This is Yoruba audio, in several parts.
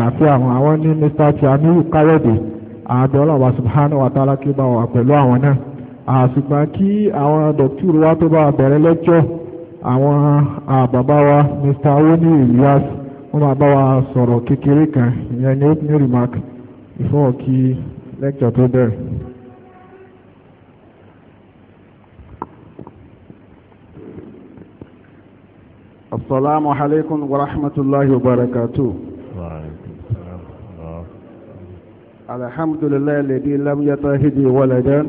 àti àwọn àwọn ní mr tiamiru káyọ̀dé àbẹ̀ ọlọ́ọ̀bá subhanahu wa ta'ala kí ó bá wà pẹ̀lú àwọn náà àṣùgbọ́n kí àwọn dọ̀kítùrù wa tó bá bẹ̀rẹ̀ lẹ́jọ́ àwọn bàbá wa mr oni elias wọ́n máa bá wa sọ̀rọ̀ kékeré kan ìyẹn ní opening remark before kí lẹ́jọ́ tó bẹ̀rẹ̀. asalaamualeykum wa rahmatulahi wa barakatuh. الحمد لله الذي لم يتخذ ولدا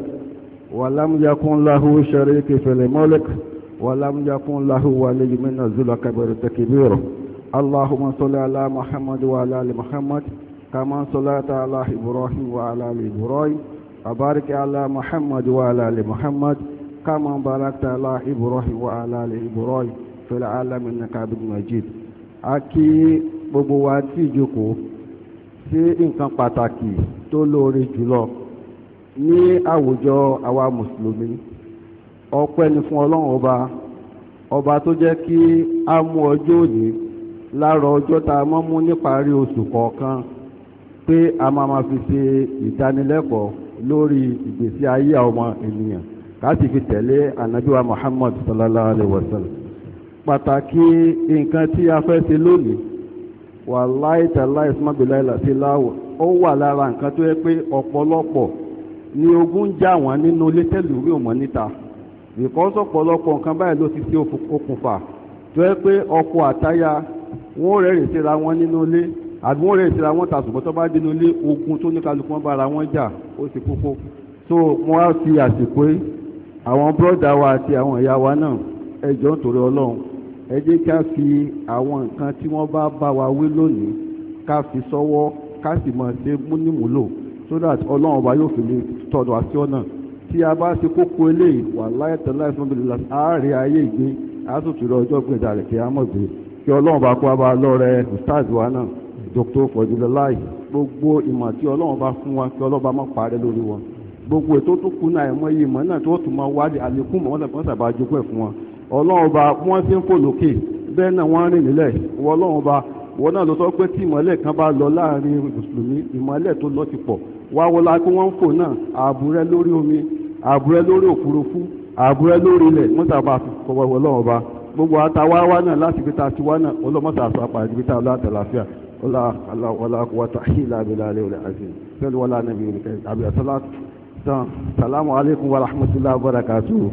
ولم يكن له شريك في الملك ولم يكن له ولي من الذل كبر تكبيره اللهم صل على محمد وعلى ال محمد كما صليت على إبراهيم وعلى ال ابراهيم وبارك على محمد وعلى ال محمد كما باركت على إبراهيم وعلى ال ابراهيم في العالم انك عبد مجيد اكي gbogbo جوكو sí nǹkan pàtàkì tó lóore jùlọ ní àwùjọ àwa mùsùlùmí ọpẹ́ ni fún ọlọ́run ọba ọba tó jẹ́ kí a mú ọjọ́ òní lára ọjọ́ tá a mọ́ mú níparí oṣù kọ̀ọ̀kan pé a máa ma fi ṣe ìdánilẹ́kọ̀ọ́ lórí ìgbésí ayé ọmọ ènìyàn káàsì fi tẹ̀lé ànábíwá Muhammad sallallahu alayhi wa sallam pàtàkì nǹkan tí a fẹ́ ṣe lónìí wàláì tàláì sọmọbìláì làṣíláwò ó wà lára nǹkan tó yẹ pé ọ̀pọ̀lọpọ̀ ni ogun já wọn nínú ilé tẹ́lẹ̀ orí òmọ́ níta because ọ̀pọ̀lọpọ̀ nǹkan báyìí ló ti ṣe okùnfà tó yẹ pé ọkọ àtaya wọn ò rẹ́rìn síra wọn nínú ilé àbí wọn ò rẹ́rìn síra wọn tàṣùbọ́ tó bá dénú ilé ogun tó ní kálukú wọn bára wọn jà ó ti kókó so mo á fi àsìkò àwọn bọ́dà wa àti àwọn ìyá wa náà ẹjọ́ nítorí ọlọ́run ẹ jẹ́ ká fi àwọn nǹkan tí wọ́n bá bá wa wí lónìí ká fi sọ́wọ́ ká sì mọ̀ ṣe múnimúlò so that ọlọ́run ọba yóò fi lè tọ̀dọ̀ àti ọ̀nà tí a bá ṣe kókó eléyìí wà láyé tẹ̀lé fún mi lọ ààrẹ ayé ìgbé àtúntúrọ̀ ọjọ́ gbẹ̀dà rẹ̀ kí a mọ̀ gbé kí ọlọ́run bá kó a bá lọ́rẹ̀ ustaz wa náà Dr. Fọdúlọláì gbogbo ìmọ̀ tí ọlọ́run bá fún wa kí ọlọ́run bá má parẹ́ lórí wọn gbogbo ètò tó kù náà ẹ̀mọ́ yìí ìmọ̀ náà tó tún máa wá àlékún mọ́ wọn lẹ́kọ́ sábà jókòó ẹ̀ fún wọn ọlọ́run ọba wọ́n ti ń fò lókè bẹ́ẹ̀ náà wọ́n rìn nílẹ̀ wọ́n ọlọ́run ọba wọ́n náà ló sọ pé tí ìmọ̀lẹ̀ kan bá lọ láàrin mùsùlùmí ìmọ̀lẹ̀ tó lọ ti pọ̀ wá wọlá pé wọ́n ń fò náà àbúrẹ́ lórí omi àbúrẹ́ lórí òfurufú àbúrẹ́ lórí ilẹ̀ wọ́n sábà fọwọ́ ọlọ́run ọba gbogbo àtàwá wa náà láti fi ta tiwa náà ọlọ́mọ́sà sọ apá ìdíbítà láti sàlámù alẹ́kùn wa rahmatulahi wa barakatuhu.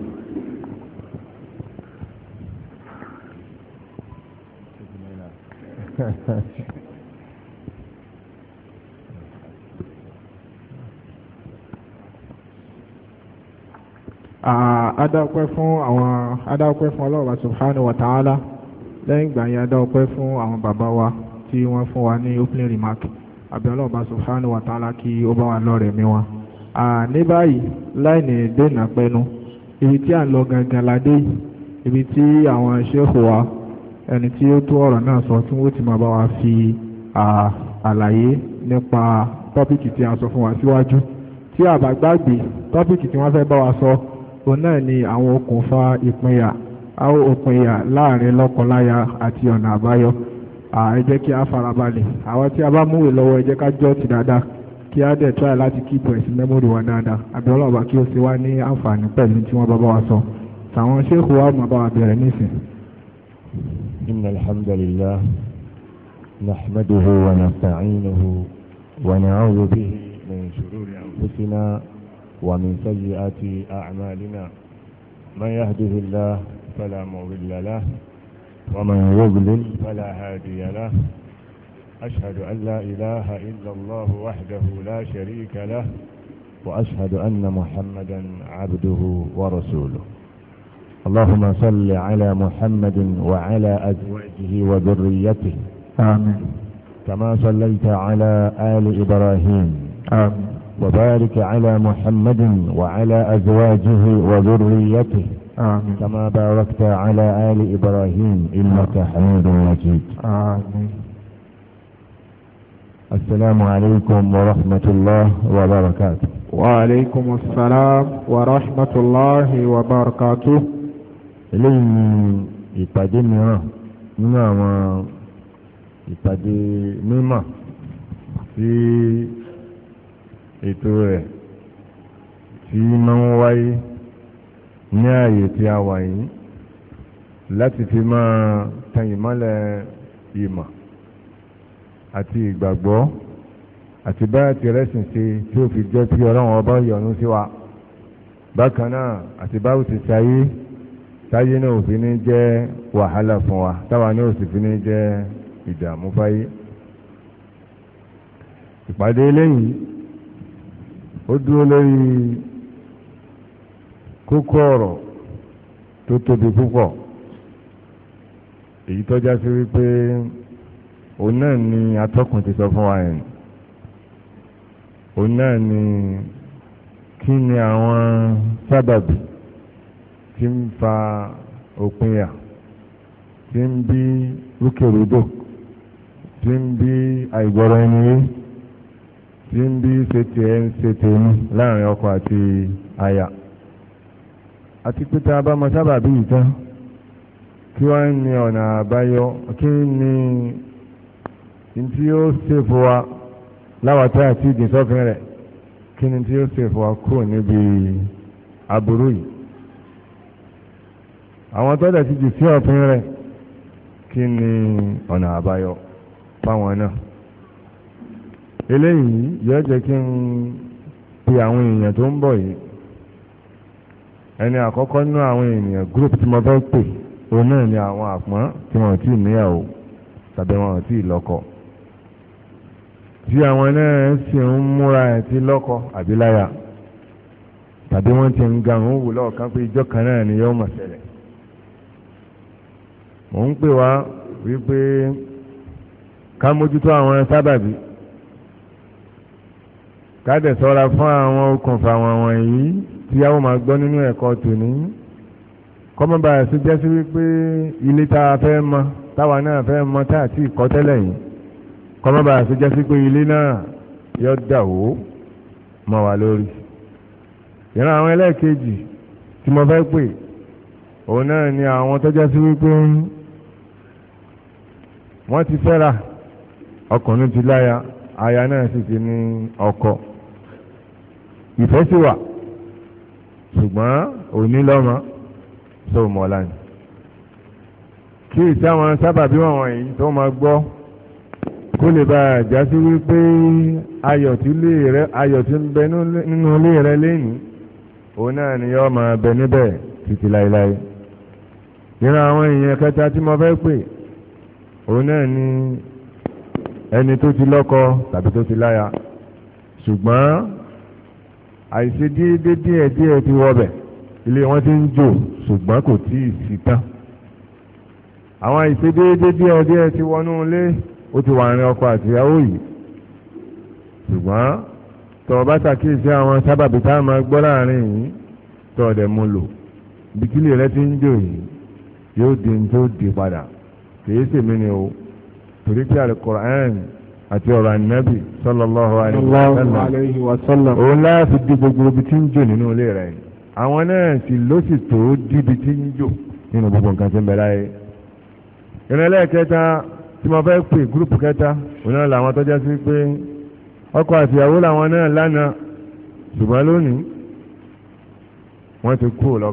adáwọ̀pẹ́ fún àwọn adáwọ̀pẹ́ fún ọlọ́ọ̀bà subhanahu wa ta'ala lẹ́yìn ìgbà yẹn adáwọ̀pẹ́ fún àwọn bàbá wa tí wọ́n fún wa ní opening remark àbẹ̀ ọlọ́ọ̀bà subhanahu wa ta'ala kí ó bá wa lọ́rẹ̀ mi wa. ní báyìí láì ní dènà pẹ́nu ibi tí à ń lọ gangan ládé ibi tí àwọn ṣéèkù wa ẹni tí ó tó ọ̀rọ̀ náà sọ tí wọ́n ti máa bá wa fi àlàyé nípa tọ́pìkì tí a sọ fún wa síwájú tí a bá gbàgbé tọ́pìkì tí wọ́n fẹ́ bá wa sọ òun náà ni àwọn okùnfà ìpínyà àwọn òpínyà láàrin lọ́kọláya àti ọ̀nà àbáyọ ẹ jẹ́ kí a farabalẹ̀ àwọn tí a bá múwèé lọ́wọ́ ẹ jẹ́ ká jọ́ ti dáadáa kí á dẹ̀ try láti keep ẹ̀ sí memory wa dáadáa àbí ọlọ́ọ̀bá kí ó ṣe wá ní àǹfààní pẹ̀lú tí wọ́n bá bá wa sọ tàwọn ṣéèkù wa máa bá wa bẹ̀rẹ̀ nísìnyí. إن الحمد لله نحمده ونستعينه ونعوذ به من شرور أنفسنا ومن سيئات أعمالنا من يهده الله فلا مضل له ومن يضلل فلا هادي له أشهد أن لا إله إلا الله وحده لا شريك له وأشهد أن محمدا عبده ورسوله اللهم صل على محمد وعلى أزواجه وذريته آمين كما صليت على آل إبراهيم آمين وبارك على محمد وعلى أزواجه وذريته آمين كما باركت على آل إبراهيم إنك حميد مجيد آمين السلام عليكم ورحمة الله وبركاته وعليكم السلام ورحمة الله وبركاته eléyìí ni ìpàdé mìíràn nínú àwọn ìpàdé mímọ̀ tí ètò rẹ̀ tí máa ń wáyé ní ààyè tí a wà yìí láti fi máa tan ìmọ́lẹ̀ ìmọ̀ àti ìgbàgbọ́ àti báyà ti rẹ́sìn ṣe tí ó fi jẹ́ kí ọlọ́run ọba yọ́nú sí wa bákan náà àti báwo ti ṣayé táyé náà ò fi ní jẹ́ wàhálà fún wa táwa náà ò sì fi ní jẹ́ ìdààmú fáyé ìpàdé eléyìí ó dúró lórí kókó ọ̀rọ̀ tó tóbi púpọ̀ èyí tọ́já sí wípé òun náà ni atọ́kùn ti sọ fún wa yẹn òun náà ni kí ni àwọn sábàbí tí ń fa òpinya tí ń bí rúkèrúdò tí ń bí àìgbọ́rọ̀ ẹni yé tí ń bí ṣètì ẹ̀ ń ṣètì láàrin ọkọ àti àyà àti pé tá a bá mọ bí yìí tán kí wọ́n ní ọ̀nà àbáyọ kí ni tí ó ṣèfò wa láwàtá àti ìdìsọ́fin rẹ̀ kí àwọn tó dẹ̀ ti jù sí òfin rẹ̀ kí ni ọ̀nà àbáyọ fáwọn náà eléyìí yóò jẹ́ kí n pe àwọn èèyàn tó ń bọ̀ yìí ẹni àkọ́kọ́ nínú àwọn ènìyàn group tí mo fẹ́ pè òun náà ni àwọn àpọ́n tí wọ́n ti níyàwó tàbí wọ́n ti lọ́kọ tí àwọn náà sì ń múra ẹ̀ ti lọ́kọ àbí láya tàbí wọ́n ti ń ga òun wò lọ́ọ̀kan pé ìjọ kan náà ni yóò mọ̀ ṣẹlẹ̀ mò ń pè wá wípé ká mójútó àwọn sábàbí ká dẹ̀ sọ́ra fún àwọn okùnfà wọ̀nwọ̀n yìí tí a ó máa gbọ́ nínú ẹ̀kọ́ tòní kọ́mọ́bà sí jẹ́ sí wípé ilé tá a fẹ́ mọ táwa náà fẹ́ mọ tá àti ìkọ́ tẹ́lẹ̀ yìí kọ́mọ́bà sí jẹ́ sí pé ilé náà yọ dà wó mọ́ wa lórí ìran àwọn ẹlẹ́ẹ̀kejì tí mo fẹ́ pè òun náà ni àwọn tó jẹ́ sí wípé wọ́n ti fẹ́ra ọkùnrin ti láya aya náà sì ti ní ọkọ ìfẹ́ sì wà ṣùgbọ́n òní lọ́mọ sọ mọ́lá ni kí ìtàwọn sábàbí wọn yìí tó máa gbọ́ kó lè bá a sí wípé ayọ̀ tí ń bẹ nínú ilé rẹ lẹ́yìn òun náà ni yọ́ máa bẹ níbẹ̀ títí láéláé nínú àwọn èèyàn kẹta tí mo fẹ́ pè òun náà ni ẹni tó ti lọ́kọ tàbí tó ti láya ṣùgbọ́n àìṣe déédéé díẹ̀ díẹ̀ ti wọbẹ̀ ilé wọn ti ń jò ṣùgbọ́n kò tí ì sí tán àwọn àìṣe déédéé díẹ̀ díẹ̀ ti wọnú ilé ó ti wà ní ọkọ àtìyàwó yìí ṣùgbọ́n tọ̀ọ̀ bá ṣàkíyèsí àwọn sábàbí tá a máa gbọ́ láàrin yìí tọ̀ọ̀ dẹ̀ mo lò bí kílè rẹ ti ń jò yìí yóò di ní tó di padà kìí sì mí ni o torí pé alukur'an àti ọ̀rọ̀ ànábì sallallahu alayhi wa sallam òun láti di gbogbo ibi tí ń jò nínú ilé rẹ̀ àwọn náà sì ló sì tó díbi tí ń jò nínú gbogbo nǹkan tí ń bẹ láyé ìrìnlẹ̀ kẹta tí mo fẹ́ pè gúrùpù kẹta òun náà làwọn tọ́já sí pé làwọn náà lánàá ṣùgbọ́n lónìí wọ́n ti kú ilé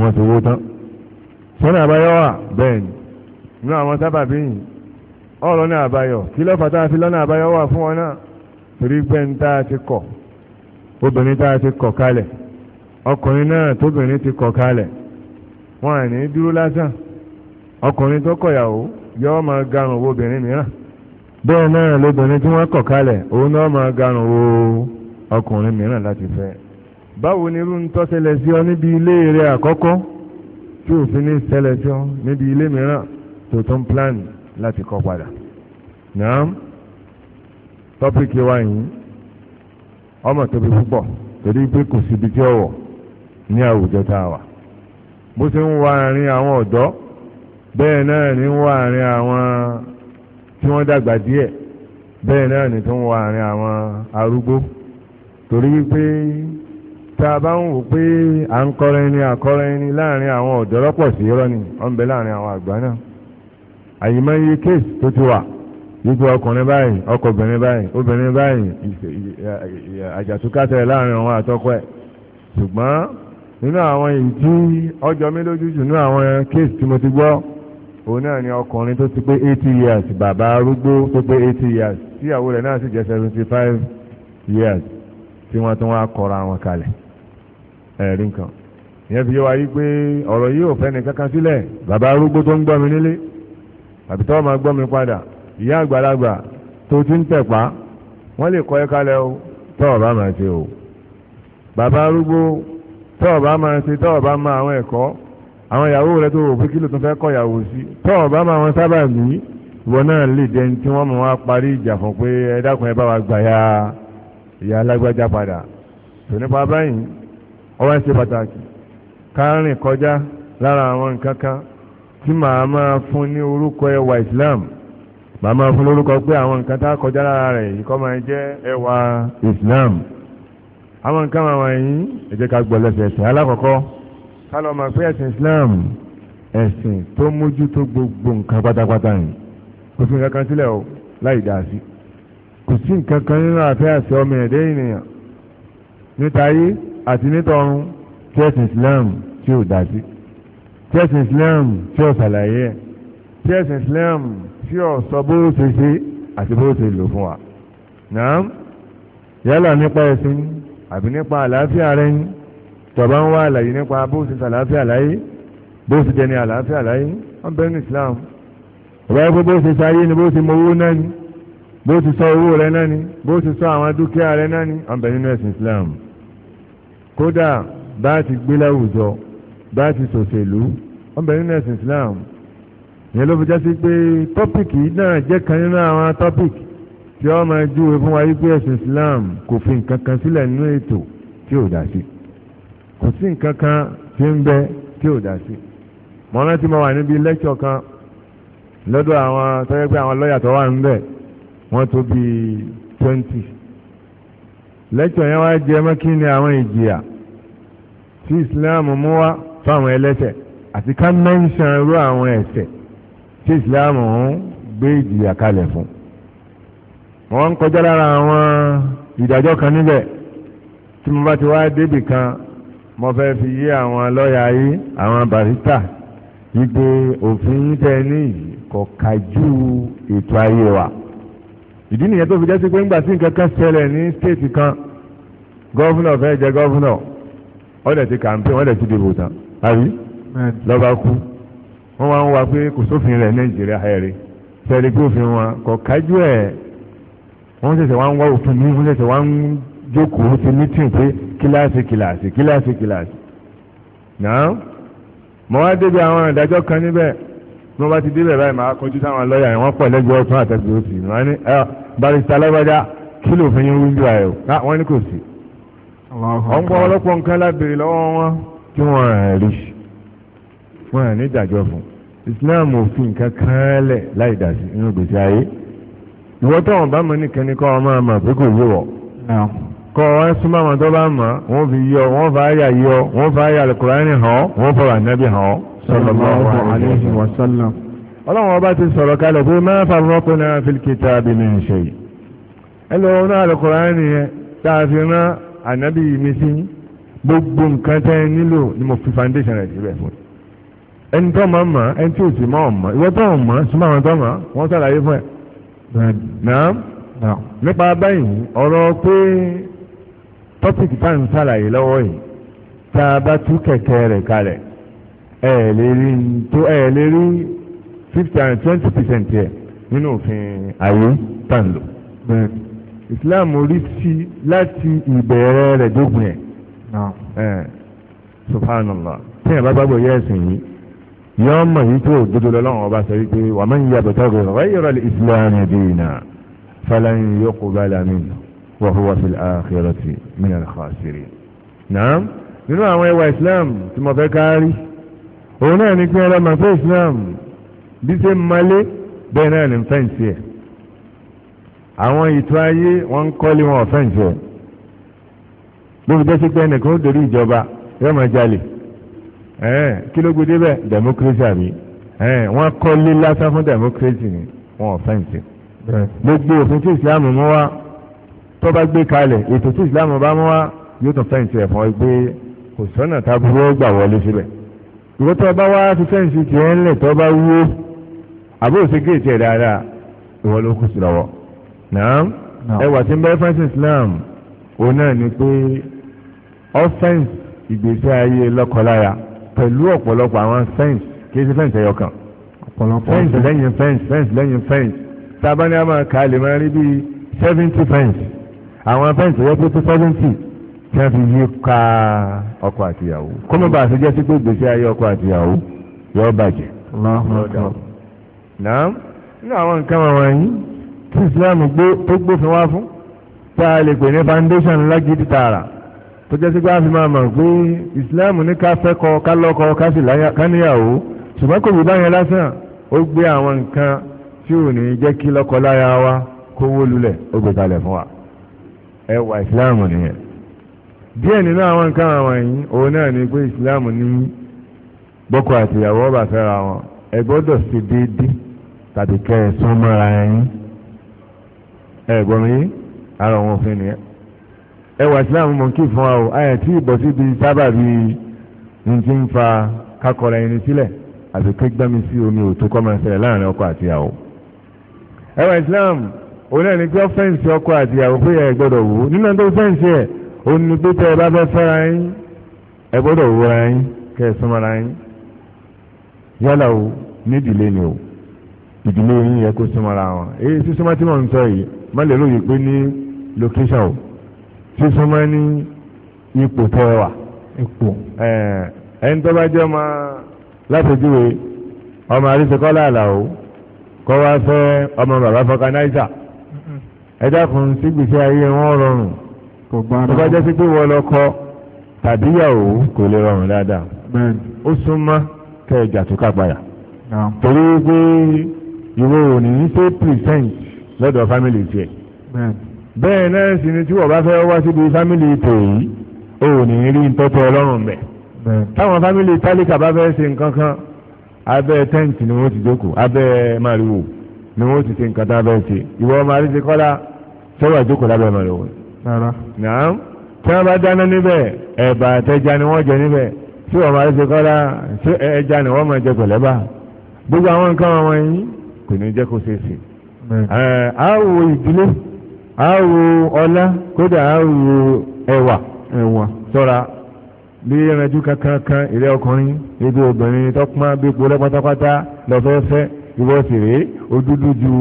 wọn ti wó tán. sọ́nà àbáyọ wà bẹ́ẹ̀ ni nínú àwọn sábàbí yìí ọ̀rọ̀ náà àbáyọ̀ kí lọ́fà tá a fi lọ́nà àbáyọ wà fún ọ náà torí pé ń tá a ti kọ̀ obìnrin tá a ti kọ̀ kalẹ̀ ọkùnrin náà tóbìnrin ti kọ̀ kalẹ̀ wọn à ní dúró lásán ọkùnrin tó kọ̀yàwó yóò máa garùn wo obìnrin mìíràn bẹ́ẹ̀ náà lóbìnrin tí wọ́n kọ̀ kalẹ̀ òun náà máa garùn wo ọkùnrin mìíràn láti fẹ́ báwo ni irú ń tọ́sẹ̀lẹ̀ ọ níbi tí òfin ní ṣẹlẹ̀ tí wọn níbi ilé mìíràn tó tún plan láti kọ́ padà. náà tọ́pìkì wa yìí ọmọ tóbi púpọ̀ torí pé kò síbi tí ọ̀wọ̀ ní àwùjọ tá a wà. bó ṣe ń wá àárín àwọn ọ̀dọ́ bẹ́ẹ̀ náà ni ń wá àárín àwọn tí wọ́n dàgbà díẹ̀ bẹ́ẹ̀ náà ni tó ń wá àárín àwọn arúgbó torí wípé tá a bá ń wò pé à ń kọ́ra ẹni àkọ́ra ẹni láàrin àwọn ọ̀dọ́ lọ́pọ̀ sí irọ́ ni wọ́n bẹ láàrin àwọn àgbà náà àyìnbáyé kéèsì tó ti wà yípo ọkùnrin báyìí ọkọbìnrin báyìí obìnrin báyìí àjàtúkátẹ láàrin àwọn àtọkọ ẹ̀ ṣùgbọ́n nínú àwọn èyí tí ọjọ́ mi lójú jù nínú àwọn kéèsì tí mo ti gbọ́ òun náà ni ọkùnrin tó ti pé eighty years bàbá arúgbó tó pé eighty years tíyàwó rẹ̀ náà sì jẹ́ seventy five years tí wọ́n tún wá kọra wọn kalẹ̀ ẹ̀rí nǹkan ìyẹn fi yé yí pé ọ̀rọ̀ yìí ò fẹ́ ni kankan sílẹ̀ bàbá arúgbó tó ń gbọ́ mi nílé àbí tó máa gbọ́ mi padà ìyá àgbàlagbà tó ti ń tẹ̀pá wọ́n lè kọ́ ẹ kalẹ̀ o tọ́ ọ̀bá máa ṣe o bàbá arúgbó tọ́ ọ̀bá máa ṣe tọ́ ọ̀bá máa àwọn ẹ̀kọ́ àwọn ìyàwó rẹ tó rò pé kí ló tún fẹ́ kọ́ ìyàwó sí tọ́ ọ̀bá máa wọn sábà mí ìwọ náà lè dẹni tí wọ́n mọ̀ parí ìjà fún pé ẹ dákun ẹ bá wa gbà ya ìyá alágbájá padà tò nípa báyìí ọwọ́ ṣe pàtàkì kárìn kọjá lára àwọn nǹkan kan tí màá máa fún ní orúkọ ẹwà Islam màá máa fún lórúkọ pé àwọn nǹkan kọjá lára rẹ̀ yìí kọ́ máa jẹ́ ẹwà Islam àwọn nǹkan ẹ jẹ́ ká gbọ́ alákọ̀ọ́kọ́ ká lọ́ọ́ máa pé ẹ̀sìn Islam ẹ̀sìn tó mójútó gbogbo nǹkan pátápátá yìí kò sí nǹkan o láì dá sí kò sí nǹkan kan nínú àfẹ́ àti ọmọ ẹ̀dẹ́ ènìyàn àti nítọ̀run tí Islam tí ò dá sí tí Islam tí ò ṣàlàyé ẹ̀ tí Islam tí ò sọ bó ṣe ṣe àti bó ṣe lò fún wa. nàám yálà nípa ẹ̀sìn àbí nípa àlàáfíà rẹ̀ ń tọ̀bá ń wá àlàyé nípa bó ṣe ṣàlàáfíà láyé bó ṣe jẹni àlàáfíà láyé wọ́n bẹ́ẹ̀ ní Islam ọ̀bá yẹ bó ṣe ṣayé ni bó ṣe mọ owó náà ni bó ṣe sọ owó rẹ̀ náà ni bó ṣe sọ àwọn dúkìá rẹ̀ náà ni wọ́n bẹ́ẹ̀ nínú ẹ̀sìn Islam kódà bá ti gbé láwùjọ bá ti ṣòṣèlú ọmọ ẹni Islam ìyẹn ló fi jásí pé tọ́pìkì náà jẹ́ kan nínú àwọn tọ́pìkì tí ó máa júwe fún wa wípé ẹ̀sìn Islam kò fi nǹkan kan sílẹ̀ nínú ètò tí ò dá sí kò sí nǹkan kan tí ń bẹ tí ò dá sí mọ rántí mo wà níbi lẹ́kṣọ̀ kan lọ́dọ̀ àwọn tọ́jú pé àwọn lọ́yà tó wà ń bẹ̀ wọ́n tó bíi twenty lẹ́tọ̀ yẹn wá jẹ mọ́ kí ni àwọn ìjìyà tí ìsìláàmù mú wá fáwọn ẹlẹ́ṣẹ̀ àti ká mẹ́ńsàn irú àwọn ẹ̀ṣẹ̀ tí ìsìláàmù ń gbé ìjìyà kalẹ̀ fún. wọ́n ń kọjá lára àwọn ìdájọ́ kan níbẹ̀ tí mo bá ti wá débì kan mo fẹ́ fi yé àwọn lọ́ọ̀yà yìí àwọn barista wípé òfin tẹ ní yìí ètò ayé wa ìdí nìyẹn tó fi jẹ́ sí pé ńgbà tí nǹkan kan ṣẹlẹ̀ ní stéètì kan gọ́vùnà fẹ́ jẹ gọ́vùnà ọ̀dẹ̀ ti kàmpé wọ́n dẹ̀ ti dìbò tán àbí lọ́ba kú wọ́n wá ń wá pé kò sófin rẹ̀ nàìjíríà ẹ̀rí fẹ́ẹ́rì pé òfin wọn kò kájú ẹ̀ wọ́n ṣẹ̀ṣẹ̀ wá ń wá òfin ní wọ́n ṣẹ̀ṣẹ̀ wá ń jókòó ti mítìn pé kíláàsì kíláàsì kíláàsì kíláàsì náà mo wá débi àwọn ìdájọ́ kan níbẹ̀ ní wọ́n bá ti débẹ̀ báyìí máa kọjú táwọn lọ́ọ̀yà yẹn wọ́n pọ̀ lẹ́gbẹ̀ẹ́ ọ̀tún àtẹ̀gbẹ́ òsì wọ́n ní ah, barista alágbájá kí ló fi yín wíjú ayò ah, wọ́n ní kò sí. ọ̀pọ̀ ọlọ́pọ̀ nǹkan lábẹ́rẹ́ lọ́wọ́ wọn tí wọ́n rí wọ́n ní ìdájọ́ fún Islam òfin nǹkan kan lẹ̀ láì dà sí inú gbèsè ayé ìwọ́n tó wọn bá mọ nìkan ní kọ́ ọ máa mọ̀ pé kò yíwọ̀ kọ́ ọ súnmọ́ àwọn tó bá mọ̀ wọ́n fi yọ wọ́n fa àyà yọ wọ́n fa àyà alukurani hàn sallallahu alayhi wa sallam ọlọ́run ọba ti sọ̀rọ̀ kalẹ̀ pé ma farraqna fil kitabi min shay ẹ lọ́wọ́ náà Al-Qur'ani yẹn tá a fi rán ànábì mi sí gbogbo nǹkan tẹ́ ẹ nílò ni mo fi foundation rẹ̀ síbẹ̀ fún ẹni tó máa mọ̀ ẹni tí ò sì máa mọ̀ ìwọ tó mọ̀ súnmọ́ àwọn tó mọ̀ wọ́n sàlàyé fún ẹ̀ náà nípa báyìí ọ̀rọ̀ pé tọ́pìkì tá ń sàlàyé lọ́wọ́ yìí tá a bá tú kẹ̀kẹ́ rẹ̀ kalẹ̀ ẹ̀ẹ́lẹ́rí tó ẹ̀ẹ́lẹ́rí fifty and twenty percent yẹ nínú òfin ayé tàǹdò. Islam orí sí láti ìbẹ̀rẹ̀ rẹ̀ dógun yẹn. subhanallah tíyẹn bá gbàgbọ́ yẹ ẹ̀sìn yìí yọ́n mọ̀ yìí tó òdodo lọ́wọ́ ọba sọ wípé wàá mọ̀ níyàbọ̀ tọ́gọ̀ ghayra al-islam dina falan yuqbala minhu wa huwa fil akhirati min al-khasirin. naam nínú àwọn ẹwà Islam tí mo fẹ́ kárí òun náà ní pé ọlọ́mọ fún Islam bí ṣe ń malé bẹ́ẹ̀ náà ní fẹ́ǹsì ẹ̀ àwọn ìtú ayé wọ́n ń kọ́lé wọn fẹ́ǹsì ẹ̀ lóbi jẹ́sí pé ẹnìkan ó dorí ìjọba yóò máa jalè kí ló gbé bẹ́ẹ̀ democracy àbí wọ́n kọ́lé lásán fún democracy ni wọn fẹ́ǹsì gbogbo òfin tí Islam mú wá tó bá gbé kalẹ̀ ètò tí Islam bá mú wá yóò tún fẹ́ǹsì ẹ̀ fún ọ pé kò sọ́nà tábúrò gbà wọlé síbẹ̀ ìwọ tó bá wá sí fẹ́ǹsì tí ẹ ń lẹ̀ tó bá wúwo àbó òsè géètì ẹ̀ dáadáa ìwọ ló kù sí lọ́wọ́ náà ẹwà tí ń bẹ fẹ́ǹsì Islam òun náà ni pé offense ìgbésí ayé lọ́kọláya pẹ̀lú ọ̀pọ̀lọpọ̀ àwọn fẹ́ǹsì kì í ṣe fẹ́ǹsì ẹyọ kan fẹ́ǹsì lẹ́yìn fẹ́ǹsì fẹ́ǹsì lẹ́yìn fẹ́ǹsì tábániá máa kà á lè máa rí bíi seventy fẹ́ǹsì àwọn fẹ́ǹsì yẹ pé tó seventy tí wọ́n fi yí ká ọkọ àtìyàwó kọ́mọ́ bá aṣọ jẹ́ sí pé gbèsè ayé ọkọ àtìyàwó yọ bàjẹ́. náà nínú àwọn nǹkan àwọn yìí tí Islam tó gbófin wá fún tá a lè pè ní foundation lágídí tààrà tó jẹ́ sí pé a fi máa mọ̀ pé Islam ní ká fẹ́kọ̀ọ́ ká lọ́kọ̀ọ́ ká sì láníyàwó ṣùgbọ́n kò wù báyẹn lásán ó gbé àwọn nǹkan tí ò ní jẹ́ kí lọ́kọ láya wa kó lulẹ̀ ó gbé kalẹ̀ fún wa ẹwà Islam nìyẹn díẹ̀ nínú àwọn nǹkan àwọn yìí òun náà ni pé ìsìláàmù ní bọ́kọ àti ìyàwó ọba fẹ́ra wọn ẹ gbọ́dọ̀ ṣe déédéé tàbí kẹ́ ẹ sún mọ́ra yín ẹ gbọ́ mi ara wọn òfin nìyẹn ẹ wà ìsìláàmù mọ̀ kí fún wa o ayẹ tí ìbọ̀ síbi sábà bí n ti ń fa kakọ̀rọ̀ ẹni sílẹ̀ àti kégbámi sí omi òtó kọ́ máa ṣẹlẹ̀ láàrin ọkọ àti ìyàwó ẹ wà ìsìláàmù òun náà ni pé ọ́fẹ́ǹsì ọkọ àti ìyàwó onu ní tẹ́ ẹ bá fẹ́ fẹ́ra yín ẹ gbọ́dọ̀ wúra yín kẹ́ ẹ súnmọ́ra yín yálà o nídìílé ni o ìdílé yín yẹ kó súnmọ́ra wọn èyí sísúnmọ́ tí ń sọ yìí má lè lóye pé ní o sísúnmọ́ ní ipò tẹ́ ẹ wà ipò ẹni tó bá jẹ́ ọmọ látọ̀júwe ọmọ àríṣekọ́lá àlàó kọ́ wá fẹ́ ọmọ bàbá fọkanáìsà ẹ dákun ayé wọn rọrùn. kò gbára tó bá jẹ́ sí pé wọ́n lọ kọ tàbí ìyàwó kò lè rọrùn dáadáa ó súnmọ́ kẹ́ ẹ̀jà tó kápáyà torí pé ìwọ ò ní ṣe present lọ́dọ̀ family tiẹ̀ bẹ́ẹ̀ náà sì ni tí wọ́n bá fẹ́ wá síbi family tèyí ó ò ní rí tọ́tọ́ ọlọ́run bẹ̀ táwọn family tálíkà bá fẹ́ ṣe nǹkan kan abẹ́ tẹ́ǹtì ni wọ́n ti jókòó abẹ́ màrìwò ni wọ́n ti ṣe nǹkan tá a fẹ́ ṣe ìwọ ọmọ àríṣekọ́lá sọ́wọ́ àjókòó lábẹ́ màrìwò ni rárá. nàám tí wọ́n bá dáná níbẹ̀ ẹ̀bà àtẹja ni wọ́n jẹ níbẹ̀ tí wọ́n máa ṣe kọ́lá tí ẹja ni wọ́n máa jẹ pẹ̀lẹ́ bá gbogbo àwọn nǹkan wọn yìí kò ní jẹ́ kó ṣe é ṣe. àwo ìdílé àwo ọlá kódà àwo ẹwà ẹwà ṣọ́ra bí ẹranjú kankan kan ilé ọkùnrin ibi obìnrin tọ́pọ́n bí gbolẹ́ pátápátá lọ́fẹ́ẹ́fẹ́ ìwọ́sì rèé ojúdójú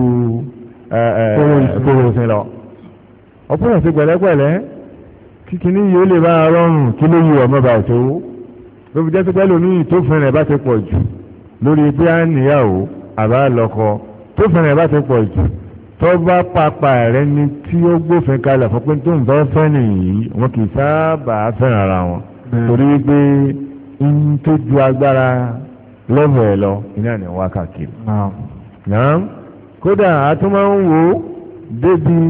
kówó ìsìn lọ ọ̀pọ̀lọpọ̀ sí pẹ̀lẹ́pẹ̀lẹ́ kíkiní yìí ó lè bá a rọrùn kí ló yí ọmọ bàá tó ló fi jẹ́ sí pẹ́lú mi tó fẹ́rẹ̀ bá ti pọ̀ jù lórí pé á níyàwó àbá lọ́kọ tó fẹ́rẹ̀ bá ti pọ̀ jù tó bá pàpà rẹ ni tí ó gbófin kalẹ̀ fún pé tó ń bá fẹ́ nìyí wọn kì í sábà fẹ́ràn ara wọn torí wípé ń tó ju agbára lọ́wọ́ ẹ̀ lọ iná ní wákàkiri. kódà a tún máa ń wò débi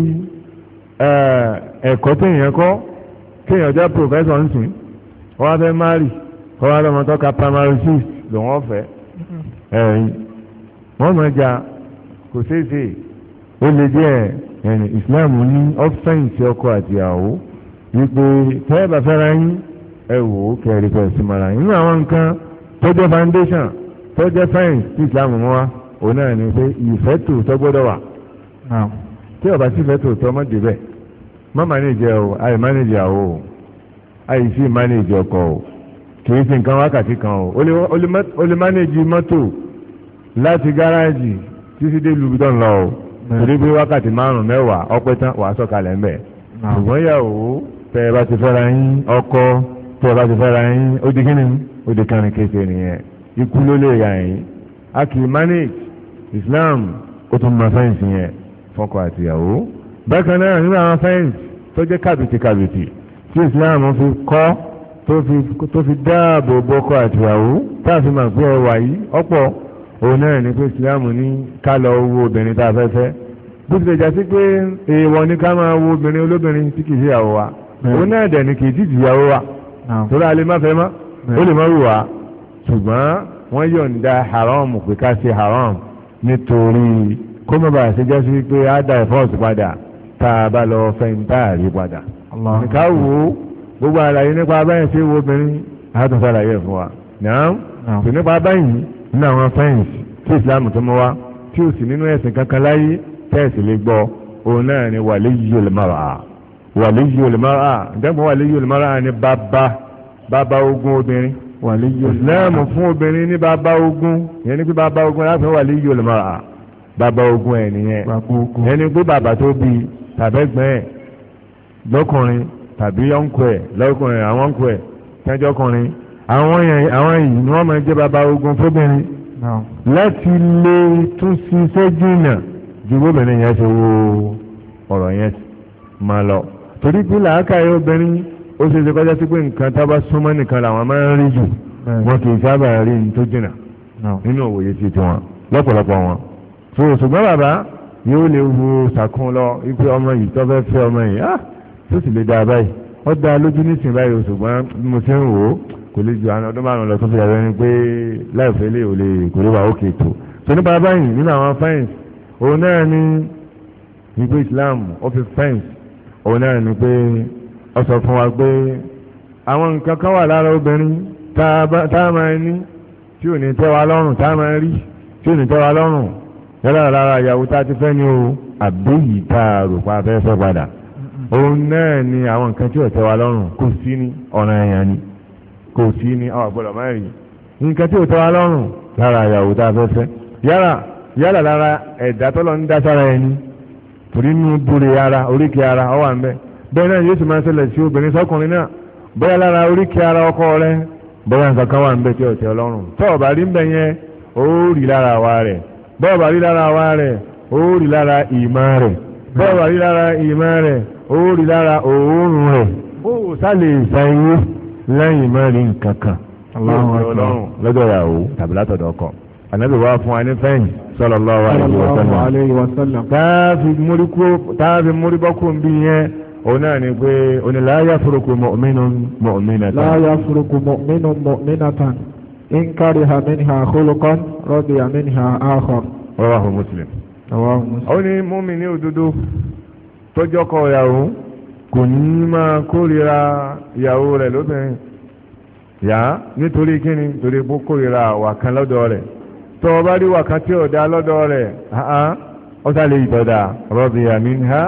ẹ̀kọ́ téèyàn kọ́ kéèyàn jẹ́ professor ń sìn wọ́n á fẹ́ mari kọ́ wá lọ́mọ tọ́ka primary six lòun ọ̀fẹ́ mm-hmm. ẹ̀yìn wọ́n mọ̀ ẹja kò ṣeéṣe ó lè jẹ́ ẹ̀yìn Islam ní ọ́fẹ́ǹsì ọkọ àtìyàwó wípé tẹ́ẹ̀bà fẹ́ra yín ẹ wò ó kẹrì pẹ̀ sí mara yín nínú àwọn nǹkan tó jẹ́ foundation tó jẹ́ science tí Islam mú wa òun náà ni pé ìfẹ́ tòótọ́ gbọ́dọ̀ wà tí ọba sì fẹ́ tòótọ́ mọ́ débẹ̀ má mánéjì o àì mánéjì àwọ o àì sí mánéjì ọkọ o kì í ṣe nǹkan wákàtí kan o o lè mánéjì mọ́tò láti gáràjì títí dé lùbìtọ́ ńlọ o torí pé wákàtí márùn mẹ́wàá ọpẹ́ tán wàá sọ̀kalẹ̀ ńbẹ̀ ṣùgbọ́n yàwó tẹ ẹ bá ti fẹ́ra yín ọkọ tẹ ẹ bá ti fẹ́ra yín ó di kíni ó di kàrin kéṣe nìyẹn ikú ló lè yà yín a kì í manage Islam ó tún mọ sáyẹ̀nsì yẹn fọ́kọ àtìyàwó bákan náà nínú àwọn sáyẹ́ǹsì tó jẹ́ kàbìtì kàbìtì tí Islam fi kọ́ tó fi dáàbò bọ́kọ àtìyàwó táàfin máa pé ẹwà yìí ọ̀pọ̀ òun náà ní pé Islam ní ká lọ wo obìnrin tá a fẹ́ fẹ́ bó tilẹ̀ jà sí pé èèwọ̀ ní ká máa wo obìnrin olóbìnrin tí kìí ṣe ìyàwó wa òun náà dẹ̀ ni kìí dìdì ìyàwó wa torí a má fẹ́ mọ́ ó lè má wù wá ṣùgbọ́n wọ́n yọ̀ǹda haram pé ká ṣe haram nítorí kó mọ̀ bàa ṣe jẹ́ sí pé á da ẹ̀fọ́ọ̀sì padà tá a bá lọ fẹ́yìn tá a rí padà. nìka wo gbogbo àlàyé nípa báyìí ṣe wo obìnrin àtún sàlàyé ẹ̀ fún wa. nàám tó nípa báyìí nínú àwọn fẹ́yìnsì tí ìsìlámù tó mú wa tí ò sì nínú ẹ̀sìn kankan láyé tẹ́ẹ̀sì lè gbọ́ òun náà ni waliyyul mar'a waliyyul mar'a ǹjẹ́gbọ́n waliyyul mar'a ni bàbá bàbá ogun obìnrin waliyyul mar'a islam fún obìnrin ní bàbá ogun yẹn ní pé bàbá ogun láti waliyyul mar'a Baba ogun ẹ̀ nìyẹn ẹni pé bàbá tó bí tàbẹ́gbẹ́ ẹ̀ lọ́kùnrin tàbí ọ̀nkù ẹ̀ lọ́kùnrin àwọn ọ̀nkù ẹ̀ tẹ́jọ́kùnrin àwọn yẹn àwọn yìí ni wọ́n máa jẹ́ bàbá ogun fóbìnrin láti lè tún ṣiṣẹ́ jìnnà ju bóbìnrin yẹn ṣe wo ọ̀rọ̀ yẹn máa lọ torí pé làákàyè obìnrin ó ṣe ṣe kọjá sí pé nǹkan tá a bá súnmọ́ nìkan làwọn máa ń rí jù wọn kì í sábà rí ní tó jìnnà nínú òwòye ti tiwọn lọ́pọ̀lọpọ̀ wọn so ṣùgbọ́n bàbá yóò lè wo sàkún lọ ipe ọmọ yìí tó fẹ́ fẹ́ ọmọ yìí ah tó sì lè dá báyìí ó dá lójú nísìn báyìí ṣùgbọ́n bí mo ṣe ń wò ó kò lè ju àwọn ọdún márùn lọ tó fi yàrá ẹni pé láìpẹ́ lè olè kò lè wà òkè tó so nípa báyìí nínú àwọn fáyẹ̀nsì òun náà ní ìgbé Islam ó fi fáyẹ̀nsì òun náà ní pé ó sọ fún wa pé àwọn nǹkan kan wà lára obìnrin tá a máa ní tí ò ní tẹ́ wa lọ́rùn tá a máa rí tí ò ní tẹ́ wa lọ́rùn yálà lára ìyàwó tá a ti fẹ́ ni o àbẹ́yì tá a rò pa fẹ́ fẹ́ padà òun náà ni àwọn nǹkan tí ọ̀tẹ̀ wa lọ́rùn kò ni kò sí ní àwọn àgbọ̀dọ̀ mẹ́rin nǹkan tí ọ̀tẹ̀ wa lọ́rùn lára ìyàwó tá a fẹ́ fẹ́ yálà yálà lára ẹ̀dá tọ́lọ́ ń dá sára ẹni torí nínú ara ara ọ wà bẹ bẹ́ẹ̀ náà yóò máa ṣẹlẹ̀ ọkọ rẹ bóyá nǹkan kan wà ọlọ́run rí wa rẹ̀ bọ́ọ̀bà rí lára wa rẹ̀ ó rí lára ìmọ̀ rẹ̀ bọ́ọ̀bà rí lára ìmọ̀ rẹ̀ ó rí lára òórùn rẹ̀ ó sálè ìsànyé lẹ́yìn mẹ́rin kankan lọ́jọ́ ìyàwó tàbí látọ̀dọ̀ ọkọ ànábì wá fún wa ní fẹ́yìn sallallahu alaihi wa sallam táàfi mórí ni pé onílàáyà furuku mọ̀mínú tán. láyà furuku mọ̀mínú mọ̀mínú tán. إن كره منها خلقا رضي منها آخر رواه مسلم رواه مسلم ó ní mùmínì òdodo tó jọkọ ìyàwó kò ní máa kórìíra ìyàwó rẹ̀ lóbìnrin yá nítorí kíni torí pé kórìíra àwà kan lọ́dọ̀ rẹ̀ tó o bá rí wàkàn tí ò dá lọ́dọ̀ rẹ̀ ó sálẹ̀ ìtọ́dà rọ́bì àmínhá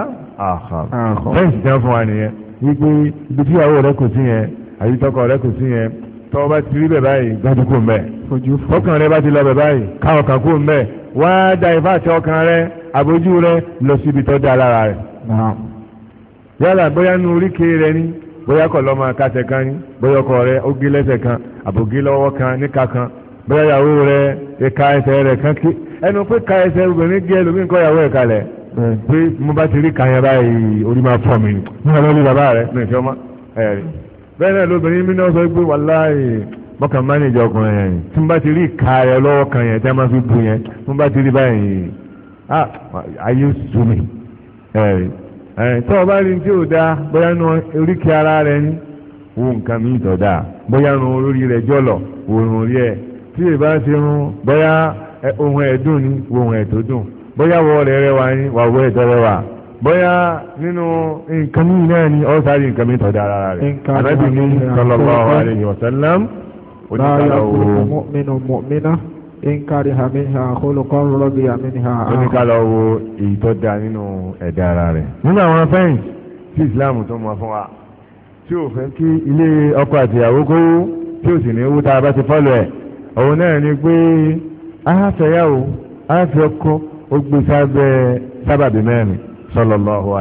àhàn fẹ́ǹsì tán fún wa nìyẹn wípé ibi tí ìyàwó rẹ̀ kù sí yẹn àyítọ́kọ rẹ̀ kù sí yẹn tọ́ bá ti rí bẹ̀ báyìí gbájú kò mẹ́ ọkàn rẹ bá ti lọ bẹ̀ báyìí ká ọkàn kò mẹ́ wá da àti ọkàn rẹ àbójú rẹ lọ síbi tó da lára rẹ. yálà bóyá nu oríkèé rẹ ní bóyá kọ̀ lọ́mọ akásẹ̀ kan ní bóyá rẹ ó gé lẹ́sẹ̀ kan àbògé lọ́wọ́ kan níka kan bóyá ìyàwó rẹ ẹsẹ̀ rẹ kan ka ẹsẹ̀ obìnrin gé kọ́ ìyàwó pé mo bá ti rí báyìí orí máa fọ mi ní bàbá rẹ ní ìfẹ́ ọmọ bẹ́ẹ̀ náà lóbìnrin mi náà sọ pé wàláhì ọkùnrin yẹn tí mo bá ti rí ìka rẹ lọ́wọ́ kan yẹn tí a máa fi bu yẹn tí mo bá ti rí ayé mi tọ́ bá rí tí ò dáa bóyá nu oríkì ara rẹ ní òun nǹkan mi dáa bóyá nu orí rẹ jọ̀lọ̀ rí ẹ tí bóyá nínú nǹkan ní náà ni ọ sáré nǹkan mi tọ́jú ara rẹ̀ àbẹ́bí ní sallallahu alayhi wa sallam oníkàlọ́ wo èyí tó da nínú ẹ̀dá ara rẹ̀ nínú àwọn fẹ́yìn tí ìsìláàmù tó mọ fún wa tí ò fẹ́ kí ilé ọkọ àtìyàwó kó tí ò sì ní wú tá a bá ti fọ́lọ̀ ẹ̀ òun náà ni pé aláfẹ́yàwó aláfẹ́ ọkọ ó gbé sábẹ́ sábàbí mẹ́rin sallallahu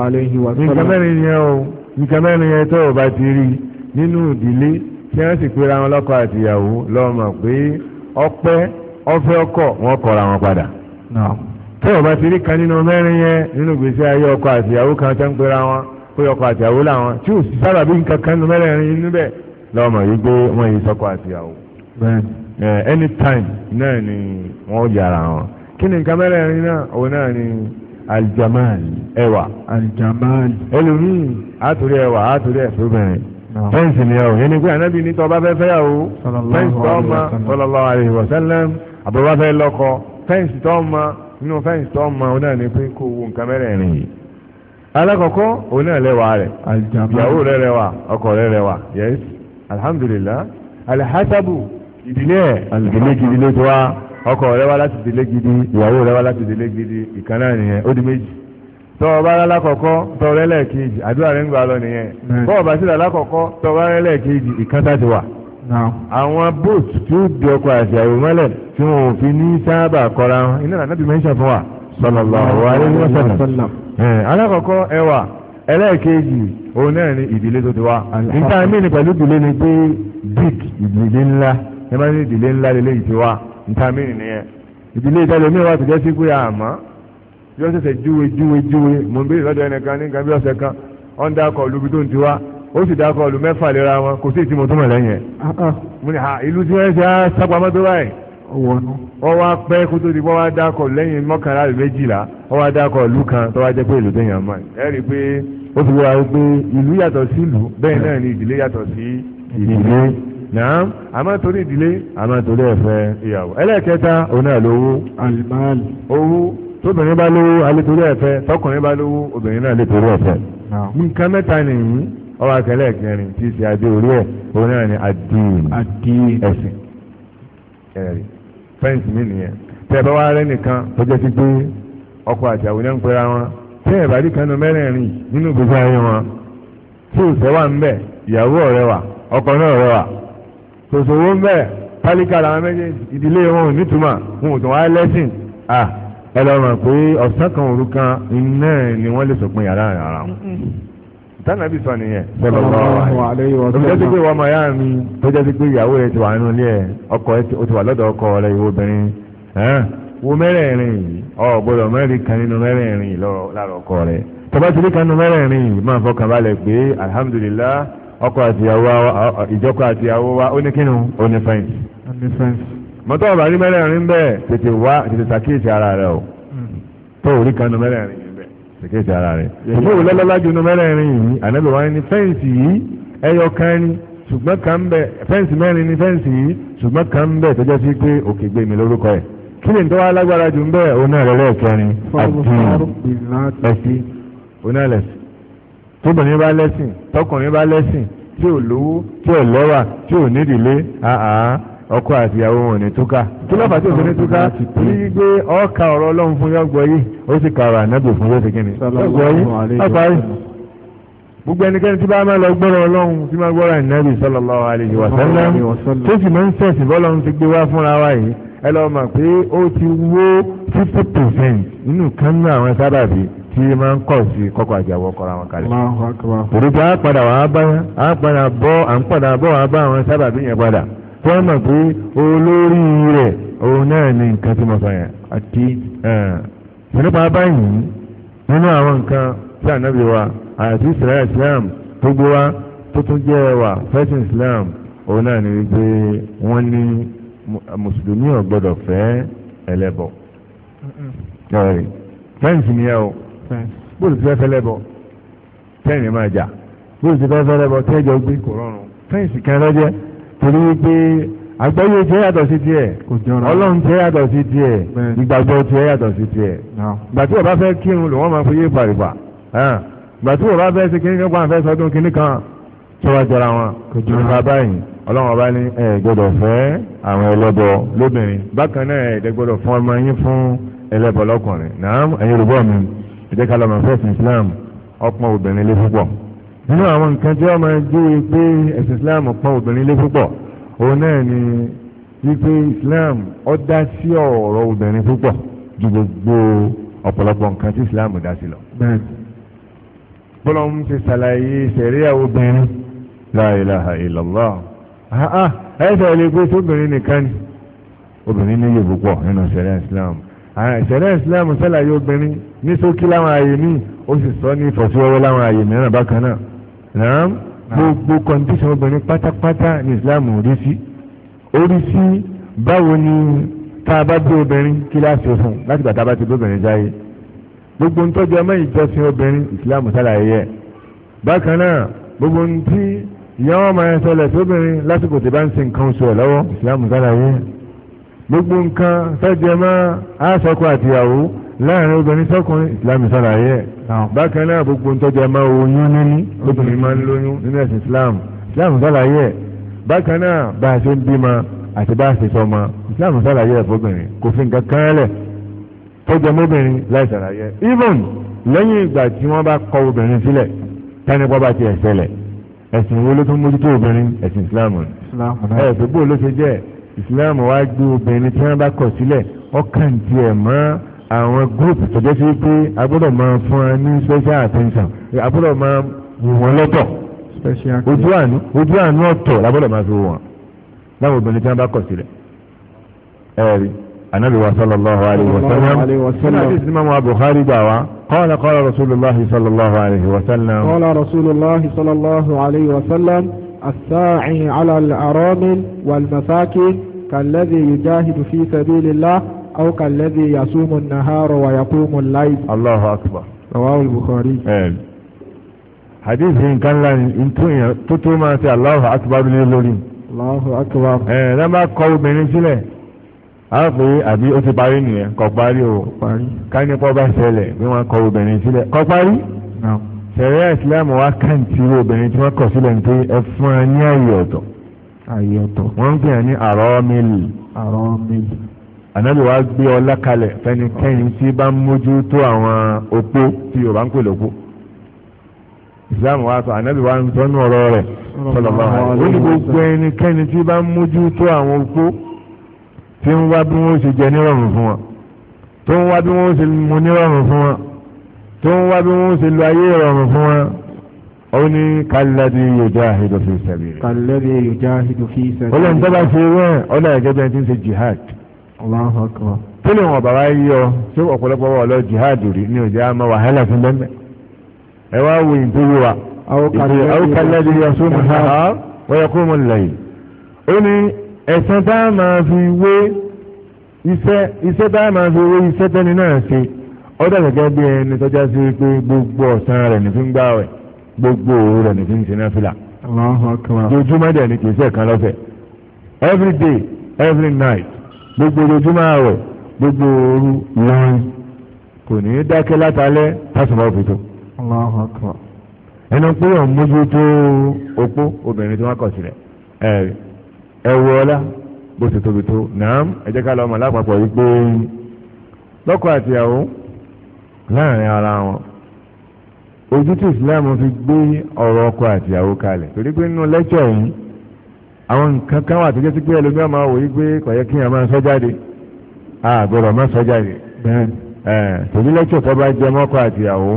alayhi wa sallam. nǹkan mẹ́rin yẹn o nǹkan mẹ́rin yẹn tó o bá ti rí nínú ìdílé tí wọ́n sì pera wọn lọ́kọ àtìyàwó lọ́mọ pé ọpẹ́ ọfẹ́ ọkọ wọn kọra wọn padà. tó o bá ti rí kan nínú mẹ́rin yẹn nínú gbèsè ayé ọkọ àtìyàwó kan tó ń pera wọn pé ọkọ àtìyàwó làwọn tí o sì sábà bí nǹkan nínú mẹ́rin inú bẹ́ẹ̀ lọ́mọ yìí gbé wọn yìí sọ́kọ àtìyàwó. anytime náà ni wọ́n yàrá wọn ni nǹkan mẹ́rin ni. aljamal ẹwà aljamal ẹlòmíì àtúrí ẹwà àtúrí ẹ̀fọ́ fẹ́ǹsì ni ẹ̀wọ̀ yẹnni pé ànábì ní tọ́ bá fẹ́ fẹ́yàwó fẹ́ǹsì tọ́ ọmọ sallallahu alaihi wasallam àbúrò fẹ́ fẹ́ǹsì tọ́ fẹ́ǹsì tọ́ náà ní pé kó wo nǹkan yìí alákọ̀ọ́kọ́ náà lẹ́wà rẹ̀ ìyàwó rẹ̀ rẹ̀ alhasabu ìdílé ẹ̀ ọkọ rẹ wá láti délé gidi ìyàwó rẹ wá láti délé gidi ìkan nìyẹn ó di méjì tọ́wọ́ bá rẹ lákọ̀ọ́kọ́ tọ́wọ́ rẹ lẹ́ẹ̀kejì àdúrà rẹ ń gbà lọ nìyẹn bọ́ọ̀ bá sílẹ̀ lákọ̀ọ́kọ́ tọ́wọ́ rẹ lẹ́ẹ̀kejì ìkan tá ti wà. àwọn boat tí ó di ọkọ àti àyè mọ́lẹ̀ tí wọn ò fi ní sábà kọra wọn iná nàná bí mẹ́ńsà fún wa sallallahu alaihi wasallam alákọ̀ọ́kọ́ ẹwà ẹlẹ́ẹ̀kejì òun náà ni ìdílé tó ti wá nígbà míì ni pẹ̀lú ìdílé ni pé big ìdílé ńlá ẹ bá ní ìdílé ńlá lélẹ́yìí ti wá ntàmì nìyẹn ìdílé ìtàlẹ̀ mi wà tẹ̀jẹ́ sí pé àmọ́ yóò ṣẹ̀ṣẹ̀ júwe júwe júwe mò ń béèrè lọ́dọ̀ ẹnìkan ní nǹkan bí ọ̀sẹ̀ kan ọ̀ ń dákọ̀ lu ibi tó ń ti ó sì dákọ̀ lu mẹ́fà lera wọn kò sí ìtìmọ̀ tó mọ̀ lẹ́yìn ẹ̀. Ah, ah. mo ní ìlú tí wọ́n ṣe á sápamọ́ tó báyìí. wọ́n wá pẹ́ kó tó di wọ́n wá dákọ̀ lẹ́yìn mọ́kànlá rẹ̀ méjìlá wọ́n wá dákọ̀ lu kan tó wá jẹ́ pé ìlú tẹ̀yàn mọ́ ẹ̀ rí i pé ó fi wá pé ìlú yàtọ̀ sí ìlú bẹ́ẹ̀ náà ni ìdílé yàtọ̀ sí ìdílé náà a ma tori ìdílé a ma tori ẹ̀fẹ́ ìyàwó ẹlẹ́ẹ̀kẹta òun náà lówó owó tóbìnrin bá lówó alẹ́ ẹ̀fẹ́ tọkùnrin bá lówó obìnrin náà lè ẹ̀fẹ́ nǹkan mẹ́ta nìyí ọwọ́ akẹ́lẹ́ kẹrin tí ṣe adé orí ẹ̀ òun náà ni ẹ̀sìn fẹ́ǹsì mi nìyẹn tẹ́ ẹ bá wá rẹ́ nìkan tó jẹ́ sí pé àti wọn tẹ́ ẹ kanu mẹ́rẹ̀ẹ̀rin nínú gbogbo ayé wọn tí òṣèwà ń ìyàwó ọ̀rẹ́ wa ọkọ náà wa kò sówó ń bẹ̀ tálíkà làwọn méjèèjì ìdílé wọn ò nítumọ̀ wọn ò tún wá lẹ́sìn à ẹ lọ mọ̀ pé ọ̀sán kan òru kan iná ni wọ́n lè sọ̀pin yàrá ara wọn tánà bí sọ nìyẹn sọlọ lọ́wọ́ rẹ tó jẹ́ sí pé wọ́n máa yá mi tó jẹ́ sí pé ìyàwó rẹ ti wà nínú ilé ẹ ọkọ ẹ ti wà lọ́dọ̀ ọkọ rẹ ìwọ obìnrin wo mẹ́rẹ̀ẹ̀rin yìí ọ gbọ́dọ̀ mẹ́rin kan nínú mẹ́rẹ̀ẹ̀rin yìí lára ọkọ rẹ tọ́ba ti rí kan nínú mẹ́rẹ̀ẹ̀rin yìí máa fọkàn balẹ̀ pé alihamudulilayi ọkọ àtìyàwó wa ìjọkọ àtìyàwó wa ó ní kínú ó ní fẹ́ǹsì. mọ́tò ọ̀bà rí mẹ́rẹ̀ẹ̀rin bẹ́ẹ̀ tètè wá tètè sàkíyèsí ara rẹ o hmm. tó orí kanu mẹ́rẹ̀ẹ̀rin yìí bẹ́ẹ̀ sàkíyèsí ara rẹ. ìlú òlọ́lọ́lá ju mẹ́rẹ̀ẹ̀rin yìí ànábì wa ní fẹ́ǹsì yìí ẹyọ kan ní ṣùgbọ́n kan ń bẹ fẹ́ǹsì mẹ́rin ní fẹ́ǹsì yìí ṣùgbọ́n kan ń bẹ tó jẹ́ sí pé òkè gbé mi lórúkọ ẹ̀ kí ni tó wá lágbára jù ń bẹ́ẹ̀ onáàlẹ́lẹ́kẹrin àti tóbìnrin bá lẹ́sìn tọkùnrin bá lẹ́sìn tí ò lówó tí ò lẹ́wà tí ò nídìílé àhán ọkọ àti ìyàwó wọn ní túká kí lọ́pàá tí òfin ní túká tí gbé ọ̀ka ọ̀rọ̀ ọlọ́run fún yọ́gbọ́ yìí ó sì kàrọ̀ ànábì fún yóò ṣe kí ni yọ́gbọ́ yìí ọ̀parí gbogbo ẹnikẹ́ni tí bá máa lọ gbọ́rọ̀ ọlọ́run tí máa gbọ́rọ̀ ànábì sallallahu alaihi wa sallam tó sì máa ń sẹ̀sìn bọ́lọ́run ti gbé wá fúnra wa yìí ẹ lọ́ọ́ mọ̀ pé ó ti wó fifty percent nínú kan náà àwọn sábàbí tí máa ń kọ̀ sí kọ́kọ́ àjàwọ̀ kọ́ra wọn kalẹ̀. òrùka á padà wà á bá á padà bọ́ à ń padà bọ́ wà á bá àwọn sábàbí yẹn padà tí wọ́n mọ̀ pé olórí rẹ̀ òun náà ní nǹkan tí mo sọ yẹn àti nípa báyìí nínú àwọn nǹkan tí ànábì wa àti israel islam gbogbo wa tó tún jẹ́ wa fẹ́sìn islam òun náà ni wípé wọ́n ní mùsùlùmí ò gbọ́dọ̀ fẹ́ ẹlẹ́bọ. fẹ́ǹsì ni ẹ o bóòlù ti fẹ́ fẹ́ lẹ́bọ̀ tẹ́yìn máa jà bóòlù ti fẹ́ fẹ́ lẹ́bọ̀ tẹ́jọ gbé kò rọrùn fẹ́ǹsì kan lọ́jẹ́ torí wípé àgbáyé tiẹ̀ yàtọ̀ sí tiẹ̀ ọlọ́run tiẹ̀ yàtọ̀ sí tiẹ̀ ìgbàgbọ́ tiẹ̀ yàtọ̀ sí tiẹ̀ ìgbà tí o bá fẹ́ kírun lò wọ́n máa fi yé bàrìbà ìgbà tí o bá fẹ́ ṣe kíní kan wọ́n fẹ́ sọdún kíní kan tí wọ́n jọra wọn nípa báyìí ọlọ́run ọba ní ẹ gbọ́dọ̀ fẹ́ àwọn ẹlẹ́bọ lóbìnrin bákan náà ẹ gbọ́dọ̀ fún ọmọ yín fún ẹlẹ́bọ lọ́kùnrin náà ẹ̀yin olùbọ̀ mi ẹ̀jẹ̀ ká lọ́mọ fẹ́ẹ̀sì Islam ọ̀pọ̀ obìnrin lé púpọ̀ nínú àwọn nǹkan tí wọ́n máa gbé pé ẹ̀sìn Islam ọ̀pọ̀ obìnrin lé púpọ̀ òun náà ni wípé Islam ó dá sí ọ̀rọ̀ obìnrin púpọ̀ ju gbogbo ọ̀pọ̀lọpọ̀ nǹkan tí Islam dá sí lọ. bọ́lá ń ṣe ṣàlàyé ṣẹ̀ríà obìnrin la ilaha illallah ah, ah, ẹ̀sẹ̀ lè gbé sóbìnrin nìkan ni obìnrin ní yòókù nínú ṣẹ̀ríà Islam ìṣẹ̀lẹ̀ ìsìláàmù sálàyé obìnrin ní ṣókí láwọn ààyè míì ó sì sọ ní ìfọ̀síwọ́wọ́ láwọn ààyè mìíràn bákan náà náà gbogbo kọ́ndíṣàn obìnrin pátápátá ní ìsìláàmù rí sí orí sí báwo ni tá a bá bí obìnrin kí láti ṣe fún láti gbà tá a bá ti bí obìnrin jáyé gbogbo ntọ́jú ọmọ ìjọsìn obìnrin ìsìláàmù sálàyé yẹ bákan náà gbogbo ntí ìyá wọn máa ṣẹlẹ̀ sí obìnrin lásìkò tí bá ń ṣe nǹkan oṣù ẹ̀ lọ́wọ́ ìsìláàmù sálàyé gbogbo nǹkan tọ́jẹ́ mọ́ aṣọ́kọ àtìyàwó láàrin obìnrin sọ́kùnrin islam ṣàlàyé bákan náà gbogbo tọ́jẹ́ mọ́ oyún níní obìnrin máa ń lóyún nínú ẹ̀sìn islam islam ṣàlàyé bákan náà bá a ṣe ń bímọ àti bá a ṣe sọmọ islam ṣàlàyé ẹ̀fọ́bìnrin kò fi nǹkan kan lẹ̀ tọ́jẹ́ mọ́bìnrin láì ṣàlàyé even lẹ́yìn ìgbà tí wọ́n bá kọ obìnrin sílẹ̀ tẹ́nipọ́ bá ti ẹ̀ṣẹ̀lẹ̀ ẹ̀sìn wo ló tún mójútó obìnrin ẹ̀sìn islam ẹ̀ islam wá gbé obìnrin tí wọ́n bá kọ̀ sílẹ̀ ọkàn tiẹ̀ mọ́ àwọn group tó jẹ́ sí pé agbọ́dọ̀ máa fún ẹ ní special attention agbọ́dọ̀ máa wù wọ́n lọ́tọ̀ ojú àánú ojú àánú ọ̀tọ̀ lágbọ́dọ̀ máa fi wù wọ́n láwọn obìnrin tí wọ́n bá kọ̀ sílẹ̀ ẹ̀rí anabi wa sallallahu alayhi wa sallam sanadi sinima mu gba wa qala qala rasulillah sallallahu alayhi wa sallam qala rasulillah sallallahu alayhi wa sallam. الساعي على الأرامل والمساكن كالذي يجاهد في سبيل الله أو كالذي يصوم النهار ويقوم الليل الله أكبر رواه البخاري آه. حديث إن كان لن تتوما الله أكبر للولين الله أكبر آه. لما قول من سلة a pé àbí ó ti parí nìyẹn kò parí o ká ní kó bá ṣẹlẹ̀ bí wọ́n kọ obìnrin sílẹ̀ kò parí sẹ̀rẹ́ ìsìlámù wa kàǹtì irú obìnrin tí wọ́n kọ̀ sílẹ̀ ní pé ẹ fún ẹ ní ààyè ọ̀tọ̀ ààyè ọ̀tọ̀ wọ́n ń pè é ní àrọ́mìlì àrọ́mìlì ànábì wa gbé ọlá kalẹ̀ fẹnikẹ́ni tí bá ń mójú tó àwọn opó tí yorùbá ń pè lóko ìsìlámù wa sọ ànábì wa ń tọ́nu ọ̀rọ̀ rẹ̀ sallallahu alaihi wasallam ó ní gbogbo ẹnikẹ́ni tí bá ń mójú tó àwọn opó tí ń wá bí wọ́n ṣe jẹ nírọ̀rùn fún wọn tó ń wá bí wọ́n ṣe mu nírọ̀rùn fún wọn tó ń wá bí wọ́n ṣe lo ayé ìrọ̀rùn fún wọn ó ní kálẹ́dì yujahidu fi sabili. kálẹ́dì yujahidu fi sabili. olóyún tó bá ṣe wẹ́ẹ̀ ọ̀là ẹ̀gẹ́dẹ́ ti ń ṣe jihad. Allahu akbar. tó lè wọn bàbá yíyọ ṣé ọ̀pọ̀lọpọ̀ wà lọ jihad rí ní òjá àmọ́ wàhálà fún lẹ́mẹ̀. ẹ wá wo ìdúró wa àwọn kálẹ́dì yasumu an-nahar wa yaqumu al-layl. ó ní ẹ̀sán tá máa fi wé iṣẹ́ tá a máa fi wé iṣẹ́ tẹ́ni náà ṣe ó dàgbẹ́ gẹ́gẹ́ bí ẹni tọ́já sí pé gbogbo ọ̀sán rẹ̀ ní fi ń gbààwẹ̀ gbogbo òru rẹ̀ ní fi ń ṣe náfìlà ojoojúmọ́ dẹ̀ ni kì í ṣẹ̀kan lọ́fẹ̀ every day every night gbogbo ojoojúmọ́ àwẹ̀ gbogbo òru lọ́rin kò ní í dákẹ́ látàlẹ́ tásùmọ́ òfìtò. ẹnu pé òun mójútó opó obìnrin tí wọ́n kọ̀ sílẹ̀ ẹ wọ ọlá bó ṣe tóbi tó nàám ẹ jẹ́ ká lọ́mọ lápapọ̀ yìí pé lọ́kọ àtìyàwó láàrin ara wọn ojú tí Islam fi gbé ọ̀rọ̀ ọkọ àtìyàwó kalẹ̀ torí pé nínú lẹ́kṣọ̀ yìí àwọn nǹkan kan wà tó jẹ́ sí pé ẹlòmíràn máa wòye pé kò yẹ kí èèyàn máa sọ jáde àgbọ̀rọ̀ máa sọ jáde torí lẹ́kṣọ̀ tó bá jẹ mọ́kọ àtìyàwó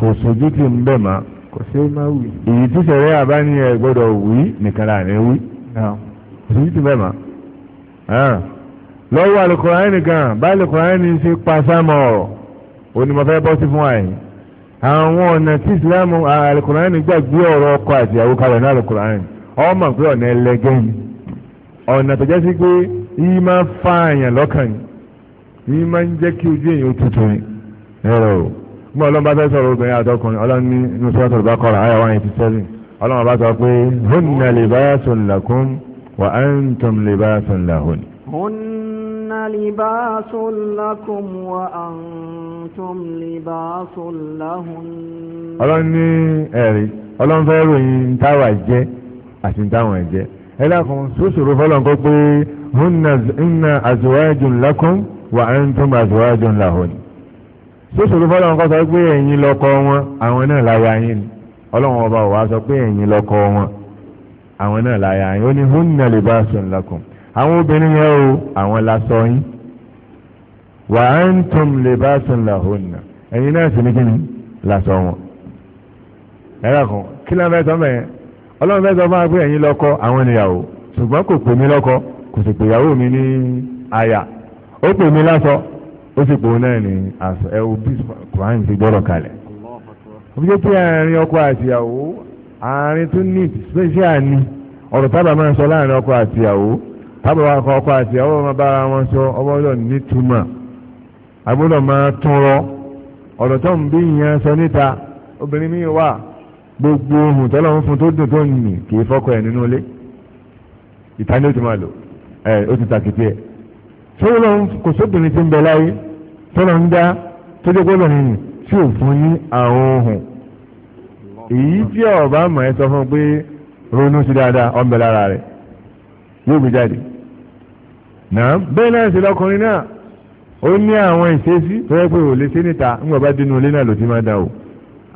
kò sojú tí ń bẹ̀ mọ́ kò sí máa wí. èyí tí sẹ̀rẹ́ àbáni ẹ̀ gbọ́dọ̀ wí nìkan là ní wí kò sojú tí ń bẹ̀ mọ́ lọ́wọ́ àlùkò àyẹ̀nìkan bá àlùkò àyẹ̀nì ṣe pa sámọ̀ òní mo fẹ́ bọ́ sí fún àyè àwọn ọ̀nà tí ìsìlámù alukurani gbàgbé ọ̀rọ̀ ọkọ àti ìyàwó kalẹ̀ ní alukurani ọmọ pé ọ̀nà ẹlẹgẹ́ ni ọ̀nà tó jẹ́ sí pé yìí máa fa àyàn lọ́kàn ni yìí máa ń jẹ́ kí ojú èèyàn tutù ni ẹ̀rọ o gbọ́n ọlọ́run bá fẹ́ sọ̀rọ̀ obìnrin àtọkùnrin ọlọ́run ní inú sọ́tọ̀ bá kọ́ra àyà one eighty seven ọlọ́run bá sọ pé hunna lakum wa antum libasun lahun. hunna هن لباس لكم وأنتم لباس لهن ọlọ́run ní ẹ̀rí ọlọ́run fẹ́ ròyìn táwa jẹ́ àti táwọn jẹ́ ẹ lákun sóṣòro fọlọ́n kó pé hunna azwajun lakum wa antum azwajun lahun sóṣòro fọlọ́n kó sọ pé ẹ̀yin lọ́kọ wọn àwọn náà láya yín ni ọlọ́run ọba ò sọ pé ẹ̀yin lọ́kọ wọn àwọn náà láya yín ó ní hunna libasun lakum àwọn obìnrin yẹn o àwọn lasọ yín wa antum libasun lahunna ẹ̀yin náà sì ní kíni lasọ wọn ẹ̀rọ kan kí ló ń fẹ́ sọ mẹ́yẹn ọlọ́run fẹ́ sọ fún wa pé ẹ̀yin lọ́kọ àwọn ènìyàwó ṣùgbọ́n kò pè mí lọ́kọ kò sì pè ìyàwó mi ní aya ó pè mí lásọ ó sì pòun náà ní àṣọ ẹ wo kùránì ti gbọ́dọ̀ kalẹ̀ ó pé àárín ọkọ àtìyàwó àárín tó ní special ni ọ̀rọ̀ tábà máa ń sọ láàrin ọkọ àtìyàwó tábà wà kọ ọkọ àti ọwọ́ máa bára wọn sọ ọwọ́ lọ nítumọ̀ agbọ́dọ̀ máa tọrọ ọ̀rọ̀ tó ń bí ìyẹn sọ níta obìnrin mi wà gbogbo ohun tọ́lọ́ ń fún tó dùn tó nì kì í fọ́kọ ẹ̀ nínú ilé ìta ni ó ti máa lò ẹ ó ti tàkìtì ẹ̀ sọ́wọ́lọ́ kò sóbìnrin ti ń bẹ láyé tọ́lọ́ ń dá tó dé gbọ́dọ̀ nìyí tí ò fún yín àwọn ohun èyí tí ọ̀bá mọ̀ ẹ sọ fún pé ronú sí dáadáa ọ̀nbẹ lára rẹ̀ yóò gbé jáde náà bẹ́ẹ̀ náà sì lọkùnrin náà ó ní àwọn ìṣesí tó yẹ pé ò lè ṣe níta ńgbà bá dínú ilé náà ló ti máa dá o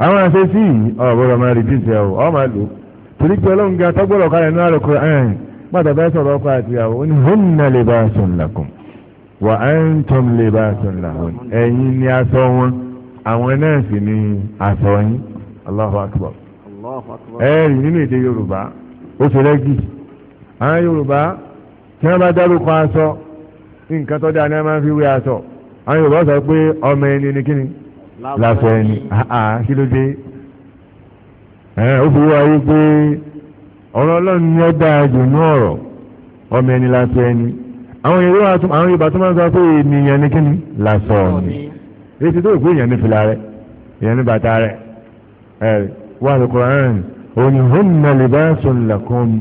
àwọn ìṣesí yìí ọ̀bọ̀rọ̀ máa rí bíṣẹ́ o ọ̀ máa lò torí pé ọlọ́run ga tọ́gbọ̀rọ̀ kalẹ̀ náà rẹ̀ kọ́ ẹ̀ẹ́n pàtàkì bá sọ̀rọ̀ ọkọ àti ìyàwó ó ní hunna libasun lakum wa antum libasun lahun ẹ̀yin ni aṣọ wọn àwọn náà sì ni aṣọ yín Allahu akbar ẹ̀ẹ́rì nínú èdè Yorùbá ó fi rẹ́gì àwọn Yorùbá tí wọ́n bá dárúkọ aṣọ nǹkan tó dáa ní wọ́n máa fi wé aṣọ àwọn Yorùbá sọ pé ọmọ ẹni ni kíni láṣọ ẹni kí ló dé ó fi wá yí pé ọ̀rọ̀ Ọlọ́run ni ó dáa jù ní ọ̀rọ̀ ọmọ ẹni láṣọ ẹni àwọn Yorùbá tó máa sọ pé ènìyàn ni kíni láṣọ ọ̀nì èsì tó kú èèyàn ní fìlà rẹ̀ èèyàn ní bàtà rẹ̀ wà lóko ẹ̀rìn òyìnbó nàlẹ́ bá sọ̀rọ̀ làkọ́ni.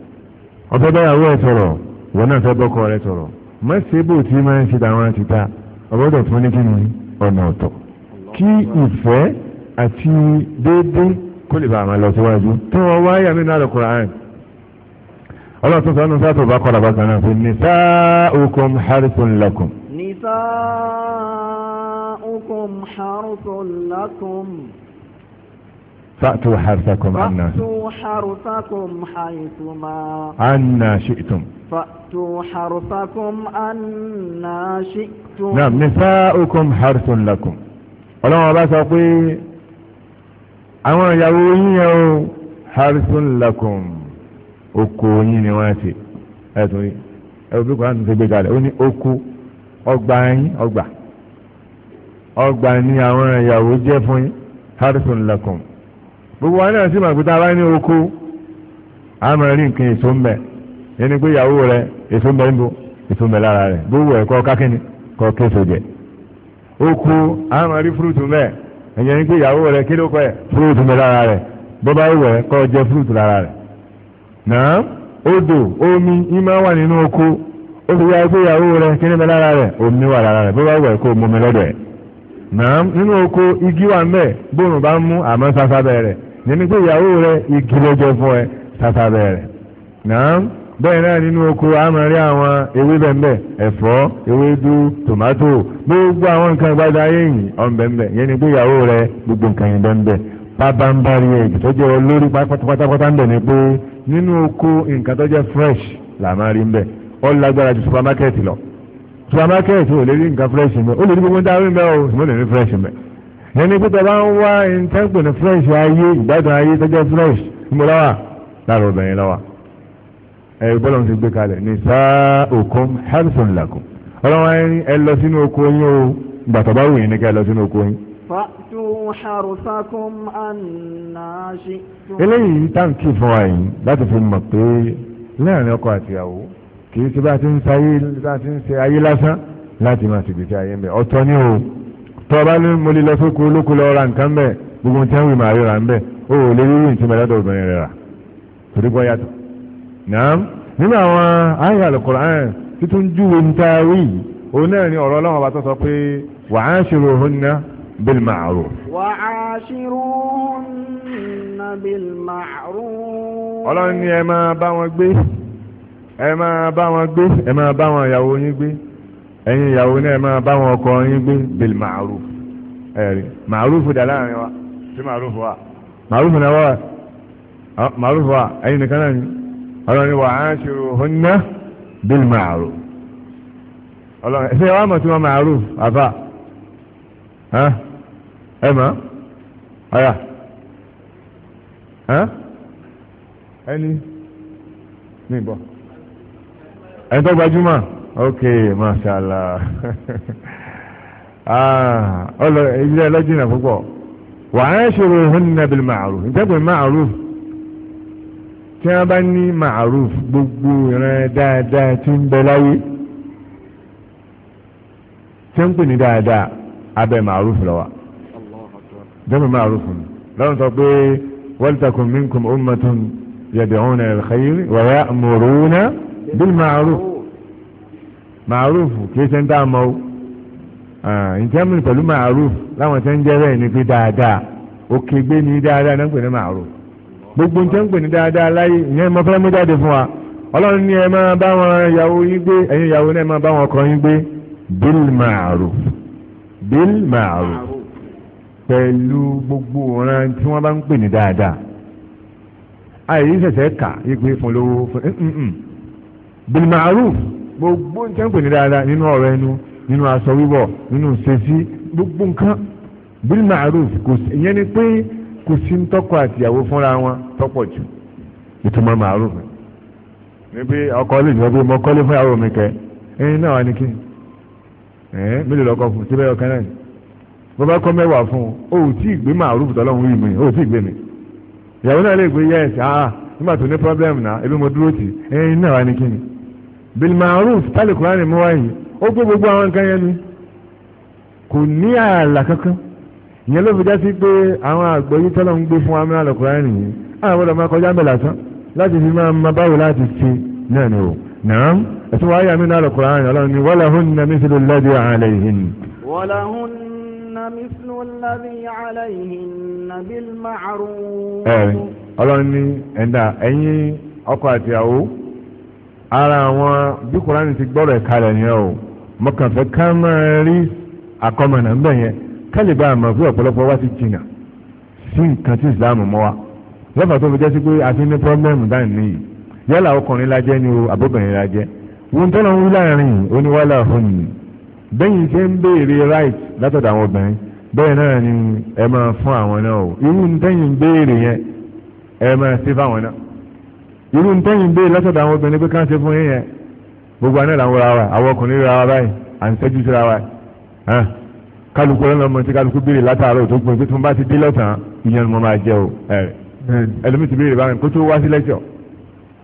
ọ̀fẹ́ báyàwó ẹ̀ sọ̀rọ̀ ìwọ náà fẹ́ bọ́kọ rẹ sọ̀rọ̀ mọ́sẹ́bù tí máa ń ṣe dáwọn ti ta ọgbọ́dọ̀ fún ní kí ni ọ̀nà ọ̀tọ̀ kí ìfẹ́ àti déédé kó lè bá àwọn lọ síwájú tí wọ́n wáyà nínú Al-Qur'an ọlọ́tún sọ́nù sátò bá kọ́ra bákan náà fún nisa'ukum harithun lakum. nisa'ukum harithun lakum. فأتوا حرثكم أنا فأتوا حرثكم حيثما أنا شئتم فأتوا حرثكم أنا شئتم نعم نساؤكم حرث لكم ọlọ́run ọba sọ pé àwọn ìyàwó yín yẹn o harsun lakum oko yín ni wọ́n ṣe ẹ̀sùn yìí ẹ̀rù bí kòrán ti gbé kalẹ̀ ó ní oko ọgbà yín ọgbà ọgbà ni àwọn ìyàwó jẹ́ fún yín harsun lakum gbogbo wa náà sì mọ̀ pé tá a bá ní oko a máa rí nǹkan èso ń ndụ ẹni pé ìyàwó rẹ èso ń ń èso lára rẹ gbogbo kákínni késo jẹ oko a máa rí fúrúùtù mẹ́ ẹ̀yẹ́ pé ìyàwó rẹ omi ìmọ̀ wà nínú oko pé ìyàwó rẹ lára rẹ omi wà lára rẹ bọ́bá igi wà bóun bá mú àmọ́ nínú pé ìyàwó rẹ igi lọ́jọ́ fún ẹ tata bẹ̀rẹ̀ náà bẹ́ẹ̀ náà nínú oko àmọ́ rí àwọn ewé bẹ́ẹ̀ ẹ̀fọ́ ewédú tòmátò gbogbo àwọn nǹkan ìgbádá yẹ̀yìn ọ̀nbẹ̀nbẹ̀ yẹn ni pé ìyàwó rẹ gbogbo nǹkan yẹn bẹ́ẹ̀ bàbá ń bá rí ẹ̀jẹ̀ tó jẹ́ olórí pátápátá ń bẹ̀ ni pé nínú oko nǹkan tó jẹ́ fresh là máa rí ń bẹ̀ ó lágbára ju supermarket lọ supermarket ò lè rí nǹkan fresh ń bẹ̀ ó lè rí gbogbo ń dáwé ń bẹ̀ ó sì mọ́ lè rí fresh ń ẹni pé tẹ bá ń wá ìtẹ́gbọ̀n ní fresh ayé ìgbádùn ayé tẹ́jọ́ fresh mo lọ́wà lára obìnrin lọ́wà ẹ bọ́lọ̀ ti gbé kalẹ̀ ní sáà òkun harrison lakum ọlọ́wọ́n ẹni ẹ lọ sínú oko yín o ìgbà tó bá wù yín ní ká ẹ lọ sínú oko yín. fàtú harsakum anna shi'tum. eléyìí táǹkì fún wa yìí láti fi mọ̀ pé lẹ́yìn ọkọ àtìyàwó kì í ti bá ti ń ṣe ayé lásán láti máa ṣègbè tọ́ba ní mo lè lọ sóko olóko lọ ra nǹkan bẹ́ẹ̀ gbogbo tí wọ́n wì máa ríra ń bẹ́ẹ̀ o ò lè rírí nǹkan mẹ́lẹ́dọ̀ obìnrin rẹ̀ rà torí pé yàtọ̀. nàám nínú àwọn àyà Al-Qur'an títún júwe ń ta rí òun náà ni ọ̀rọ̀ ọlọ́run ọba tó sọ pé wa'ashiruhunna bil ma'ruf. wa'ashiruhunna bil ma'ruf. ọlọ́run ni ẹ máa bá wọn gbé ẹ máa bá wọn gbé ẹ máa bá wọn ìyàwó yín gbé ẹ̀yin ìyàwó náà máa bá wọn ọkọ yín gbé bil ma'ruf ẹ̀rí ma'ruf dà láàrin wa sí ma'ruf wa ma'ruf náà wà ma'ruf wa ẹ̀yin nìkan náà ni ọlọ́run ni wa ashiruhunna bil ma'ruf ọlọ́run ẹ̀sẹ̀ wa mọ̀ tí wọ́n ma'ruf àfà ẹ̀ mọ̀ ọ̀yà ẹni ní ìbọ̀ ẹni tó gbajúmọ̀ ok masala ah, ọlọ ilé ẹlọ́jìnà púpọ̀ wà á ṣòro hunna bil ma'ruf ìjẹ́pẹ̀ ma'ruf tí wọ́n bá ní ma'ruf gbogbo ìran dáadáa tí ń bẹ láyé tí ń pè ní dáadáa abẹ́ ma'ruf lọ́wọ́ ìjẹ́pẹ̀ ma'ruf ni lọ́run sọ pé waltakun minkum ummatun yad'una ila al wa ya'muruna bil ma'ruf màrúfù kì í ṣe ń dá mọ́ o ah, ìjẹ́mìnì pẹ̀lú màrúfù láwọn tẹ́ ń jẹ́ bẹ́ẹ̀ ni pé dáadáa òkè gbé ní dáadáa náà ń pè ní màrúfù gbogbo nǹkan ń pè ní dáadáa láyé ìyẹn mo fẹ́ mú jáde fún wa ọlọ́run ní ẹ máa bá wọn ìyàwó yín gbé ẹ̀yin ìyàwó náà máa bá wọn ọkọ yín gbé bil màrúfù bil màrúfù pẹ̀lú gbogbo ọ̀ràn tí wọ́n bá ń pè ní dáadáa àyè yìí ṣẹ̀ṣẹ̀ kà yí pé fún lówó fún mm, mm, mm. bil màrúfù gbogbo nǹkan pè ní dáadáa nínú ọ̀rọ̀ ẹnu nínú aṣọ wíwọ̀ nínú ṣèṣì gbogbo nǹkan bíi ma kò sí ìyẹn ni pé kò sí ń tọkọ àtìyàwó fúnra wọn tọpọ̀ jù ìtumọ̀ ma'ruf ni pé ọkọ lè jọ pé mo kọ́lé fún ìyàwó mi kẹ ẹyin náà wà ní kí ẹ mélòó lọkọ fún síbẹ̀ ọkàn náà bá kọ́ mẹ́wàá fún o ò tí ì gbé tọ́lọ́hún yìí mi o ò tí bilmaruf tálẹ̀ kúránì mú wáyé ó gbé gbogbo àwọn nǹkan yẹn ni kò ní ààlà kankan ìyẹn ló fi já sí pé àwọn àgbọ̀yí tọ́lọ̀ ń gbé fún wa mìíràn lọ́kùnrin nìyí àbọ̀dọ̀ máa kọjá láti fi máa ma báwo láti fi náà ni o náà ẹ̀sùn wa yà mìíràn lọ́kùnrin ọlọ́run ni ọlọ́run ẹ̀ńdà ara àwọn bí kùránì ti gbọ́rọ̀ ẹ̀ka rẹ̀ yẹn o mo kàn fẹ́ ká máa rí àkọmọ̀nà ńbẹ̀ yẹn kálí bá a mọ̀ pé ọ̀pọ̀lọpọ̀ wá ti jìnnà sí nǹkan tí ìsìláàmù mọ́ wa lọ́fà tó fi jẹ́ sí pé a ti ní pọ́blẹ́mù dáhùn níyì yálà ọkùnrin la jẹ́ ni o àbóbìnrin la jẹ́ wọn tó lọ ń wí láàrin oníwàlà ọ̀hún yìí bẹ́yìn ṣe ń béèrè right látọ̀dọ̀ àwọn obìnrin bẹ́ẹ̀ náà ni ẹ máa fún àwọn náà o irú ń tẹ́yìn béèrè yẹn ẹ máa ṣe fáwọn náà irú ntẹ́yìn bẹ́ẹ̀ lọ́sọ̀dọ̀ àwọn obìnrin pé ká ṣe fún yín yẹn gbogbo àná là ń wọra wa àwọn ọkùnrin ra wa báyìí à ń tẹ́jú síra wa hàn kálukú ọlọ́mọ tí kálukú béèrè látàárọ̀ tó gbọ́n pé tí mo bá ti dé lọ́sàn-án ìyẹn ni mo máa jẹ o ẹ̀rẹ̀ ẹlẹ́mi ti béèrè báyìí kó tó wá sí lẹ́kṣọ̀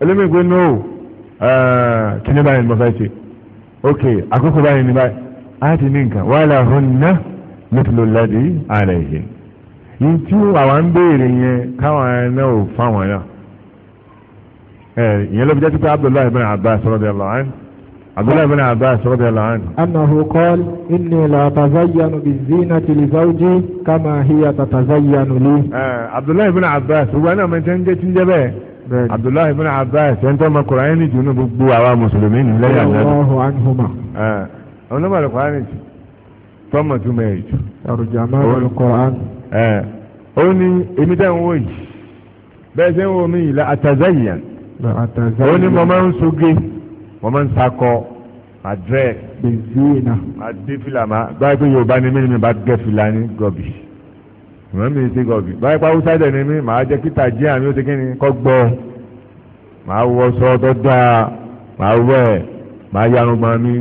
ẹlẹ́mi pé no kíní báyìí ni mo fẹ́ ṣe ok àkókò báyìí ni báyìí á ti ní nǹkan wàhálà Eh, ìyẹn ló fi jẹ́ títí abdullahi ibn abbas radiyallahu anhu abdullahi ibn abbas radiyallahu anhu. annahu qala inni la tazayyanu bizinati li zawji kama hiya tatazayyanu li. Eh, abdullahi ibn abbas gbogbo ẹni ọmọ ẹni tí ń jẹ́ bẹ́ẹ̀ abdullahi ibn abbas ẹni tó mọ kùránì jù ní gbogbo àwa mùsùlùmí nílẹ̀ yàrá. ọlọ́hu anhuma. ọ̀nà eh, mọ̀lẹ́ kùránì jù tọ́mọ̀ tún mẹ́rin jù. àrùjàmá ló kùránì. ó ní èmi dẹ́ ń ó ní mo máa ń soge mo máa ń sakọ àdírẹ àdéfìlàmà báyìí pé yorùbá ni mí ni mi bá gẹ fìlà ní gọbì ìwọ́n mi ti gọbì báyìí pé haúsá dẹ̀ ni mí màá jẹ́ kíta jí àmì ó ti kíni kọ́ gbọ́ màá wọ sọ́ọ́ tó màá wẹ̀ màá yarun gbọ́n mi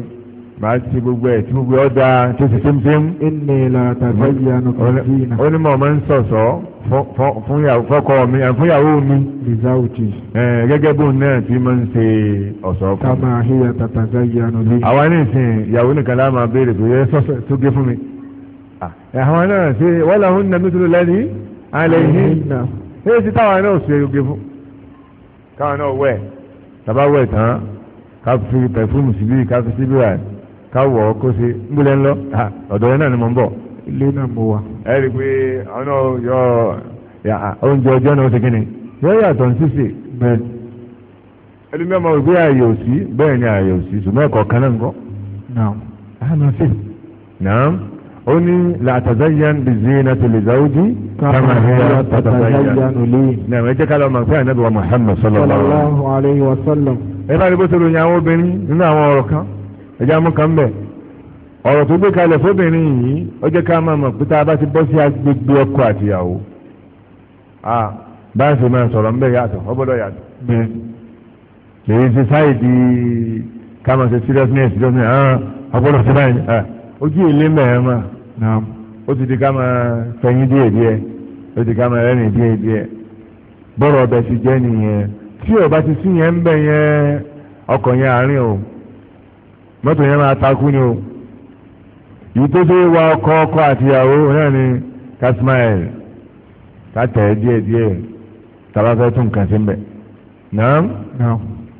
màá ti gbogbo ẹ̀ tí gbogbo ẹ̀ ọ̀dà tó ti tẹ́mtẹ́m. ẹnì la tàbí yanu kàdínà. ó ní mọ̀ mọ́ ń sọ̀sọ́ fúnyàwó mi fúnyàwó mi. lizauti. gẹ́gẹ́ bóun náà tí mo ń ṣe ọ̀sọ́ fún. kama hiya tàtàgá yanu lé. àwa ní ìsìn ìyàwó nìkan láà máa béèrè pé ẹ sọ́sọ́ tó gé fún mi. àwọn náà ṣe wọ́n làwọn ń nà mí tó lẹ́ni alẹ́ yìí. ṣé ti táwọn náà ṣe é gé fún. káwọn náà wẹ̀ tàbá wẹ̀ tán ká fi pẹ̀fúmù síbí ká fi síbí rà káwọ̀ kó ṣe ń gbélé ńlọ ọ̀dọ̀ yẹn náà ni mo ń bọ̀. ilé náà mo wà. ẹ rí i pé ọ̀nà yọ oúnjẹ ọjọ́ náà ṣe kíni yọ yàtọ̀ ń sísè. bẹ́ẹ̀ ẹni mẹ́mọ́ ìgbé ààyè òsì bẹ́ẹ̀ ni ààyè òsì ṣùgbọ́n ẹ̀kọ́ kan náà ń kọ́. naam ó ní làtàzáyán bìzí na tòlèzáwójì kàmáhẹ́rẹ́ tàtàzáyán olóyè. naam ẹ jẹ́ ẹ bá rí bó ṣe ròyìn àwọn obìnrin nínú àwọn ọ̀rọ̀ kan. ẹja mú kan bẹ̀ ọ̀rọ̀ tó gbé kalẹ̀ fóbìnrin yìí ó jẹ́ ká máa pé tá a bá ti bọ sí agbègbè ọkọ àtìyàwó báyìí sì máa sọ̀rọ̀ ńbẹ̀ yàtọ̀ ọ gbọ́dọ̀ yàtọ̀ lèyí ṣe sáìdì ká máa ṣe seriousness seriousness ṣe báyìí ojú ìlé ó ti di ká máa fẹ̀yìn díẹ̀ díẹ̀ ó ti ká máa ti nìyẹn tí ti sí yẹn ń yẹn yẹn àárín o. mọ́tò yẹn máa takú ni o yìí tó dé wa ọkọ ọkọ àtìyàwó náà ni kasimael kátẹ díẹ̀ díẹ̀ tabafẹ tún nǹkan sí mbẹ naam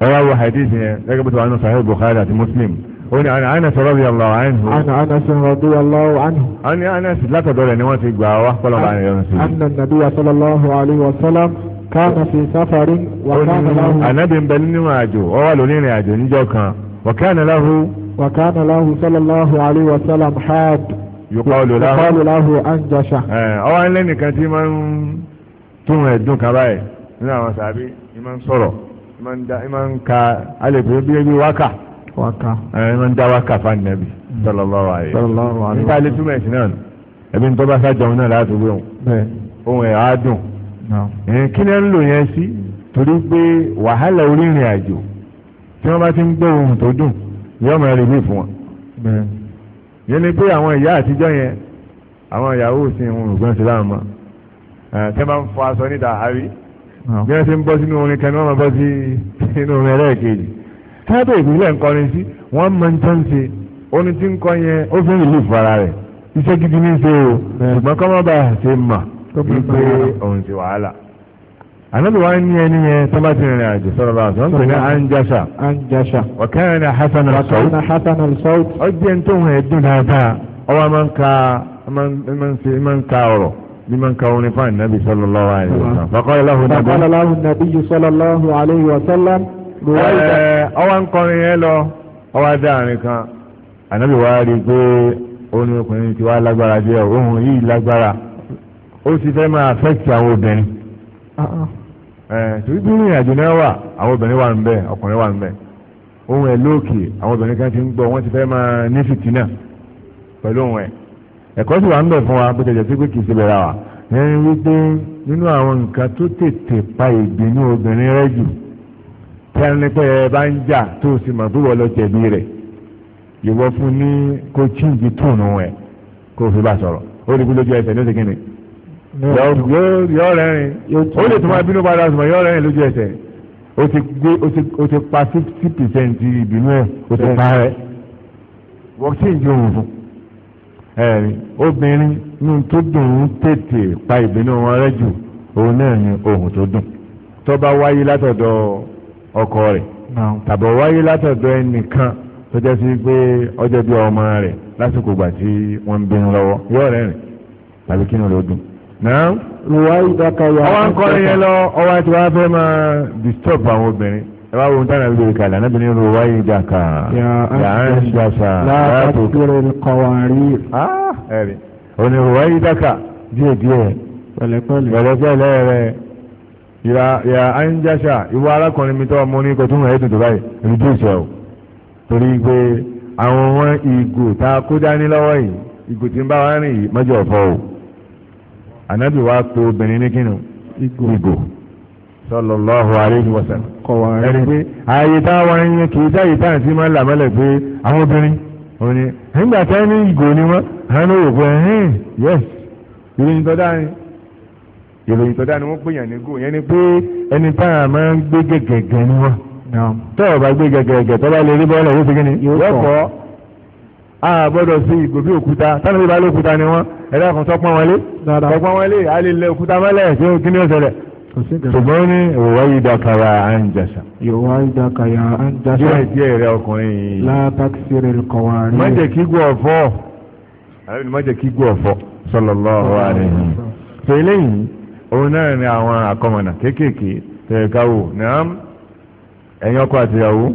ẹ wá wo hadith yẹn gẹ́gẹ́ bí tọ́wọ́n sahih bukhari àti muslim ó ní àná anas radiyallahu anhu. àná anas radiyallahu anhu. àní anas látọ̀dọ̀ rẹ̀ ni wọ́n ti gbà wá kọ́lọ́ bá yẹn sí. anna nabiyya sallallahu alayhi wa sallam kana fi safarin wa kana lahu. ànábì ń bẹ nínú àjò ó lónìí ìrìn àjò níjọ́ kan. وكان له وكان له صلى الله عليه وسلم حاد يقال له يقال له أنجشة ọwọ́ ẹni lẹ́nìkan tí máa ń tún ẹ̀dùn kan báyìí nínú àwọn sàbí ìmọ̀ ń sọ̀rọ̀ ìmọ̀ ń ka alẹ́pẹ́ bí ẹbí wákà wákà ìmọ̀ ń dá wákà fáwọn nẹ́bí sallallahu alaihi nípa ilé túmọ̀ ẹ̀sìn náà ẹbí tó bá sájọ náà láti wé òun ohun ẹ̀ á dùn kí ni ẹ ń lò yẹn sí torí pé wàhálà orí ìrìn àjò tí wọ́n bá ti ń gbọ́ ohun tó dùn yóò máa rèwé fún wọn. yẹn ni pé àwọn ìyá àtijọ́ yẹn àwọn ìyàwó sì ń rògbọ́n sí láwọn mọ́ tí wọ́n bá ń fọ aṣọ níta àárí ah. bí wọ́n ti ń bọ́ sínú orin kan ni wọ́n máa bọ́ sí orin ẹlẹ́ẹ̀kejì tábìlì ìpínlẹ̀ ńkọrin sí wọ́n máa ń tán orin tí ń kọ yẹn ó fún ìlú rẹ̀ iṣẹ́ gidi ní í ṣe o ṣùgbọ́n kọ́mọ́bà ṣe mà wípé òun ti wàhálà anabi wa ni ẹni yẹn sábà ti rìnrìn àjò sọ̀rọ̀ bá sọ nípa ní anjasa. anjasa. ọ̀kẹ́rin na hasan al-sawt. ọ̀kẹ́rin na hasan al-sawt. ọjọ́ ẹni tó ń hẹ̀ dùn dáadáa ọwọ́ a máa ń ka a máa ń ka ọ̀rọ̀ bí máa ń ka orin fún anabi sallallahu alayhi wa sallam. faqala lahu nabi. faqala lahu nabi sallallahu alayhi wa sallam. ẹ ọwọ́ nkọrin yẹn lọ ọwọ́ adáàrin kan anabi wa rí pé orin ọkùnrin ti wá lágbára díẹ̀ ohun yìí lágbára ó ti fẹ́ máa fẹ́ ti àwọn obìnrin. Uh-uh. torí bí ìrìn àjò náà wà àwọn obìnrin wà ń bẹ ọkùnrin wà ń bẹ ohun ẹ̀ lóòkè àwọn obìnrin kan ti ń gbọ́ wọ́n ti fẹ́ máa ní fìtínà pẹ̀lú ohun ẹ̀ ẹ̀kọ́ sì wà ń bẹ fún wa bó ṣe jẹ́ sí pé kì í ṣe bẹ̀rẹ̀ wa ẹni wípé nínú àwọn nǹkan tó tètè pa ìgbínú obìnrin rẹ jù tí a ní pé ẹ bá ń jà tó o sì mọ̀ pé wọ́n lọ jẹ̀bi rẹ̀ ìwọ fún ní kó chíǹjì tóònù ẹ̀ kó o fi bá sọ̀rọ̀ ó rí i pé lójú ẹsẹ̀ ló yọ ẹrin o lè tún máa bínú padà sùn yọ rẹ́rìn lójú ẹsẹ o ti gbé o ti pa fifty percent ìbínú ẹ̀ o ti pa rẹ̀ wọ́ọ̀kì ìjọ òun fún ẹ̀rí obìnrin tó dùn ún tètè pa ìbínú wọn rẹ jù òun náà ohun tó dùn tó bá ọkọ tàbí wáyé látọ̀dọ̀ ẹnìkan tó jẹ́ sí pé ọjọ́ bí ọmọ lásìkò tí wọ́n now ìwà ìdáka yà. ọwọ́ nkọrin yẹn lọ ọwọ́ àti wàá fẹ́ máa disturb àwọn obìnrin ẹ bá wo ohun táwọn ìbéèrè kalẹ̀ àná bìnrin ìwà ìdáka yà á ń ṣàṣà láàbò kúrò kọ̀wárí. òní ìwà ìdáka díẹ̀ díẹ̀ pẹ̀lẹ́pẹ̀lẹ́ pẹ̀lẹ́pẹ̀lẹ́ rẹ̀ yà á ń ìwà arákùnrin mi tọ́ ọmọ tó ń o torí pé àwọn ìgò tá a kó dání lọ́wọ́ yìí ànábì wa pe obìnrin ní kínú ìgò sallallahu alaihi wasallam ẹni pé ààyè tá a wá ń yẹn kì í sáyè tá à ń sí máa ń là mọ́lẹ̀ pé àwọn obìnrin ò ní nígbà tá ní ìgò ni wọ́n hàn ó wò pé yes ìròyìn tó dáa ni ìròyìn tó dáa ni wọ́n pè yàn ní gò yẹn ni pé ẹni tá a máa ń gbé gẹ̀gẹ̀gẹ̀ ni wọ́n tọ́ ọ̀ bá gbé gẹ̀gẹ̀gẹ̀ tó bá lè rí bọ́ọ̀lù ó fi kí ni yóò kọ́ a gbọ́dọ̀ sí ìgòbí òkúta tánà bí balẹ̀ òkúta ni wọ́n ẹ̀dá kan sọ́pọ̀ wọn lé sọ́pọ̀ wọn lé a lè lẹ òkúta mọ́lẹ̀ tí ó kíní ọ̀sẹ̀lẹ̀ ṣùgbọ́n ní ìwà ìdàkàrà àǹjàṣà. ìwà ìdàkàrà àǹjàṣà. díẹ̀ díẹ̀ rẹ ọkùnrin yìí. látàkìsírè kọ̀wárí. má jẹ́ kí gbọ́ ọ̀fọ́ àbí má jẹ́ kí gbọ́ ọ̀fọ́ sallallahu alaihi. tẹ̀lé yìí òun náà ni àwọn àkọmọ̀nà kéékèèké tẹ̀ẹ̀káwò náà ẹ̀yin ọkọ àtìyàwó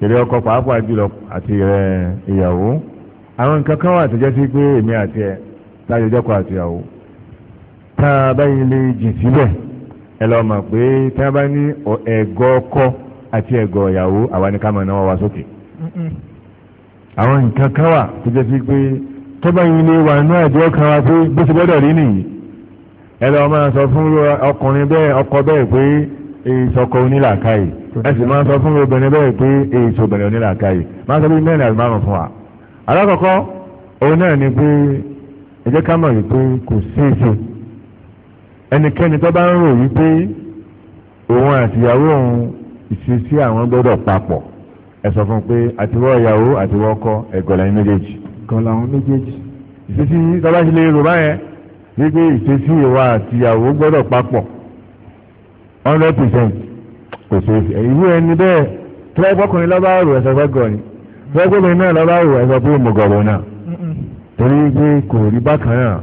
tẹ̀lé ọkọ pàápàá jùlọ àti rẹ ìyàwó àwọn nǹkan kan wà tẹ̀jẹ́ sí pé èmi àti ẹ̀ láti ọjọ́ kọ àti ìyàwó tá a bá yín lè jì síbẹ̀ ẹ lọ mọ̀ pé tá a bá ní ẹ̀gọ́ ọkọ àti ẹ̀gọ́ ìyàwó àwa ni ká máa náwó wa sókè àwọn nǹkan kan wà tẹ̀jẹ́ sí pé tó bá yín lè wà nínú àjọ kan wa pé bó ti gbọ́dọ̀ rí nìyí ẹ lọ máa sọ fún ọkùnrin bẹ́ẹ̀ ọkọ bẹ́ẹ̀ pé ìsọkọ onílàkàyè ẹ sì máa ń sọ fún obìnrin bẹ́ẹ̀ pé èyí tí obìnrin onílà káyè máa ń sọ bí mẹ́rin àti márùn fún wa. alákọ̀ọ́kọ́ òun náà ni pé ẹ jẹ́ ká mọ̀ yìí pé kò ṣeéṣe ẹnikẹ́ni tó bá ń rò yìí pé òun àtìyàwó òun ìṣesí àwọn gbọ́dọ̀ papọ̀ ẹ sọ fún un pé àtiwọ́ ìyàwó àtiwọ́ ọkọ ẹ̀gọ́ làwọn méjèèjì. ẹ̀gọ́ làwọn méjèèjì. ìṣesí tó bá ṣe lè rò báyẹn wípé ìṣesí ìwà àtìyàwó gbọ́dọ̀ papọ̀ hundred percent kò ṣe é irú ẹni bẹ́ẹ̀ tẹ́lẹ̀gbọ́kùnrin lọ́ba rò ẹ̀sọ́ fẹ́ gọ̀ ni tẹ́lẹ̀gbọ́kùnrin náà lọ́ba rò ẹ̀sọ́ pé mo gọ̀rọ̀ náà torí pé kò rí bákan náà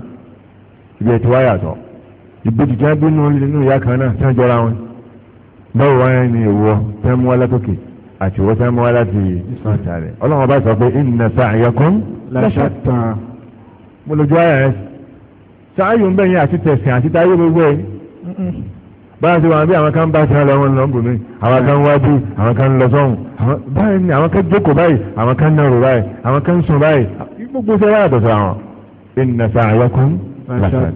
ibi ètò wáyàtọ̀ ìbejì jẹ́ bínú nínú ìyá kan náà tí wọ́n jọra wọn báwo wáyé ni ìwọ tẹ́ mú wá látòkè àti ìwọ tẹ́ mú wá láti ìsọ̀tà rẹ̀ ọlọ́run ọba sọ pé inna sa'yakum lashatta mo lójú ayà rẹ̀ sáà yóò ń bẹ̀yìn àti tẹ̀sìn àti táyé gbogbo ẹ̀ báyà sí wọn bí àwọn kan bá ti hàn lọ wọn lọ bùnmi àwọn kan wájú àwọn kan lọ sọ́hùn báyìí ni àwọn kan jókòó báyìí àwọn kan nàró báyìí àwọn kan sùn báyìí gbogbo sẹ́yà àtọ̀sọ̀ àwọn ìnà sàáyàkùn lásán.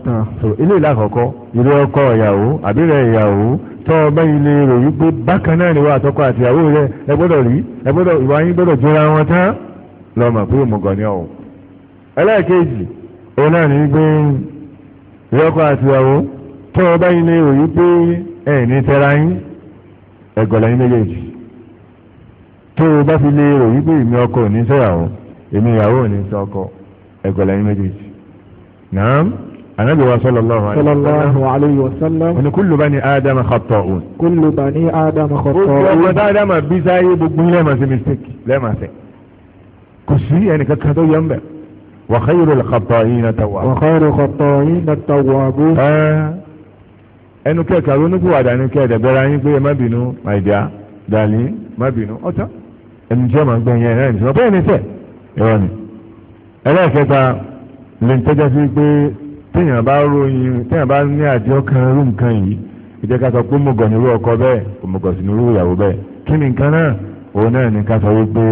ilé ìlàkọ̀kọ́ ilé ọkọ ìyàwó àbílẹ̀ ìyàwó tọ́ ọba ilé rẹ̀ wípé bákan náà ni wọ́n àtọkọ àti ìyàwó rẹ̀ ẹ gbọ́dọ̀ rí ẹ gbọ́dọ̀ ìwà yín gbọ́dọ̀ jọra wọn tán lọ́mọ pé ni ọ̀hún. ẹlẹ́ẹ̀kejì òun náà tọ́ ọ báyìí ní òyìn pé ẹ̀ ní tẹ́ra yín ẹ̀gọ̀lẹ̀ yín méjèèjì tó o bá fi lè ròyìn pé èmi ọkọ ò ní sẹ́yàwó èmi ìyàwó ò ní sọ ọkọ ẹ̀gọ̀lẹ̀ yín méjèèjì. naam anabi wa sallallahu alayhi wa sallam oni kullu bani adama khata'un kullu bani adama khata'un o ti ọmọ adama bí sáyé gbogbo lẹ́ẹ̀ma sí mistake lẹ́ẹ̀ma sẹ́ kò sí ẹnìkankan tó yẹ ń bẹ̀ wa khayrul khata'ina tawwabun wa khayrul khata'ina tawwabun. ẹnu kẹta ronúkúwàdà ni kẹdẹ bẹ̀rẹ̀ ayín pé ẹ má bínú àìdíá dàlí má bínú ọtá ẹni tí ó máa ń gbẹ̀yìn ẹ̀ náà nìṣọ́ bẹ́ẹ̀ ni ni ẹlẹ́ẹ̀kẹta lè ń tẹ́jọ́ sí pé téèyàn bá ròyìn téèyàn bá ní kan nǹkan yìí ọkọ bẹ́ẹ̀ mo sí nírú ìyàwó bẹ́ẹ̀ kí ni nǹkan náà òun náà ni ká sọ wípé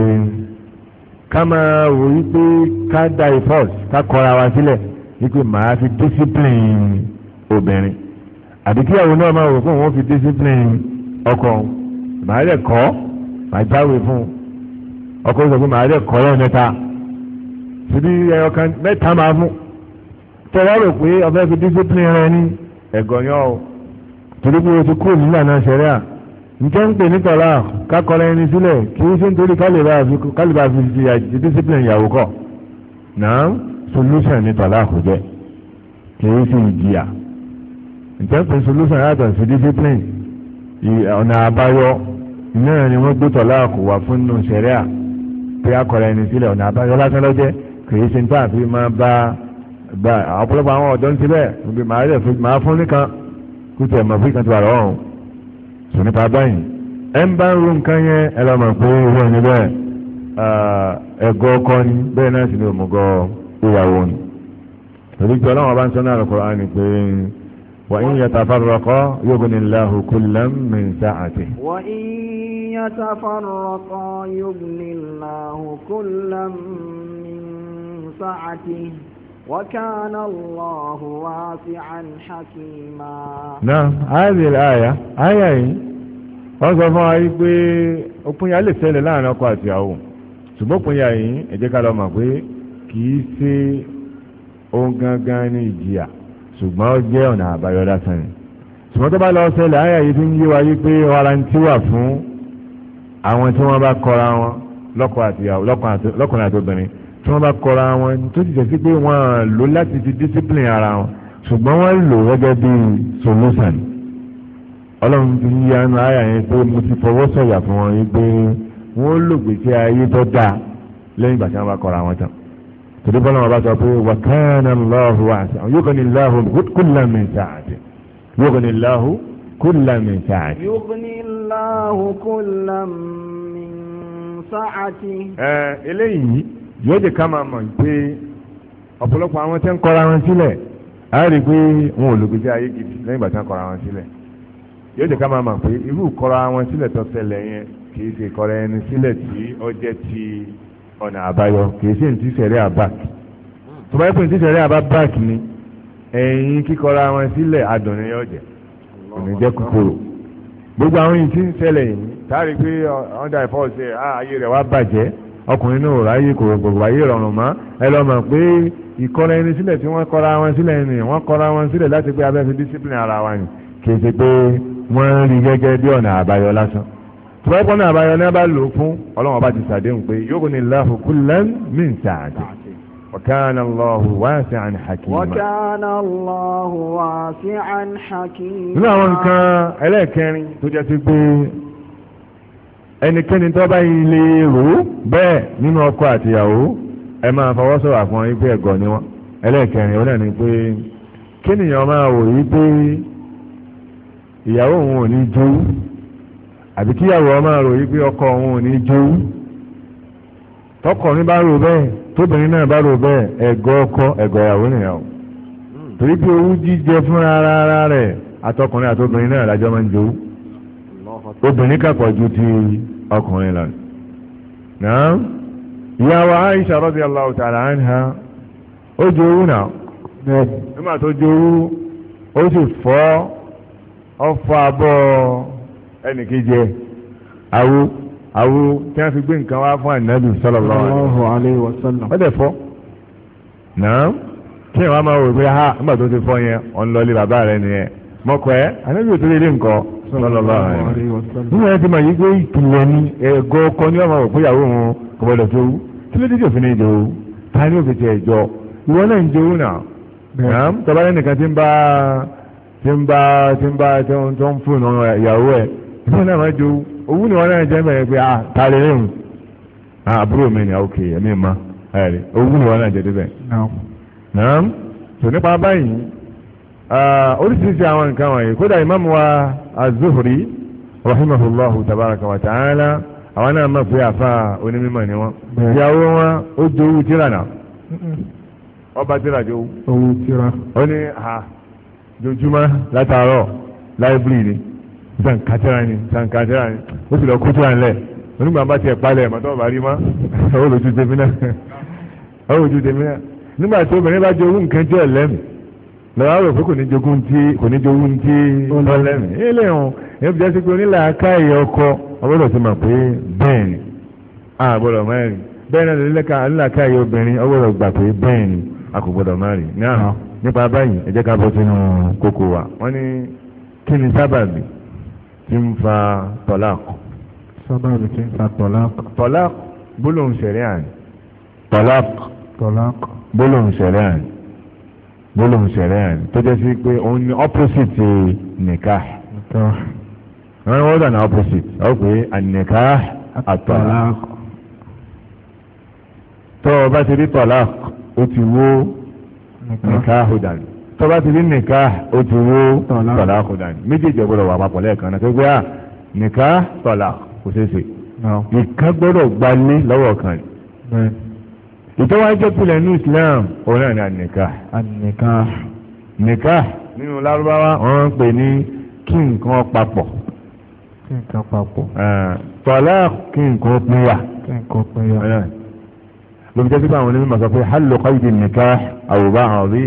ká máa fi discipline obìnrin àdìkí àwọn náà máa wò fún wọn fi discipline ọkọ màá lè kọ́ màá jáwèé fún ọkọ sọ pé màá lè kọ́ lọ́wọ́ mẹ́ta síbi ẹyọ kan mẹ́ta máa mú tọ́wọ́ rò pé ọfẹ́ fi discipline rẹ ní ẹ̀gọ́ yọ ọ́ torí pé o ti kúrò nílànà sẹ́ríà njẹ́ ń pè ní tọ́lá ẹni sílẹ̀ kì í ṣe nítorí kálíbà fi ti discipline ìyàwó kọ̀ náà solution ní tọ́lá kò jẹ́ kì í ṣe ìjìyà ìtẹ́pẹ́ solution yàtọ̀ sí discipline ọ̀nà àbáyọ náà ni wọ́n gbé tọ́lá kò wá fún nù sẹ́ríà pé akọ̀rọ̀ ẹni sílẹ̀ ọ̀nà àbáyọ lásán lọ́jẹ́ kìí ṣe nípa àfi máa bá bá ọ̀pọ̀lọpọ̀ àwọn ọ̀dọ́ ń tilẹ̀ gbé màá rẹ̀ fún màá fún nìkan kú tẹ̀ mọ̀ fún ìkan tó wà lọ́rùn sọ nípa báyìí ẹ ń bá ń nǹkan yẹn ẹ lọ mọ̀ pé owó ẹni bẹ́ẹ̀ ẹ̀gọ́ ọkọ ni bẹ́ẹ̀ náà sì ni òmùgọ̀ ìyàwó ni. torí pé ọlọ́run ọba ń sọ náà lọ́kọ̀ọ́ وإن يتفرقا يغني الله كلا من سعته وإن يتفرقا يغني الله كلا من سعته وكان الله واسعا حكيما نعم هذه الآية آية wọ́n sọ fún wa yìí pé òpinya lè ṣẹlẹ̀ láàrin ọkọ àti ìyàwó ṣùgbọ́n òpinya yìí ẹ ká lọ mọ̀ pé kì í ṣe ohun gangan ní ìjìyà ṣùgbọ́n ó jẹ́ ọ̀nà àbáyọ lásán ni ṣùgbọ́n tó bá lọ ṣẹlẹ̀ àyà yìí ti ń yé wa yí pé warranty wà fún àwọn tí wọ́n bá kọra wọn lọ́kùnrin àti obìnrin tí wọ́n bá kọra wọn tó ti jẹ́ sí pé wọ́n lò láti fi discipline ara wọn ṣùgbọ́n wọ́n lò gẹ́gẹ́ bí solution ọlọ́run ti yí anu àyà yẹn pé mo ti fọwọ́ sọ̀yà fún wọn yí pé wọ́n lògbèsè ayé tó dáa lẹ́yìn ìgbà tí wọ́n bá kọra wọn tán torí bọ́lá wọn bá sọ pé wa kana Allahu wasi'an yughni Allahu kullan min sa'atihi yughni Allahu kullan min sa'atihi. yughni Allahu kullan min sa'atihi. ẹ eléyìí yóò jẹ ká máa mọ̀ pé ọ̀pọ̀lọpọ̀ àwọn tẹ́ ń kọ́ra wọn sílẹ̀ á rí i pé wọn ò lògbèsè ayé gidi lẹ́yìn ìgbà tí wọ́n kọ́ra wọn sílẹ̀ yóò jẹ́ ká máa mọ̀ pé irú ìkọ́ra wọn sílẹ̀ tó yẹn kì í ṣe ìkọ́ra ẹni sílẹ̀ tí ó jẹ́ ti ọ̀nà àbáyọ kìí ṣe ti sẹ̀rẹ́ àbáàkì tó bá yẹ pé ti sẹ̀rẹ́ àbáàkì ni ẹ̀yìn kíkọra wọn sílẹ̀ adùn ni yóò jẹ́ kò ní jẹ́ kòkòrò gbogbo àwọn yìí ti ń ṣẹlẹ̀ yìí táàrí pé ọ̀ndà ìfọ̀ọ́sẹ̀ ayé rẹ̀ wá bàjẹ́ ọkùnrin náà ráyè kò gbogbo ayé rọrùn mọ́ ẹ lọ mọ̀ pé ìkọra ẹni sílẹ̀ tí wọ́n kọra wọn sílẹ̀ ni wọ́n kọra wọn sílẹ̀ láti pé abẹ́fẹ́ discipline ara wa ni kì í ṣe pé wọ́n rí gẹ́gẹ́ bí ọ̀nà àbáyọ lásán tọ́pọ̀ náà àbáyọ ní abálò fún ọlọ́run ọba ti sàdéhùn pé yóò ní láhùn kúlẹ̀ mí sàdé وكان الله واسعا حكيما وكان الله واسعا حكيما nínú àwọn nǹkan ẹlẹ́ẹ̀kẹrin tó jẹ́ sí pé ẹnikẹ́ni tó bá ilé rò bẹ́ẹ̀ nínú ọkọ àtìyàwó ẹ máa fọwọ́sọ̀rọ̀ àfọn yín pé ẹ̀gọ́ ni wọ́n ẹlẹ́ẹ̀kẹrin ó dàní pé kéènìyàn máa wò yí pé ìyàwó òun ò ní jowú àbí kíyàwó ọmọ rò yí pé ọkọ òun ò ní jowú tọkọrin bá rò tóbìnrin náà bá rò bẹ́ẹ̀ ẹ̀gọ́ ọkọ ẹ̀gọ́ ìyàwó nìyàwó torí pé owú jíjẹ fún ara rẹ̀ atọkùnrin àtobìnrin náà lájọ máa ń jowú obìnrin kàpọ̀ ju ti ọkùnrin lọ. náà ìyàwó Aisha radiyallahu ta'ala anha ó jowú náà nígbà tó jowú ó sì fọ́ ọ fọ́ abọ́ ọ. ẹnì kejì ẹ awo awo tí wọn fi gbé nǹkan wá fún ànábì sallallahu alaihi wasallam ó dẹ fọ náà kí ẹ wá máa wò pé ha nígbà tó ti fọ yẹn ọ̀n lọlé bàbá rẹ nìyẹn mọkọ ẹ ànábì ò tó lé lé nǹkan sallallahu alaihi wasallam nínú ẹ ti máa yí ni ẹ̀gọ́ ọkọ ni wọn máa wò pé ìyàwó òun kò gbọdọ̀ tó wú kí ló dé tí òfin ìjọ wú ta ni òfin ti ẹ̀jọ ìwọ náà ń jowú náà náà tọ́ba lẹ́nìkan ti ń bá ti ń bá ti ń bá tó ń fún ìyàwó ẹ̀ ìfún náà máa jó owó ni wọn náà jẹ́ bẹ́ẹ̀ pé ah ta lè léwu ah àbúrò mi ni ah, ok ẹ̀mí ma ẹ̀rí owó ni wọn náà jẹ́ débẹ̀. naam tò nípa báyìí ah, oríṣiríṣi àwọn nǹkan wọ̀nyí kódà wa rahimahullahu tabaraka wa ta'ala àwọn náà máa fi àfa onímọ̀ ni wọn. ìyàwó wọn ó jowú tíra náà ọba tíra jowú. owó tíra. ó ní ha ah, jojúmọ́ látàárọ̀ láìbírì ni. zankatira ni zankatira ni ó sì lọ kú tíra nílẹ̀ onígbà bá tiẹ̀ palẹ̀ mọ́tò bá rí mọ́ ó lójú tèmi náà ó lójú tèmi náà nígbà tí obìnrin bá jogún nǹkan tí ẹ̀ lẹ́mìí lọ́wọ́ rò pé kò ní jogún tí kò ní jogún tí ó lẹ́mìí ilé ìhùn ẹ̀bí jẹ́ sí pé onílà aká ẹ̀yẹ ọkọ ọgbọ́dọ̀ ti mọ̀ pé bẹ́ẹ̀ ni àgbọ̀dọ̀ mẹ́rin bẹ́ẹ̀ náà lẹ́lẹ́ka onílà aká ẹ̀yẹ obìnrin ọgbọ́dọ̀ gbà pé bẹ́ẹ̀ ni a kò gbọ́dọ̀ mẹ́rin náà nípa báyìí ẹ jẹ́ ká bọ́ sínú kókó wa wọ́n ní kí ni sábàbí tí ń fa tọ́láàkù. sábàbí tí ń fa tọ́láàkù. tọ́láàkù gbólóhùn ṣẹ̀rẹ́ àní. tọ́láàkù. tọ́láàkù. gbólóhùn ṣẹ̀rẹ́ àní. gbólóhùn ṣẹ̀rẹ́ àní. tó jẹ́ sí pé òun ni opposite nikah. nikah. wọ́n wọ́n dà ní opposite. ọ̀ pé ànikah àtọ́láàkù. tọ́ ọ bá tọ́ba ti rí nìka ó ti wó tọ̀lá kò dání méjèèjì ọgbọ́dọ̀ wà papọ̀ lẹ́ẹ̀kan náà pé à ah, nìka tọ̀lá kò ṣeé ṣe ìka gbọ́dọ̀ gbalé lọ́wọ́ kan rẹ̀ ìtọ́wá jẹ́ pilẹ̀ ní Islam òun náà ní ànìka nìka nínú lárúbáwá wọ́n ń pè ní kí nǹkan papọ̀ ah, tọ̀lá kí nǹkan pínyà lóbi jẹ́ sípò àwọn onímọ̀ sọ pé hálò kọ́ ìdí nìka àwòbá àwọn rí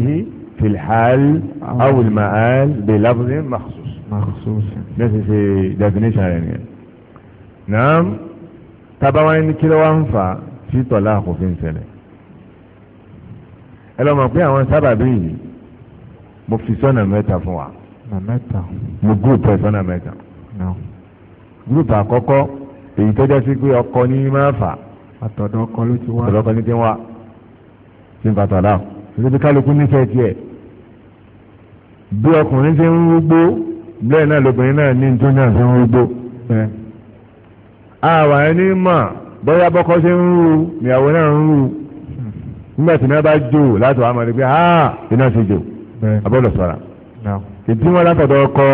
في الحال أو المآل بلفظ مخصوص مخصوص ده في definition يعني نعم tábàwọn ẹni kí ló wá ń fà tí tọ́lá kò fi ń ṣẹlẹ̀ ẹ lọ mọ̀ pé àwọn sábàbí yìí mo fi sọ́nà mẹ́ta fún wa mo gúrùpù ẹ̀ sọ́nà mẹ́ta gúrùpù àkọ́kọ́ èyí tó jẹ́ sí pé ọkọ ní máa fà àtọ̀dọ̀ ọkọ ló ti wá àtọ̀dọ̀ ọkọ ní ti wá sí ń fa tọ́lá ìdíbi kálukú nífẹ̀ẹ́ tiẹ̀ bí ọkùnrin ti ń rúgbó bẹ́ẹ̀ náà lóbìnrin náà ní tó náà fi ń rúgbó. àwa ẹni mọ̀ bóyá bọ́kọ ṣe ń rú ìyàwó náà ń rú nígbà tí náà bá jò láti wàá ní iná ti jò sọ̀rọ̀ ìdí ọkọ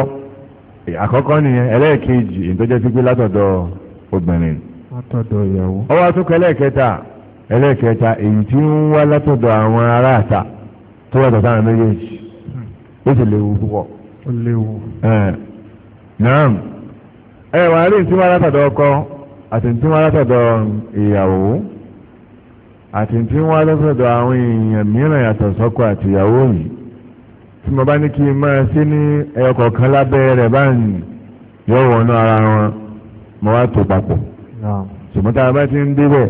àkọ́kọ́ nìyẹn ẹlẹ́ẹ̀kejì ìtọ́jẹ́ sí pé látọ̀dọ̀ obìnrin látọ̀dọ̀ ìyàwó ọwọ́ ẹlẹ́ẹ̀kẹta ẹlẹ́ẹ̀kẹta èyí tí ń wá látọ̀dọ̀ àwọn aráàta tó wà tọ̀tà ó sì léwu púpọ̀. ó léwu. náà ẹ wà á rí ìtumọ̀ látọ̀dọ̀ ọkọ àti ìtumọ̀ látọ̀dọ̀ ìyàwó àti ìtumọ̀ látọ̀dọ̀ àwọn èèyàn mìíràn yàtọ̀ sọ́kọ àti ìyàwó yìí tí mo bá ní kí n máa ṣe ní ẹyọ kọ̀ọ̀kan lábẹ́ rẹ̀ báyìí yọ wọnú ara wọn mo wá tó papọ̀ ṣùgbọ́n tá a bá ti ń débẹ̀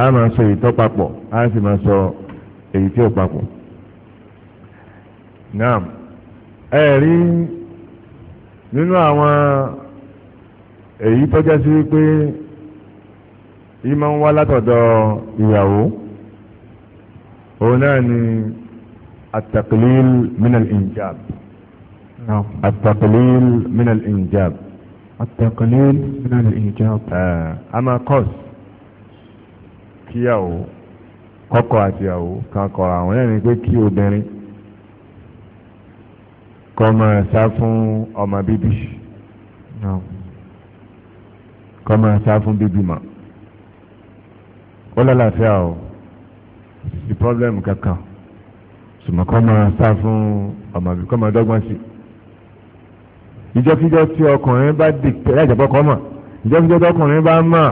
a máa sọ èyí tó papọ̀ a sì máa sọ èyí tí ò papọ̀. Naam ẹ̀rí nínú àwọn èyí tọ́já sí wípé ìmọ̀ ń wá látọ̀dọ̀ ìyàwó òun náà ni at-taqlil min al-injab at-taqlil min al-injab at-taqlil min kíyàwó kọ́kọ́ àtìyàwó kan àwọn náà pé kí obìnrin kọ́ máa sá fún ọmọ bíbí kọ́ máa sá fún bíbí mà ó lálàáfíà o sí pọ́blẹ́mù kankan ṣùgbọ́n kọ́ máa sá fún ọmọ bíbí kọ́ máa dọ́gbọ́n sí ìjọ́kíjọ́ tí ọkùnrin bá dìtẹ̀ láì jẹ́ pọ́kọ́ mọ̀ ìjọ́kíjọ́ tí ọkùnrin bá mọ̀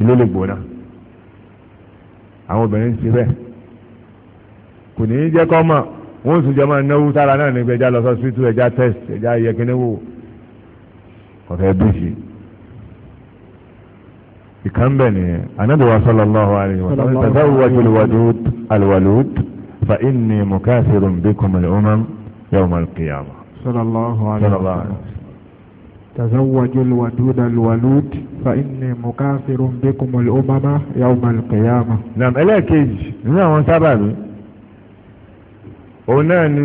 ilé lè gbóná àwọn obìnrin ti bẹ́ẹ̀ kò ní í jẹ́ kọ́ mọ̀ wọ́n sì jọ máa náwó tára náà nígbà ẹja lọ sọ́sítù ẹja test ẹja yẹkiníwò ọ̀fẹ́ bíṣì ìkan bẹ̀ nìyẹn anábì wa sallallahu alayhi wa sallam tazawwaju alwadud alwalud fa inni mukathirun bikum al yawm al sallallahu alayhi wa sallam tazawwaju alwadud alwalud fa inni mukathirun bikum al yawm al-qiyamah. ẹlẹ́ẹ̀kejì nínú àwọn sábàbí òun náà ni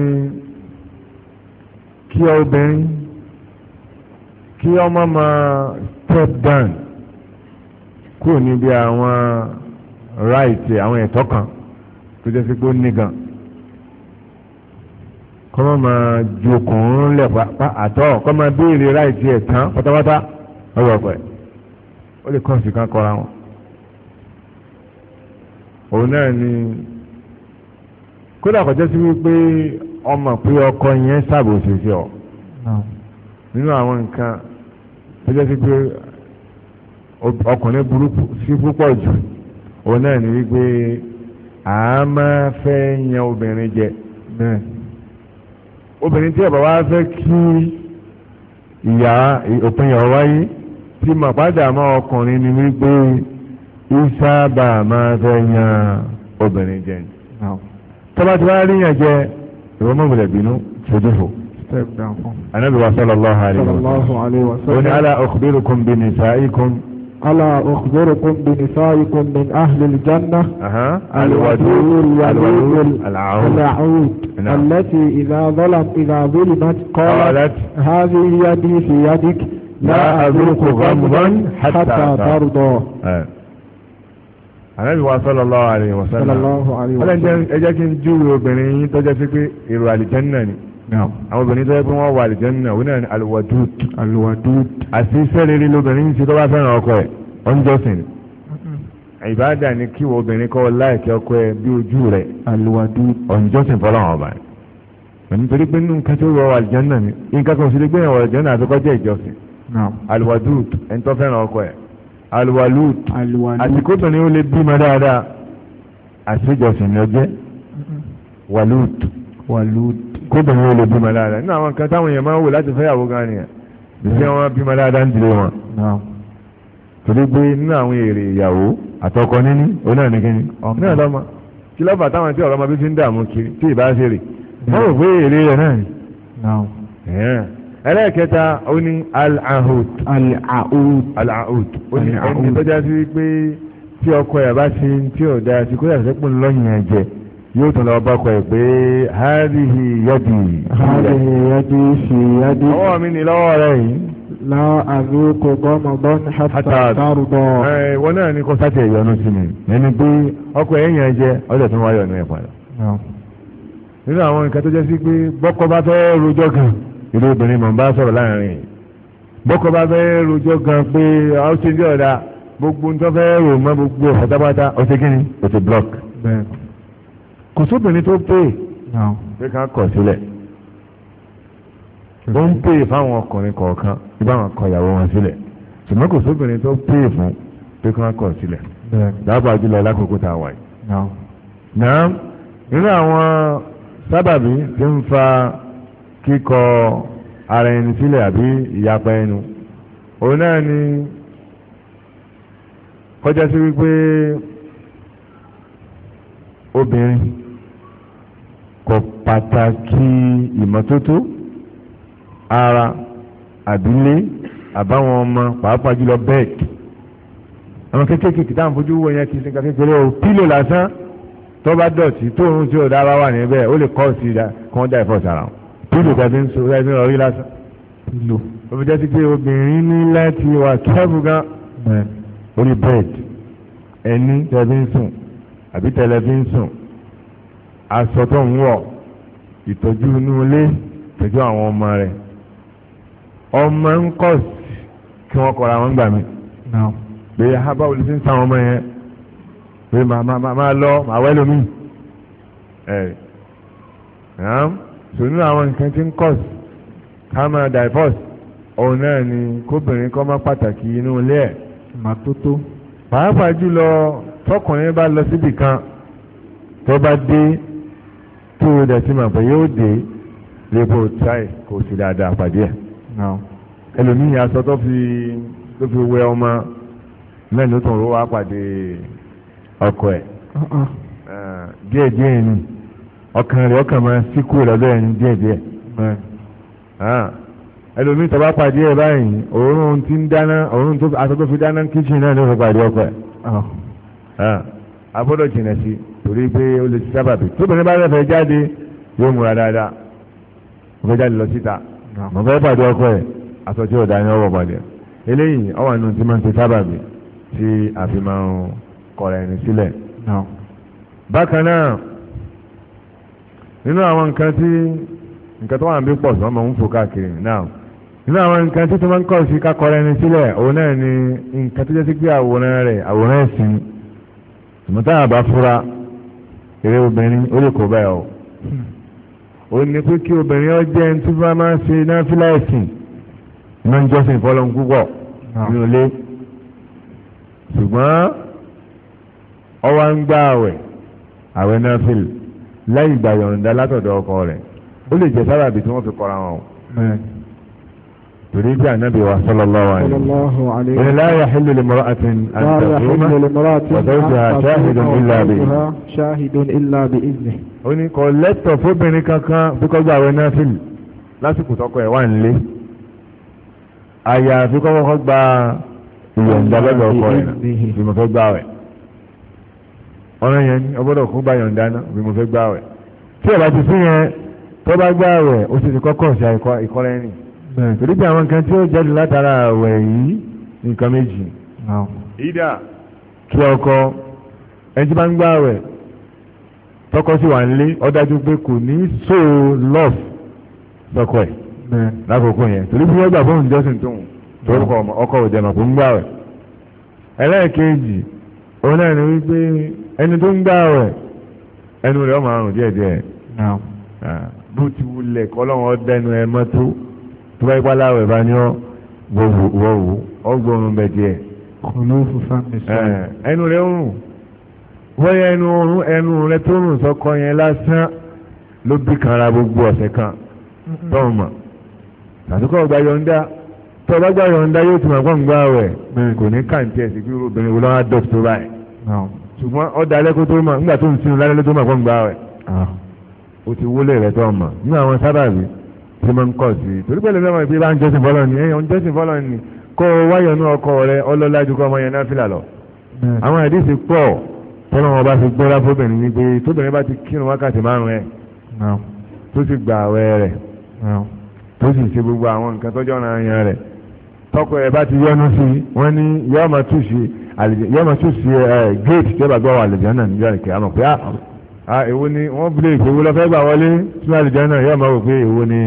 kí obìnrin kí ọmọ máa step down kúrò níbi àwọn right àwọn ẹ̀tọ́ kan tó jẹ́ sí pé ó ní gan kọ́ máa máa ju okùn lẹ̀ pa àtọ́ kọ́ máa béèrè right ẹ̀ tán pátápátá ọ̀rọ̀ ọ̀pẹ̀ ó lè kọ́ sí kan kọ́ra wọn òun náà ni kódà kọjá sí wípé ọmọ pé ọkọ yẹn ṣàbòsí sí ọ nínú àwọn nǹkan kọjá sí pé ọkùnrin burúkú sí púpọ̀ jù òun náà ní wípé a máa fẹ́ yan obìnrin jẹ obìnrin tí ọba wa fẹ́ kí ìyá òpin ìyàwó wáyé tí màpádà ọkùnrin ni wípé ìsábà máa fẹ́ yan obìnrin jẹ ni. طلعت بالي يا جاي هو ما بلا بينو تفضحه أنا الله عليه وسلم الله عليه وسلم ألا أخبركم بنسائكم ألا أخبركم بنسائكم من أهل الجنة أها الودود الودود العود العود نعم. التي إذا ظلم إذا ظلمت قالت, هذه يدي في يدك لا أذوق غمضا حتى, ترضى. ànábì wa sallallahu alaihi wa sallam ọlọ́run ẹ jẹ́ kí n júwe obìnrin yín tọ́jọ́ sí pé èrò àlìjẹ́nà ni àwọn obìnrin tó yẹ pé wọ́n wà àlìjẹ́nà òun náà ni alwadud alwadud àti iṣẹ́ rere ṣe tó bá fẹ́ràn ọkọ ẹ̀ ọ́njọ́sìn ni ìbáàdà ni kí wọ́n obìnrin kọ́ láìkí ọkọ ẹ bí ojú rẹ̀ alwadud ọ̀njọ́sìn fọlọ́run ọba nítorí pé nínú nǹkan tó wọ àlìjẹ́nà ni nǹkan alwalud àsìkò tó ní ó lè bímọ dáadáa àṣejọsìn ni ó jẹ́ walud kó tó ní ó lè bímọ dáadáa nínú àwọn nǹkan táwọn èèyàn máa ń wò láti fẹ́ yàwó gan nìyẹn ìṣe mm. wọn bímọ dáadáa ń dilé wọn torí pé nínú àwọn èrè ìyàwó àtọkọ níní òun náà ní kíni kí lọ́ba táwọn tí ọ̀rọ̀ ọmọ bí fi ń dààmú kiri tí ì ẹlẹ́ẹ̀kẹta ó ní al-ahud. al-ahud. al-ahud. ó ní ẹni tó sí wípé tí ọkọ ẹ̀ bá ṣe tí ò sí kó yàtọ̀ jẹ yóò tún lọ bá ọkọ pé hádìhì yadi. hádìhì yadi fi yadi. ọwọ́ mi ni lọ́wọ́ rẹ̀ yìí. la hàtà wọn náà ní kó sí mi ẹni pé ọkọ ẹ̀ jẹ ọjọ́ tí wọ́n wáyọ̀ nínú àwọn nǹkan tó jẹ́ sí pé irú obìnrin mọ̀ ń bá sọ̀rọ̀ láàrin bọ́kọ bá fẹ́ rojọ́ gan pé ọ ṣe ń jẹ́ ọ̀dà gbogbo ń tọ́ fẹ́ rò mọ́ gbogbo pátápátá ó ṣe kíni ó ti block. kò sóbìnrin tó pè pé ká kọ̀ sílẹ̀ ó ń pè fáwọn ọkùnrin kọ̀ọ̀kan bí báwọn kọ ìyàwó wọn sílẹ̀ ṣùgbọ́n kò sóbìnrin tó pè fún pé ká kọ̀ sílẹ̀ dábàá jùlọ lákòókò tá a wà yìí. nínú àwọn sábàbí tí ń fa kíkọ ara ẹni sílẹ̀ àbí ìyapa ẹnu òun náà ni kọjá sí wípé obìnrin kò pàtàkì ìmọ́tótó ara àbílé àbáwọn ọmọ pàápàá jùlọ bẹ́ẹ̀dì àwọn kéékèèké tá à ń fojú wo yẹn kì í ṣe nǹkan kékeré o pílò lásán tó bá dọ̀tí tóorun tí ò dára wà níbẹ̀ ó lè kọ́ sí i kí wọ́n dá ìfọ̀sára wọn pílò kọ́tí ń so láì ní ọ̀rí lásán pílò òbí jẹ́ sí pé obìnrin ní láti wà kẹ́fù gan orí bẹ́ẹ̀dì ẹni tẹ̀bí ń sùn àbí tẹ̀lẹ́bí ń sùn aṣọ tó ń wọ̀ ìtọ́jú inú ilé ìtọ́jú àwọn ọmọ rẹ̀ ọmọ ń kọ̀ kí wọ́n kọ́ra wọn gbà mí pé hábà olùsí ń sa ọmọ yẹn pé màá lọ màá wẹ́ lómi sò nínú àwọn nǹkan tí ń cause ká máa divorce òun náà ni kóbìnrin kọ́ má pàtàkì inú ilé ẹ̀. màtótó. pàápàá jùlọ tọkùnrin bá lọ síbì kan tó bá dé tó o dẹ̀ ti mọ̀ pé yóò dé lebo try kò sí dáadáa pàdé ẹ̀. ẹlòmíyìn aṣọ tó fi tó fi wẹ ọmọ mẹ́rin tó ń ro wá pàdé ọkọ ẹ̀. Uh-uh. díẹ̀ díẹ̀ ni ọkàn rẹ̀ ọkàn máa sí kúrò lọ́dọ̀ ẹni díẹ̀ díẹ̀ ẹlòmíì tó bá pàdé ẹ báyìí òórùn tí ń dáná òórùn tó aṣọ tó fi dáná kíchìn náà ló fi pàdé ọkọ ẹ abọ́dọ̀ ah. jìnà sí torí pé ó lè ti sábàbí tóbìnrin bá fẹ́ jáde yóò múra dáadáa mo fẹ́ jáde lọ síta ah. mo fẹ́ pàdé ọkọ ẹ aṣọ tí ò dání ọwọ́ pàdé eléyìí ọwọ́ àánú ti máa ń ti sábàbí tí àfi máa ń kọ̀ra ẹni sílẹ̀ ah. bákan náà nínú àwọn nǹkan tí nǹkan tó wà ń bí pọ̀ sọ́mọ ń fò káàkiri náà nínú àwọn nǹkan tí tó máa ń kọ̀ sí kakọrọ ẹni sílẹ̀ òun náà ni nǹkan tó jẹ́ sí pé àwòrán rẹ̀ àwòrán ẹ̀sìn ìmọ̀tá àbá fúra eré obìnrin ó lè kó báyà o ó ní pé kí obìnrin ọ jẹ́ ẹni tó bá máa ṣe náfìlà ẹ̀sìn máa ń jọ́sìn fọlọ́n púpọ̀ ah. nínú ilé ṣùgbọ́n ọwọ́ ń gbá àwẹ̀ àwẹ̀ náfìlì láì gbà yọ̀ǹda látọ̀dọ̀ ọkọ rẹ̀ ó lè jẹ́ sábàbí tí wọ́n fi kọ́ra wọn o torí bí ànábì wa sallallahu alaihi wa la yahillu limra'atin an taquma wa zawjuha shahidun illa bi shahidun illa bi idhnihi ó ní kò lẹ́tọ̀ fóbìnrin kankan bí kó gba àwẹ̀ náfìlì lásìkò tọkọ ẹ̀ wà nílé àyàfi kó kọ́kọ́ gba ìyọ̀ǹda lọ́dọ̀ ọkọ rẹ̀ bí mo fẹ́ gbà wẹ̀ ọ̀rọ̀ yẹn ni ọgbọ́dọ̀ kún bá yọ̀ǹda náà bí mo fẹ́ gbá wẹ̀ tí ọba ti fún yẹn tó bá gbá wẹ̀ ó sì ti kọ́kọ́ ṣe ìkọ́ra ẹni torí pé àwọn nǹkan tí ó jáde látara àwẹ̀ yìí nǹkan méjì ìdá tú ọkọ ẹni tí bá ń gbá wẹ̀ tọkọ sí wà nílé ó dájú pé kò ní so love sọkọ ẹ̀ lákòókò yẹn torí pé wọ́n gbà fóun jọ́sìn tóun tó ọkọ̀ òdẹ̀mọ̀ kò ń gbá wẹ̀ ẹlẹ́ẹ̀kejì ni wípé ẹni tó ń gbà rẹ̀ ẹnu rẹ ọmọ àrùn díẹ̀ díẹ̀ bó ti ẹ mọ́tò tó bá ipá láwẹ̀ bá ní ọ ẹnu rẹ̀ ń rùn wọ́yẹ ẹnu ọ̀run ẹnu tó rùn sọkọ yẹn lásán ló bí gbogbo ọ̀sẹ̀ kan mhm. mọ̀ ọgbà yọ̀ǹda yóò tún àgbọ̀ǹgbà rẹ̀ kò ní kàǹtì ẹ̀sìn kí ṣùgbọ́n ọ̀dà alẹ́kó tó mọ̀ nígbà tó ń sinú lálẹ́ ló mọ̀ fún gbà rẹ̀ o ah. ti wọlé rẹ̀ tó mọ̀ nínú àwọn sábàbí tí mo ń kọ̀ sí i torí pẹ̀lú ẹ̀rọ ìpè bá ń jọ́sìn fọlọ́ ni ẹ̀yàn ń jọ́sìn fọlọ́ ni kó o wáyọ̀ ní ọkọ rẹ ọlọ́lá ju kọ́ ọmọ yẹn náà fìlà lọ. àwọn àdìsí pọ̀ tọ́lọ́ wọn bá fi gbọ́dá fóbìnrin ni pé tóbìnrin bá ti kírun wákàtí márùn ẹ̀ tó sì gbà àwẹ̀ rẹ̀ tó sì ṣe gbogbo àwọn nǹkan tọ́jọ́ ọ̀ràn yẹn rẹ̀ tọkọ ẹ̀ bá ti yọnu sí wọ́n ní yọ́ọ́ máa tù sí yọ́ọ́ máa tù sí géètì tí ó bá gbọ́ wà àlùjánnà níjọ́ ìkẹ́ àmọ̀ pé ah, ah, èwo ni wọ́n bílé ìpè owó lọ́fẹ́ gbà wọlé sínú àlùjánnà yọ́ọ́ máa wò pé èwo ni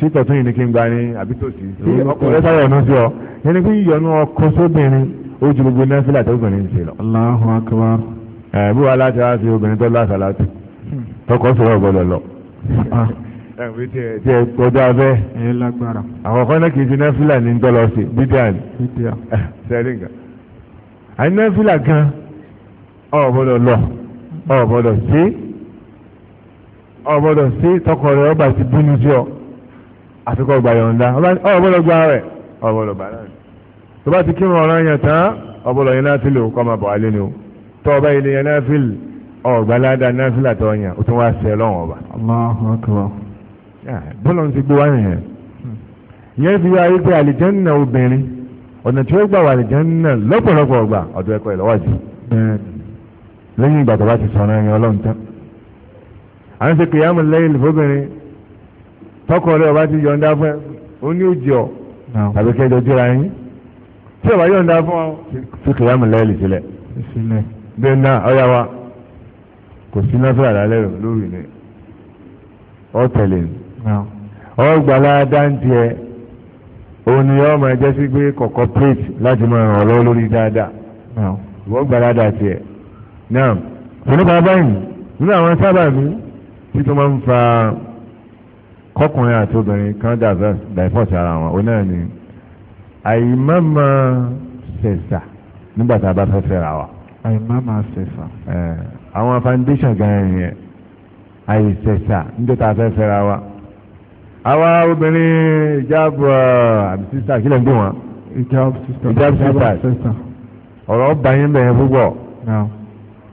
sítọ̀ tún yìí ní kí n gba ni àbí tòsí tí ọkùnrin sáyọ̀ ọ̀nà sí ọ ẹni pé yọnu ọkọ sóbìnrin ó ju gbogbo náfìlà tó obìnrin ṣe lọ. Allahu akbar. ẹ bí wàá láti wá sí obìnrin tó lásàlátì tọkọ sọ̀rọ̀ gbọ́dọ̀ lọ. Ah, ẹ̀wé tí ẹ tí ẹ kọjá bẹ́ẹ̀. ẹ lágbára. àwọn kan náà kì í ti nẹ́fìlà ní ń tọ́lọ sí bídíà ni. bídíà. sẹ́rí eh, nǹkan. àní nẹ́fìlà gan ọ̀ gbọ́dọ̀ lọ ọ̀ gbọ́dọ̀ sí ọ̀ gbọ́dọ̀ sí tọkọ rẹ̀ ọba ti bínú sí ọ àfikọ́ gba yọ̀ǹda ọ̀ gbọ́dọ̀ gba rẹ̀ ọ̀ gbọ́dọ̀ bá náà. tó bá ti kírun ọ̀ràn yẹn tán ọ̀ gbọ́dọ̀ yẹn náà ti lò kọ́ máa bọ̀ wálé ni o tọ́ ọba ilé yẹn náà fìlì ọ̀gbáládá náà fìlà tọ́ yẹn o tún wá sẹ́ lọ́wọ́ ọba. Allahu akbar bọ́lá ń ti gbé wá nìyẹn ìyẹn fi wá yí pé àlìjẹ́nà obìnrin ọ̀nà tí ó gbà wà àlìjẹ́nà lọ́pọ̀lọpọ̀ ọgbà ọ̀dọ̀ ẹ̀kọ́ ìlọ́wọ́dì lẹ́yìn ìgbà tó bá ti sọ̀rọ̀ ẹ̀yìn ọlọ́run tán à ń ṣe kìyàmù lẹ́yìn ìfọ́bìnrin tọkọ rẹ̀ ọba ti yọ̀ǹda fún ẹ ó ní òjì ọ tàbí kẹjọ jọra yín tí ọba yọ̀ǹda fún ọ fi kìyàmù lẹ́yìn sílẹ̀ bẹ́ẹ̀ náà ọ̀yà wa kò sí náfẹ́ àlálẹ́ lórí ni ọ̀tẹ̀lẹ̀ ni ọgbà ládá ń tiẹ̀ òun ni yóò máa jẹ́ sí pé kọ̀kọ́ plate láti máa ràn ọ́ lọ́wọ́ lórí dáadáa ìwọ́n gbà ládá tiẹ̀ náà onípa báyìí nínú àwọn sábà mi tí tó máa ń fa kọkùnrin àti obìnrin kan dàfọ́sì ara wọn ó náà ni àìmọ́mọ́ sẹ̀sà nígbà tá a bá fẹ́ fẹ́ra wa. àìmọ́mọ́ sẹ̀sà. àwọn foundation gan-an yẹn àìsẹ̀sà nígbà tá a fẹ́ fẹ́ra wa. àwa obìnrin ìjáàbù àbí sísá kílẹ̀ ń gbé wọn. ìjáàbù sísá ìjáàbù sísá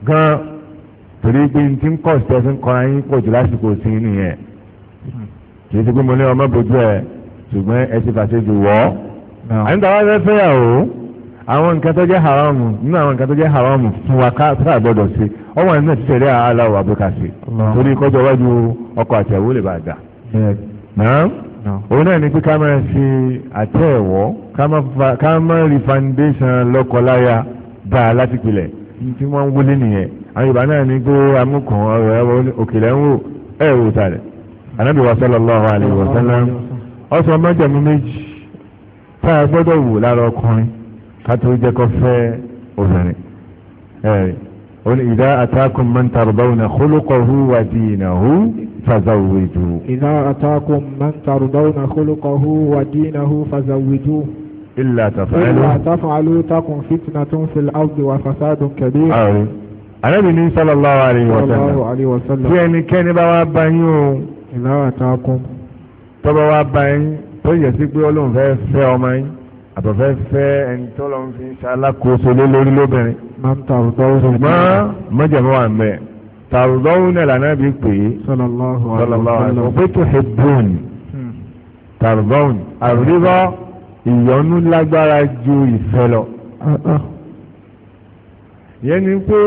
gan torí pé n ti ń kọ́ ìṣẹ́ sí ń kọ́ra yín pọ̀ jù lásìkò sí i nìyẹn kì í pé mo ní ọmọ bójú ẹ ṣùgbọ́n ẹ ti fàṣẹ wọ́. àyìn tàwa fẹ́ fẹ́ yà haramu nínú àwọn nǹkan haramu fún wa sí òun náà ni pé ká máa ṣe àtẹ̀wọ́ ká máa rí foundation lọ́kọláya bá a láti pilẹ̀ tí wọ́n ń wọlé nìyẹn àwọn Yorùbá náà ni pé amúkan ọ̀rọ̀ ẹ̀wọ̀ òkèlè ń wò ẹ̀ wò tàlẹ̀ anábì wa sallallahu alaihi wa sallam ọ̀sọ̀ mọ́jọ̀mú méjì tá a gbọ́dọ̀ wò lára ọkùnrin ká tó jẹ́ kó fẹ́ obìnrin ẹ̀rí ìdá atakum man tarbawna khuluquhu wa dinahu. فزوجوا إذا أتاكم من ترضون خلقه ودينه فزوجوه إلا تفعلوا إلا تفعلوا تكن فتنة في الأرض وفساد كبير آه. النبي صلى الله عليه وسلم صلى الله عليه وسلم في أن كان بابا إذا أتاكم tọ́bọ̀ wá bá yín tó yẹ sí pé ọlọ́run fẹ́ fẹ́ ọmọ yín àtọ̀ fẹ́ fẹ́ ẹni tọ́lọ́run fi ń ṣe alákòóso lé lórí lóbìnrin. máa ń ta àrùtọ́ ó sọ fún mi. ṣùgbọ́n mọ́jàmọ́ wà mẹ́ẹ̀ tàrùdọ́wọ́nà lànà bí pè é sọlọ́lọ́wọ́ pé tó ṣe bùn tàrùdọ́wọ́nà àríwá ìyọnu lágbára ju ìfẹ́ lọ. Ah, ah. yẹn ni pé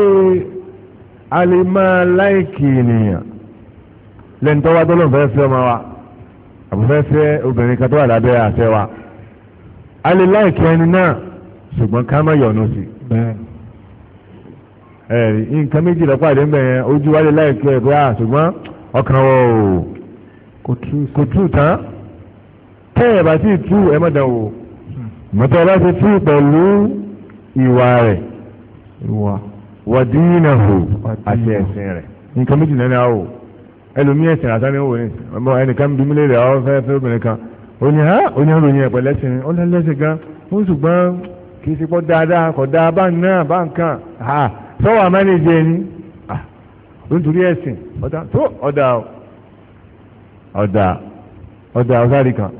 a lè máa láìkì ènìyàn lẹ́nu tó tó lóun fẹ́ fẹ́ ọmọ wa àbúfẹ́ fẹ́ obìnrin kan tó wà lábẹ́ àfẹ́ wa a lè láìkì ẹni náà ṣùgbọ́n ká má yọnu sí i ẹ̀rí nǹkan méjì lọ́pàdé ńbẹ̀ yẹn ojú wálé láìpẹ́ ẹ̀ bóyá ṣùgbọ́n ọkàn wọ o kò tú tán tẹ́ ẹ̀ bá sì tú ẹ̀ mọ̀dàn o mọ̀tọ́ ẹ bá ti tú pẹ̀lú ìwà rẹ̀ wàdínà hù àti ẹ̀sìn rẹ̀ nǹkan méjì náà ni a o ẹlòmí ẹ̀sìn àtàní wò ni ẹnìkan bí mílẹ̀ rẹ̀ ọ fẹ́ fẹ́ obìnrin kan ó ní ha ó ní ìròyìn ẹ̀pẹ̀ lẹ́sìn ó lẹ́sìn gan ó ṣùgbọ́n kì í ṣe pọ́ dáadáa kọ̀ dáa bá ń náà bá ń kàn ha sọ́wọ́ àmánìjẹ ni nítorí ẹ̀sìn ọ̀dà tó ọ̀dà ọ̀dà ọ̀dà ọ̀gáàrí kan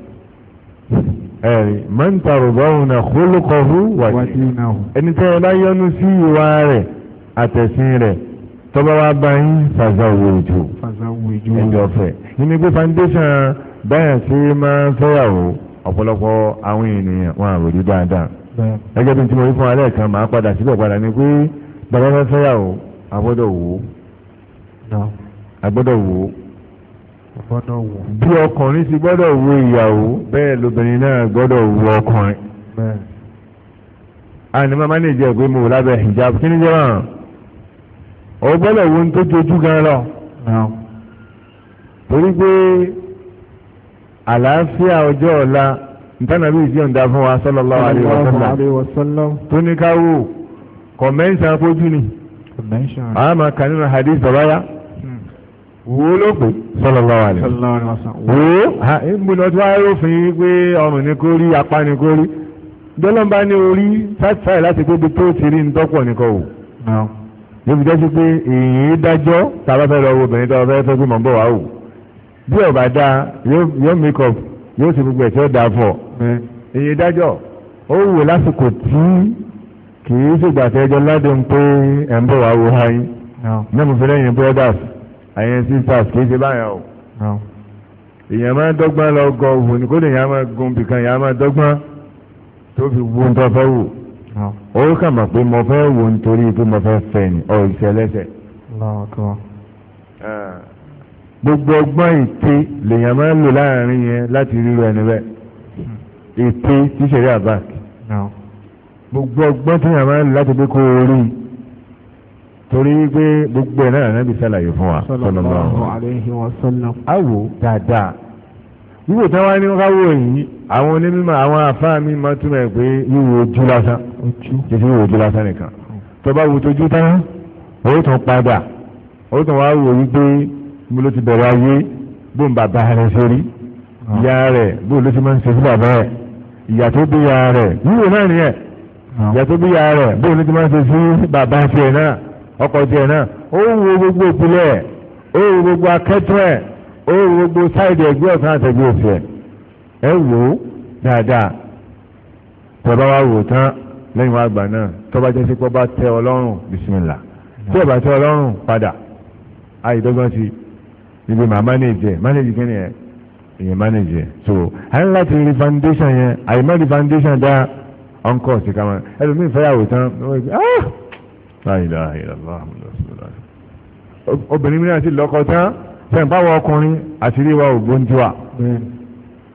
ẹ̀rí mọ́ntàrúbọ́hùn náà kólókọ̀ọ́hù wàtí ẹni tẹ́ ẹ bá yọ́nú sí ìwà rẹ̀ àtẹ̀sìn rẹ̀ tọ́ba wa bá yín fàzáwò ìjò ẹjọ́ fẹ́ nínú pé foundation báyà sí máa ń fẹ́yàwó ọ̀pọ̀lọpọ̀ àwọn ènìyàn wọn àròrí dáadáa ẹgbẹ́ bí n ti mọ̀ wí fún alẹ́ kan padà síbẹ̀ padà ni pé bàbá fẹ́ fẹ́yàwó agbọ́dọ̀ wò ó agbọ́dọ̀ wò ó bí ọkùnrin ti gbọ́dọ̀ wo ìyàwó bẹ́ẹ̀ lóbìnrin náà gbọ́dọ̀ wo ọkùnrin àní màmá lè jẹ́ pé mo lábẹ́ hijab kí ni jẹ́ ràn ó gbọ́dọ̀ wo ní tó jojú gan lọ torí pé àlàáfíà ọjọ́ ọ̀la ntànàbí ìjọ ń da fún wa sallallahu alaihi wasallam tó ní ká wò kọ̀mẹ́ńsà fojú ni a máa kà nínú hadith bàbáyá hmm. wo ló pè sallallahu alaihi wo ìgbóná tí wàá rófin wípé ọrùn ni kò rí apá ni kò rí dọ́lọ́mbà ní orí sátífáì láti pé tó ti rí ntọ́pọ̀ nìkan wò níbi jẹ́ sí pé èyí dájọ́ tàbá fẹ́ lọ wo obìnrin tó fẹ́ fẹ́ gbọ́n bọ̀ wá wò bí ọba dá yóò make up yóò sì gbogbo ẹ̀ tí ó dáa fọ̀ hmm. èyí dájọ́ ó wò lásìkò tí kì í ṣègbà tẹ́jọ́ ládùn pé ẹ̀ ń bọ̀ wá wo ha yín náà mo fi lẹ́yìn brothers àyẹn sisters kì í ṣe báyà o èèyàn máa dọ́gbọ́n lọ gọ òwò ní kódà èèyàn máa gun bìkan èèyàn máa dọ́gbọ́n tó fi wo ń tọ́ fẹ́ wò ó kà mọ̀ pé mo fẹ́ wò nítorí pé mo fẹ́ fẹ́ ni ọ̀ ìṣẹ̀lẹ̀ṣẹ̀ gbogbo ọgbọ́n ète lèèyàn máa ń lò láàrin yẹn láti ríro ẹni bẹ́ẹ̀ ète hmm. tíṣẹ̀rí àbáàkì gbogbo ọgbọ́n tí yàrá máa ń láti pé kó o rí torí pé gbogbo ẹ̀ náà nàbì sàlàyé fún wa sallallahu alaihi wasallam. àwò dáadáa wíwò tí wọ́n ní wọ́n káwọ́ yìí àwọn onímọ̀ àwọn afá mi máa túmọ̀ ẹ̀ pé wíwò ojú lásán kìí wíwò ojú lásán nìkan tó bá wò tójú tán ó tún padà ó tún wá wò wípé mo ló ti bẹ̀rẹ̀ ayé bó ń bàbá rẹ̀ ṣe rí ah. ìyá rẹ̀ bó ló ti máa ń ṣe fún bàbá rẹ̀ ìyà tó bí ìyá rẹ̀ wíwò náà nìyẹn ìyá tó bíyà rẹ̀ bóun ní ti máa ń ṣe sí bàbá tiẹ̀ náà ọkọ tiẹ̀ náà ó wo gbogbo ìpìlẹ̀ ó wo gbogbo akẹ́tọ̀ ẹ̀ ó wo gbogbo sáìdì ẹ̀gbẹ́ ọ̀sán àtẹ̀gbẹ́ òsì ẹ̀ ẹ wò ó dáadáa tọ́ba wa wò tán lẹ́yìn wa gbà náà tọ́ba jẹ́ sí pọ́ba tẹ ọlọ́run bisimilà tí ọba tẹ ọlọ́run padà àìdọ́gbọ́n sí ibi màá mánéjì ẹ̀ mánéjì kí ni ẹ̀ so àyìn láti rí foundation yẹn àyìn má rí foundation dáa ọ̀nkọ̀ sí ká máa ẹlòmíì fẹ́yàwó tán ah! obìnrin mìíràn sì lọ́kọ tán sẹ́ǹpáwọ̀ ọkùnrin àṣírí wa ògbóǹtì wa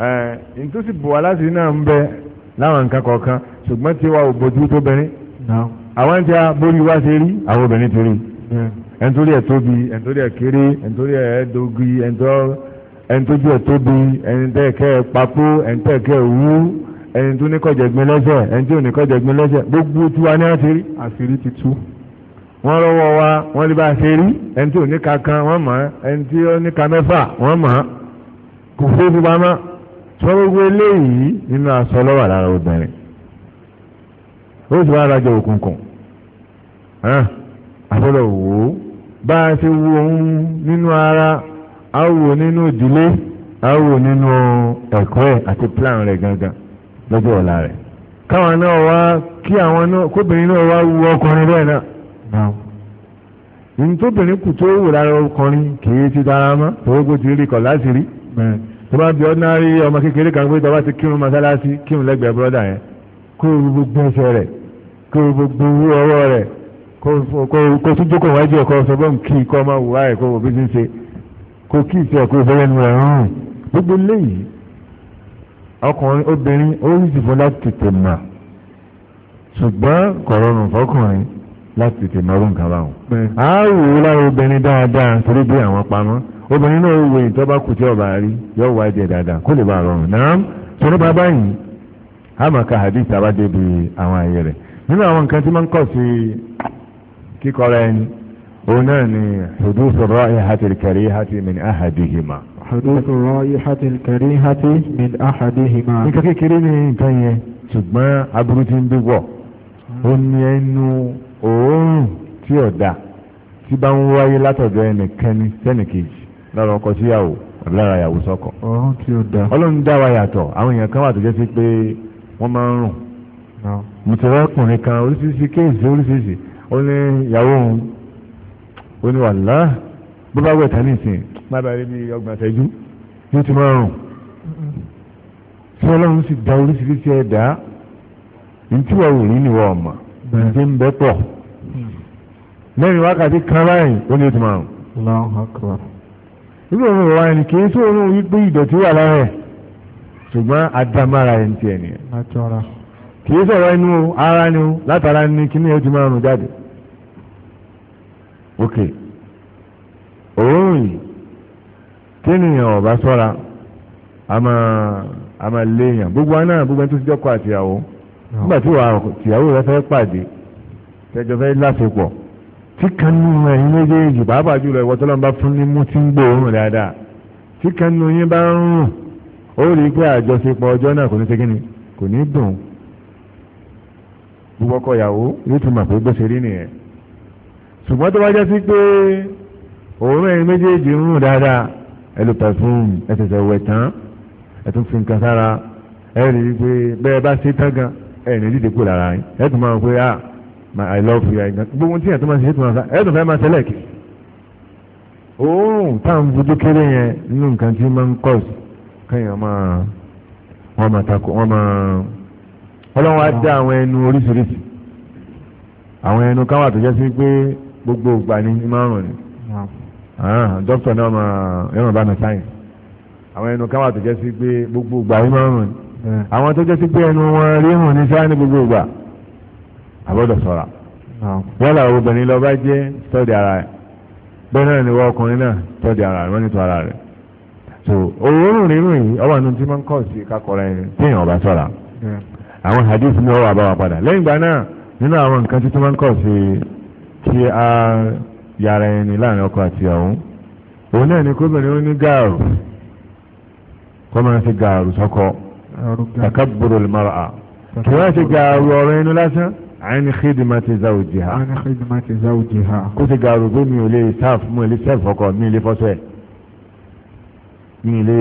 ẹ̀ ntòsí bùwá láti náà ń bẹ láwọn nǹkan kọ̀ọ̀kan ṣùgbọ́n tí wa ò bójú tó bẹ̀rẹ̀ àwọn tí a borí wa ṣe rí àwọn obìnrin ti rí ẹ̀ntórí ẹ̀ tóbi ẹ̀ntórí ẹ̀ kéré ẹ̀ntórí ẹ̀ dogi ẹ̀ntójú ẹ̀ tóbi ẹ̀ntẹ́ẹ̀kẹ́ papó ẹ̀ntẹ́ẹ̀kẹ́ wú ẹni tó ní kọjẹ̀gbin lẹ́sẹ̀ ẹni tí ò ní kọjẹ̀gbin lẹ́sẹ̀ gbogbo tiwa ní àṣírí àṣírí ti tú wọ́n rọwọ́ wa wọ́n lè bá ṣe rí ẹni tí ò ní ka kan wọ́n mọ̀ ẹni tí ó ní ka mẹ́fà wọ́n mọ̀ kò fún fún pamọ́ sọ́wọ́gbó eléyìí nínú aṣọ lọ́wọ́ lára obìnrin ó sì wá rajọ òkùnkùn àfọlọ̀ wò ó bá a ṣe wo òun nínú ara á wò nínú ìdílé á wò nínú ẹ̀kọ́ ẹ̀ àti plan rẹ̀ gangan. lọ́jọ́ ọ̀la rẹ̀ káwọn náà wá kí àwọn náà kóbìnrin náà wá wu ọkùnrin bẹ́ẹ̀ náà kù tó wù lára ọkùnrin kìí ti dára mọ́ torógbó ti rí kọ̀ láti rí tó bá bí ọ́dínárì ọmọ kékeré kan ti kírun masalasi kírun lẹ́gbẹ̀ẹ́ bọ́dà yẹn kó o gbogbo ẹsẹ̀ rẹ̀ kó o gbogbo owó ọwọ́ rẹ̀ kó tún jókòó wájú ẹ̀kọ́ kí ikọ́ máa wù kó o bí ti ń ṣe kó kí ìṣe ẹ̀kọ́ ọkùnrin obìnrin ó ń sì fún láti tètè mà ṣùgbọ́n kò rọrùn fọkùnrin láti tètè mọ a wò ó láwọn obìnrin dáadáa torí bí àwọn pamọ́ obìnrin náà wò ìtọ́ba kùtì ọ̀bà rí yóò wá jẹ dáadáa kó lè bá rọrùn náà hadith àwọn rẹ̀ nínú àwọn nǹkan tí máa ń kọ̀ sí kíkọ́ra ẹni òun náà ni حدوث الرائحة الكريهة من أحدهما nǹkan kékeré ni nǹkan yẹn ṣùgbọ́n aburú ti ń dúpọ̀ ó ní ẹnu òórùn tí ọ̀dà tí bá ń wáyé látọ̀dọ̀ ẹnìkẹ́ni sẹ́nìkejì lára ọkọ síyàwó lára ìyàwó sọ́kọ. ọ̀hún tí ó da. ọlọ́run dá wa yàtọ̀ àwọn èèyàn kan wà tó jẹ́ sí pé wọ́n máa ń rùn. mùtẹ̀rẹ́ ọkùnrin kan oríṣiríṣi kéèsì oríṣiríṣi ó ní ìyàwó òun ó ní wàhálà bó bá wẹ̀ tán nísìnyí má bàa rí bí ọgbọ̀n ṣẹ́jú yóò ti máa rùn tí ọlọ́run sì da oríṣiríṣi ẹ̀dá ntíwọ̀ wò ní ìwọ ọ̀mà ǹjẹ́ ń bẹ́ pọ̀ lẹ́yìn wákàtí kan báyìí ó ní o ti máa rùn. irú òun ìwà ẹni kì í sí òun wípé ìdọ̀tí wà lára ẹ̀ ṣùgbọ́n adamára ẹ̀ ń tiẹ̀ nìyẹn. kì í sọ̀rọ̀ inú ara ni o látara ni kíní ẹ̀ ó ti máa rùn jáde. ok òórùn yìí tẹ́nìyàn ọ̀bá sọ́ra a máa léèyàn gbogbo aná gbogbo ẹni tó ti jọ́kọ̀ àtìyàwó nígbà tí wàá tìyàwó rẹ fẹ́ pàdé tẹjọ fẹ́ láṣepọ̀ tí kan nínú ẹ̀yin méjèèjì pàápàá jùlọ ìwọ tó lọ́n bá fún ní mú tí ń gbòòrùn dáadáa tí kan nínú yín bá ń rùn ó rí i pé àjọṣepọ̀ ọjọ́ náà kò ní ṣe kíni kò ní dùn gbogbo ọkọ ìyàwó yóò ti mọ̀ pé ṣe rí nìyẹn ṣùgbọ́n tó bá jẹ́ sí pé òórùn ẹ̀yin méjèèjì ń rùn dáadáa ẹ lo perfume ẹ tán ẹ fi nǹkan sára ẹ rí i bá ṣe tán gan ẹ ní kú lára yín ẹ máa pé ah my i love you gbogbo tí ẹ máa ṣe é máa sá ẹ tún máa ṣẹlẹ̀ kì oorun táwọn fojú kéré yẹn nínú nǹkan tí máa ń kọ̀ sí kéèyàn máa máa takò wọ́n máa ọlọ́run á dá àwọn ẹnu oríṣiríṣi àwọn ẹnu káwọn àtọ̀jẹ́ sí pé gbogbo ìgbà ni márùn-ún ni. Ah, dókítà náà mà yọ̀mọ̀ bá mi sáyìn àwọn ẹnu káwá tó jẹ́ sí pé gbogbo ìgbà yín máa ń rùn eh. àwọn tó jẹ́ sí pé ẹnu wọn rí hùn ní sáyìn ní gbogbo ìgbà àbọ̀dọ̀ sọ̀ra ah. yálà obìnrin lọ bá jẹ́ tọ́jú ara rẹ̀ bẹ́ẹ̀ náà ni wọ́n ọkùnrin náà tọ́jú ara rẹ̀ wọ́n ní tó ara rẹ̀ so òórùn rírùn yìí ọwọ́ àánú tí máa ń kọ̀ sí kakọ̀rọ̀ ẹni téèyàn ọba sọ̀ra eh. àwọn hadith ní ọwọ́ àbáwá padà lẹ́yìn ìgbà náà nínú àwọn nǹkan tí tó máa ń kọ̀ sí kí a yàrá ẹni láàrin ọkọ àti ìyàwó òun náà ni kóbìnrin ó ní gààrù kó máa ṣe gààrù sọ́kọ takaburu al-mar'a kí wọ́n ṣe gààrù ọ̀rọ̀ inú lásán àyìn khidmati zawjiha àyìn khidmati zawjiha kó ṣe gààrù pé mi ò lè sáf mi ò lè sẹ́f ọkọ mi ò lè fọ́sọ́ ẹ̀ mi lè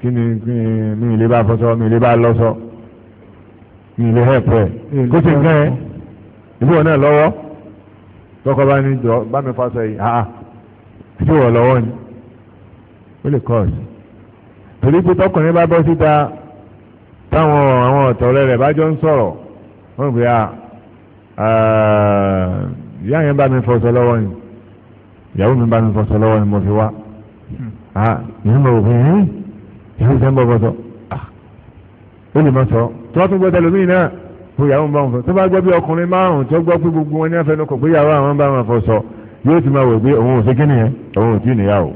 kíni mi lè bá fọ́sọ́ mi lè bá lọ́sọ́ mi lè hẹ́pù kó ṣe nǹkan ẹ̀ ìbúwọ̀n náà lọ́wọ́ tọkọ bá ní jọ bá mi fásọ yìí ha ah, ah, sí wọ lọ́wọ́ ni ó lè kọ ọsì torí pé tọkùnrin bá bọ́ síta táwọn àwọn ọ̀tọ̀ rẹ̀ bá jọ ń sọ̀rọ̀ wọ́n gbé a ah, ìyá yẹn bá mi fọṣọ lọ́wọ́ ni ìyàwó mi bá mi fọṣọ lọ́wọ́ ni mo fi wá ìyá mi ò fi hàn ìyá mi sẹ́ ń bọ̀ fọṣọ ó lè má sọ tí wọ́n tún gbọ́dọ̀ lómìnira fún ìyàwó ń bá wọn fọ tó bá gbọ́ bí ọkùnrin márùn-ún tó gbọ́ pé gbogbo wọn ní afẹnukò pé ìyàwó àwọn bá wọn fọ sọ yóò ti máa wò pé òun ò sí kíni yẹn òun ò tí ì níyàwó.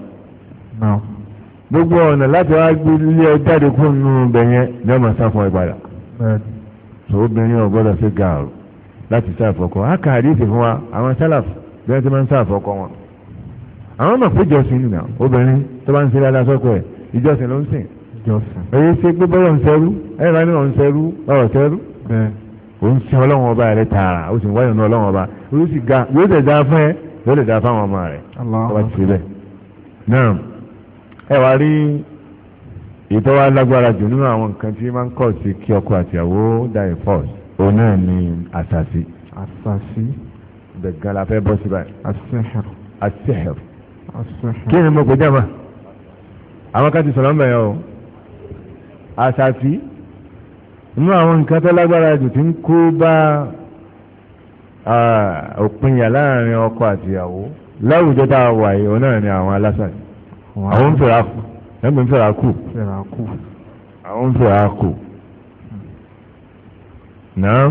gbogbo ọ̀nà láti wá gbé ilé ẹ jáde kó nù bẹ̀ yẹn ní ọmọ sáfún ẹ padà. tó obìnrin ò gbọ́dọ̀ sí gààrù láti sáfọkọ á kà àdìsí fún wa àwọn sálàf bí ti máa ń sáfọkọ wọn. àwọn ó ń sin ọlọ́run ọba rẹ tààrà ó sì ń wáyọ̀ ní ọlọ́run ọba ó sì ga yóò tẹ̀ da fún ẹ yóò lè da fáwọn ọmọ rẹ ọba ti ṣe bẹ́ẹ̀. náà ẹ wá rí ìtọ́wá lágbára jù nínú àwọn nǹkan tí máa ń kọ̀ sí kí ọkọ àtìyàwó die first òun náà ni àṣàṣì. àṣàṣì. ibẹ̀ gan la fẹ́ bọ́ sí báyìí. àṣẹ̀hẹ̀rù. àṣẹ̀hẹ̀rù. kí ni mo pè jẹ́ inú àwọn nǹkan tó lágbára jù tí ń kó bá òpinya láàrin ọkọ àtìyàwó láwùjọ tá a wà yìí òun náà ni àwọn alásàdì àwọn ń fèrà kù ẹgbẹ́ ń fèrà kù àwọn ń fèrà kù náà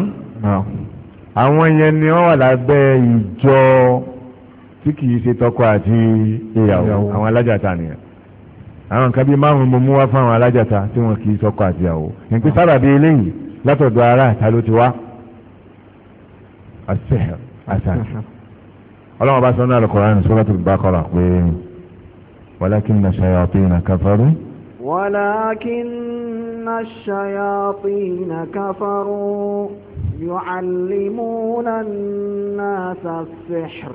àwọn yẹn ni wọ́n wà lábẹ́ ìjọ tí kìí ṣe tọkọ àti ìyàwó àwọn alájàta nìyẹn àwọn nǹkan bíi márùn-ún mo mú wá fún àwọn alájàta tí wọn kì í sọkọ àtìyàwó nǹkan sábàbí eléyìí látọ̀dọ̀ ara àta ló ti wá ọlọ́run bá sọ ní Al-Qur'an ní Suratul Baqara pé walakinna shayatina kafaru. walakinna shayatina kafaru yu'allimuna an-nasa as-sihr.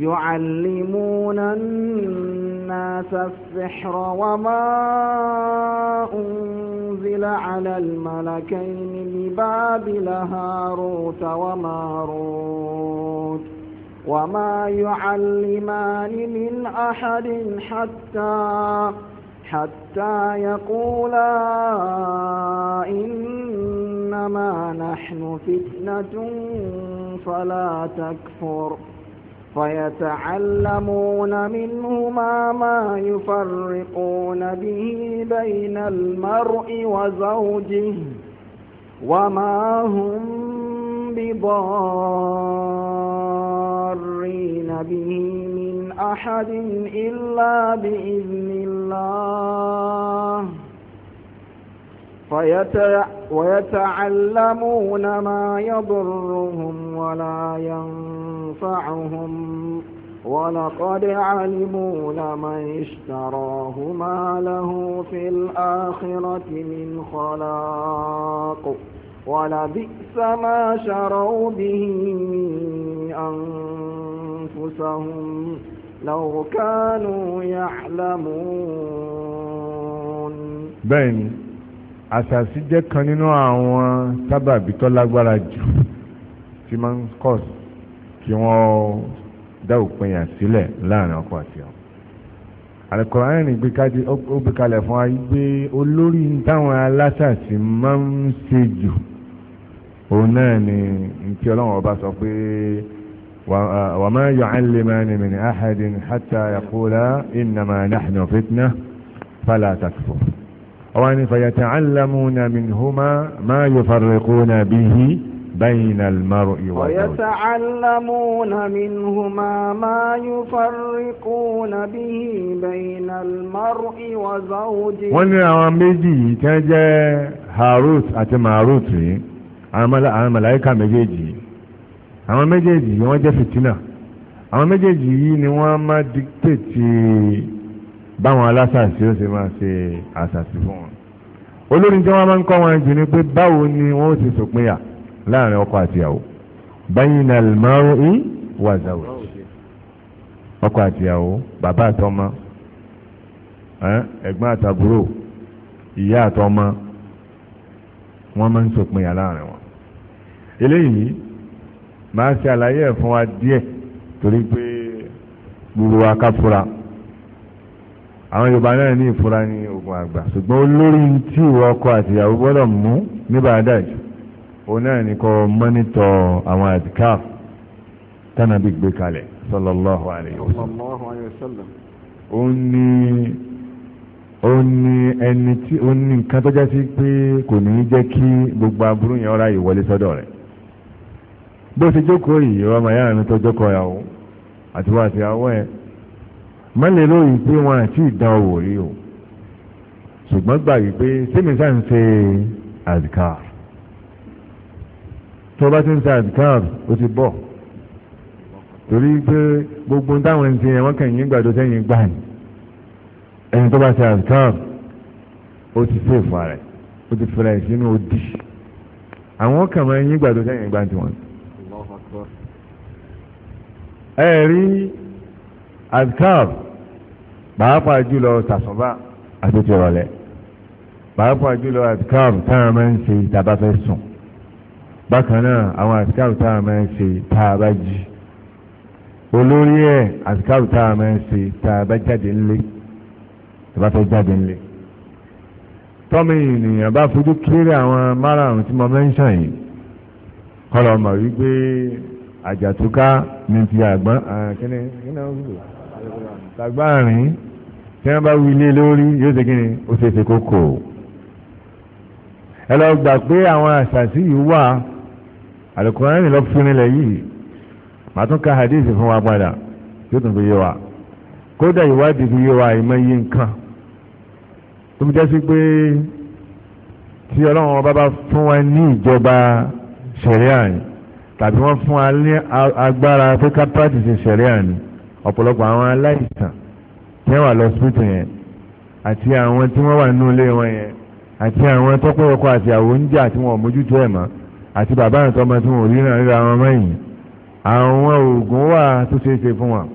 يعلمون الناس السحر وما أنزل على الملكين ببابل هاروت وماروت وما يعلمان من أحد حتى حتى يقولا إنما نحن فتنة فلا تكفر فيتعلمون منهما ما يفرقون به بين المرء وزوجه وما هم بضارين به من أحد إلا بإذن الله ويتعلمون ما يضرهم ولا ينفعهم ولقد علموا لمن اشتراه ما له في الآخرة من خلاق ولبئس ما شروا به أنفسهم لو كانوا يعلمون بين àṣàṣì jẹ́ kan nínú àwọn sábàbí tó lágbára jù tí máa ń kọ̀ kí wọ́n dá òpin yà sílẹ̀ láàrin ọkọ àti ọ̀hún àlùkòrán ní gbékalẹ̀ ó gbékalẹ̀ fún wa gbé olórí táwọn aláṣàṣì máa ń ṣe jù òun náà ni ntí ọlọ́run ọba sọ pé wa ma yu'allimani min ahadin hatta yaqula innama nahnu fitna fala takfur ọwọ́ ní fayata'allamuna minhuma ma yufarriquna bihi بين المرء وزوجه ويتعلمون منهما ما يفرقون به بين المرء وزوجه wọ́n ní àwọn méjì yìí tán jẹ́ harut àti marut rí àwọn màláíkà méjèèjì àwọn méjèèjì wọ́n jẹ́ fìtínà àwọn méjèèjì yìí ni wọ́n máa dictate báwọn alásàsí ó ṣe máa ṣe àṣàsí fún wọn olórin tí wọ́n máa ń kọ́ wọn jù ni pé báwo ni wọ́n ó ti ṣòpinya láàrin ọkọ àti ìyàwó bayin al-mar'i wa zawj ọkọ àti ìyàwó bàbá àtọmọ ẹ̀gbọ́n àtàbúrò ìyá àtọmọ wọ́n máa ń ṣòpinya láàrin wọn eléyìí máa ṣe àlàyé ẹ̀ fún wa díẹ̀ torí pé gbogbo wa ká fura. àwọn yorùbá náà ní ìfura ní ogun àgbà ṣùgbọ́n olórí tí ìwọ ọkọ àti ìyàwó gbọ́dọ̀ mú ní bàdájì o náà ní kó mọ́nítọ̀ àwọn àdìkáf tánàbí gbé kalẹ̀ sallallahu wa ó ní ní ẹni tí ó kò ní jẹ́ kí gbogbo aburú yẹn ọ̀rá sọ́dọ̀ rẹ̀ bó jókòó yìí ọmọ tó jókòó yàwó àti ẹ̀ mọ́lẹ̀ lóyìn pé wọn àti ìdán owó rí o ṣùgbọ́n gbà yìí pé sẹ́mi ń ṣe azkar tó bá ti ń ṣe azkar ó ti bọ̀ torí pé gbogbo táwọn ẹni ti yẹn wọ́n kàn yín gbàdó sẹ́yìn gbà ní ẹni tó bá ṣe azkar ó ti ṣe ìfà rẹ̀ ó ti fẹ̀rẹ̀ sínú odi àwọn kàn máa yín gbàdó sẹ́yìn gbà tiwọn. ẹ rí azkar pàápàá jùlọ tàṣọ́bà àti tìrọ̀lẹ́ pàápàá jùlọ àtikáàrù táwọn máa ń ṣe tàbá fẹ́ sùn bákan náà àwọn àtikáàrù táwọn máa ń ṣe tàbá jí olórí ẹ̀ àtikáàrù táwọn máa ń ṣe tàbá jáde ńlé tàbá fẹ́ jáde ńlé tọ́mì ènìyàn bá fojú kéré àwọn márààrún tí mo mẹ́ńṣàn yìí kọlọ mọ̀ wípé àjàtúká ní ti àgbọ́n kíni kíni ó wù tí wọ́n bá wí ilé lórí yóò ṣe kíni ó ṣe ṣe kókó ẹ lọ gbà pé àwọn àṣàṣì yìí wà àlùkùránì ni lọ fún nílẹ̀ yìí màá tún ka hadith fún wa padà yóò tún fi yé wa kódà ìwádìí fi yé wa ìmọ̀ yé nǹkan tó ń jásí pé tí ọlọ́run ọba bá fún wa ní ìjọba ṣẹ̀ríà ni tàbí wọ́n fún wa ní agbára pé ká pàtìsì ṣẹ̀ríà ni ọ̀pọ̀lọpọ̀ àwọn aláìsàn tẹ́wà lọ síbítù yẹn àti àwọn tí wọ́n wà nínú ilé wọn yẹn àti àwọn tọ́pẹ́ ọkọ àti àwọn oúnjẹ tí wọ́n mójútó ẹ̀ mọ́ àti bàbá àtọmọ tí wọ́n rí náà ríra wọn mọ́yìn àwọn oògùn wà tó ṣeé ṣe fún wọn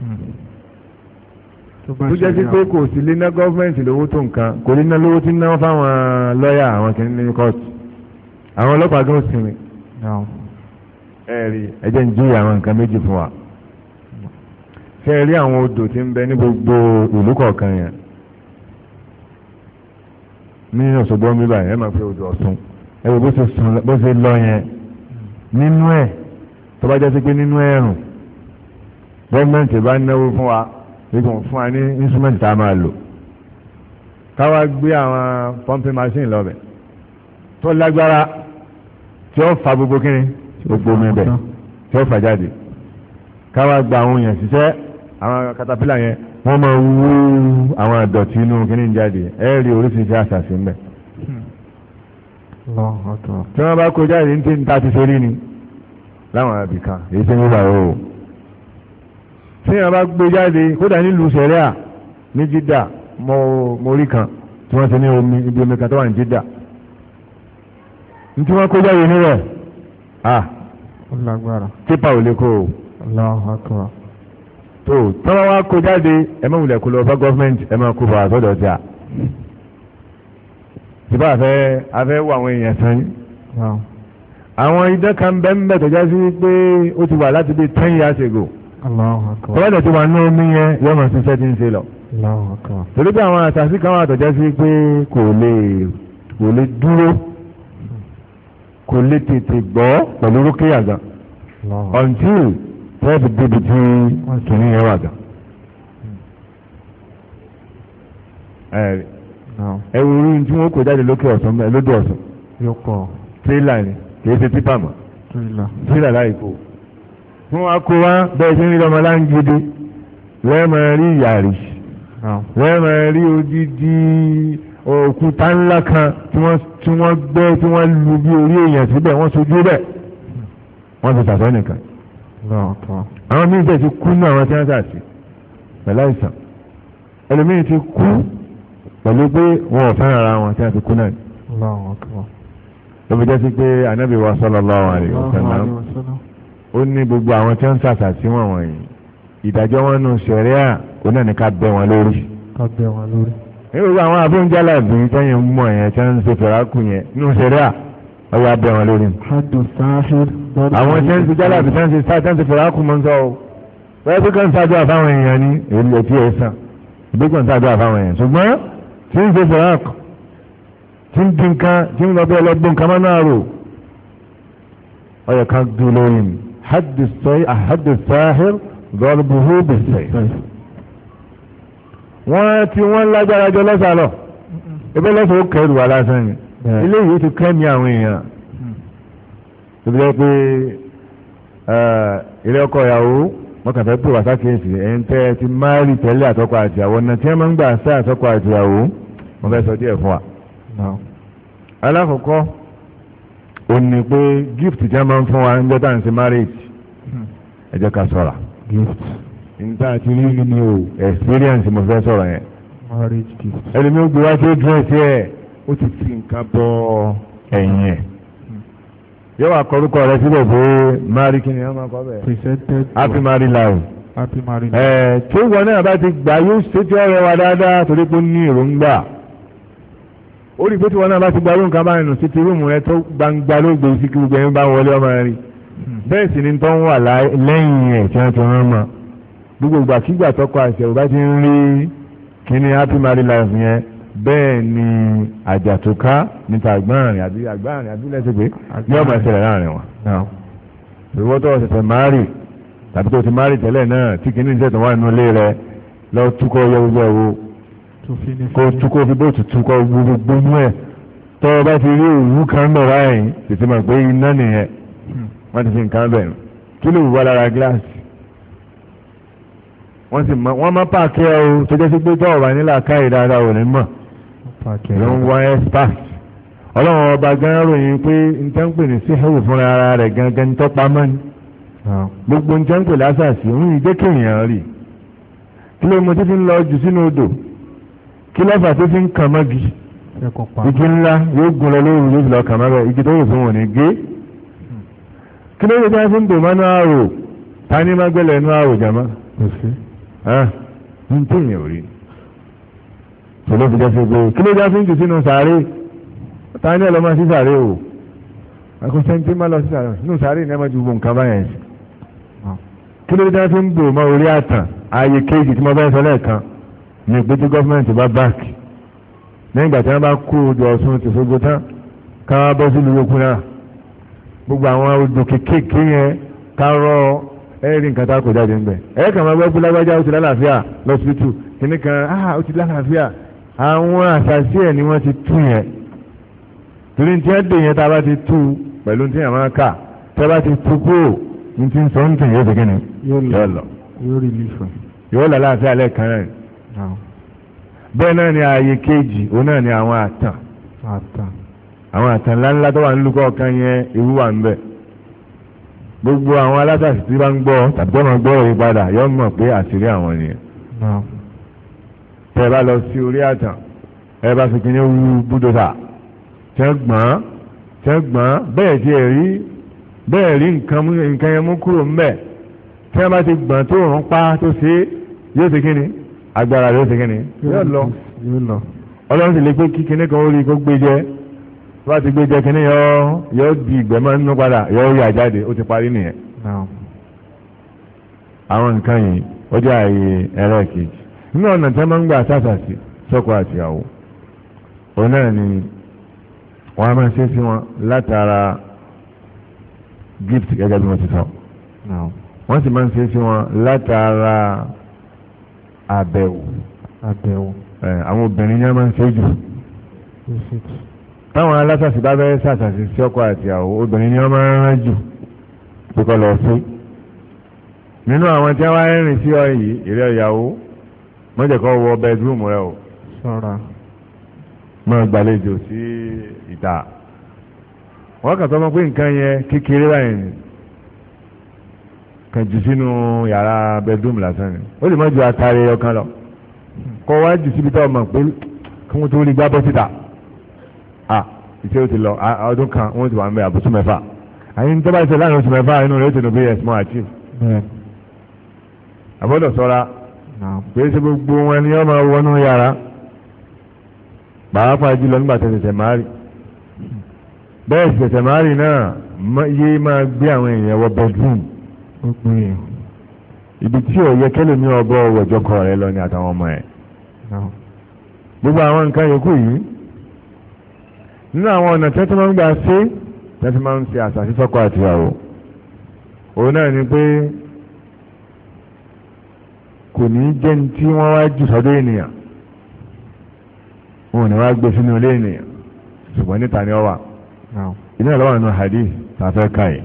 hmm. tó jẹ́ sí pé kò sí lé ná gọ́ọ̀mẹ̀ntì lówó tó nǹkan kò lè ná lówó tí ń náwó fáwọn lọ́ọ̀yà àwọn kìíní ní kóòtù àwọn ọlọ́pàá gan sinmi ẹ̀rí ẹ̀jẹ̀ ń jí àwọn nǹkan méjì fún wa tẹ́ rí àwọn odò tí ń bẹ ní gbogbo ìlú kọ̀ọ̀kan yẹn ní Òṣogbo mi báyìí ẹ máa fi odò Ọ̀ṣun ẹ wò bó ṣe lọ yẹn nínú ẹ̀ tó bá jẹ́ pé nínú ẹ̀rùn gọ́ọ̀mẹ̀ntì bá náwó fún wa wípé fún wa ní instrument tá a máa lò káwá gbé àwọn pumping machine lọ bẹ̀ tó lágbára tí ó fa gbogbo kínní gbogbo mi bẹ̀ tí ó fà jáde káwá gba àwọn èèyàn ṣiṣẹ́ àwọn katapila yẹn wọ́n máa wú àwọn àdọ̀tí inú kíní jáde ẹ rí oríṣiríṣi àṣàṣì ń bẹ. tí wọ́n bá kó jáde ní tí ń ta ti ṣe ni láwọn abìkan èyí tí ń wúwa o. tí wọ́n bá gbé jáde kódà nílùú sẹ̀ríà ní jídà mo rí kan tí wọ́n ti ní omi ibi omi kan tó wà ní jídà. ní tí wọ́n kó níbẹ̀ ah tipa ò lè kó o tó tọ́wọ́ wá kó jáde ẹ má wulẹ̀ kó lọ bá gọ́fẹ́mẹ̀ntì ẹ má kó bọ̀ àtọ́dọ̀ tí a. síbá afẹ́ afẹ́ wọ àwọn èèyàn sàn yín. àwọn idán kan bẹ́ẹ̀ tọ́já sí pé ó ti wà láti bíi ten years ago. tọ́wọ́ tẹ̀ tí wà ní omi yẹn yóò máa ṣiṣẹ́ tí ń ṣe lọ. torí pé àwọn àṣàṣì kan wà tọ́já sí pé kò lè kò lè dúró kò lè tètè gbọ́ pẹ̀lú rókè àgbà until tẹ́ẹ̀bì débi tí kìnìún yẹn wà gan. ẹ wo orí tí wọ́n kó jáde lókè ọ̀sán mẹ́ lódò ọ̀sán. yọkọ. tírélà ni kìí ṣe tipa mọ́. tírélà. tírélà láì kó. tí wọ́n á kó wá bẹ́ẹ̀ ṣe ń rí ọmọ láǹgídé lẹ́ẹ̀mọ rí ìyàrí lẹ́ẹ̀mọ rí odidi òkúta ńlá kan tí wọ́n gbẹ́ tí wọ́n lu bí orí èèyàn síbẹ̀ wọ́n sojú bẹ́ẹ̀ wọ́n ti sàṣẹ́ nìkan àwọn míín tẹ̀ ti kú náà àwọn tí wọ́n tà sí pẹ̀lú àìsàn ẹlòmíín ti kú pẹ̀lú pé wọn ò fẹ́ràn ara wọn tí wọ́n ti kú náà ló fi jẹ́ sí pé anábì wa sallallahu alaihi wasallam ó ní gbogbo àwọn tí wọ́n ń sàṣà sí wọn wọ̀nyí ìdájọ́ wọn nù sẹ̀ríà ó náà ní ká bẹ́ wọn lórí. ká bẹ́ wọn lórí. ní gbogbo àwọn abóńjálà tẹ́yìn mú ọ̀yẹ́ tí wọ́n ń ṣe fẹ̀rákù yẹn nù sẹ̀ríà ọyọ abẹ wọn lórí. àwọn tí ń ti jálá àti tí ń ti sá tí ń ti fẹ̀rẹ̀ ákú mọ́ ń sọ o. wọ́n gbé kan sáájú àfáwọn èèyàn ní èlú ẹ̀tí ẹ̀ sàn gbé kan sáájú àfáwọn èèyàn. ṣùgbọ́n tí ń ṣe fẹ̀rẹ̀ ákú tí ń dín kan tí ń lọ bí ọlọ́gbọ́n kan máa náà rò ọyọ kan dúró lórí mi. àhàdì sáhìr gọ́ọ̀lùbùhù bẹ̀sẹ̀. wọ́n ti wọ́n eléyìí ti kẹ́mi àwọn èèyàn hmm. tó bí jẹ́ pé eh, ilé ọkọ ìyàwó wọn kàn fẹ́ pè wá sákèésì ẹ̀yin tẹ́ ẹ ti máa rí tẹ́lẹ̀ àtọ́kọ àtìyàwó ọ̀nà tí wọ́n máa ń gbà sá àtọ́kọ àtìyàwó wọ́n fẹ́ sọ díẹ̀ fún wa. alákọ̀ọ́kọ́ ò ní pé gift tí wọ́n máa ń fún wa ń jẹ́ tá à ń ṣe marriage hmm. ẹ jẹ́ ká ṣọ́ra. gift nta ti rí ni o experience mo fẹ́ sọ̀rọ̀ yẹn. marriage gift. ẹlòmíì ó gbé wá sí dress yẹ ó ti fi nǹkan bọ ẹ̀yìn ẹ̀ hmm. yóò wá kọrúkọ rẹ síbẹ̀ pé mari kí ni wọ́n máa kọ́ bẹ̀. presented happy married life. happy married life. ẹ tó wọn náà bá ti gbà yóò ṣe tí ọ̀rẹ́ wa dáadáa torí pé ó ní èròǹgbà ó rí i pé tí wọn náà bá ti gba irú nǹkan bá rìn nù sí rúùmù rẹ tó gbangba ló gbé sí kí gbogbo ẹni bá wọlé ọmọ rẹ rí hmm. bẹ́ẹ̀ sì ni tó ń wà lẹ́yìn ẹ̀ tí wọ́n ti rán mọ́ gbogbo ìgbàkigbà tọkọ àṣẹ ò bá ti ń rí kíní happy married life yẹn bẹ́ẹ̀ ni àjàtúká níta àgbáàrin àbí àgbáàrin àbí lẹ́sẹ̀gbẹ́ ní ọmọ ẹsẹ̀ láàrin wọn. ìwọ́n tó ṣẹ̀ṣẹ̀ márì tàbí tó ti márì tẹ́lẹ̀ náà tí kìíní ìṣẹ́ tó wà nínú ilé rẹ lọ túkọ̀ yẹ gbogbo ẹ̀ wo kó túkọ̀ fi bóòtù túkọ̀ gbogbo mú ẹ̀ tọ́ ọ bá ti rí òwú kan bẹ̀ báyìí tètè mọ̀ pé iná nìyẹn wọ́n ti fi nǹkan bẹ̀ kí ló wà lára gíláàsì wọ́n sì mọ wọ́n má pààkì ẹ o tó jẹ́ sí pé tọ́ọ̀bà nílà káyì dáadáa ò ní mọ̀ ló ń wá expert ọlọ́run ọba gan ròyìn pé nǹkan pè ní síhẹ́wò fúnra ara rẹ̀ gangan tọ́pa mọ́ ni ah. gbogbo nǹkan pè lásàsì òun ìdé kéèyàn rí kí ló mo ti fi ń lọ jù sínú odò kí lọ́fà tó fi ń kàn mọ́gi igi ńlá yóò gun lọ lóru ló fi lọ kàn mọ́gà igi tó wò fún wọn ní gé kí ló dé tí fi ń dò mọ́nú àrò ta má gbẹ́lẹ̀ nú àrò jàmá. ǹ ah, ò rí ni tòló fi jẹ́sí pé kí ló já sí jù sínú sàárè ta ni ọlọ́mọ sí sàárè o ẹkọ sẹ́ńtì má lọ sí sàárè sínú sàárè ní ẹ̀mọ́jú gbogbo nǹkan báyẹn sí kí ló já sí ń bò mọ́ orí àtàn ààyè kéèjì tí mo fẹ́ sọ lẹ́ẹ̀kan ní ìpè tí gọ́fìmẹ̀ntì bá báàkì lẹ́yìn ìgbà tí wọ́n bá kó odò Ọ̀ṣun ti Ṣógo tán káwá bọ́ sí ìlú okun náà gbogbo àwọn odò kékèké yẹn kárọ̀ ẹ̀rí nǹkan tá a kò jáde ń bẹ̀ ẹ̀ẹ́kàn máa gbọ́ pé lágbájá ó ti lálàáfíà lọ́sibítù kìnnìkan ah ó ti lálàáfíà àwọn àṣàṣì ẹ̀ ni wọ́n ti tú yẹn torí ní tí wọ́n dè yẹn tá a bá ti tú pẹ̀lú ní tí yẹn máa kà tí a bá ti tú kúrò ní tí ń sọ ní tì yóò segin ni yóò lọ yóò lọ láàfin alẹ́ kan náà bẹ́ẹ̀ náà ni ààyè kejì òun náà ni àwọn àtàn àwọn àtàn ńláńlá tó wà ń lukọ́ kan yẹn ewu wà ń bẹ̀ gbogbo àwọn alátàsí tí bá gbọ́ tàbí tó máa gbọ́ òye yọ tẹ́ ẹ bá lọ sí orí àtàn ẹ bá fi kíní wú búdòtà tẹ́ gbọ́n tẹ́ gbọ́n bẹ́ẹ̀ tí ẹ rí bẹ́ẹ̀ rí nǹkan yẹn mú kúrò ńbẹ̀ tí wọ́n bá ti gbọ́n tó rún pa tó ṣe yóò ṣe kíni agbára rẹ̀ yóò ṣe kíni yóò lọ ọlọ́run sì lè pé kí kíní kan ó rí kó gbé jẹ́ tó bá ti gbé jẹ́ kíní yọ di ìgbẹ́ máa ń padà yọ rí àjáde ó ti parí nìyẹn àwọn nǹkan yìí ó jẹ́ àyè ẹlẹ́ẹ̀kejì nínú ọ̀nà tí wọ́n máa ń gbà sásàsì sọ́kọ àtìyàwó òun náà ni wọ́n á máa ṣe sí wọn látara gift gẹ́gẹ́ bí wọ́n ti sọ wọ́n sì máa ń ṣe sí wọn látara àbẹ̀wò àbẹ̀wò àwọn obìnrin yẹn máa ń ṣe jù táwọn alásàsì bá fẹ́ sàsàsì sí ọkọ àtìyàwó obìnrin yẹn máa ń rán jù pé kọ́ sí nínú àwọn tí wọ́n á rìn sí ọ yìí ìrẹ́ ìyàwó mọ́jẹ̀ kọ́ wọ bẹ́dúrúmù rẹ o ṣọ́ra mọ́ gbàlejò sí ìta wọ́n kà tọ́mọ pé nǹkan yẹn kékeré báyìí ni kàn jù sínú yàrá bẹ́dúrúmù lásán ni ó lè má ju àtàrí ọkàn lọ kọ́ wá jù síbi tá ọmọ pé kí wọ́n tó rí gbá bọ́ síta à ìṣe ó ti lọ ọdún kan wọ́n ti wà ń bẹ àbùsùn mẹ́fà àyè ń tọ́ bá ṣe láàrin oṣù mẹ́fà inú rẹ̀ ó ti nù bí ẹ̀sìn mọ́ àti àbọ̀dọ̀ ṣọ́ra pé ṣe gbogbo wọn ni ọmọ wọnú yàrá pàápàá jùlọ nígbà tẹ̀sẹ̀tẹ̀ máa rí bẹ́ẹ̀ tẹ̀sẹ̀tẹ̀ máa rí náà yé máa gbé àwọn èèyàn wọ bedroom ibi tí ò yẹ kẹ́lẹ̀ mi ọbọ̀ wọ̀jọkọ rẹ lọ ni àtàwọn ọmọ ẹ̀ gbogbo àwọn nǹkan yòókù yìí nínú àwọn ọ̀nà tí wọ́n ti máa ń gbà ṣe tí wọ́n ti máa ń ṣe àṣà sí sọ́kọ àtìyàwó òun náà ni pé kò ní jẹ́ ní tí wọ́n wá jù sọ́dọ̀ ènìyàn wọn ò ní wá gbé sínú ilé ènìyàn ṣùgbọ́n níta ni ọ wà iná ìlọ́wọ́ nínú hadith tàfẹ́ káyìí.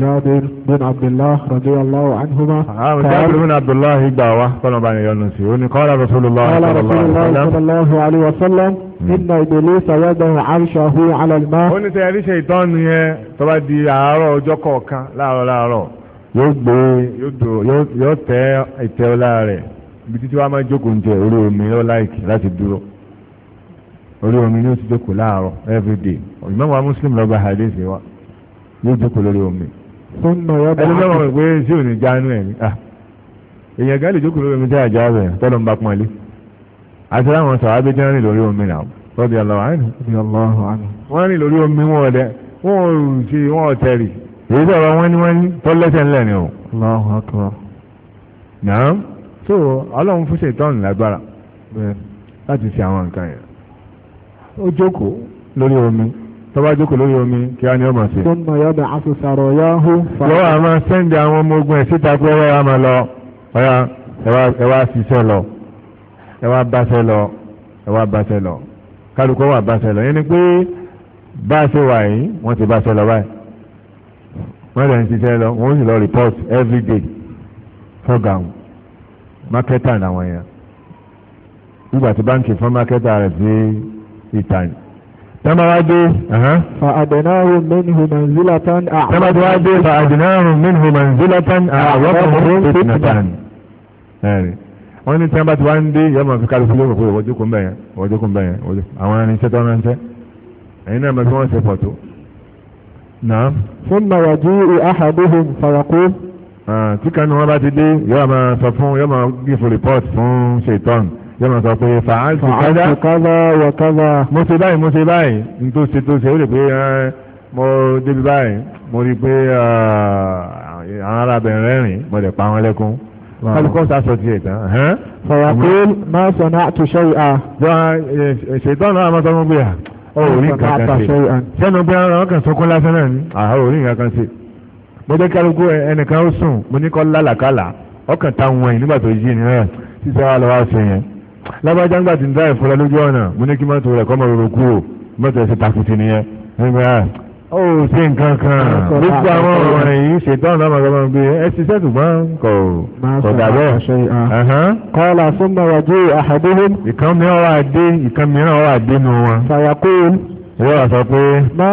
جابر بن عبد الله رضي الله عنهما جابر بن عبد الله دعوة طلبا ينسي قال رسول الله قال رسول الله صلى الله عليه وسلم إن إبليس يضع عرشه على الماء ó ní ṣé ẹ rí Ṣàítánì yẹn tó di àárọ̀ ọjọ́ kọ̀ọ̀kan láàárọ̀ láàárọ̀ yóò gbé yóò tẹ ìtẹ́ ọlá rẹ̀ ibi títí wàá máa jókòó ń jẹ orí omi lọ láìkì láti dúró orí omi ni ó ti jókòó láàárọ̀ everyday Imam wa Muslim lọ́gba hadith wa yóò jókòó lórí omi. ẹni mẹ́wàá wọ̀ pé ṣé ò ní jánu ẹ̀ ní. Ah. èèyàn gan lè jókòó lórí omi tí àjà rẹ̀ tọ́lọ́ ń bá pọ́n lé àti láwọn sọ̀rọ̀ abẹ́jẹ́ rìn lórí omi náà radiyallahu anhu. wọ́n rìn lórí omi wọn ọ̀dẹ wọn ò tẹ̀rì èyí sọ̀rọ̀ wọ́n ní wọ́n ní tó lẹ́sẹ̀ ńlẹ̀ ni o. Allahu akbar. nàá so ọlọ́run fún ṣètọ́nù lágbára láti ṣe àwọn nǹkan yẹn ó jókòó lórí omi tó bá jókòó lórí omi kí á ní ọmọ sí. tó ń náà yọ̀dà àṣùṣàrọ̀ yáhù. lọ́wọ́ àmọ́ sẹ́ńdì àwọn ọmọ ogun ẹ̀ síta pé ọ̀rọ̀ àmọ́ lọ ọ̀yà ẹ wá ṣiṣẹ́ lọ ẹ wá báṣẹ́ lọ ẹ wá báṣẹ́ lọ kálukọ́ wà báṣẹ́ lọ yẹn ni pé báṣẹ́ wà yìí wọ́n ti báṣẹ́ lọ báyìí wọ́n lè ń ṣiṣẹ́ lọ wọ́n sì lọ report every day fọ́gà wọn mákẹ́tà làwọn yẹn nígbà tí báńkì fún mákẹ́tà rẹ̀ sí ìta ni. tẹ́lẹ̀ fa àdínáhùn minhu manzilatan zilatan. tẹ́lẹ̀ wá fa àdínáhùn minhu manzilatan àwọn ọkùnrin fitnatan. wọ́n ní tẹ́lẹ̀ bá ti wá ń dé yọ máa fi kálukú lóko pé ìwọ́jú kún bẹ́yẹn ìwọ́jú kún bẹ́yẹn àwọn irinṣẹ́ tó ń ránṣẹ́ ẹ̀yin náà mọ̀ bí wọ́n ṣe pọ̀ tó náà. fún màwájú ahaduhum fàràkó. Ah, tí kan wọn bá ti dé yóò máa sọ fún yóò máa gífò report fún ṣètọ́n yóò máa sọ pé fàáǹtì kádà kádà wà kádà. mo ṣe báyìí mo ṣe báyìí n tó ṣe tó ṣe ó lè pé ah, mo débi báyìí mo rí i pé ah, àwọn arábìnrin rẹ́rìn mo lè pa wọn lẹ́kún kálukọ́ sá sọ tiẹ̀ tán. fàràkó máa sọ náà àtúnṣe ìhà. ṣètọ́n náà máa sọ fún mi pé orí nǹkan kan ṣe sẹ́nu bí wọ́n kàn sọ́kọ́ lásán náà ni àwọn orí nǹkan kan ṣe mo jẹ́ kálukú ẹnìkan ó sùn mo ní kọ́ lálàkálà ọkàn táwọn ẹ̀yìn nígbà tó yí ni náà sísẹ́ wa lọ́wọ́ ṣe yẹn lábàjá ńgbà tí ń dá ìfọlá lójú ọ̀nà mo ní kí mọ́tò rẹ̀ kọ́ mọ́ rorokú o mọ́tò ẹ̀ ṣe takùtì nìyẹn ó ṣe nǹkan kan gbogbo àwọn ọ̀rọ̀ yìí ṣètò ọ̀nà àmàgbà gbé ẹ ṣiṣẹ́ ṣùgbọ́n kò kò dàbẹ́. kọ́lá súnmọ́ wájú àhàdéhùn. ìkan mìíràn wà dé ìkan mìíràn wà dé nu wọn. fàyàkùn. yóò wá sọ pé. má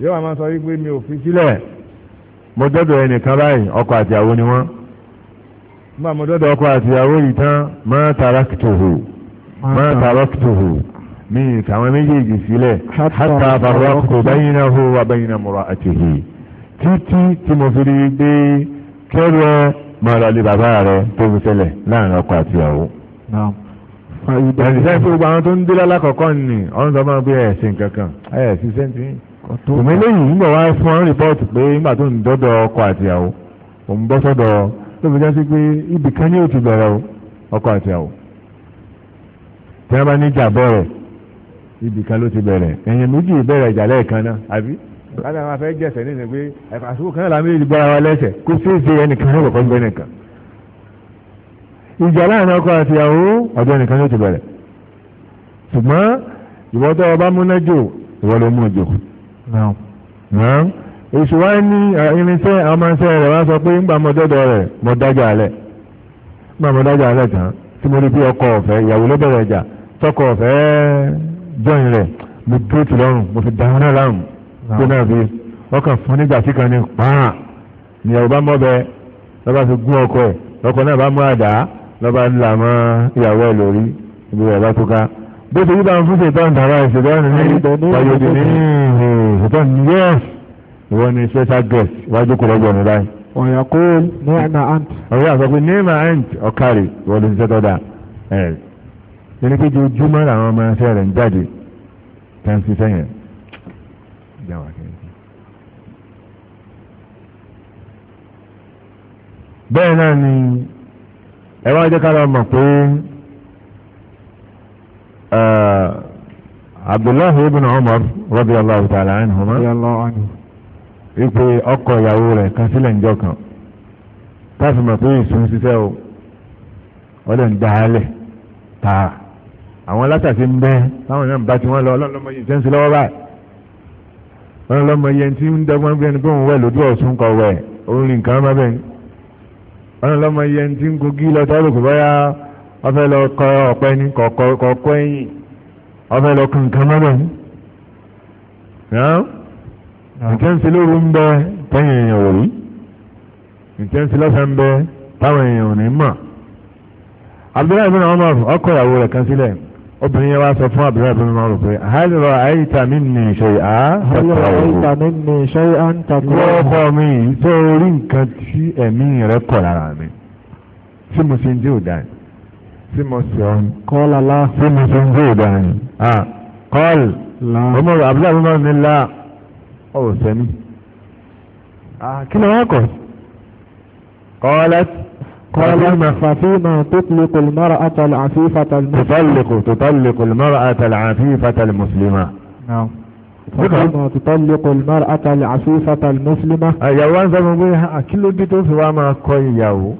yóò wá máa sọ wípé mi ò fi sílẹ̀. mo dọ́dọ̀ ẹnìkan báyìí àtìyàwó ni wọ́n. mi ìtàwọn méjèèjì sílẹ̀ hátà farraqtu baynahu wa bayna mura'atihi títí tí mo fi rí i pé kẹ́rọ máa lọ lé bàbá rẹ tó fi ṣẹlẹ̀ láàrin ọkọ àti ìyàwó ẹ̀sìn pé gbogbo àwọn tó ń dé lálákọ̀ọ́kọ́ ni ọ̀run sọ máa ń pé ẹ̀sìn kankan ẹ̀sìn sẹ́ńtì òmí lẹ́yìn nígbà wá fún ọ rìpọ́ọ̀tì pé nígbà tó ń dọ́dọ̀ ọkọ àtìyàwó òun bọ́ sọ́dọ̀ tó fi jásí pé ibì kan ní òtún bẹ̀rẹ̀ ọkọ àtìyàwó tí wọ́n bá ní ìjà bẹ̀rẹ̀ ibì kan ló ti bẹ̀rẹ̀ ẹ̀yìn méjì bẹ̀rẹ̀ ìjà lẹ́ẹ̀kan náà àbí láti àwọn afẹ́ jẹ̀sẹ̀ nínú pé àsìkò kan náà làwọn méjì bọ́ra wa lẹ́sẹ̀ kó sí ìṣe ẹnìkan náà kọ̀ọ̀kan gbẹ nìkan. ìjà láàrin ọkọ àti ìyàwó ọ̀dọ̀ ẹnìkan ló ti bẹ̀rẹ̀ ṣùgbọ́n ìwọ tó ọba múná jò ìwọ ló mú jò. èṣù wa ní irinṣẹ́ àwọn rẹ̀ wá sọ pé ńgbà mo rẹ̀ mo jọyìn rẹ̀ mo dúró ti lọ́rùn mo fi dáhùn náà láàrùn gbé náà fi ọkàn fún nígbà tí kan ní pààrà ìyàwó bá mọ́ bẹ lọ́ba fi gún ọkọ ẹ̀ ọkọ náà bá mú àdá lọ́ba là mọ́ ìyàwó ẹ̀ lórí ibi rẹ̀ bá tó ká bó ti yíba fún ṣètọ́n tàbá ìṣètọ́n ní pàyọ̀dì ní ṣètọ́n ní hmm, yẹ́s ìwọ ni special guest wájú kò lọ́gbọ̀n ní báyìí. ọ̀yà kó ní ẹ̀ma ant. ọ̀yà sọ pé ní ẹ̀ma ant ọ̀kàrí wọ́n ti ṣiṣẹ́ torí pé ojoojúmọ́ làwọn ọmọ ẹsẹ̀ rẹ̀ ń jáde tá ń ṣiṣẹ́ yẹn. bẹ́ẹ̀ náà ni ẹ wá jẹ́ ká lọ mọ̀ pé eh, Abdullahi ibn Umar radiyallahu ta'ala anhuma wípé ọkọ ìyàwó rẹ̀ kan sílẹ̀ ń jọ kan mọ̀ pé ìsún ṣiṣẹ́ o ọlẹ́ ń dá tààrà àwọn alátàsí ń bẹ táwọn náà ń bá tiwọn lọ ọlọ́mọ yìí ṣe ń ṣe lọ́wọ́ báyìí ọlọ́mọ yẹn tí ń dẹ́gbọ́n bí ẹni pé òun wẹ̀ lójú ọ̀sùn kọ̀ wẹ̀ orin nǹkan má bẹ́ẹ̀ ni ọlọ́mọ yẹn tí ń gogi lọ tọ́lù kò báyà ọfẹ́ lọ kọ ọ̀pẹ ní kọ̀ọ̀kọ́ ẹ̀yìn ọfẹ́ lọ kọ nǹkan má bẹ́ẹ̀ ni ìtẹ́nsí lóru ń bẹ tẹ́yìn èèyàn wò rí ìtẹ́nsí lọ́sẹ̀ ń bẹ táwọn èèyàn ò ní mọ̀ Abdullahi bin Omar ọkọ ìyàwó rẹ̀ kan sílẹ̀ obìnrin yẹn wá sọ fún àbúrò àbúrò máa rò pé àhálìrọ àyíta mi ní ìṣe à tàkùrọ̀ wọ́n bọ́ mi tó orí nǹkan tí ẹ̀mí rẹ̀ kọ̀ lára mi tí mo ṣe ń dé òdà ni tí mo ṣe ọ́ ni kọ́lá tí mo ṣe ń dé òdà ni kọ́l ọmọ àbúrò àbúrò máa ní là ọ̀ sẹ́mi kí ló wá kọ̀ kọ́lá. قال ففيما تطلق المرأة العفيفة المسلمة تطلق تطلق المرأة العفيفة المسلمة نعم فيما تطلق المرأة العفيفة المسلمة ìyàwó ń sọmọ pé kí في وما tó fi فيو máa kọ ìyàwó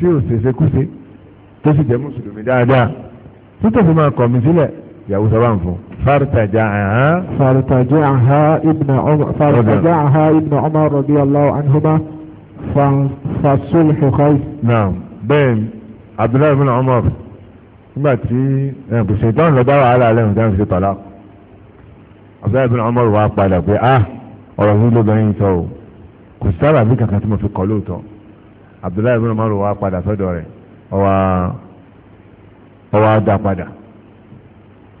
tí ò ṣèṣe kúṣe tó sì jẹ́ mùsùlùmí dáadáa tó فارتجعها فارتجعها ابن عمر فارتجعها ابن عمر رضي الله عنهما fasulhu khayr. naam bẹ́ẹ̀ ni abdullahi bin umar nígbà tí eh, ṣètọ́n lọ dá wàhálà lẹ́nu dáhùn ṣe tọ́lá abdullahi bin umar wà padà pé ah ọ̀rọ̀ yìí ló bẹ̀rẹ̀ sọ o kò sábà bí kankan tí mo fi kọ́ lóòótọ́ abdullahi bin umar wà padà sọ́dọ̀ rẹ̀ ọwà ọwà dá padà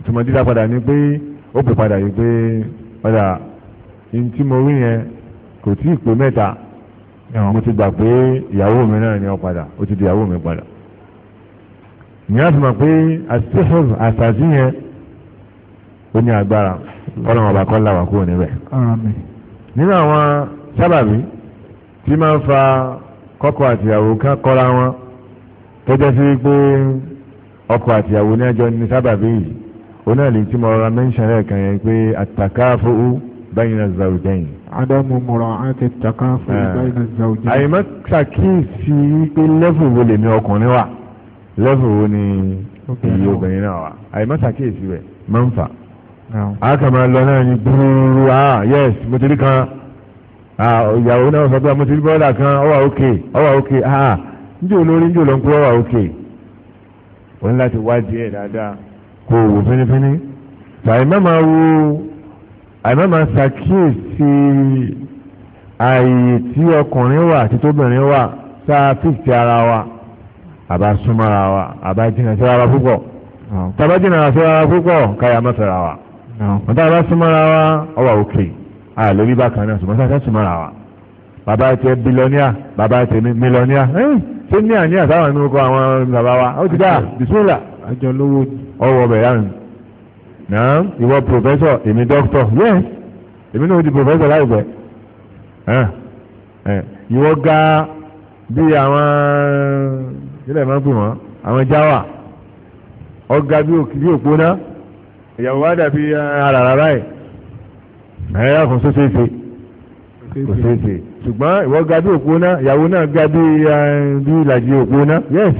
tùmọ̀ dídá padà ni pé ó pè padà yìí pé padà ní tí mo rí yẹn kò tí ì pé mẹ́ta mo ti gbà pé ìyàwó mi náà ni ọ padà ó ti di ìyàwó mi padà ìyá fi mọ̀ pé àṣìṣe àṣàṣì yẹn ó ní agbára kọ́nà ọba kọ́lá wà kúrò níbẹ̀. nínú àwọn sábàbí tí máa ń fa kọ́kọ́ àtìyàwó ká kọ́ra wọn tó jẹ́ sí pé ọkọ àtìyàwó ní ẹjọ́ ní sábàbí yìí ó náà lè tí mo rọra mẹ́ńṣẹ̀ lẹ́ẹ̀kan yẹn pé àtàkáfó báyìí náà zàrùdẹ́yìn adamu mura'ati takafu bayna zawjayn. àyìnbá ṣàkíyèsí wípé lẹ́fù wo lèmi ọkùnrin wà lẹ́fù wo ni iye obìnrin náà wà àyìnbá ṣàkíyèsí rẹ̀ máa ń fà. a kà máa lọ náà ní gbúrúrú ah yes mo ti rí kan ìyàwó náà sọ pé mo ti rí bọ́ọ̀dà kan ọwà òkè ọwà òkè ah njẹ́ olórí njẹ́ olóńkú ọwà òkè wọ́n láti wá díẹ̀ dáadáa kó wò fínífíní. tàyí má wo àìmọ́ máa ṣàkíyèsí ààyè tí ọkùnrin wà àti tóbìnrin wà tá a fìtì ara wa àbá súnmọ́ra wa àbá jìnnà sí ara púpọ̀ tàbá jìnnà sí ara púpọ̀ káyà má fẹ́ra wa wọ́n tá a bá súnmọ́ra wa ọwà òkè àlè bí bákan náà súnmọ́ sáà súnmọ́ra wa bàbá tẹ bílọ́níà bàbá tẹ mílọ́níà ṣé ní àníyàn táwọn ẹnu kọ àwọn bàbá wa ó ti dá bisimilà ọwọ́ bẹ̀rẹ̀ àrùn náà ìwọ professor èmi doctor yes èmi náà di professor láìpẹ́ ah, eh, ìwọ ga bí àwọn ilẹ̀ máa ń pè wọ́n àwọn jáwà ọ̀gá bí òpóná ìyàwó wa dàbí aràrà eh, báyìí nàìjíríà fún sóṣèṣe kò ṣeéṣe ṣùgbọ́n ìwọ ga bí òpóná ìyàwó náà ga bi eh, ìlàjì òpóná yes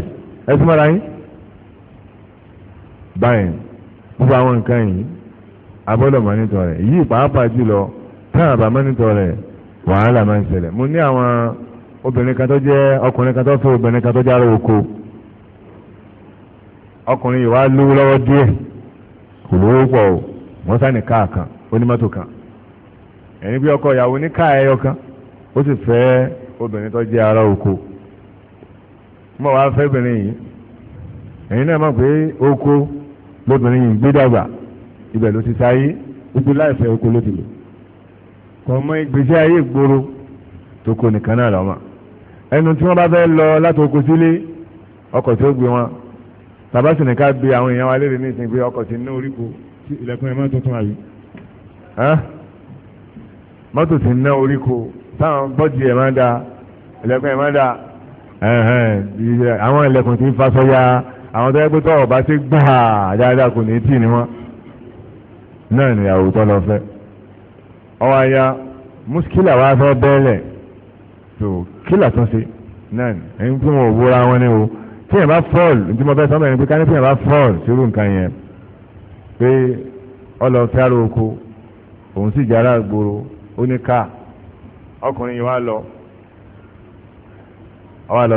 ẹ súnmọ́ra yín báyìí. gbogbo àwọn nǹkan yìí abọ́dọ̀ mọ́nítọ̀ rẹ̀ yìí pàápàá jùlọ tá àbá mọ́nítọ̀ rẹ̀ wàhálà máa ń ṣẹlẹ̀ mo ní àwọn obìnrin kan tó jẹ́ ọkùnrin kan tó fẹ́ obìnrin kan tó jẹ́ oko ọkùnrin yìí wá lówó lọ́wọ́ díẹ̀ kò lówó pọ̀ o wọ́n sáni káà ọkọ ìyàwó ní káà ẹyọ kan ó sì fẹ́ obìnrin tó jẹ́ mo wá fẹ́ obìnrin yìí ẹ̀yin náà mọ̀ pé oko lóbìnrin yìí gbé dàgbà ibẹ̀ ló ti sáyé gbogbo láìfẹ́ oko ló ti lò kò mọ ìgbésí ayé ìgboro tó kó nìkan náà lọ́mọ ẹnu tí wọ́n bá fẹ́ lọ láti oko sílé ọkọ̀ tí ó gbé wọn bàbá sì ní ká gbé àwọn èèyàn wa léèrè ní ìsìn pé ọkọ̀ ti ná oríko tí ilẹ̀kùn ẹ̀ máa tuntun àbí mọ́tò ti ná oríko táwọn bọ́ọ̀dì ẹ̀ máa da ilẹ̀kùn ẹ̀ máa da àwọn ilẹ̀kùn ti ń fa sọ́yà àwọn tó yẹ pé tọ́wọ̀ bá ti gbà dáadáa kò ní tì ní wọn náà ni ìyàwó tó lọ fẹ́ ọwọ́ aya muskila wa fẹ́ bẹ́ẹ̀lẹ̀ tó kílà tún sí náà ni ẹni tí wọn ò wúra wọn ni o tí yẹn bá fọ́ọ̀lù tí mo fẹ́ sọ́mọ́ ẹni pé káni tí yẹn bá fọ́ọ̀lù sírú nǹkan yẹn pé ọlọ fẹ́ràn oko òun sì jára gbòòrò ó ní ká ọkùnrin yìí wá lọ ọ wá lọ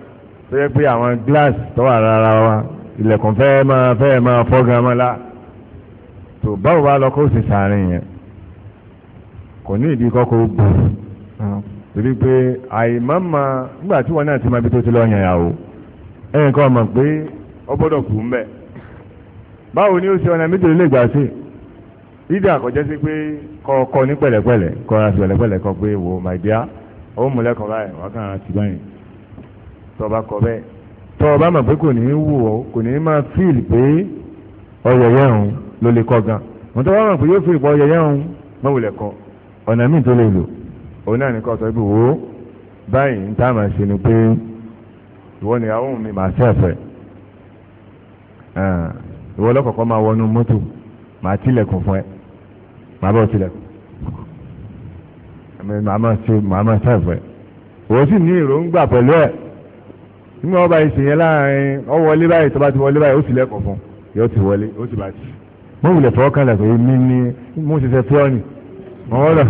tó yẹ pé àwọn glass tó wà rárá wa ilẹ̀kùn fẹ́ máa fẹ́ máa fọ́ gan mọ́ la tó báwo bá lọ kó sì sàárín yẹn kò ní ìdí kọ́kọ́ bù torí pé àìmọ́mọ́ nígbà tí wọn náà ti máa bí tó ti lọ yàn yàwó ẹ̀yìn kan mọ̀ pé ọ gbọ́dọ̀ kù ń bẹ̀ báwo ni ó ṣe ọ̀nà méjèèjì lè gbà sí ìdí àkọ́jẹ́ sí pé kọ́ ọkọ ní pẹ̀lẹ́pẹ̀lẹ́ kọ́ ra sí pẹ̀lẹ́pẹ̀lẹ́ kọ́ pé wò my dear ó mú lẹ́kọ̀ọ́ báyìí wákàtí báyìí tọba kọ bẹ́ẹ̀ tọba mọ̀ pé kò ní í wù ọ́ kò ní í máa fíìl pé ọyẹyẹ òun ló lè kọ gan wọn tọba mọ̀ pé yóò fíìl pé ọyẹyẹ òun mọ̀wùlẹ̀ kọ ọ̀nà míì tó lè lò òun náà ní kọ́ sọ ibi wo báyìí ń tá a máa ṣe ni pé ìwọ nìyàwó mi màá ṣẹ̀fẹ̀ ìwọ lọ́kọ̀ọ́kọ́ máa wọnú mọ́tò màá tilẹ̀kùn fún ẹ màá bọ̀ tilẹ̀kùn màá máa ṣe màá máa ṣẹ̀fẹ̀ òun sì ní èròǹgbà pẹ̀lú ẹ̀ nígbà wọn bá yìí ṣèyẹn láàrin ọ wọlé báyìí tó bá ti wọlé báyìí ó sì lẹ́kọ̀ọ́ fún yóò ti wọlé ó ti bá ti. mo wulẹ̀ fọwọ́ kan lẹ́kọ̀ọ́ yìí mi ni mo ṣe fẹ́ ni mo wọ́dọ̀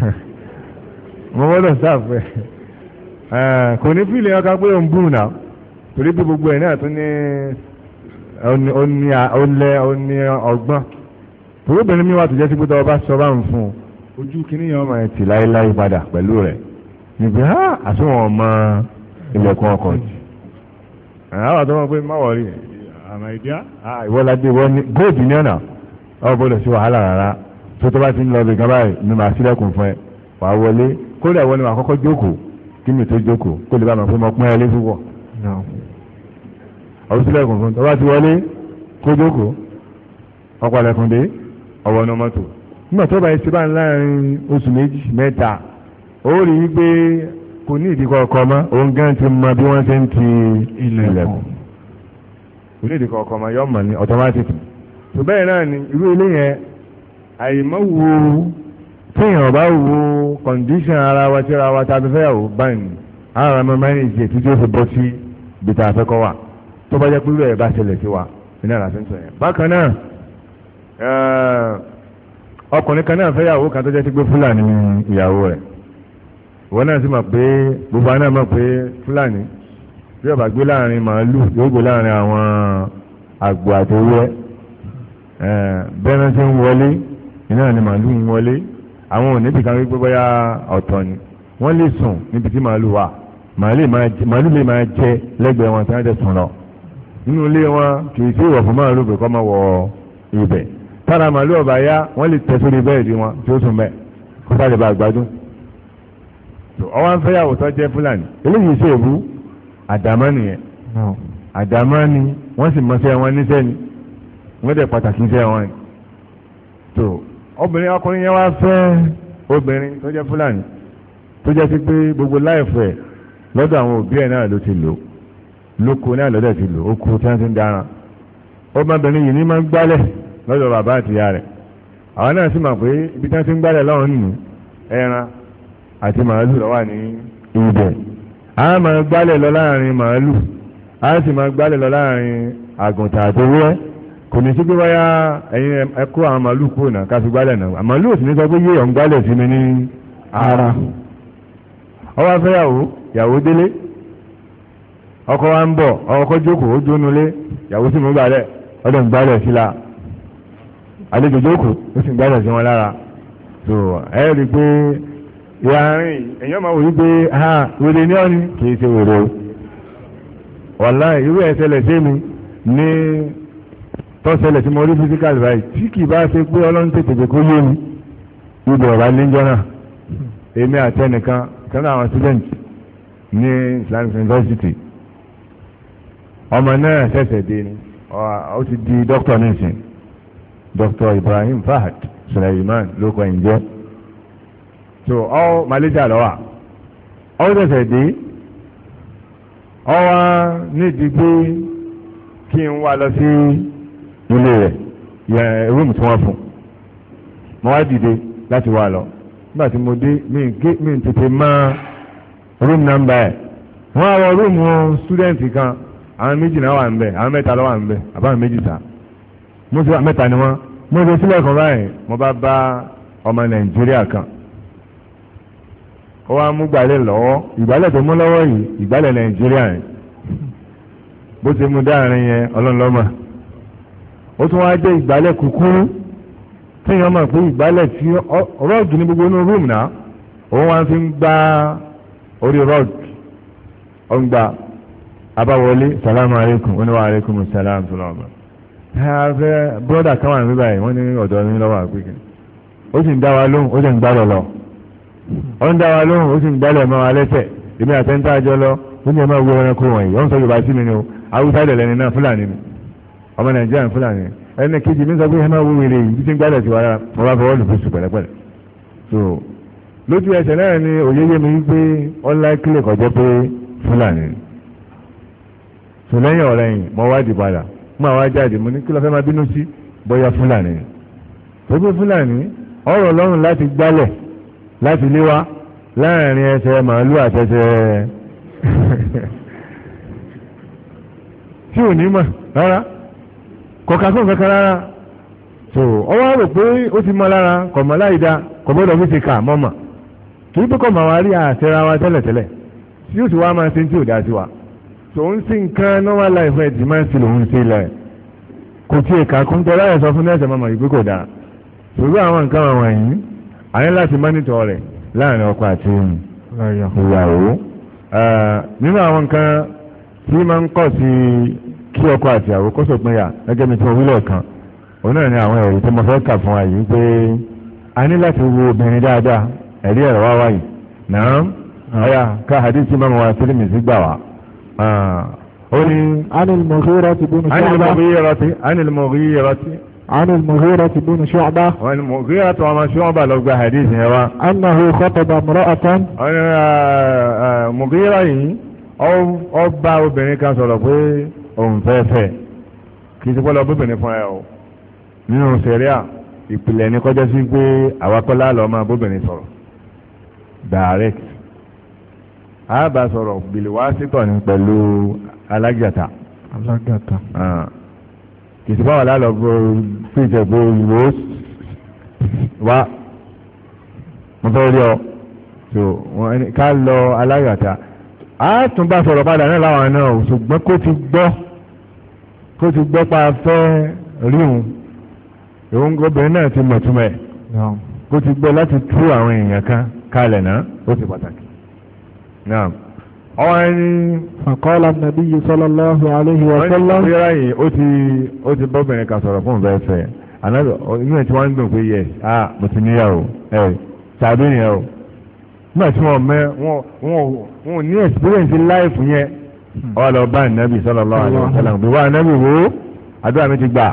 mo wọ́dọ̀ sáfẹ́ kò ní fílẹ̀ ọkà pé òun bùn náà torí pé gbogbo ẹ̀ náà tún ní ọlẹ́ ọní ọgbọ́n torí obìnrin mi wà tó jẹ́ sí pé tọ́ ọ sọ bá ń fún un ojú kìnìyàn máa ti láéláé padà pẹ̀lú rẹ̀ nígbà àsùnwọ̀n máa ilẹ̀kùn ọkọ̀ jù. àwọn àtọ́wọ́ pé má wọ̀rí àmà ìdíá ìwọ́ládé wọ́n ní góòdù ní ọ̀nà ọ̀ gbọ́dọ̀ sí wàhálà rárá tó tó bá ti ń lọ bìkan báyìí ni màá sílẹ̀kùn fún ẹ wàá wọlé kódà wọlé màá kọ́kọ́ jókòó kí mi tó jókòó kó lè bá màá pé mo pín ẹ lé fúwọ̀. ọ̀rọ̀ sílẹ̀kùn fún tó bá ti wọlé kó jókòó ọ̀pọ̀lẹ̀kùn dé ọ̀wọ́ ní mọ́tò nígbà tó bá yẹ ṣe bá kò ní ìdíkọ̀ ọkọ̀ mọ́ òun gan ti mọ bí wọ́n ṣe ń ti ilẹ̀kùn kò ní ìdíkọ̀ ọkọ̀ mọ́ yọ mọ̀ ní ọ̀tọ́mátìkì tó bẹ́ẹ̀ náà ni irú ilé yẹn àyèmọ́ wo téèyàn bá wo kọ̀ǹdíṣàn ara wa tíra wa tàbí fẹ́yàwó báyìí ara mi máa ń ṣe títí ó fi bọ́ sí bìtà àfẹ́kọ́ wa tó bá jẹ́ pé bẹ́ẹ̀ bá ṣẹlẹ̀ sí wa iná ìlà tuntun yẹn. bákan náà ọkùnrin kan náà fẹ́yàwó kan tó jẹ́ ti gbé fúlàní ìyàwó rẹ̀ ìwọ náà sì mọ̀ pé gbogbo àná mọ̀ pé fúlàní bí ọba gbé láàrin màálù yóò gbé láàrin àwọn àgbò àti ewúrẹ́ bẹ́ẹ̀ náà ti ń wọlé iná ni màálù ń wọlé àwọn òníbì kan wípé bóyá ọ̀tọ̀ ni wọ́n lè sùn níbi tí màálù wà màálù lè máa jẹ lẹ́gbẹ̀ẹ́ wọn tí wọ́n jẹ sùn lọ nínú ilé wọn kì í sí ìwọ̀ fún màálù pé kọ́ máa wọ ibẹ̀ tára màálù ọ̀bà yá wọ́n lè tẹ́ sórí bẹ́ẹ̀dì wọn tí ó sùn bẹ́ẹ̀ kó sáré bá gbádùn ọwọ́ ń fẹ́ yàwó tó jẹ́ fúlàní eléyìí ṣe èbú àdámọ́ nìyẹn àdámọ́ ni wọ́n sì mọṣẹ́ wọn níṣẹ́ ni wọ́n dẹ̀ pàtàkì iṣẹ́ wọn ni tó obìnrin ọkùnrin yẹn wá fẹ́ obìnrin tó jẹ́ fúlàní tó jẹ́ sí pé gbogbo láìfẹ́ lọ́dọ̀ àwọn òbí ẹ̀ náà ló ti lò lóko náà lọ́dọ̀ ti lò oko tí wọ́n ti ń dára ọmọbìnrin yìí ní máa ń gbálẹ̀ lọ́dọ̀ bàbá àtìyá rẹ̀ àwọn náà sì mọ̀ pé ibi tí wọ́n ti ń gbálẹ̀ lọ́rùn nìyí ẹran àti màálù ló wà ní ibẹ̀ a máa gbálẹ̀ lọ láàrin màálù a sì máa gbálẹ̀ lọ láàrin àgùntàn àtòwúrẹ́ kò ní sí pé báyà ẹ̀yin ẹ àwọn màálù kúrò náà ká fi gbálẹ̀ náà màálù ò sì ní sọ pé yíyọ̀ ń gbálẹ̀ sí mi ní ara ọwọ́ afẹ́yàwó yàwó délé ọkọ wa ń bọ̀ ọkọ jókòó ó dónulé yàwó sì mú gbálẹ̀ ọdún gbálẹ̀ sí la àlejò jókòó ó sì gbálẹ̀ sí wọn lára so ẹ rí i pé ìwà àárín yìí èèyàn máa wò wípé wèrè ní ọ́ni kì í ṣe wèrè o wàlá irú ẹ̀ ṣẹlẹ̀ sí mi ní tọ́sẹlẹ̀ tí mo rí physical right tí kì í bá ṣe pé ọlọ́run tètè jẹ́ kó yé mi ibi ọ̀rá níjọ́ náà èmi àtẹnìkan kan náà àwọn student ní Islamic University ọmọ náà ṣẹ̀ṣẹ̀ dé ni ó ti di doctor nísìn Doctor Ibrahim Fahad Suleiman ló kọ́ ẹ̀ ń jẹ́ so ọ Malaysia lọ́wà ọ ṣẹ̀ṣẹ̀ dé ọ wá nídìí pé kí n wá lọ sí ilé rẹ̀ yẹn rúùmù tí wọ́n fún mo wá dìde láti wá lọ nígbà tí mo dé mi gé mi tètè mọ rúùmù nọ́mbà ẹ̀ wọ́n á wọ rúùmù stúdẹ̀ǹtì kan àwọn méjì náà wà ń àwọn mẹ́ta ló wà ń àbáwọn méjì ta mo ti wà ni wọ́n mo ti sílẹ̀ kan báyìí mo bá bá ọmọ Nàìjíríà kan ó wá mú gbálẹ̀ lọ́wọ́ ìgbálẹ̀ tó mú lọ́wọ́ yìí ìgbálẹ̀ nàìjíríà yẹn bó ti mú dáàrin yẹn ọlọ́nlọ́mà ó tún wá jẹ́ ìgbálẹ̀ kúkúrú téèyàn mọ̀ pé ìgbálẹ̀ tí rọ́ọ̀gì ní gbogbo inú rúùmù náà òun wá fi ń gbá orí rọ́ọ̀gì ó ń gbà abáwọlé salamu aleykum ó ní wa aleykum salam tó lọ́wọ́ bọ́dà káwọn àmì báyìí wọ́n ní ọ̀dọ́ mi lọ́wọ́ àgbègbè ó sì ń dá wa lóhùn ó sì ń gbá lọ́lọ́ ọ̀n dá wa lóhùn ó sì ń gbálẹ̀ ọmọ wa lẹ́sẹ̀ èmi àtẹ́ńtà àjọ lọ ó ní ọmọ ìwé ẹranko wọ̀nyí ó sọ Yorùbá sí mi ni o Haúsá ìdẹ̀lẹ̀ ni náà Fúlàní ni ọmọ Nàìjíríà ni Fúlàní ẹni kejì mi sọ pé ẹ máa wo wèrè yìí tí ń gbálẹ̀ sí wa mo bá fọwọ́ lùfẹ́ sùn pẹ̀lẹ́pẹ̀lẹ́ so lójú ẹsẹ̀ náà ni òye yé mi wípé ọ̀la kílè kọjọ́ pé Fúlàní ni so lẹ́yìn ọ̀rẹ́yìn mo wá dì padà mo àwa jáde mo ní kí lọ́ fẹ́ máa bínú sí bóyá láti lé wa láàrin ẹsẹ̀ màálù àtẹsẹ̀ tí ò ní mà rárá kọkàkùn kankan rárá so ọwọ́ rò pé ó ti mọ lára kọ̀mọ́ láìda kọ̀mọ́dọ̀ fi ti kà mọ́mà kì í pé kọ̀mọ́ wa rí àtẹ̀ra wa tẹ́lẹ̀tẹ́lẹ̀ tí yóò sì wá máa ṣe tí ò dá sí wa so ń sí nǹkan normal life ẹ̀ ti máa ń sí lòun sí ilẹ̀ kò tí ì kà kún tẹ́lá ẹ̀ sọ fún ẹ̀sẹ̀ mọ́mọ́ yìí pé kò dáa ṣùgbọ́n àwọn nǹkan wọ̀nyí àyẹ́ láti mọ́nítọ̀ rẹ̀ láàrin ọkọ àti ìyàwó nínú àwọn nǹkan tí máa ń kọ̀ sí kí ọkọ àti ìyàwó kó sòpinya gẹ́gẹ́ bí tí wọ́n wílọ̀ kan òun náà ni àwọn ẹ̀rí tó mo fẹ́ kà fún wa yìí pé a ní láti wo obìnrin dáadáa ẹ̀rí ẹ̀rọ wá wáyìí náà ọ̀yà ká hadith máa wà Tirmidhi gbà wá. ó ní. anil Mughirati bin Shu'ba. anil Mughirati anil Mughirati. عن المغيرة بن شعبة والمغيرة وما شعبة لو بحديث هوا أنه خطب امرأة مغيرة أو أبا وبني كان صلبي أنفافي kì í ti pọ́lọ́ bóbìnrin fún ẹ o nínú sẹ̀ríà ìpìlẹ̀ ní kọjá sí pé àwakọ́lá lọ máa bóbìnrin sọ̀rọ̀ direct a bá sọ̀rọ̀ bìlìwá sítọ̀ ní pẹ̀lú alágàtà. alágàtà. Ah ìsìnkú àwọn alálọ fíjẹ gbó ìwò wá mo fẹ́ rí ọ so ká lọ aláyàtà a tún bá sọ̀rọ̀ padà náà láwọn náà ṣùgbọ́n kó ti gbọ́ kó ti gbọ́ pa fẹ́ ríhun òun obìnrin náà ti mọ̀túmọ̀ ẹ̀ kó ti gbọ́ láti tú àwọn èèyàn kan kalẹ̀ náà ó ti pàtàkì náà ọwọ́n ní. àkọọ́lá nàbí yìí sallallahu alaihi wa sallam. wọ́n ní ìráyè ó ti ó ti bọ́bìnrin kan sọ̀rọ̀ fún ìfẹ́ fẹ́ anábì nígbà tí wọ́n ń dùn pé yẹ a ah, mo ti níyàwó ẹ tàbí nìyẹn o nígbà tí wọ́n mẹ wọn ò ní experience life yẹn ọwọ́ hmm. lọ bá nàbí sallallahu alaihi wa hmm. sallam bí wọ́n nàbí wo àdúrà mi ti gbà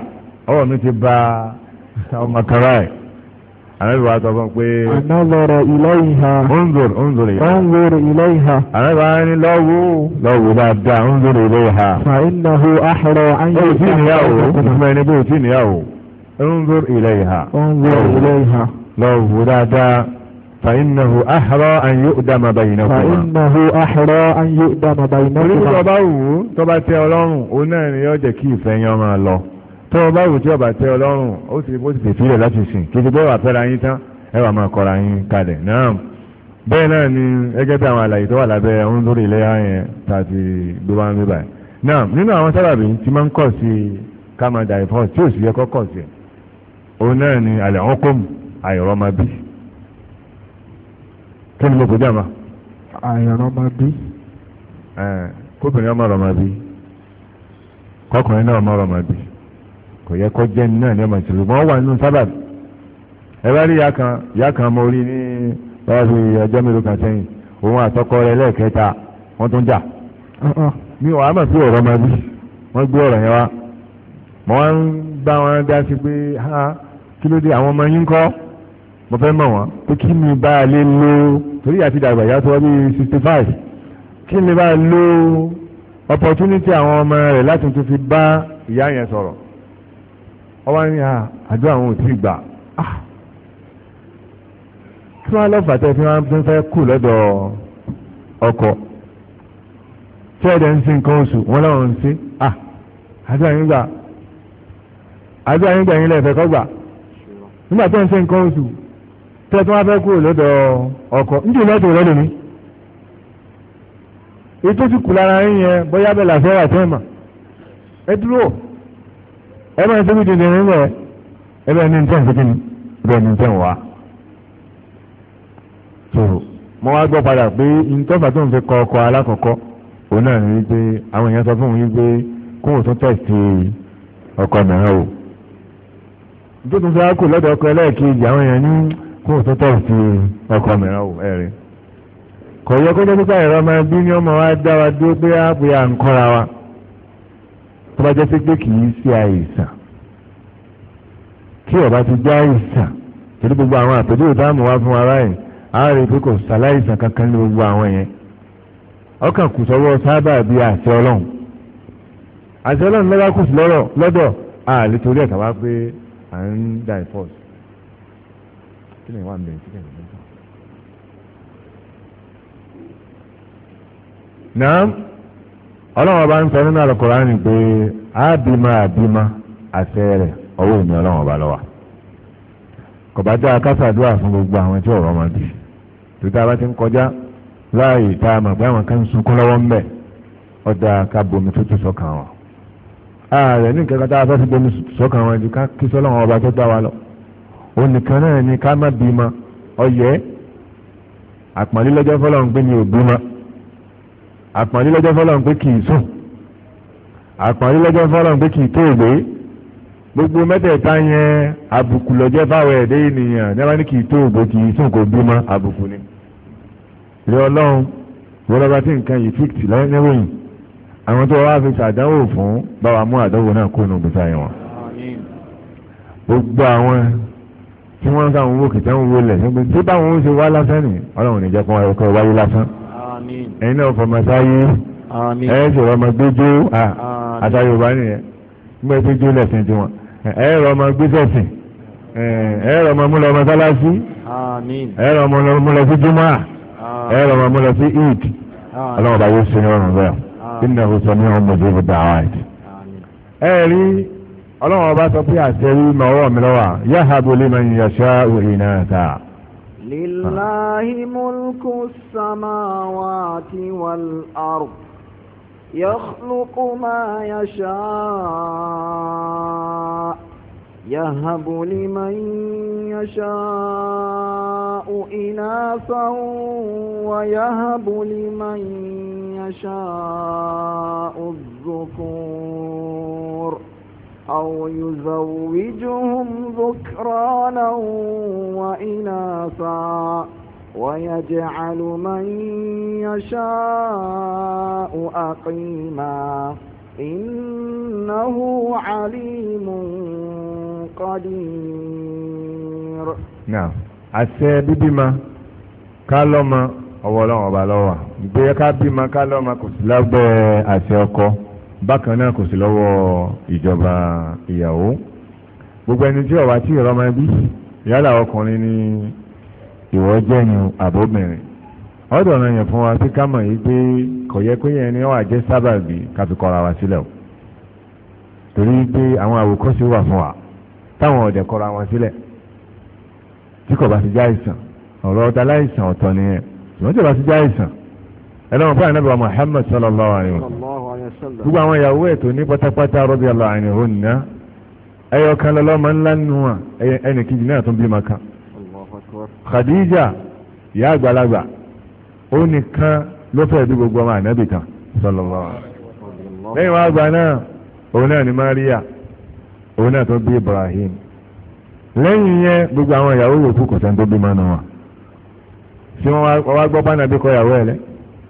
ọwọ́ mi ti ba ọmọ kara ẹ̀. Ànábì wa sọ fún pé. Ànàlọ́rọ̀ ilayha. Unzur unzur ilayha. Unzur ilayha. Ànábì wa ní lọ́wọ́ lọ́wọ́ dáadáa unzur ilayha. Fa innahu ahra an yóò tí níyàwó. Ìfúnmẹ́ ni tí níyàwó. Unzur ilayha. Unzur ilayha. Lọ́wọ́ dáadáa. فإنه أحرى أن يؤدم بينهما فإنه أحرى أن يؤدم بينهما. Orí tó bá wù ú tó bá náà ni yóò jẹ́ kí ìfẹ́ yẹn tó o bá wù tí ọba tẹ ọlọ́run ó ti bó ti tè fílẹ̀ láti sìn kí ti bẹ́ẹ̀ wà fẹ́ra yín tán ẹ wà máa kọ́ra yín kalẹ̀ náà bẹ́ẹ̀ náà ni gẹ́gẹ́ bí àwọn àlàyé tó wà lábẹ́ ọ̀hún lórí ilẹ̀ yẹn tàbí gbé wá ń bí báyìí náà nínú àwọn sábàbí tí máa ń kọ̀ sí ká máa tí ò sì yẹ kọ́kọ̀ sí òun náà ni àlẹ́ wọn kò mú àìrọ́mọbí kí ni mo kò dáàmà. àìrọ́mọbí. kóbìnrin ọmọ rọmọbí kò yẹ kó jẹ́ náà ní ọmọ ìṣòro wọ́n wà nínú sábàbí ẹ bá rí ìyá kan ìyá kan mo rí ní báwa fi ọjọ́ mélòó kan sẹ́yìn òun àtọkọ rẹ̀ lẹ́ẹ̀kẹta wọ́n tún jà uh-uh. mi ò wá mọ̀ sí ọ̀rọ̀ ọmọ bí wọ́n gbé ọ̀rọ̀ yẹn wá mo wá ń bá wọn dá sí pé ha kí ló dé àwọn ọmọ yín kọ́ mo fẹ́ mọ̀ wọ́n pé kí ni bá a lè lo torí àti dàgbà ìyá tó wọ́n bí sixty five kí ni bá a lo opportunity àwọn ọmọ rẹ̀ láti tún fi bá ìyá yẹn sọ̀rọ̀ ọwọ́ ní àdúrà àwọn òtí gbà ah. kí wọ́n lọ́ọ́ fàtẹ́ tí wọ́n fẹ́ kù lọ́dọ̀ ọkọ tí ẹ̀dẹ̀ ń sin nǹkan oṣù wọn lọ́wọ́ ń sí ah. àdúrà yín gbà àdúrà yín gbà yín lẹ́ẹ̀fẹ́ kọ́ gbà nígbà tó ń sin nǹkan oṣù tẹ́ tí wọ́n fẹ́ kù lọ́dọ̀ ọkọ níjù lọ́dọ̀ rẹ lómi ètò ti kù lára yín yẹn bóyá bẹ́ẹ̀ làfẹ́ wà tẹ́ mà ẹ dúró ẹ máa ṣe wíjì nìyẹn nílẹ̀ ẹ bẹ́ẹ̀ ní nǹkan ṣẹ́kìnì bẹ́ẹ̀ ní nǹkan wá. tó mo wá gbọ́ padà pé ntọ́fà tó ń fi kọ ọkọ̀ alákọ̀ọ́kọ́ òun náà ní wípé àwọn èèyàn sọ fún òun wípé kó òun tún tẹ̀sí ọkọ̀ náà o. tó tún fi á lọ́dọ̀ ọkọ̀ ẹlẹ́ẹ̀kejì àwọn èèyàn ní kó òun tún tẹ̀sí ọkọ̀ mìíràn o ẹ̀rí. kọ̀ọ̀yọ́ kó tó ìrọmọ ẹbí ni ọmọ wa dá wa dúró pé á pè à ń kọ́ra wa tó bá jẹ́ sí pé kì í ṣe àìsàn kí ọba ti jẹ́ àìsàn torí gbogbo àwọn àpèjúwe táàmù wá fún ara yìí á rí i pé kò ṣàláìsàn kankan ní gbogbo àwọn yẹn ọkàn kù sọ́wọ́ sábà bíi àṣẹ ọlọ́run àṣẹ ọlọ́run lọ́dọ̀ kù sí lọ́rọ̀ lọ́dọ̀ àlè torí ẹ̀ka wá pé à ń da ìfọ́s kí ni wà ń bẹ̀rẹ̀ síkẹ̀ lọ́dọ̀. naam ọlọ́run ọba ń sọ nínú àlùkòránì pé ábìmọ àbìmọ àṣẹ rẹ̀ ọwọ́ èmi ọlọ́run ọba lọ́wọ́ kọ̀bájá akásàdúrà fún gbogbo àwọn tí ọ̀rọ̀ máa bì tòtá bá ti ń kọjá láàyè tá a mọ̀ pé àwọn kan ń sunkún lọ́wọ́ ń bẹ̀ ọ̀dà ká bomi tútù sọ́kàn wọn. ààrẹ ní nǹkan tá a fẹ́ fi bomi sọ́kàn wọn ju ká kí sọ́lọ́run ọba tó dá wa lọ. onìkan náà ni ká má bímọ ọ̀yẹ́ àpọ̀nlélọ́jọ́ fọlọ́run pé mi ò bímọ àpọ̀nlé lọ́jọ́ fọlọ́n pé kì í sùn àpọ̀nlé lọ́jọ́ fọlọ́n pé kì í tó ògbé gbogbo mẹ́tẹ̀ẹ̀ta yẹn àbùkù lọ́jọ́ fáwọn ẹ̀dẹ́ ènìyàn ní ní kì í tó ògbé kì í sùn kò bímọ àbùkù ni. ilé ọlọ́run wọ́n bá ti nǹkan yìí fíktì lẹ́yìn àwọn tó wá fi ṣàdánwò fún báwa mú àdánwò náà kó nù gbèsè àyẹ̀wò gbogbo àwọn tí wọ́n ń sáwọn owó kìtẹ́ ń wọlé ṣé báwọn ń ṣe wá lásán ni ọlọ́run ní jẹ́ kó wáyé lásán ẹ̀yin náà fọmọsáyé ẹ̀ ṣe rọmọ gbẹjọ àtà yorùbá nìyẹn gbẹ gbẹjọ lẹ́sìn tiwọn ẹ̀ rọmọ gbẹsẹ̀sìn ẹ̀ rọmọ múlọ mọ́sálásí ẹ̀ rọmọ múlọ sí jùmọ́ ẹ̀ rọmọ múlọ sí eid ọlọ́wọ́ bá yóò ṣe ní ọrùn bẹ́ẹ̀ nínú ìwòsàn ní ọmọ ìdíbò dáhà ẹ̀ rí ọlọ́wọ́ bá sọ pé àṣẹ rí mọ́ ọwọ́ mi lọ́wọ́ yáhàbó lè máa ń yàṣá òhìn náà ta. لله ملك السماوات والأرض يخلق ما يشاء يهب لمن يشاء إناثا ويهب لمن يشاء الذكور أو يزوجهم ذكرانا وإناثا ويجعل من يشاء أقيما إنه عليم قدير نعم àṣẹ bíbímọ ká lọ́mọ ọwọ́ Ọlọ́run ọba ló wà ìgbéyẹ ká bímọ ká lọ́mọ kò sí lábẹ́ àṣẹ ọkọ bákan náà kò sí lọ́wọ́ ìjọba ìyàwó gbogbo ẹni tí ọ̀wá tí ìrọ́mọ ẹbí yálà ọkùnrin ni ìwọ jẹ́yìn àbóbìnrin ọ̀dọ̀ ọ̀nà yẹn fún wa sí kámọ̀ yìí pé kò yẹ pé yẹn ni wà jẹ́ sábàbí káfí kọra wa sílẹ̀ o torí pé àwọn àwòkọ́ṣe wà fún wa táwọn ọ̀dẹ̀ kọra wọn sílẹ̀ tí kò bá ti já ìsàn ọ̀rọ̀ ọ̀tá láìsàn ọ̀tọ̀ nìyẹn ṣùgbọ́n tí kò bá ti já ìsàn ẹlọ́run fún ànábì wa Muhammad sallallahu alayhi wa sallam gbogbo àwọn ìyàwó ẹ̀ tó ní pátápátá radiyallahu anhunna ẹyọ kan lọ́lọ́mọ ńlá nù wọn ẹnì kejì náà tún bímọ kan Khadija ìyá àgbàlagbà ó nìkan ló fẹ́ bí gbogbo ọmọ ànábì kan sallallahu lẹ́yìn wọn àgbà náà òun náà ni Maria òun náà tó bí Ibrahim lẹ́yìn yẹn gbogbo àwọn ìyàwó yòókù kò sẹ́ni tó bímọ nù wọn ṣé wọ́n wá gbọ́ bá nàbí kọ́ ìyàwó ẹ̀ lẹ́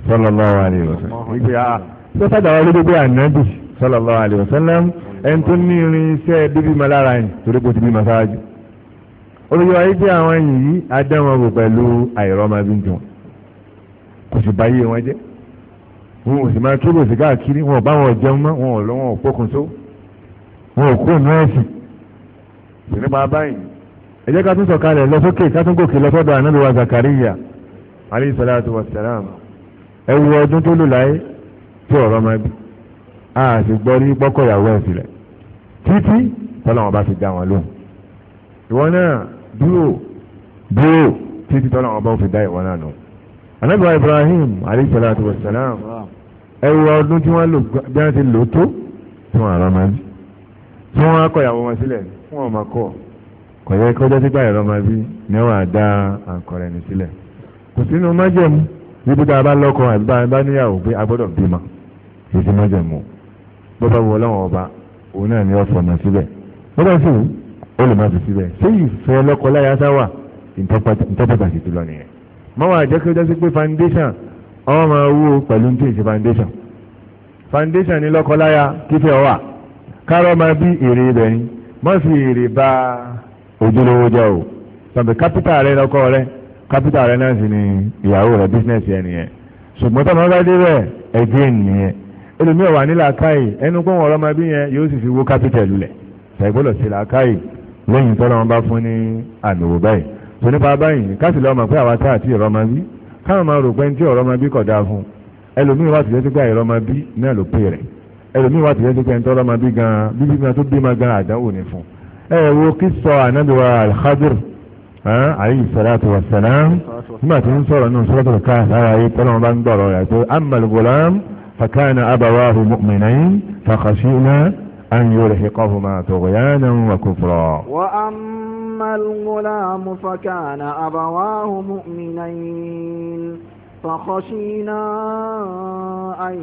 sallallahu alaihi wasallam tó sàdáwà ló gbogbo ànábì sallallahu alaihi wasallam ẹni tó ní irin iṣẹ́ bíbí ma lára yìí torí kò ti bí ma ṣáájú olùyọ ayé jẹ́ àwọn ẹ̀yìn yìí adẹ́wọ̀n wò pẹ̀lú àìrọ́mọ bí jọ kò sì báyé wọn jẹ́ wọn ò sì máa kí lòsì káàkiri wọn ò bá wọn jẹun mọ́ wọn ò lọ wọn ò pokùn só wọn ò kó nù ẹ̀sìn sì nípa báyìí ẹ jẹ́ ká tún sọ̀kalẹ̀ lọ sókè ká tún gòkè lọ sọ́dọ̀ ànábì wa Zakariya alayhi salatu wa salam ẹ wo ọdún tó lò láyé tí ọ̀rọ̀ máa bí a sì gbọ́ rí gbọ́kọ̀ ìyàwó ẹ̀ sílẹ̀ títí tọ́lọ́wọ́n bá fi dá wọn lóhùn ìwọ náà dúró dúró títí tọ́lọ́wọ́n bá fi dá ìwọ náà nù. anábìwá Ibrahim alayhi salatu wa salam ẹrù ọdún tí wọ́n lò bí wọ́n ti lò tó tí wọ́n àrọ́ máa bí tí wọ́n akọ ìyàwó wọn sílẹ̀ fún ọmọ kọ́ kò yẹ kí ọjọ́ sígbà ìrọ́ máa bí ni wọ́n títí májẹ̀mú bó bá wọ ọlọ́wọ́n ọba òun náà ni ọ fọ̀nà síbẹ̀ bó bá sì ó lè má fi síbẹ̀ ṣé ìfẹ́ lọ́kọ láyà sáwà ìtọ́pàtàkì tó lọ nìyẹn mọ́wàá jẹ́ kí ó jásí pé foundation ọmọ máa wú pẹ̀lú tí ìṣe foundation foundation ni lọ́kọ láyà kífẹ́ ọwà kárọ́ máa bí èrè ibẹ̀ ni mọ́ fi èrè bá ojúlówó jẹ́ o tàbí capital rẹ lọ́kọ rẹ capital rẹ náà sì ni ìyàwó rẹ business yẹn nìyẹn ṣùgbọ́n tó máa bá dé bẹ́ẹ̀ nìyẹn ẹlòmí ọ̀wà ni làákàyè ẹnu pé wọn ọlọ́mọ bí yẹn yóò sì fi wó kápítẹ̀lù lẹ̀ ṣàìgbọ́lọ̀ sí làákàyè lẹ́yìn tọ́lọ́ wọn bá fún ní àmì wò báyìí tó nípa báyìí káṣí lọ́mọ pé àwa tá àti ìrọ́mọ bí káwọn máa rò pé ní tí ọ̀rọ́mọ bí kódà fún ẹlòmí wà tó yẹ sí pé àìrọ́mọ bí náà ló pè rẹ̀ ẹlòmí wà tó yẹ sí pé ntọ́lọ́mọ bí gan bíbí gan tó bímọ gan àdánwò ní fún ẹ wo kí amal gulam فكان أبواه مؤمنين فخشينا أن يرهقهما طغيانا وكفرا وأما الغلام فكان أبواه مؤمنين فخشينا أن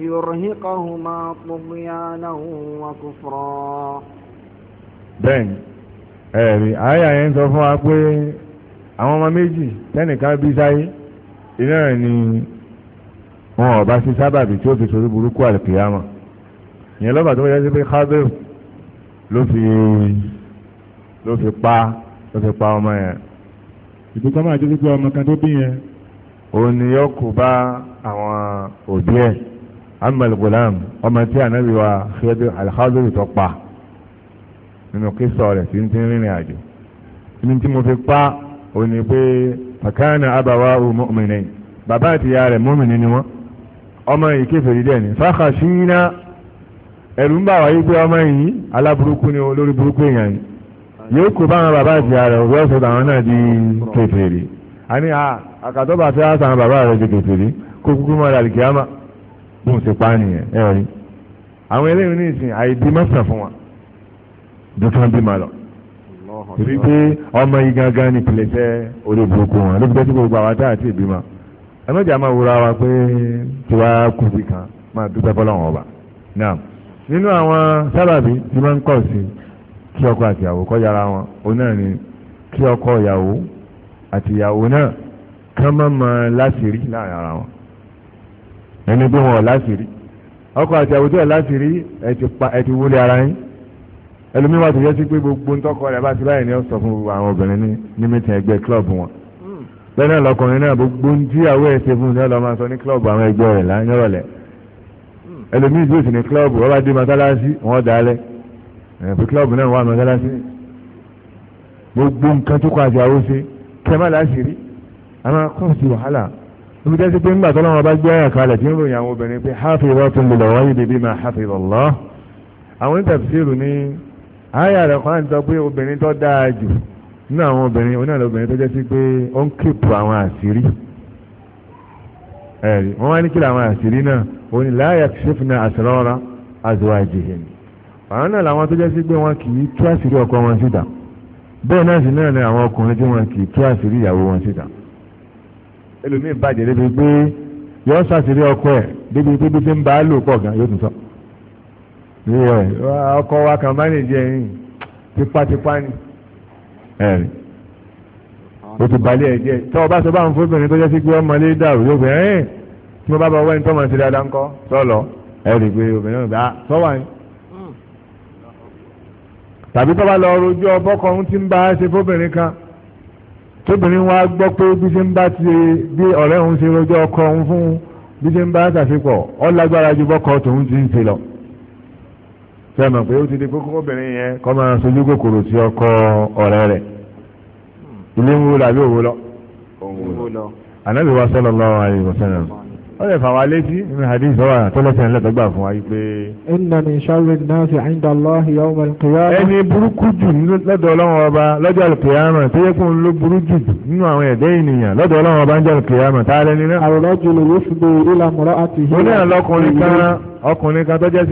يرهقهما طغيانا وكفرا بين ẹ̀rí àyà yẹn sọ fún wa pé àwọn ọmọ méjì tẹ́nìkan bí sáyé iná ni wọn ọba sí sábàbí tí ó fi sori burúkú àlùkìyàmà ìyẹn lọ́ba tó wáyé sí pé Khadir ló fi ló fi pa ló fi pa ọmọ yẹn. ìdókòwò máa jẹ́ pé ọmọ kan tó bí yẹn. òun ni yóò kú bá àwọn òbí ẹ̀ amal gulam ọmọ tí anabi wa Khadir tó pa nínú kí sọ tí ń tí ń rìnrìn àjò ní tí mo fi pa òun ni pé fakana abawahu mu'minin bàbá àti ìyá rẹ̀ mu'minin ni wọ́n ọmọ yìí kéfèrè díẹ̀ ni fáka sí iná ẹ̀rù ń bà wáyé pé ọmọ yìí aláburúkú ni olórí burúkú èèyàn ni yóò kó báwọn bàbá àti ààrẹ ọ̀gbẹ́ ọ̀sọ̀ tàwọn náà di kéfèrè a ní àkàtọ́bà fẹ́ àtàwọn bàbá rẹ̀ di kéfèrè kó kúkú mọ́ àdàlì kíámà bóun ti pa nìyẹn ẹ rí àwọn eléyìí ní ìsìn àìdí mọ́sàn fún wa dùkán bí màlọ́ torí pé ọmọ yìí gangan ní ìpìlẹ̀ṣẹ́ olóburúkú wọn ló fi jẹ́ sí gbogbo àwọn àti àti ìbímọ ẹ̀mẹ́jà máa wúra wa pé tiwa kùbì kan máa dúpẹ́ fọlọ́run ọba náà nínú àwọn sábàbí tí wọ́n ń kọ̀ sí kí ọkọ àti ìyàwó kọ́ yára wọn òun náà ni kí ọkọ ìyàwó àti ìyàwó náà kán má máa láṣìírí láàrin ara wọn ẹni bí wọn ò láṣìírí ọkọ àti ìyàwó tó ẹ̀ láṣìírí ẹ ti wúlé ara yín ẹlòmíwà yẹ sí pé gbogbo ń rẹ̀ bá ti báyìí ni ó sọ fún àwọn obìnrin ní mítìn kílọ̀bù wọn bẹ́ẹ̀ náà lọkùnrin náà gbogbo ń tíyàwó ẹ̀ ṣe fún un ní ọlọ́mọ sọ ní kílọ̀bù àwọn ẹgbẹ́ rẹ̀ lánìrọ̀lẹ́ ẹlòmíì tó sì ní kílọ̀bù ọba dé mọ́sálásí wọn dalẹ̀ ẹ̀fọ́ kílọ̀bù náà wà mọ́sálásí gbogbo nǹkan tó kọ àti àwọn ṣe kẹmà láṣìírí àwọn akọ́ọ̀sì wàhálà omi jẹ́ sí pé ńgbà tọ́lọ́wọ́n bá gbé ẹ̀yà kalẹ̀ tí ń ròyìn àwọn obìnrin pé nínú àwọn obìnrin onílẹ̀ obìnrin tó jẹ́ sí pé ó ń kíìpù àwọn àṣírí ẹ̀rí wọ́n wá ní kí làwọn àṣírí náà ó ní láàyè ṣẹ́fúnà àṣírọ́ra azwajihin àwọn náà làwọn tó jẹ́ sí pé wọ́n kì í tú àṣírí ọkọ wọn síta bẹ́ẹ̀ náà sì náà ni àwọn ọkùnrin tí wọ́n kì í tú àṣírí ìyàwó wọn síta ẹlòmíín bàjẹ́ débi pé yọ sàṣírí ọkọ ẹ̀ débi pé bí ti ń bá a lò pọ̀ gan yóò tún sọ ni ẹ̀rì o ti balẹ̀ ẹ̀ jẹ́ tọ́ ọ bá sọ bá ń fóbìnrin tó jẹ́ sí pé ọmọ lé dàrú yóò fi ẹ̀ tí mo bá bá wẹ́ni tọ́mọ ti dáadáa ń kọ́ sọ́lọ ẹ̀rì pé obìnrin náà bá sọ́wọ́ yín tàbí tọ́ bá lọ rojú ọbọ̀kọ̀ ń ti ń bá ṣe fóbìnrin kan tóbìnrin wa gbọ́ pé bí ṣe ń bá ti bí ọ̀rẹ́ òun ṣe rojú ọkọ òun fún bí ṣe ń bá ṣàṣepọ̀ ó sẹ́mọ̀ pé ó ti di kókó obìnrin yẹn kọ́ máa sojú kòkòrò sí ọkọ ọ̀rẹ́ rẹ̀ ilé ń wo làbí òwò lọ. ànábì wa sallallahu alaihi wasallam ó lè fà wá létí nínú hadith ọ̀rọ̀ àtọ́lẹ́sẹ̀ ńlẹ̀ fún wa yìí pé. inna min sharri nasi inda Allahi yawm al-qiyamah. ẹni burúkú jù lọ́dọ̀ ọlọ́run ọba lọ́jọ́ al-qiyamah tó yẹ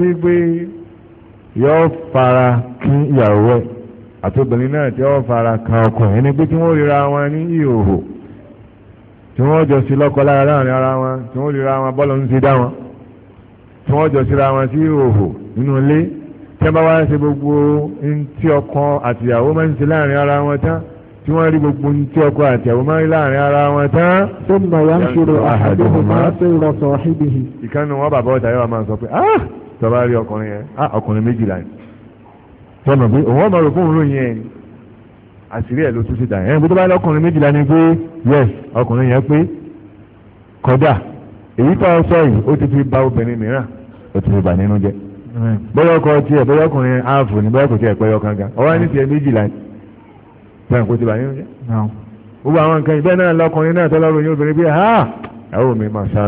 yóò fara kí ìyàwó ẹ̀ àtòbìnrin náà tí ó fara kan ọkọ ẹ̀ ni pé kí wọ́n ríra wọn ní ìhòhò tí wọ́n jọ sí lọ́kọ lára láàrin ara wọn tí wọ́n ríra wọn bọ́ọ̀lù ń ti dá wọn tí wọ́n jọ síra wọn sí ìhòhò nínú ilé tí wọ́n bá wá ṣe gbogbo ntí ọkọ àtìyàwó máa ń ṣe láàrin ara wọn tán tí wọ́n rí gbogbo ntí ọkọ àtìyàwó máa ń rí láàrin ara wọn tán. tó mọ̀ ń ṣòro àhàdùn máa ń ṣe ìrọ̀sọ̀ tọ́ba rí ọkùnrin yẹn á ọkùnrin méjìlá yẹn tọ́nà pé òun ọmọ rògbò òun ròyìn ẹ̀ àṣírí ẹ̀ ló tún síta ẹ̀ tó bá rí ọkùnrin méjìlá ni pé yes ọkùnrin yẹn pé kódà èyí tó sọ yìí ó ti fi ba obìnrin mìíràn ó ti fi bà nínú jẹ́ bóyá ọkọ tiẹ̀ bóyá ọkùnrin áàfù ni bóyá kò tiẹ̀ pẹ́yọ kankan ọwọ́ ní tiẹ̀ méjìlá ni tẹ̀wọ̀n kò ti bà nínú jẹ́ gbogbo àwọn nǹkan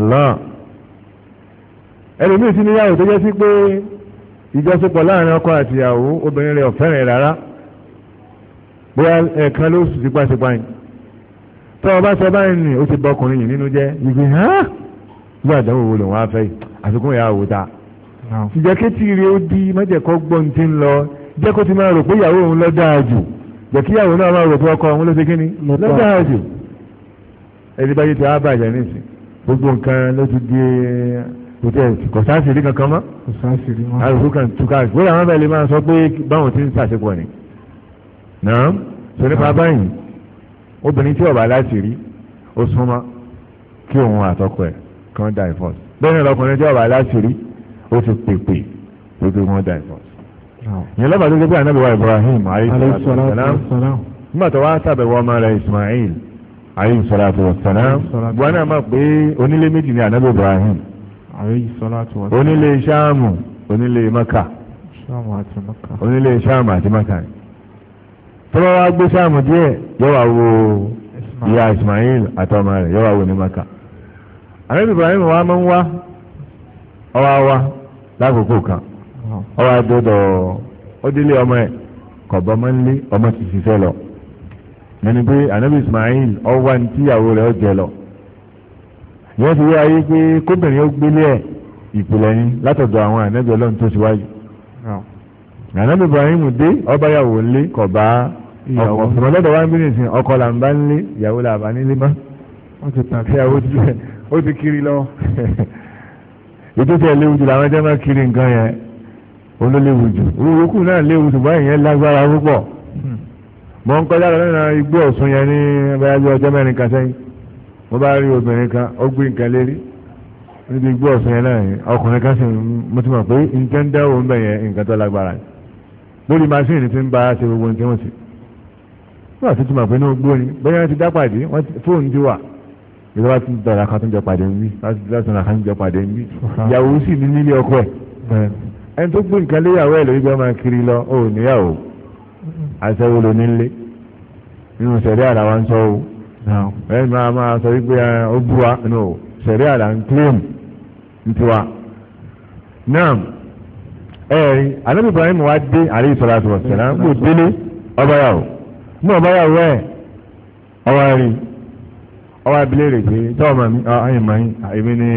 ìbẹ́ ẹlòmíì ti níyàwó tó jẹ́ sí pé ìjọsọpọ̀ láàrin ọkọ àtìyàwó obìnrin rẹ̀ ọ̀fẹ́ rẹ̀ rárá bóyá ẹ̀ẹ̀kan ló sì tipátipá yìí tọ́ ọ bá sọ báyìí nì ó ti bọ ọkùnrin yìí nínú jẹ́ ìgbé hàn bí àdánwò wo lòun á fẹ́ yìí àfikún ìyá àwò ta ìjẹ́ kétí rí ó di mọ́jẹ̀kọ́ gbọ́n ti ń lọ jẹ́ kó ti máa rò pé ìyàwó òun ló dáa jù jẹ́ kí ìyàwó náà máa rò pé ọkọ òun ló ṣe kí ni ló dáa jù ẹni báyìí ti á bàjẹ́ nísìn gbogbo nǹkan ló ti di kò tẹ kò sáàsìrí kankan mọ́ àrùkù kan tú káàkiri wíwá àwọn bẹ́ẹ̀ lè máa sọ pé báwọn ti ń sàṣepọ̀ ni náà sọ nípa báyìí obìnrin tí ọba láti rí ó súnmọ́ kí òun àtọkọ ẹ̀ kan divorce bẹ́ẹ̀ ni ọkùnrin tí ọba láti rí ó ti pèpè ó ti wọ́n divorce. ìyẹn lọ́ba tó ṣe pé ànábì Ibrahim alayhi salam nígbà tó wá sàbẹ̀wò ọmọ rẹ̀ Ismail alayhi salatu wa salam buhari náà mọ̀ pé onílé méjì ni ànábì Ibrahim onílé sáàmù onílé maka onílé sáàmù àti maka ni tọ́ba wa gbé sáàmù díẹ̀ yóò wá wo ìyá Ismail àtọmọ rẹ̀ yóò wá wo ní maka àrẹ́bí Ibrahim wa máa ń wá ọwọ́ wa lákòókò kan ọwọ́ àdọ́dọ̀ ọdílé ọmọ ẹ̀ kọ̀bọ́ máa ń lé ọmọ ti ṣiṣẹ́ lọ ẹni pé ànábì Ismail ọwọ́ ní tíyàwó rẹ̀ ọ jẹ lọ ìyẹn ti yé ayé pé kóbìnrin ó gbélé ẹ̀ ìpìlẹ̀ yín látọ̀dọ̀ àwọn ànábì ọlọ́run tó síwájú ànábì Ibrahim dé ọba yàwó ńlé kọ̀ bá ọkọ ìmọ̀lẹ́dọ̀ wá ń bí nìsín ọkọ là ń bá ńlé ìyàwó là bá nílé mọ́ ó ti kiri lọ ètò tí ẹ léwu jù làwọn ẹjẹ máa kiri nǹkan yẹn olóléwu jù òkú náà léwu ṣùgbọ́n ìyẹn lágbára púpọ̀ hmm. mọ̀ ń kọjá lọ igbó ọ̀sùn yẹn ní abẹ́yájú ọjọ́ mẹ́rin kan sẹ́yìn mo bá rí obìnrin kan ó gbé nǹkan lérí níbi igbó ọ̀sẹ̀ náà yẹn ọkùnrin kan sì mo ti mọ̀ pé nǹkan dáwọ́ ń bẹ̀ yẹn nǹkan tó lágbára ni lórí masíìnì ti ń bá ṣe gbogbo ní tí wọ́n ṣe ti mọ̀ pé ní ogbó ni bẹ́ẹ̀ wọ́n ti dá pàdé fóònù ti wà ìjọba ti dọ̀rọ̀ kan tó ń jọ pàdé ń bí láti dọ̀rọ̀ kan tó ń jọ pàdé ń bí ìyàwó sì ní ẹ máa máa sọ wípé ó bú wa no sẹ̀rí àlà ń claim ntiwa náà ẹ anábì Ibrahim wa dé alayhi salatu wa salam kò délé ọba yàwó mú ọba yàwó ẹ ọba rí ọba abilé rè pé tọ́ ọmọ mi ọyìn mọ́ yín èmi ni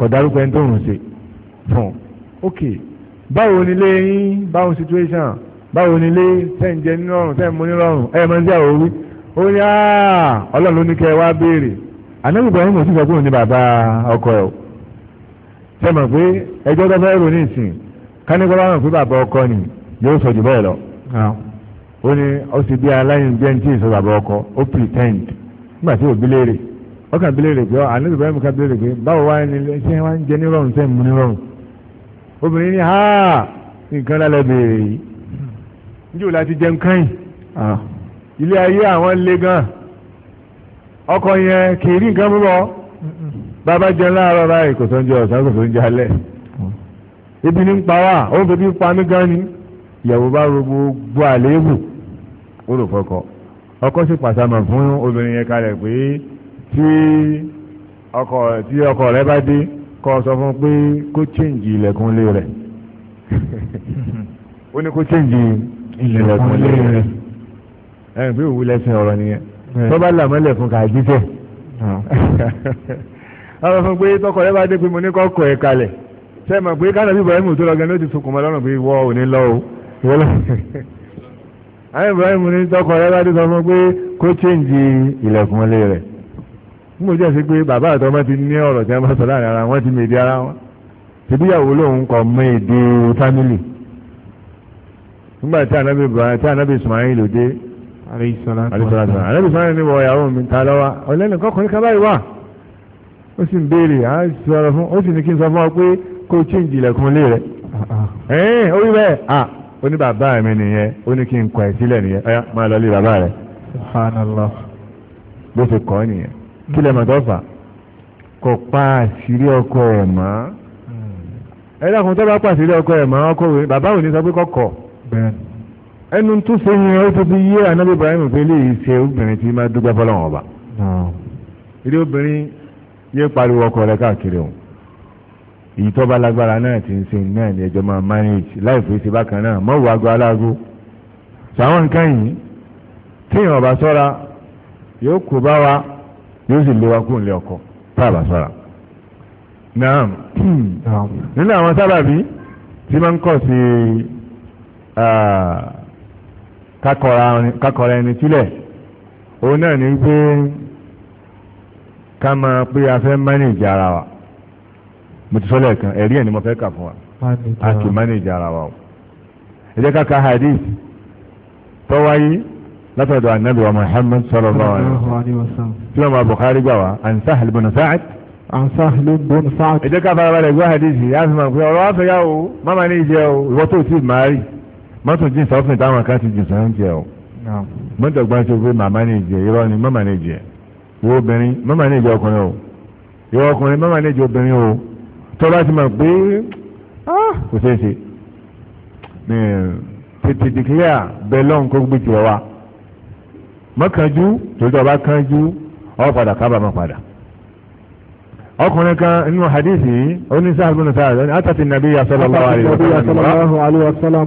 kọ̀dárúkọ ẹni tó ń ṣe fún ok báwo ni lé yín báwo situation báwo ni lé tẹ̀ ń jẹ nínú ọrùn tẹ̀ ń mú nínú ọrùn ẹ̀ máa ń jẹ́ àwọn onye ní ah, ọlọ́run ló ní kẹ́ wá béèrè ànábì bàbá ọkọ ẹ̀ o ṣe mọ̀ pé ẹjọ́ tó fẹ́ rò ìsìn kánígbọ́n bàbá ọkọ ni yóò sọ jù bẹ́ẹ̀ lọ ah. ó ní ó sì bàbá ọkọ ó nígbà tí ò bí léèrè ọkàn bí léèrè pé bí léèrè pé báwo wá ní ṣé wá ń jẹ ní rọrùn sẹ́ mú ní rọrùn obìnrin ha nǹkan lálẹ́ béèrè yìí hmm. ilé ayé àwọn le gan ọkọ yẹn kì í rí nǹkan mú bọ bàbá jẹun láàárọ̀ báyìí kò tó ń jẹ ọ̀sán kò tó ń jẹ alẹ́ ebi ní ń pa wá ó bẹbí ń pa mí gan ni ìyàwó bá ro gbogbo àléébù ó rò fọkọ ọkọ sì pàṣàmà fún obìnrin yẹn kalẹ̀ pé tí ọkọ tí ọkọ rẹ bá dé kó sọ fún pé kó chẹ́ǹgì ilẹ̀kùn rẹ̀ ó ní kó chẹ́ǹgì ilẹ̀kùn rẹ̀ ẹ̀rìn pé òwú lẹ́sìn ọ̀rọ̀ nìyẹn tó bá là mọ́lẹ̀ fún kà jíjẹ́ ọ̀rọ̀ fún pé tọkọ rẹ bá dé pé mo ní kọ́kọ́ ẹ̀ kalẹ̀ ṣe mọ̀ pé kánà bí Ibrahim tó lọ́gẹ́ ló ti sunkún mọ́ lọ́rùn pé ìwọ ò ní lọ o ìwọ lọ. àwọn Ibrahim ní tọkọ rẹ bá dé sọ fún pé kó chéǹjì ilẹ̀kùn ilé rẹ̀ n kò jẹ́ sí pé bàbá àtọmọ ti ní ọ̀rọ̀ tí wọ́n bá sọ láàrin ara wọn ti mèdí ara wọn tìbíyàwó lòun kọ mọ èdè fámìlì nígbà tí Ànábì Ibrahim tí Ànábì Ismail lòdè àlẹ́bí sọ́nà ní wọ ìyàwó mi ta lọ́wọ́ ọ̀lẹ́ni kọkùnrin kan báyìí wà ó sì ń béèrè á sì sọ̀rọ̀ fún ó sì ní kí n sọ fún ọ pé kó o chíǹjì ilẹ̀kùn lé rẹ̀ ah, ah. ẹ̀ẹ́n ó wí bẹ́ẹ̀ à ah, ó ní bàbá mi nìyẹn ó ní kí n kọ̀ ẹ̀ sílẹ̀ nìyẹn ọ̀yá máa lọ lé bàbá rẹ̀ bó ṣe kọ́ nìyẹn kí lẹ́mọ̀ tó fà kò pa àṣírí ọkọ ẹ̀ mọ́ hmm. ẹ dákun tó bá pa àṣírí ọkọ ẹ̀ mọ́ ọkọ bàbá ò sọ pé kọ́kọ́ bẹ́ẹ̀ ẹnu tó ṣe yẹn ó tó fi yé anabi ibrahim pé léyìí ṣe obìnrin tí máa dúpẹ́ fọlọ́wọ́n ọba ilé obìnrin yé pariwo ọkọ rẹ káàkiri o èyí tó bá lágbára náà ti ń ṣe náà ní ẹjọ́ máa manage láìpẹ́ ṣe bákan náà mọ́ wàá gba aláàgó sàwọn nǹkan yìí téèyàn ọba sọ́ra yóò kó bá wa yóò sì lé wa kó nílé ọkọ tá a bá sọ́ra nínú àwọn sábàbí tí máa ń kọ̀ sí ah, kákọ̀ọ̀rọ̀ ẹni sílẹ̀ òun náà ní pé ká máa pé a fẹ́ mánèjì ara wa mo ti sọ lẹ́ẹ̀kan ẹ̀rí ẹ̀ ni mo fẹ́ kà fún wa a kì í mánèjì ara wa o ẹ jẹ́ ká hadith tó wáyé látọ̀dọ̀ anabi wa muhammad sallallahu alaihi wa sallam tí wọ́n máa bukhari gbà wá an sahal bin sa'ad. an sahal bin sa'ad. ẹ jẹ́ ká fara gbọ́ hadith yìí a fi máa pé ọ̀rọ̀ wa fẹ́ yà o má máa ní ìjẹ́ o ìwọ́n tó ti máa rí mọ́tò jìn sọ́fìn táwọn kan ti jìn sọ́fìn jẹ o mọ́tò gbọ́n ṣe pé màmá ní ìjẹ irọ́ ni mọ́mà ní ìjẹ ìwọ obìnrin mọ́mà ní ìjẹ ọkùnrin o ìwọ ọkùnrin mọ́mà ní ìjẹ obìnrin o tó bá ti mọ̀ pé ah, kò ṣeé ṣe tètè dìkìlíà bẹ́ẹ̀ lọ́n kó gbé tiẹ̀ wa mọ́kànjú tó tọ́ bá kánjú ọ̀ padà kábàámọ̀ padà ọkùnrin kan nínú hadithi oníṣẹ́ àgbọ̀nà sáà ní àtàtì nàbí sallallahu alaihi wasallam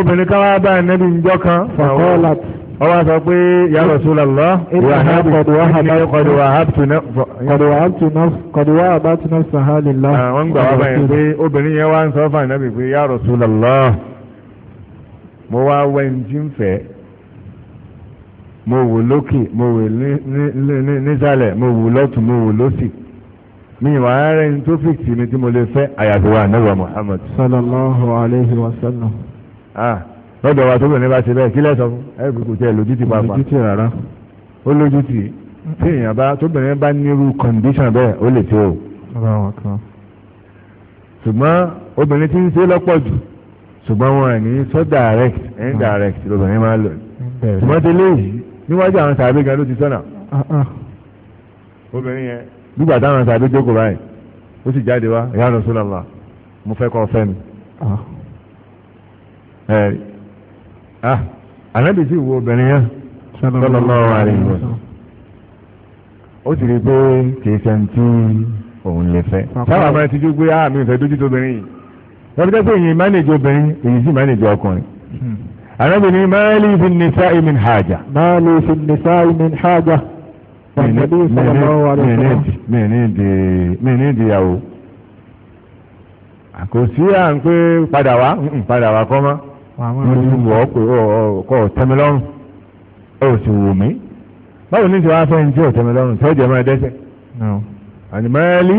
obìnrin kan wá bá nàbí njọ́ kan ọwọ́ sọ pé ya Rasulullah kọ̀dùwà àbátúná sàhálìlá wọ́n gbà wá báyìí pé obìnrin yẹn wá ń sọ fún ànábì pé ya Rasulullah mo wá wẹ́ńtí ń fẹ́ mo wò lókè mo wò nísàlẹ̀ mo wò lọ́tún mo wò lósì mi ìwà ara ẹni tó fìtì mi tí mo lè fẹ́ àyàfi wa ànábì Muhammad. sallallahu alayhi wa sallam. ah lọ́dọ̀ wa tóbi ní bá ti bẹ́ẹ̀ kí lẹ́sọ̀ fún ẹ kò tẹ lójútì pàápàá lójútì rárá ó lójútì tí èèyàn bá tóbìnrin bá nírú kọ̀ǹdíṣàn bẹ́ẹ̀ ó lè tó o. ṣùgbọ́n obìnrin ti ń ṣe lọ́pọ̀ jù ṣùgbọ́n wọn ní sọ direct indirect lobìnrin máa ń lò ṣùgbọ́n tẹ́lẹ̀ yìí níwájú àwọn sàbẹ̀ ló ti sọ̀nà ah, ah. obìnrin yẹn nígbà táwọn sàbí jókòó báyìí ó sì jáde wá ìyá Rasulullah mo fẹ́ kọ́ fẹ́ mi. Ah. Ah, ànábì sì wo obìnrin yẹn sallallahu alaihi wasallam ó sì rí i pé kì í sẹ́ńtì òun lè fẹ́. sábà máa ti dúpẹ́ àmì ah, ìfẹ́ dójú tóbìnrin yìí wọ́n fi dẹ́pẹ́ ìyìn mánéjì obìnrin èyí sì mánéjì ọkùnrin. Hmm. ànábì ní máàlì fi nìṣá ìmìn hajà. máàlì fi nìṣá ìmìn hajà mẹ́ẹ̀ni ìdíyàwó kò sí à ń pé padà wá padà wá kọ́ mọ́ mo ti wọ̀ ọ́ pé ọkọ̀ tẹ́milọ́rùn ọ̀ sì wù mí báwo ní ti wá fẹ́ ń jẹ́ ọ̀tẹ́milọ́rùn tí máa dẹ́sẹ̀ ànìmọ́ẹ́lì.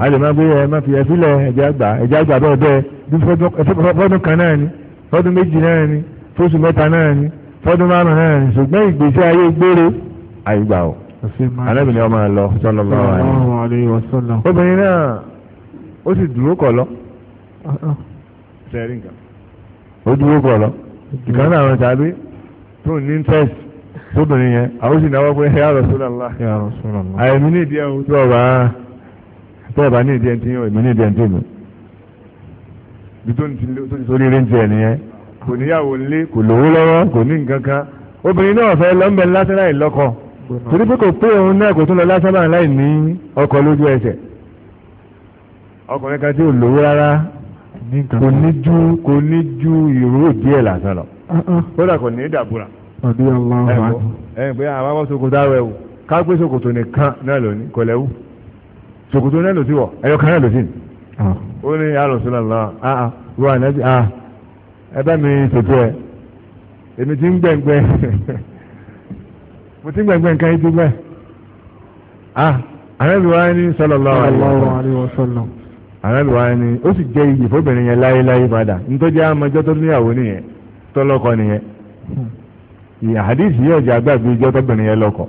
a lè má gbé ẹ má fi ẹ sílẹ̀ ẹ̀jẹ̀ àgbà ẹ̀jẹ̀ àgbà bẹ́ẹ̀ bẹ́ẹ̀ bí fọ́dún kan náà ni fọ́dún méjì náà ni fóṣù mẹ́ta náà ni fọ́dún márùn náà ni ṣùgbọ́n ìgbésí ayé gbére àyígbà o anábìnrin ọmọ ẹ lọ sọlọ lọ àyè obìnrin náà ó sì dúró kọ lọ ah, ah. ó dúró kọ lọ ìkànnì àwọn tàbí tó ní interest tóbìnrin yẹn àwọn sì náwó pé ẹ yà rọ sọlọ lọ àyè mi ní ìdí ẹ̀ ń bẹ́ẹ̀ bá ní ìdí ẹni tí yóò èmi ní ìdí ẹni tí mi bí tó ń ti sórí eré ń tiẹ̀ nìyẹn kò níyàwó ńlé kò lówó lọ́wọ́ kò ní nǹkan kan obìnrin náà fẹ́ lọ́nbẹ̀ lásán láì lọ́kọ torí pé kò pé òun náà kò tún lọ lásán báyìí láì ní ọkọ lójú ẹsẹ̀ ọkùnrin kan tí ò lówó rárá kò ní ju kò ní ju ìró díẹ̀ lásán lọ uh-uh. kódà kò ní dàbúrà ẹ̀ ẹ̀ pé àwọn akọ́sokòtà rẹ̀ ká gbé ṣòkòtò nìkan náà lónìí kò lẹ́wù ṣòkòtò náà ló ti wọ̀ ẹ̀yọ kan náà ló ti ní. ó ní arọ̀sọ̀lá ah, ah wọ ànábì ah ẹ bá mi ṣètò ẹ èmi ti ń gbẹ̀ngbẹ̀ mo ti ń gbẹ̀ngbẹ̀ nǹkan yìí tó gbẹ̀ ah ànábì wa ni sallallahu alaihi wasallam ànábì wa ni ó sì jẹ́ iyì fóbìnrin yẹn láéláé padà nítorí àmọ́jọ́ tó níyàwó nìyẹn tọ́lọ́kọ nìyẹn hmm. ìyàhádìsì yóò jẹ́ agbábí ìjọ́ tọ́bìnrin yẹn lọ́kọ̀ọ́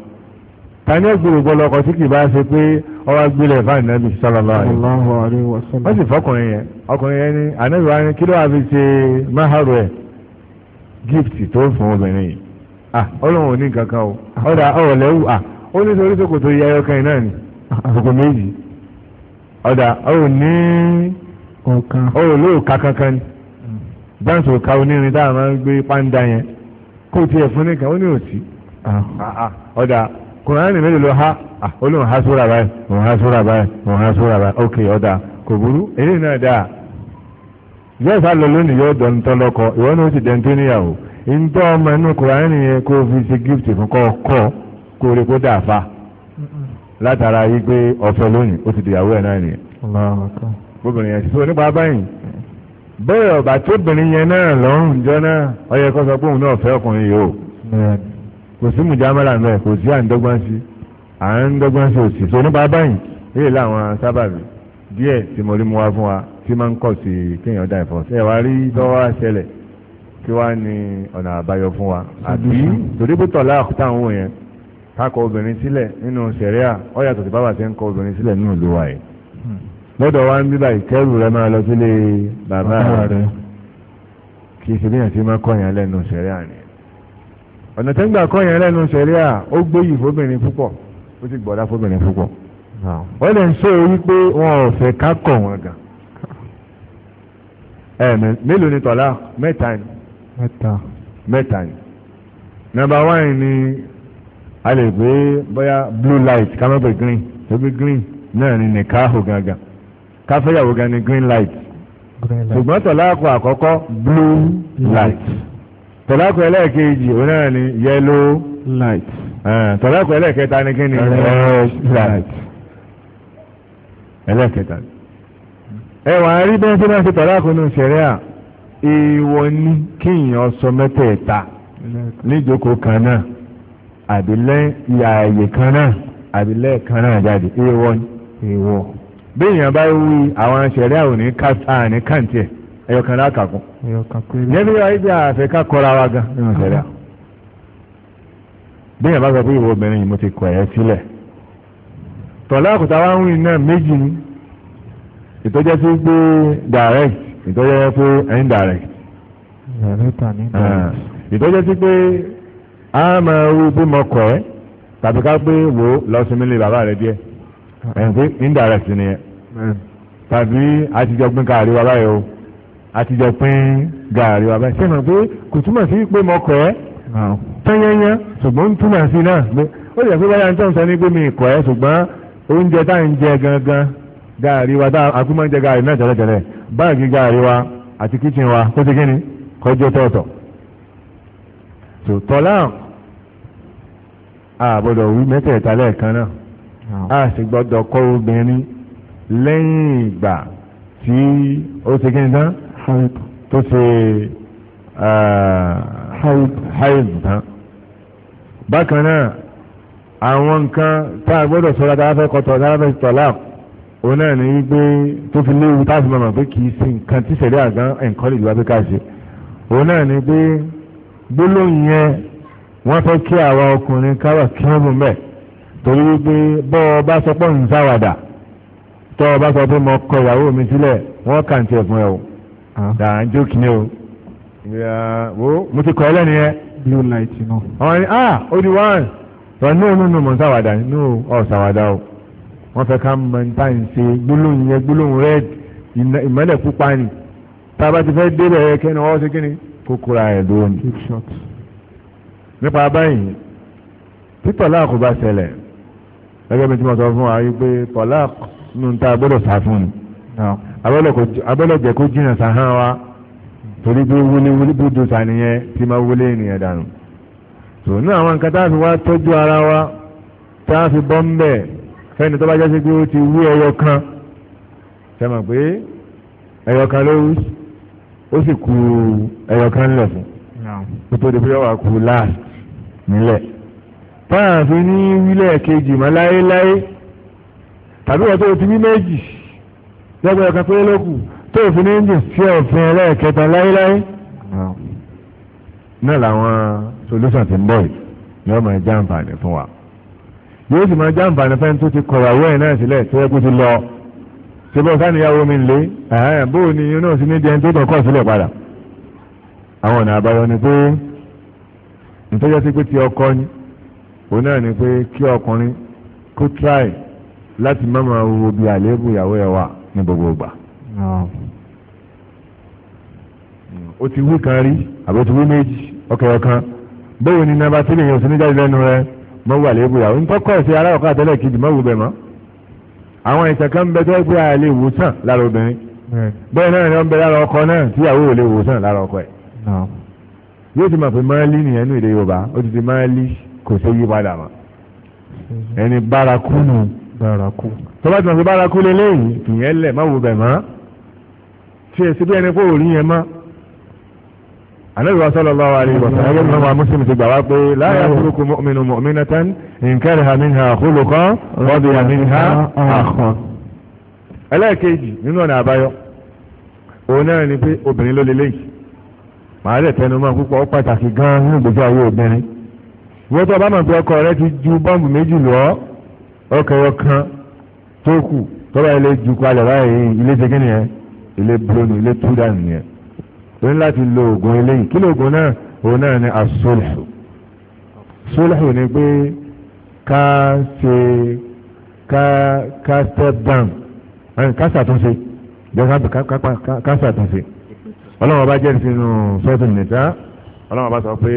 tani ẹgbẹ̀rún gbọ́ tí kì bá ṣe pé ọwọ́ gbélé fáwọn nàbì sallallahu alaihi sì fọkùnrin yẹn ọkùnrin yẹn ni, ní kí ló wà fi ṣe máhàrú ẹ gíftì tó fún obìnrin yìí ah ọlọ́run ò ní kankan o ah ó ní yẹ náà ni àkókò méjì ni òka onírin máa ń gbé pàǹdà yẹn nìkan ó ní òsì ah. Ah, ah. kùránì mélòó ló ha ó lóun ha sóra báyìí òun ha ha sóra báyìí ok ọ̀dà kò burú eléyìí náà na yóò sá lọ lónìí yóò dọ̀ ntọ́ lọ́kọ ìwọ náà ó sì dẹ́ntó níyàwó ntọ́ ọmọ inú kùránì kó fi gift fún kọ́ ọkọ kó o latara kó dà fa látara pé ọ̀fẹ́ lónìí ó ti dìyàwó ẹ̀ náà nìyẹn yẹn ti sọ nípa báyìí bẹ́ẹ̀ ọ̀bà tóbìnrin yẹn náà lọ́rùn náà sọ pé òun o kò sí mùjámàlà mẹ́ kò sí àǹdọ́gbọ́n sí àǹdọ́gbọ́n sí òsì tó nípa báyìí èyí làwọn sábàbí díẹ̀ tí mo rí mu wá fún wa tí máa ń kọ̀ sí kéèyàn dá ìfọ̀ ṣe wá rí lọ́wọ́ ṣẹlẹ̀ kí wá ní ọ̀nà àbáyọ fún wa àbí tòdébùtọ̀ láàkú táwọn wò yẹn kákọ obìnrin sílẹ̀ nínú sẹ̀ríà ó yàtọ̀ sí bábà tí ń kọ obìnrin sílẹ̀ nínú ìlú wa yìí lọ́dọ̀ wa ń bí báyìí kẹ́rù rẹ máa lọ sílé bàbá rẹ kì í ṣe bí yàn ti máa kọ̀ yàn lẹ́nu sẹ̀ríà ni ọ̀nà tẹ́ ń gbà kọ́ yẹn lẹ́nu ṣẹ̀ríà ó gbé yìí fóbìnrin púpọ̀ ó ti gbọ̀dá fóbìnrin púpọ̀ wọ́n lè ń sọ èyí pé wọn ò fẹ́ ká kọ̀ wọn gan ẹ̀ẹ̀mẹ́ mélòó ni tọ́lá mẹ́ta ni mẹ́ta ni nọ́mbà wáìn ni a lè gbé bóyá blue light ká má pè green tóbi green náà ni nìkáhù gangan káfẹ́yàwó gan ni green light ṣùgbọ́n tọ́lá kọ àkọ́kọ́ blue light. Blue light tọ́lákù ẹlẹ́ẹ̀kejì òun náà ni yellow light eh, tọ́lákù ẹlẹ́ẹ̀kẹta ni kí ni red light ẹlẹ́ẹ̀kẹta ẹ wà á rí bẹ́ẹ̀ tí wọ́n ti tọ́lákù nù sẹ̀rẹ́ à èèwọ̀ ni kíyàn sọ mẹ́tẹ̀ẹ̀ta níjókòó kan náà àbí lẹ́yìn ààyè kan náà àbí lẹ́ẹ̀kan náà jáde èèwọ̀ ni èèwọ̀ bí èèyàn bá wí àwọn sẹ̀rẹ́ à ò ní kàǹtì ẹ̀ ẹyọkan lákàkún yẹbi wáyé bí àfẹ́ká kọ́ra wa gan nínú ìṣẹ̀lẹ̀ bí yàrá sọ pé ìwọ obìnrin yìí mo ti kọ̀ ẹ́ sílẹ̀ tọ̀lá àkùtà wa ń rìn náà méjì ni ìtọ́jẹ́ sí pé direct ìtọ́jẹ́ pé indirect ah, ìtọ́jẹ́ sí pé a máa wú bí mo kọ̀ ẹ́ tàbí ká pé wò ó lọ sinmi lé bàbá rẹ díẹ̀ ah. ẹ̀yìn pé indirect nìyẹn tàbí àtijọ́ gbẹ̀ǹkà àríwá báyìí o àtijọ́ pín gààrí wa báyìí sẹ́mi pé kò túmọ̀ sí pé mo kọ́ ẹ́ tẹ́yẹ́yẹ́ ṣùgbọ́n ń túmọ̀ sí náà pé ó lè pé báyà ń tọ́ sọ ní pé mi kọ́ ẹ́ ṣùgbọ́n oúnjẹ tá à ń jẹ gangan gààrí wa tá a kú máa ń jẹ gààrí náà tẹ́lẹ̀tẹ́lẹ̀ báàgì gààrí wa àti kíchìn wa kó ti kíni kọjọ́ tọ̀ọ̀tọ̀ tọ́lá àbọ̀dọ̀ wí mẹ́tẹ̀ẹ̀ta lẹ́ẹ̀kan náà a sì gbọ́dọ̀ kọ́ obìnrin lẹ́yìn ìgbà tí ó ti kíni tán tó ṣe haid tán bákan náà àwọn nǹkan tá a gbọ́dọ̀ sọ́ra tá a fẹ́ kọ́tọ̀ tá a fẹ́ tọ́lá òun náà ní wípé tó fi léwu tá a fi mọ̀ pé kì í sí nǹkan tí sẹ̀rí àgán ẹ̀ǹkan lè gbà pé ká ṣe òun náà ní pé gbólóhùn yẹn wọ́n fẹ́ kí àwa ọkùnrin káwà kí wọ́n mú bẹ́ẹ̀ torí wípé bọ́ ọ bá sọ pé ń sáwàdà tọ́ ọ bá sọ pé mo kọ ìyàwó mi sílẹ̀ wọ́n kà ń tiẹ̀ fún ẹ o Ah. dàá jókì ni o wo mo ti kọ́ ẹ lẹ́nu yẹn. blue light nù. ọ̀rìn ah ó di one but no no no mo ń sàwádà no ọ̀ sàwádà o wọ́n fẹ́ ká mọ nípa gbólóhùn yẹn gbólóhùn red ìmọ́lẹ̀ pupa ni tá a bá ti fẹ́ débẹ̀ yẹ kẹ́ni ọwọ́ sí kíni kókóra ẹ̀ ló ní. nípa báyìí títọ̀ láàkó bá ṣẹlẹ̀ gẹ́gẹ́ bí tí mo sọ fún wa yìí pé tọ̀láàkó nù ta gbọ́dọ̀ sá fún un abẹ́lẹ̀jẹ̀ kó jìnnà sàhán wa torí pé wúlé wúlé búdú sàníyẹn tí máa wúlé ènìyàn dànù tò ní àwọn nǹkan tá a fi wá tọ́jú ara wa tá a fi bọ́ ń bẹ̀ fẹ́ni tó bá jẹ́ sí pé ó ti wú ẹyọ kan sẹ́mọ̀ pé ẹyọ kan ló wú ó sì ku ẹyọ kan lẹ̀ fún kó tó di wà ku last nílẹ̀ táà fi ní wílẹ̀ kejì mọ́ láéláé tàbí wọ́n tó ti wí méjì lọ́gbọ̀n ẹ̀kan pé lókù tó òfin ní jù sí òfin ẹlẹ́ẹ̀kẹta láéláé náà làwọn solution ti ń bọ̀ yìí yóò máa já àǹfààní fún wa yóò sì máa já àǹfààní fẹ́ni tó ti kọ̀rọ̀ àwọ̀ ẹ̀ náà sílẹ̀ tó yẹ kó ti lọ ṣe bọ́ sáníyàwó mi lé bó ni inú náà sí ní jẹun tó kọ̀ sílẹ̀ padà àwọn ọ̀nà àbáyọ ni pé nítorí sí pé ti ọkọ ni òun náà ni pé kí ọkùnrin kó try láti má máa wo bí àléébù ìyàwó ẹ̀ wà ní gbogbo ìgbà. Ah. ó ti wí kan rí àbí ó ti wí méjì ọkẹ́ ọ̀kan bẹ́ẹ̀ ni nàbà tí èèyàn sinmi jáde lẹ́nu rẹ mọ wà lẹ́bù yà ń tọ́kọ̀ sí aláwọ̀ká àtẹ́lẹ̀ kejì mọ́wù bẹ̀ mọ́ àwọn ìṣẹ̀ kan bẹ tó ẹ pé a lè wò sàn lára obìnrin bẹ́ẹ̀ náà ni wọ́n bẹ lára ọkọ náà tíyàwó ò lè wò sàn lára ọkọ ẹ̀ ah. yóò ti mọ̀ pé máàlì nìyẹn ní èdè Yorùbá ó ti di máàlì kò ṣe yí mọ́ ẹni bárakú nù bárakú tọ́ba tí wọ́n fi bára kú lélẹ́yìn ìyẹn lẹ̀ má wo bẹ̀ mọ́ tí ẹ síbi ẹni kó rí yẹn mọ́ anabi wa sallallahu alayhi wa sallam ẹgbẹ́ mọ́ muslim ti gbà wá pé la yatruku mu'minun mu'minatan in kariha minha khuluqan radiya minha akhar ẹlẹ́ẹ̀kejì nínú ọ̀nà àbáyọ òun náà ni pé obìnrin ló lélẹ́yìn màá lè tẹnu mọ́ púpọ̀ pàtàkì gan-an nínú ìgbésí ayé obìnrin wọ́n tó bá mọ̀ pé ọkọ rẹ ti ju bọ́ǹbù méjì lọ ọkọ̀ ẹ̀yọ kan tó kù tọ́ba ilé ju kalẹ̀ báyìí ilé ṣe kíni yẹn ilé bulónù ilé tú dànù yẹn lóyún láti lo oògùn eléyìí kí lóògùn náà òun náà ni asúlùsù súlùsù ni pé ká ṣe ká ká step down ká ṣàtúnṣe jẹ́ ká ṣàtúnṣe ọlọ́run ọba jẹ́rìí sínú sọ́ọ̀tún nìta ọlọ́run ọba sọ pé.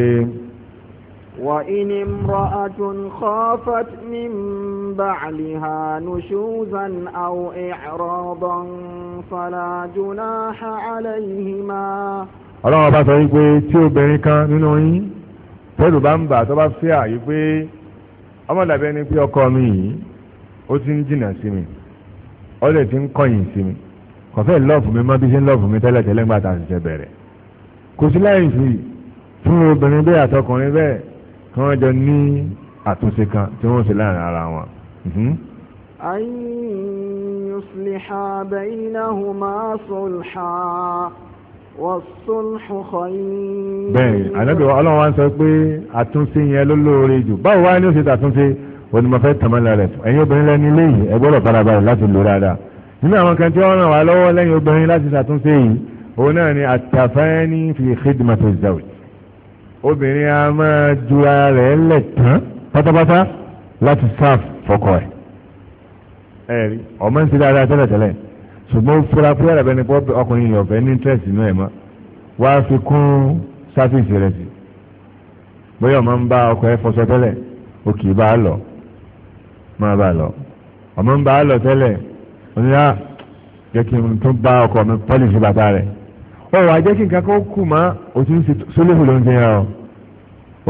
وإن امرأة خافت من بعلها نشوزا أو إعراضا فلا جناح عليهما ọlọ́run ọba sọ wípé tí obìnrin kan nínú yín tẹ́lù bá ń bà tó bá fẹ́ àyè pé ọmọdàbí ẹni pé ọkọ mi yìí ó ti ń jìnnà sí mi ó dẹ̀ ti ń kọ̀yìn sí mi kò fẹ́ lọ́ọ̀fù mi mọ́ bí ṣe ń lọ́ọ̀fù mi tẹ́lẹ̀ tẹ́lẹ̀ ńgbà tá a ṣẹ̀ṣẹ̀ bẹ̀rẹ̀ kò sí láyìn sí fún obìnrin bẹ́ẹ̀ àtọkùnrin bẹ́ẹ̀ kí wọ́n jọ ní àtúnṣe kan tí wọ́n ṣe láàrin ara wọn. Mhm. an yusliha baynahuma sulha was-sulhu khayr. bẹ́ẹ̀ ànábì ọlọ́run wa ń sọ pé àtúnṣe yẹn ló lóore jù báwo wá ní òṣèlú àtúnṣe onímọ̀fẹ́ tàmánlá rẹ̀ ẹ̀yin obìnrin lẹ́ni léyìí ẹ gbọ́dọ̀ farabalẹ̀ láti lò dáadáa nínú àwọn kan tí wọ́n ràn wá lọ́wọ́ lẹ́yìn obìnrin láti ṣàtúnṣe yìí òun náà ni àtàfẹ́ ní fi khidmatiz zawj obìnrin a máa ju ara rẹ̀ lẹ̀ tán pátápátá láti sáf fọkọ ẹ̀ ẹ̀rí ọmọ ń ṣe dáadáa tẹ́lẹ̀tẹ́lẹ̀ ṣùgbọ́n fúra pé àràbẹ́ ni ọkùnrin yìí ọ̀fẹ́ ní interest inú ẹ̀ mọ́ wá fi kún sáfíìsì rẹ̀ sí bóyá ọmọ ń bá ọkọ ẹ̀ fọṣọ tẹ́lẹ̀ ó kì í bá a lọ máa bá a lọ ọmọ ń bá a lọ tẹ́lẹ̀ oníyà ah, jẹ́ kí n tún bá ọkọ mi pọ́lìṣì bàtà rẹ̀ ọ wà jẹ́ kí nǹkan kan kù mọ́ òtún ṣe sólóhùn ló ń jẹ́ ọ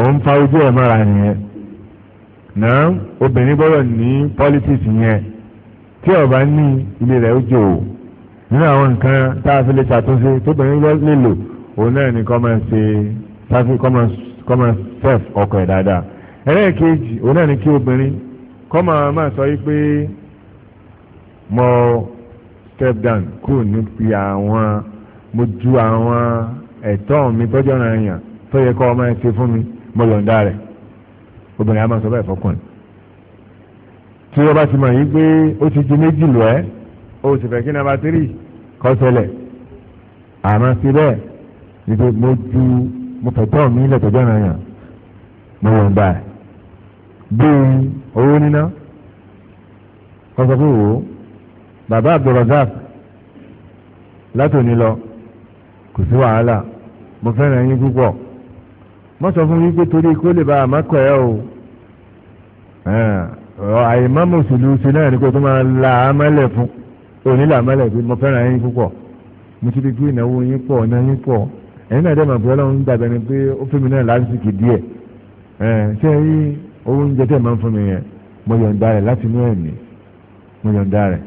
òun fa ojú ẹ̀ mọ́ra nìyẹn náà obìnrin gbọ́dọ̀ ní politics yẹn tí ọba ní ilé rẹ̀ ó jò ó nínú àwọn nǹkan tá a fi lè ṣàtúnṣe tóbìnrin lè lò òun náà ni kọ́ máa ṣe sáfì kọ́ máa sef ọkọ ẹ̀ dáadáa ẹlẹ́ẹ̀kejì òun náà ni kí obìnrin kọ́ máa máa sọ yí pé mo step down kúrò níbi àwọn mo ju àwọn ẹ̀tọ́ mi tọ́jọ́ ra yàn tó yẹ kọ́ ọmọ ẹ ṣe fún mi mo yọ̀ǹda rẹ̀ obìnrin a máa sọ bẹ́ẹ̀ fọkùnrin tí wọ́n bá ti mọ̀ yí pé ó ti ju méjì lọ ẹ́ ó ti fẹ́ kí nàbà tírì kọ́ sẹlẹ̀ àmọ́ sí bẹ́ẹ̀ nítorí mo ju mo fẹ̀tọ́ mi ilẹ̀ tọ́jọ́ ra yàn mo yọ̀ǹda rẹ̀ bíi owó níná kọ́sọ́ fún wo bàbá Abdulrazak látòní lọ. kò sí wàhálà mo fẹ́ràn yín púpọ̀ mo sọ fún yín pé torí kó lè o àyèmọ́ mùsùlùmí náà ni kò tó máa la amẹ́lẹ̀ fún onílà amẹ́lẹ̀ pé mo fẹ́ràn yín púpọ̀ mo ti rí pé ìnáwó yín pọ̀ ọ̀nà yín pọ̀ ẹ̀yin náà dẹ́ màá bọ́lá ń dàbẹ̀ ni pé ó fún mi náà lásìkò díẹ̀ ṣé ẹ̀yin oúnjẹ tẹ̀ máa ń fún mi yẹn mo yọ̀ǹda rẹ̀ láti inú ẹ̀mí mo yọ̀ǹda rẹ̀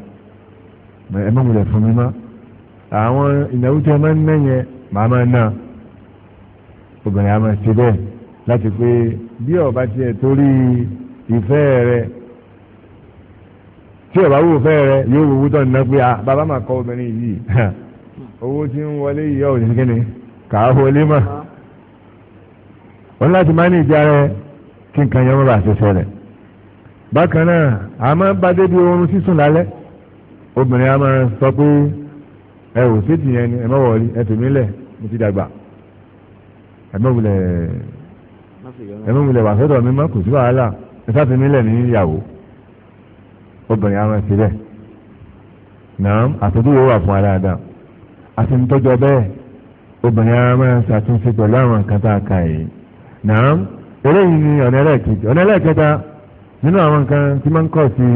àwọn ìnáwó tí a máa ń ná yẹn màá máa ná obìnrin a máa ṣe bẹ́ẹ̀ láti pé bí ọba tiẹ̀ torí ìfẹ́ rẹ tí ọba wò fẹ́ rẹ yóò wò wútọ́ nínú pé a ah, bàbá máa kọ́ obìnrin yìí owó tí ń wọlé yìí ọ̀ ní kíni kà á wọlé mà wọn láti máa ní ìjà rẹ kí nǹkan yẹn wọn bá ṣe ṣẹlẹ̀ bákan náà a máa bá débi oorun sísùn lálẹ́ obìnrin a máa sọ pé ẹ ò sí tìyẹn ni ẹ má wọlé ẹ tèmi lẹ mo ti dàgbà ẹ má wulẹ̀ ẹ má wulẹ̀ wà sọ́dọ̀ mi má kò sí wàhálà ẹ sá tèmi lẹ ní ìyàwó obìnrin àwọn ẹsẹ bẹ́ẹ̀ náà àtúntò wà fún aláàdá àti nítọ́jọ bẹ́ẹ̀ obìnrin àwọn ẹsẹ àtúnṣe pẹ̀lú àwọn nǹkan tá a kà yìí náà eléyìí ni ọ̀nà ẹlẹ́ẹ̀kejì ọ̀nà ẹlẹ́ẹ̀kẹta nínú àwọn nǹkan tí máa ń kọ̀ sí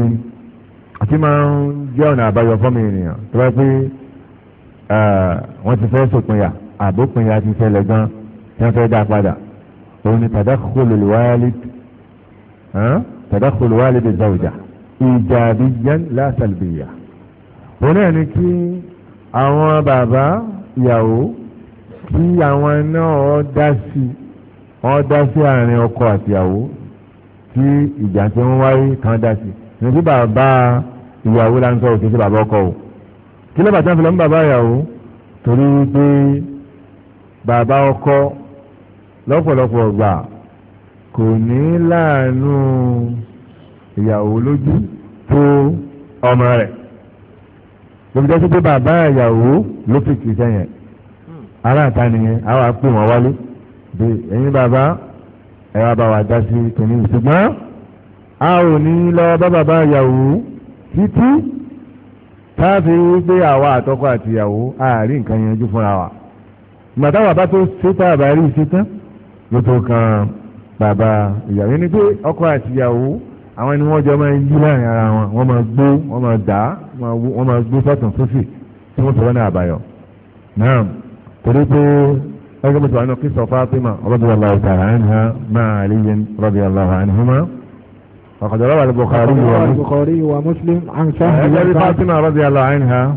àti máa ń jẹ́ ọ̀nà àbáyọ fọ́mì tó bá pé Ah, wọ́n ti fẹ́ sòpinya àbópinya ti ṣẹlẹ̀ gan tí wọ́n fẹ́ dá padà òun ni tadakhulul walid tadakhulul walid zawja ijabiyan la salbiya òun náà ni kí àwọn bàbá ìyàwó kí àwọn náà dá sí wọ́n dá sí àárín ọkọ àtìyàwó tí ìjà tí ń wáyé kan dá sí nígbà bàbá ìyàwó la ń sọ òkè sí bàbá ọkọ o kí ló bàtà fìlà ń bàbá ìyàwó torí wípé bàbá ọkọ lọ́pọ̀lọpọ̀ ọgbà kò ní láàánú ìyàwó lójú tó ọmọ rẹ̀ lóbi jẹ́ pé bàbá ìyàwó ló fi kì í sẹ́yìn ará àta nìyẹn àwọn àpò wọn wálé bí ẹ̀yin bàbá ẹ̀ wá bá wa dá sí kìnìún ṣùgbọ́n a ò ní lọ bá bàbá ìyàwó títí táàfin wípé àwa àtọkọ àtìyàwó àárín nǹkan yanjú fúnra wa gbàtàwà bá tó ṣètò àbárí ṣetán ló tó kan bàbá ìyàwó ni pé ọkọ àtìyàwó àwọn ni wọ́n jọ máa ń yí láàrin ara wọn wọ́n máa gbó wọ́n máa dá wọ́n máa gbó sọ́tún sósì tí wọ́n fi wọ́n àbáyọ náà torí pé ẹgbẹ́ mọ̀tò àwọn kí sọ Fátímà radiyallahu ta'ala anha máa àlíyẹn radiyallahu anhuma. فقد روى البخاري ومسلم عن سهل أبي فاطمة رضي الله عنها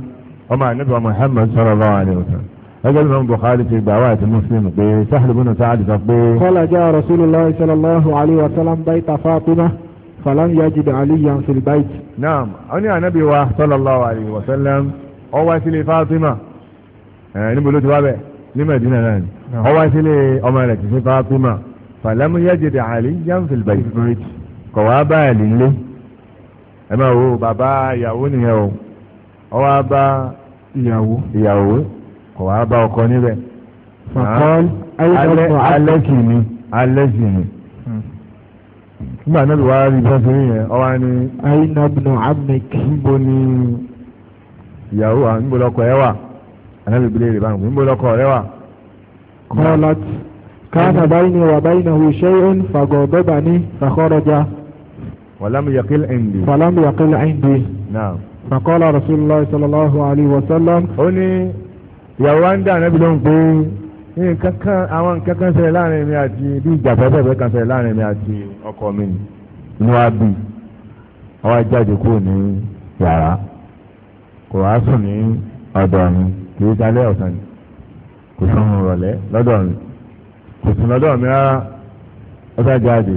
ومع النبي محمد صلى الله عليه وسلم هذا الإمام البخاري في دعوات مسلم بسهل بن سعد تقبيه قال جاء رسول الله صلى الله عليه وسلم بيت فاطمة فلم يجد عليا في البيت نعم أنا نبي صلى الله عليه وسلم هو سلي فاطمة نقول له لما دينا الآن أو سلي أمالك في فاطمة فلم يجد عليا في البيت kọ̀ wá bá ẹ̀lì ńlé ẹ máa wo bàbá ìyàwó nìyẹn o ọ wá bá ìyàwó ìyàwó kọ̀ wá bá ọkọ níbẹ̀ ah, alẹ́ kì ní alẹ́ kì ní hmm. nígbà náà ló wá rí bá ṣe yẹn ọ wá ní. aina ibn abdik. níbo ni ìyàwó à níbo lọkọ ẹ wà anábì bílẹ̀ rẹ̀ níbo lọkọ rẹ wà. kọ́lá kánà báyìí ni wà báyìí náà wò ṣẹ́yìn fàgọ̀ bẹ́bà ní fàkọ́rọ̀jà. ولم يقل عندي ولم يقل عندي نعم فقال رسول الله صلى الله عليه وسلم أني يوان دعنا بلون بي nǹkan kan àwọn nǹkan kan ṣẹlẹ̀ láàrin mi àti bí ìjà fẹ́fẹ́fẹ́ kan ṣẹlẹ̀ láàrin mi àti ọkọ mi inú wa bì ọwọ́ jáde kúrò ní ni kò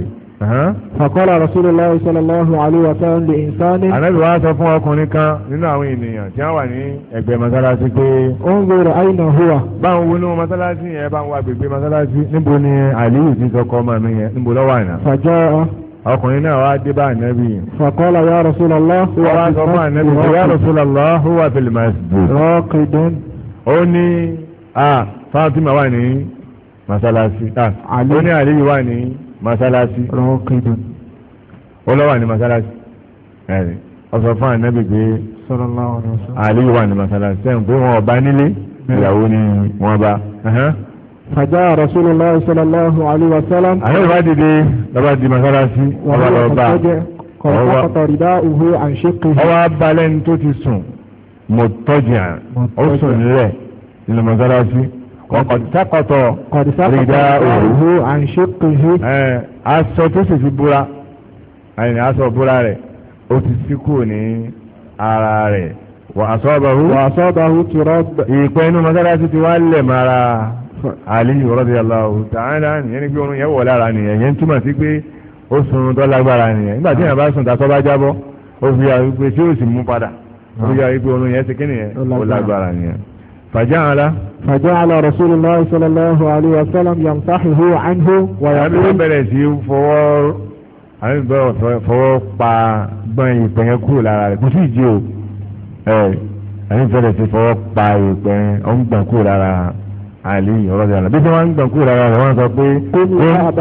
Fakola rasulillah sallallahu alayhi wa sallam lè nsáni. ànábì wa sọ fún ọkùnrin kan nínú àwọn ènìyàn tí wọ́n wà ní masalasi pé. ó ń gbèrò àyìnà báwo wo masalasi yẹn báwo wà gbègbè masalasi níbo ni aliyu ti sọ kọ́ ọmọ mi yẹn níbo lọ́wọ́ àná. fàjọ́ ọkùnrin náà wá dé bá ya wọ́n wá sọ fún anabi pé ya rasulallah ó ní ah, Fatima wà ní masalasi. Ah, ó ní aliyu wà ní masalasi ọlọ́wà ní masalasi ẹ̀rí ọ̀sọ̀ fún ànábì pé àlè wà ní masalasi sẹ́yìn pé wọn ọba nílé ìyàwó ni wọn bá. Fàjá Rasulullah sallallahu alaihi wa sallam. Àyẹ̀ wá dìde lọ́ba di masalasi ọba lọ́ba. Kọ̀ọ̀kọ̀ rìdá òhù àǹṣekè. Ọwọ́ abalẹ̀ ní tó ti sùn mọ̀tọ́jà ó sùn nílẹ̀ nínú masalasi kọ̀dísákọ̀tọ̀ rìdá òru aṣọ tó sì fi búra ẹni aṣọ búra rẹ̀ ó ti sí kù ní ara rẹ̀ wà asọ́bàhú wà asọ́bàhú ti rọ́bà ìpẹ́ inú mọ́sálásí ti wá lẹ̀ mara Aliyu radiyallahu ta'ala nìyẹn ni pé oorun yẹn wọ̀ lára nìyẹn yẹn túmọ̀ sí pé ó sun tó lágbára nìyẹn nígbà tí yẹn bá sùn tàtọ́ bá jábọ́ ó fi àwọn ìpè tí ó sì mú padà ó fi àwọn ìpè oorun yẹn ti kí nìyẹn ó lágbára nìyẹn fàjáàlá. fàjáàlá rasulillah sallallahu alayhi wa sallam yamsahu anhu wa yaqul. àbí wọ́n bẹ̀rẹ̀ sí fọwọ́ àbí bẹ̀rẹ̀ fọwọ́ pa gbọ́n ìpẹ́ yẹn kúrò lára rẹ̀ kò sí ìdí o ẹ̀ àbí bẹ̀rẹ̀ sí fọwọ́ pa ìpẹ́ ọ̀n gbọ̀n kúrò lára àlè ọ̀rọ̀dẹ̀ àlà bí wọ́n ń gbọ̀n kúrò lára rẹ̀ wọ́n sọ pé kó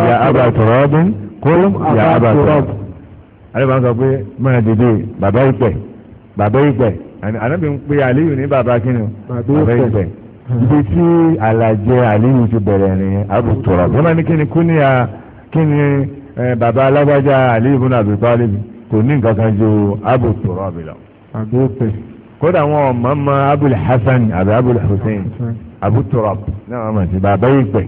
yà ábà tọ̀rọ̀ ọdún kó yà ábà tọ̀rọ̀ àlè wọ́n sọ pé mọ̀ ànábì ń pe aliyu ní bàbá kínní bàbá ìfẹ́ ibi tí alajẹ aliyu ti bẹ̀rẹ̀ ní abutura bọ́lá ní kínní kúnìyà kínní bàbá alágbájá aliyu bùnà Abu Talib kò ní nǹkan kan ju abutura bi lọ. kódà wọn ọmọ abul hasan àbí abul hussein abutura náà wọn mọ̀ sí bàbá ìfẹ́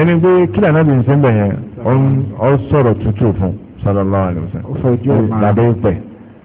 ẹni pé kí lànàbì ń sẹ́ńbẹ̀ yẹn ọ sọ̀rọ̀ tútù fún sallallahu alaihi wasallam bàbá ìfẹ́.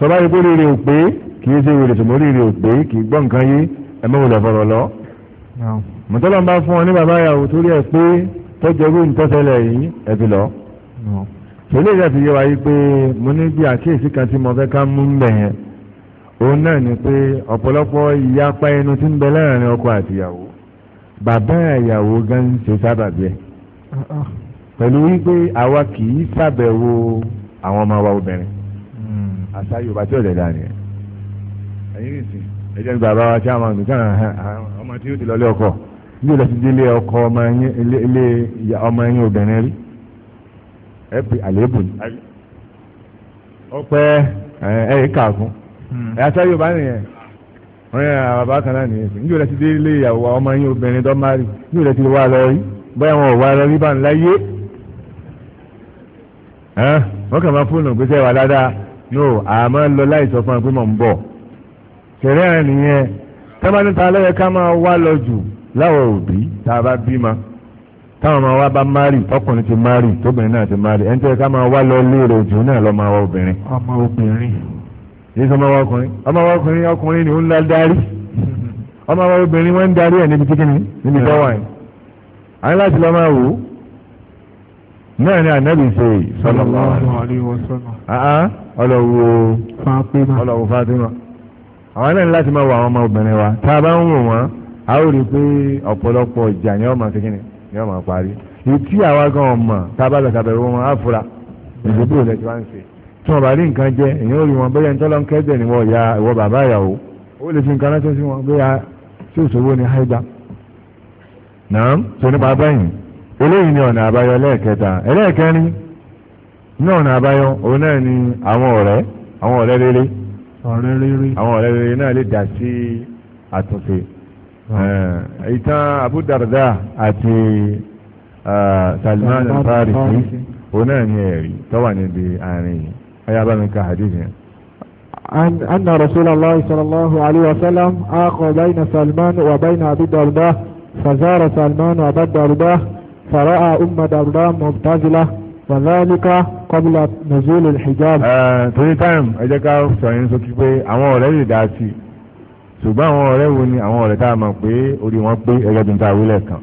tọ́ba yìí kó rírì ò pé kì í ṣe wèrè tòmó rírì ò pé kì í gbọ́ nǹkan yé ẹ mọ̀ wòlẹ̀ fọ̀rọ̀ lọ. mọ̀tọ́lọ́ ń bá fún ọ ní bàbá ìyàwó torí ẹ pé tọ́jú ẹrú ìtọ́sẹ̀lẹ̀ yìí ẹ fi lọ. tòlẹ́ ìyá fi yé wa yìí pé mo ní bí àkíyèsí kan tí mo fẹ́ ká mú ń bẹ̀ òun náà ni pé ọ̀pọ̀lọpọ̀ ìyapa ẹnu tí ń bẹ láàrin ọkọ àtìyàwó bàbá ìyàwó gan ṣe sábàbí ẹ̀ ah, ah. pẹ̀lú wípé àwa kì í ṣàbẹ̀wò àwọn ọmọ wa obìnrin àṣà hmm, yorùbá tí ọ̀dẹ̀ dání ẹ̀yin nìsín ẹ̀jẹ̀ ní bàbá wa tí a máa ń gbìkan ọmọ tí yóò ti lọlé ọkọ yóò lọ sí ọkọ ọmọ yín ilé ọmọ yín obìnrin rí ẹ pè ni ọpẹ ẹ ẹ kà hmm. ẹ àṣà yorùbá nìyẹn wọ́n yẹn bàbá kan náà nìyẹn sìn yóò lọ sí délé ìyàwó ọmọ yín obìnrin tó máa yóò lọ sí wà lọ rí no àmọ́ lọ láì sọ fún ẹ pé mò ń bọ̀ tẹ̀lé ẹ̀ nìyẹn tábàtì ta lẹ́yẹ ká máa wá lọ jù láwọn òbí tá a bá bímọ táwọn máa wá bá mari ọkùnrin ti mari tóbìnrin náà ti mari ẹni tó yẹ ká máa wá lọ léèrè òjò náà lọ máa wá obìnrin. ọmọ obìnrin. yìí sọ ọmọ wa ọkùnrin ọmọ wa ọkùnrin ọkùnrin ni ó ń la darí ọmọ wa obìnrin wọn ń darí ẹ̀ níbi kíkíni níbi tọ́wọ́ ẹ̀. àyìn láti lọ máa wò ó náà ni ànábì ṣe sallallahu alaihi wasallam. ọlọ́wọ́ ọlọ́wọ́ Fatima àwọn náà ní láti máa wọ àwọn ọmọ obìnrin wa tá a bá ń wò wọ́n a ó rí i pé ọ̀pọ̀lọpọ̀ ìjà ni ọmọ kékeré ni ọmọ parí ìtí àwa gan ọmọ tá a bá lọ sàbẹ̀wò wọn á fura ìdókòwò lẹ́tí wá ń ṣe tí wọn bá rí nǹkan jẹ èyàn ò rí wọn bóyá ntọ́lọ́ ń kẹ́dẹ̀ ni wọ́n ya ìwọ bàbá ìyàwó ó lè fi nǹkan ránṣẹ́ sí wọn bóyá eléyìí ni ọ̀nà àbáyọ ẹlẹ́ẹ̀kẹta ẹlẹ́ẹ̀kẹrin ní ọ̀nà àbáyọ òun náà ni àwọn ọ̀rẹ́ àwọn ọ̀rẹ́ rere ọ̀rẹ́ rere àwọn ọ̀rẹ́ rere náà lè dá sí àtúnṣe ìtàn Abu Darda àti Salman al-Farisi òun náà ni ẹ̀rí tọ́wà níbi àárín yìí ẹ̀yà mi ka hadith yẹn. أن رسول الله صلى الله عليه وسلم عاق بين سلمان وبين أبي الدرداء فزار سلمان وأبا الدرداء فرأى أم درداء مبتذلة وذلك قبل نزول الحجاب. torí táìm ẹ jẹ́ ká sọ yín داسي pé àwọn ọ̀rẹ́ lè dá sí i ṣùgbọ́n àwọn ọ̀rẹ́ wo ni àwọn ọ̀rẹ́ tá a mọ̀ pé orí wọn pé ẹgbẹ́ tó ń ta àwílẹ̀ kan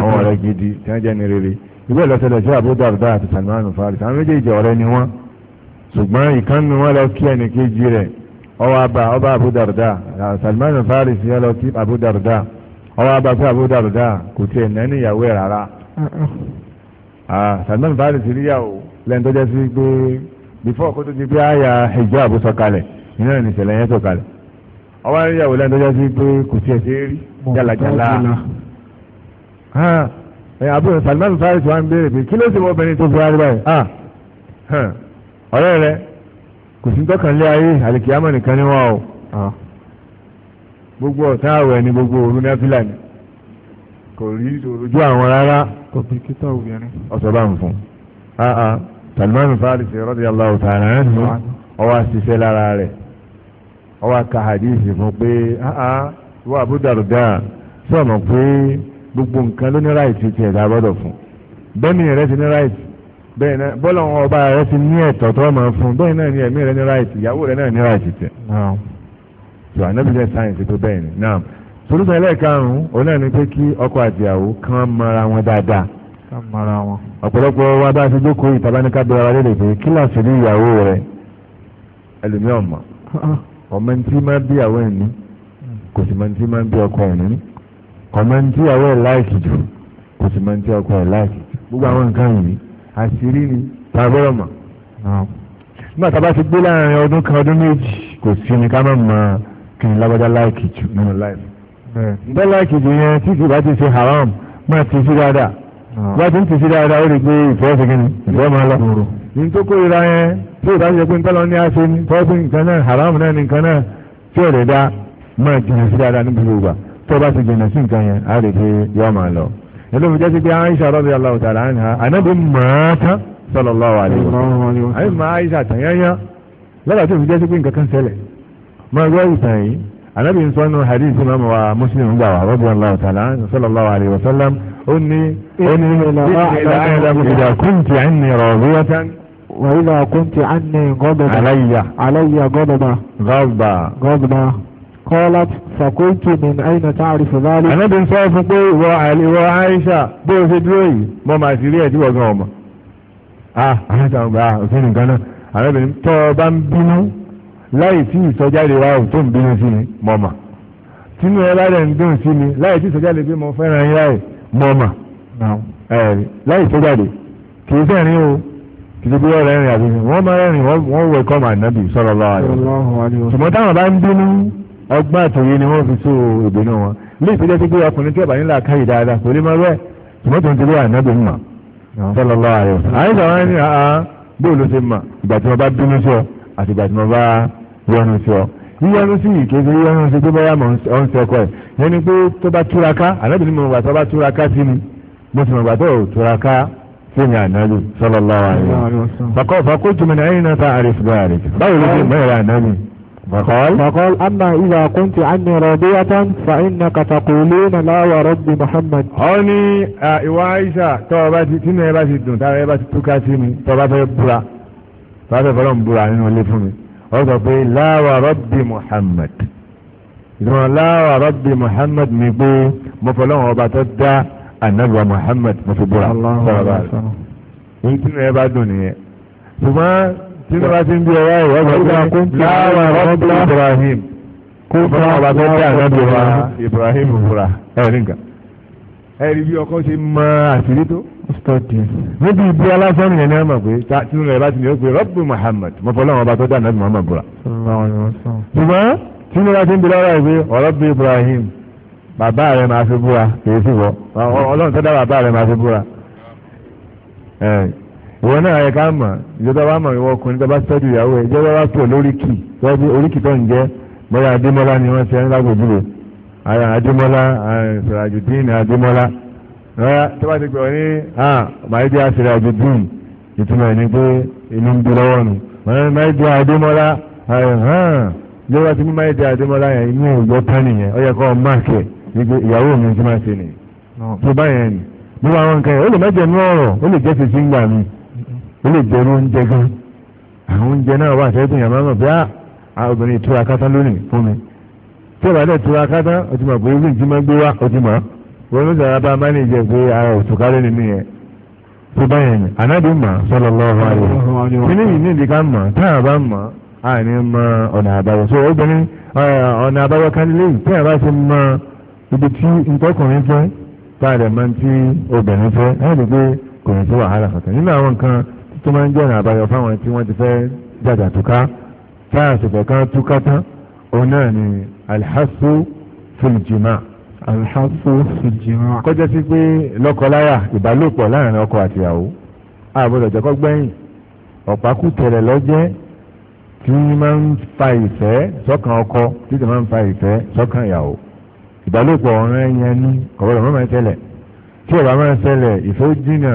àwọn ọ̀rẹ́ gidi tí wọ́n jẹ́ ní rere ìwé ìlọsẹ̀lẹ̀ sí àbúrò dàrúdà àti Salman Farisi àwọn méjèèjì ọ̀rẹ́ ni wọ́n ṣùgbọ́n ìkànnì wọn lọ kí ẹnì kejì rẹ̀ ọwọ́ abà ọba Abu Darda Salman Farisi yẹn lọ kí Abu Darda ọwọ́ abà Ah, sàdán báyìí ti ríyàwó lẹ́nu tó jẹ́ sí pé bífọ́ kó tó di pé àyà ìjọ àbò sọ̀kalẹ̀ nínú ẹ̀rìn ìṣẹ̀lẹ̀ yẹn sọ̀kalẹ̀ ọwọ́ ríyàwó lẹ́nu tó jẹ́ sí pé kò tiẹ̀ ṣe é rí jàlàjàlà ah, àbúrò Salman Faris wa ń béèrè pé kí ló ṣe obìnrin tó fi wá rí báyìí ah, ọ̀rẹ́ rẹ kò sí tọ́kàn lé ayé àlìkìyàmọ̀ nìkan ni wọ́n o gbogbo ọ̀tá àwẹ̀ ni gbogbo òru náfìlà ni kò rí ojú àwọn rárá kọ̀pìkítọ̀ obìnrin ọ̀sọ̀ bá ń fún un ah, ah. Salman Farisi radiyallahu ta'ala anhu ọwọ́ àṣìṣe lára rẹ̀ ọwọ́ àka hadithi fún pé ah, wọ́n Abu Darda sọ̀nà pé gbogbo nǹkan ló ní ráìtì tiẹ̀ tá a gbọ́dọ̀ fún bẹ́ẹ̀ni rẹ ti ní ráìtì bẹ́ẹ̀ náà bọ́lá wọn ọba rẹ ti ní ẹ̀tọ́ tó máa fún bẹ́ẹ̀ náà ni ẹ̀mí rẹ ní ráìtì ìyàwó rẹ náà ní ráìtì tiẹ̀. tó ànábìlẹ̀ sáyẹ̀nsì tó bẹ́ẹ̀ ni náà solúsàn ẹlẹ́ẹ̀karùn-ún òun náà ni pé kí ọkọ àtìyàwó kan mara wọn dáadáa. ká mara wọn. ọ̀pọ̀lọpọ̀ wa bá ṣe jókòó ìtàbáníkà bẹ̀rẹ̀ wa lédè pé kí làá ṣèlú ìyàwó rẹ ẹlòmíì ọ̀mọ̀ ọmọ ntí máa bí àwọn ẹni kò sì máa ntí máa bí ọkọ ẹni ọmọ ntí àwọn ẹ̀ láìkì jù kò sì máa ntí ọkọ ẹ̀ láìkì jù gbogbo àwọn nǹkan yìí àṣírí ni dọ́là hmm. kejì yẹn tí kì bá ti ṣe haram máa ti sí dáadáa ah. bá ti ń ti sí dáadáa ó lè gbé ìfẹ́ ṣe kíni ìfẹ́ máa lọ. ní tó kórira yẹn tí ìbá ṣe pé ntọ́lọ́ ní aṣọ ní tọ́sí nǹkan náà haram náà ní nǹkan náà tí ò lè dá máa jìnà sí dáadáa ní gbogbo ìgbà tó bá ti jìnà sí nǹkan yẹn á lè fi yọ máa lọ. ẹlòmí jẹ́ sí pé Aisha radiyallahu ta'ala anha anábì máa tán sallallahu alaihi wasallam àyè máa Aisha tàn yányá lọ́dà tó fi jẹ́ sí pé nǹkan kan عن ابي انسان حديث امام ومسلم muslim رضي الله تعالى allah ta'ala sallallahu alayhi wa اني ó ní اذا كنت عني راضية وإذا كنت عني غضبا علي علي غضبا غضبا غضبا قالت فقلت من أين تعرف ذلك أنا بن صوف بي وعلي وعائشة بو سدوي ماما سيريا دي وغوما آه, آه،, آه، أنا تعمل آه أنا أنا بن توبا بنو láì tí ìsọjáde wa ò tó ń bínú sí mi mọ̀ mà tínú ẹ bá dẹ̀ ń dùn sí mi láì tí ìsọjáde pé mo fẹ́ràn yín láì mọ̀ mà láì ìsọjáde kì í sẹ́rin o kì í ṣe pé wọ́n rẹ́rìn àbí wọ́n máa rẹ́rìn wọ́n wẹ̀ kọ́ mà nábì sallallahu alaihi wasallam ṣùgbọ́n táwọn bá ń bínú ọgbọ́n àtòyé ni wọ́n fi so ìbínú wọn lè fi jẹ́ pé ọkùnrin tí ọ̀bà nílà káyì dáadáa kò lè máa rẹ̀ ṣùgbọ́n tó ń tẹ̀lé ànábì mà sallallahu alaihi wasallam àyíṣà wọn ní àá bóòlù ṣe mà ìgbà tí wọn bá bínú sí àti ìgbà tí wọn bá yọnu sí ọ yíyọnu sí ìkéde yíyọnu sí pé bóyá mọ̀ ọ́n sọ ọkọ ẹ̀ yẹn ni pé tó bá túraká ànábìrin mi wà tó bá túraká sí mi mo sì mọ̀ gbà tó túraká sí mi ànábì sallallahu alaihi wasallam. bàkọ́ bàkọ́ jùmọ̀ ní ẹ̀yìn náà ta àrísí bá àrísí báwo ló dé mẹ́rin ànábì. فقال فقال أما إذا كنت عني راضية فإنك تقولون لا ورب محمد أني إوايشا توباتي تنهي باتي تنهي باتي تكاتيني توباتي برا توباتي برا برا إنه اللي فمي ọ̀sọ̀ pé láwà rọ́bì Muhammad ìdúró láwà rọ́bì Muhammad mi gbé mọ́fọlọ́wọ́n ọba tó dá ànábì Muhammad mo fi búra sọ̀rọ̀ bá rẹ̀ èyí tí nìyẹn bá dùn nìyẹn ṣùgbọ́n tí ti ń bí ọwọ́ ìwọ́ ìwọ́ láwà rọ́bì Ibrahim kó fún ọba tó dá ànábì Ibrahim búra ẹ̀ nìkan ẹ̀rí bí ọkọ ṣe mọ àṣírí tó. níbi ibi alásán yẹn ni a mọ̀ pé tí nínú rẹ̀ bá ti ní o pé rọ́bù Muhammad mo fọ́ lọ́wọ́ ọba tó dá nàbì Muhammad búra. ṣùgbọ́n tí nínú bá ti ń bi lọ́wọ́ ìwé ọ̀rọ̀bù Ibrahim bàbá rẹ̀ máa fi búra kìí sí wọ́ ọlọ́run tó dá bàbá rẹ̀ máa fi búra. ìwọ náà yẹ ká mọ̀ ìjọba wa mọ̀ ìwọ ọkùnrin tó bá tọ́jú ìyàwó ẹ̀ ìjọba wa pọ̀ lóríkì tó oríkì tó ń jẹ́ bóyá adémọ́lá ni wọ́n ṣe ń Adémọ́lá Sirajudeen Adémọ́lá tó bá ti pè ọ ní my dear Sirajudeen ìtumọ̀ ní pé inú ń bí lọ́wọ́ nù my dear Adémọ́lá lọ́wọ́ tí my dear Adémọ́lá yẹn inú ìgbọ́ tán nìyẹn ó yẹ kó máàkì ìyàwó mi ti máa ṣe nìyẹn tó báyẹn ni gbogbo àwọn nǹkan yẹn ó lè mẹ́jẹ ní ọ̀rọ̀ ó lè jẹ́ fèsì ńgbà mi ó lè jẹ́ oúnjẹ gan àwọn oúnjẹ náà wà sẹ́yìn tó yàn máa mọ̀ bí i ah, obìnrin ìtura kátá lónìí fún mi tí ìbàdí ìtura kátá o ti mọ̀ pé ewé ìjì máa ń gbé wá o ti mọ̀ wọn ló sọ̀rọ̀ bá mánéjì pé ara òtúkárẹ́ nínú yẹn tó bá yẹn ni ànábì mọ̀ sọlọ lọ́wọ́ ayé kíní yìí ní ìdíkà mọ̀ táyà bá mọ̀ àní mọ ọ̀nà àbáyọ so obìnrin ọ̀nà àbáyọ kánilẹ́yìn táyà bá ti mọ ibi tí ntọ́kùnrin fẹ́ táyà máa ń tí obìnrin fẹ́ láti pé kò ní sí wàhálà kankan nínú àwọn nǹkan tó máa ń jẹ́ ọ̀nà àbáyọ fáwọn tí wọ́n ti fẹ́ jàjà túká táyà sì fẹ́ kán túká tán òun náà ni alhassu filjima. alhassu filjima. kọjá sí pé lọ́kọláya ìbálòpọ̀ láàrin ọkọ àtìyàwó àbọ̀dọ̀ jẹ́kọ́ gbẹ́yìn ọ̀pákùtẹ̀rẹ̀ lọ́jẹ́ tí máa ń fa ìfẹ́ sọ́kàn ọkọ tí tí máa ń fa ìfẹ́ sọ́kàn ìyàwó ìbálòpọ̀ ọ̀ràn yẹn ní ọ̀bọ̀dọ̀ mọ́ máa ń ṣẹlẹ̀ tí ọ̀bá máa ń ṣẹlẹ̀ ìfẹ́ jìnnà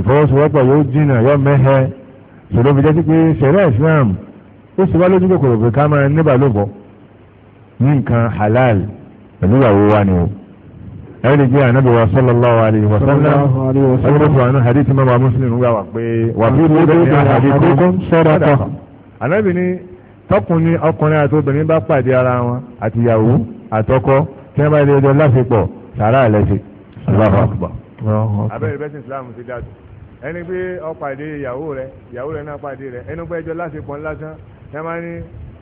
ìfọwọ́sowọ́pọ̀ yóò jìnnà yóò mẹ́hẹ́ sọ̀rọ̀ fi jẹ́ sí pé sẹ̀rẹ̀ Islam ó sì wá lójú kòkòrò pé ká máa níbàlòpọ̀ ní nǹkan halal pẹ̀lú ìyàwó wa ni o ẹ̀rí jẹ́ ànábì wa sallallahu alayhi wa sallam ẹgbẹ́ tó àánú hadith mẹ́wàá muslim gbà wá pé wà fún ìlú bẹ́ẹ̀ ní àdìkún sọ́dọ̀kọ̀ ànábì ni tọkùnrin ọkùnrin àti obìnrin bá pàdé ara wọn àti ìyàwó àtọkọ tí wọ́n bá ilé ẹjọ́ láfipọ̀ sàrà àlẹ́sì aláfà àkùbà. abẹ́rẹ́ bẹ́sìn islam ti dájú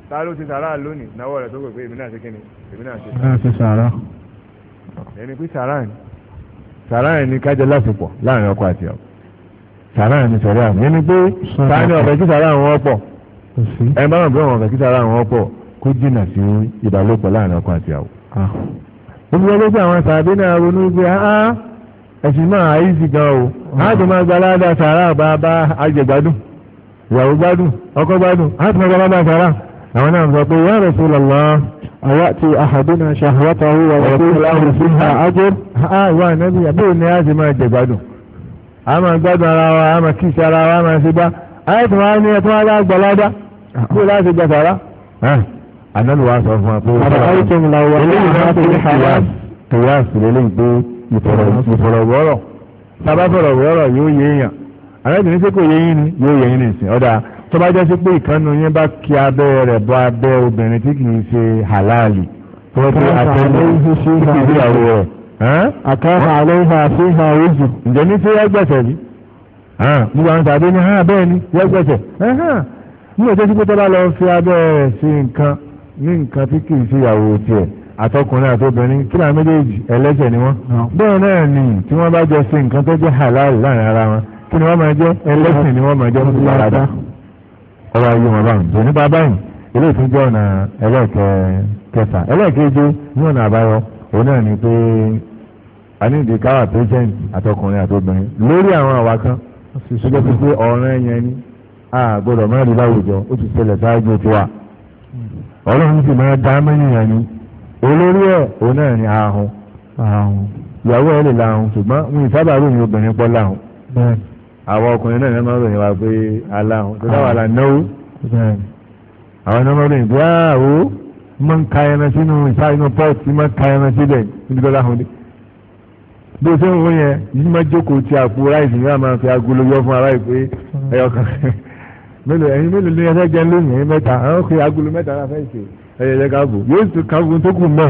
ta ló ti sàrà lónìí náwó rẹ̀ tó gbé pé èmi náà ṣe èmi náà ṣe sàrà ẹni pé sàrà ni sàrà yẹn kájọ lásìpọ̀ láàrin ọkọ àti ọkọ sàrà yẹn ni sọ̀rọ̀ ẹni pé sàrà ọ̀fẹ́ kí sàrà àwọn ọ̀pọ̀ bá wọn bí wọn ọ̀fẹ́ kí sàrà àwọn ọ̀pọ̀ kó jìnnà sí ìbálòpọ̀ láàrin ọkọ àti ah. ọkọ. àwọn ah. gba aládàá sàrà bá ọkọ gbádùn àwọn náà sọ pé ya Rasulullah ayati ahaduna shahwatahu wà lọ́wọ́ fiha ajr àwọn ànábì àbúrò ni a ti máa jẹ gbádùn a máa gbádùn ara wa a máa kíṣe ara wa a máa ṣe bá ayé tí wọ́n á ní ẹ̀ tí wọ́n á dá gbọ́ládá bí o láti gbẹ sàrà ànábì wa sọ fún wa pé àbáyítọ́mù la wà lórí kìyàsì lélẹ́yìn pé ìfọ̀rọ̀wọ́rọ̀ sábà fọ̀rọ̀wọ́rọ̀ yóò yé èèyàn àrẹ́bìnrin sẹ́kọ̀ọ́ yé yín ni yóò yé yín nìsín ọ̀dà tó bá jẹ́ sí pé ìkànnì yẹn bá kí abẹ́ rẹ̀ bọ́ abẹ́ obìnrin tí kì í ṣe halali tó ti àtẹ̀lé ìgbéyàwó rẹ̀. àkàrà àlẹ́hà fíhà ojú. ǹjẹ́ ní ṣé yẹ gbẹ̀sẹ̀ bí? nígbà wọn tàbí ní hàn bẹ́ẹ̀ ni yẹ gbẹ̀sẹ̀. ní òṣèlú sí pé tó bá lọ fi abẹ́ rẹ̀ sí nǹkan ní nǹkan tí kì í ṣe ìyàwó tiẹ̀ àtọkùnrin àtobìnrin kílà méjèèjì ẹlẹ́ṣẹ̀ ni wọ́n. bẹ́ẹ̀ náà ni tí wọ́n bá jọ sí nǹkan tó jẹ́ halal láàrin ara wọn kí ni wọ́n máa jẹ́ ẹlẹ́sìn ni wọ́n máa jẹ́ fún ìyàrá ọba ayé wọn báyìí tó nípa báyìí eléyìí tún jẹ́ ọ̀nà ẹlẹ́ẹ̀kẹta ẹlẹ́ẹ̀keje ní ọ̀nà àbáyọ òun náà ni pé anídìí káwà patient àtọkùnrin àtobìnrin lórí àwọn àwa kan tó jẹ́ pé ọ̀ràn ẹ̀yẹn ni a gbọ́dọ̀ máa rí láwùjọ ó ti ṣẹlẹ̀ ṣáájú tiwa ọlọ́run sì máa dá mẹ́yìnyàn ni olórí ẹ̀ òun náà ni ahun ìyàwó ẹ̀ lè lahun ṣùgbọ́n mi ìsábà ròyìn obìnrin pọ́ lahun àwọn ọkùnrin náà máa ń ròyìn wa pé aláhùn tó dáwà là náwó àwọn náà máa ń ròyìn pé àwò máa ń ka ẹran sínú ìta inú pọ́ọ̀tì máa ń ka ẹran sílẹ̀ níbi tó dáhùn dé bí o ṣe ń wọ́n yẹn yìí máa jókòó ti àpò ráìsì yóò máa fi agolo yọ fún ara ìpè ẹyọ kan mélòó ẹyin mélòó ni ẹ fẹ́ jẹun lónìí ẹyin mẹ́ta àwọn òkè agolo mẹ́ta la fẹ́ ṣe ẹyẹ ẹyẹ káàbò yóò sì káàbò tó kù mọ́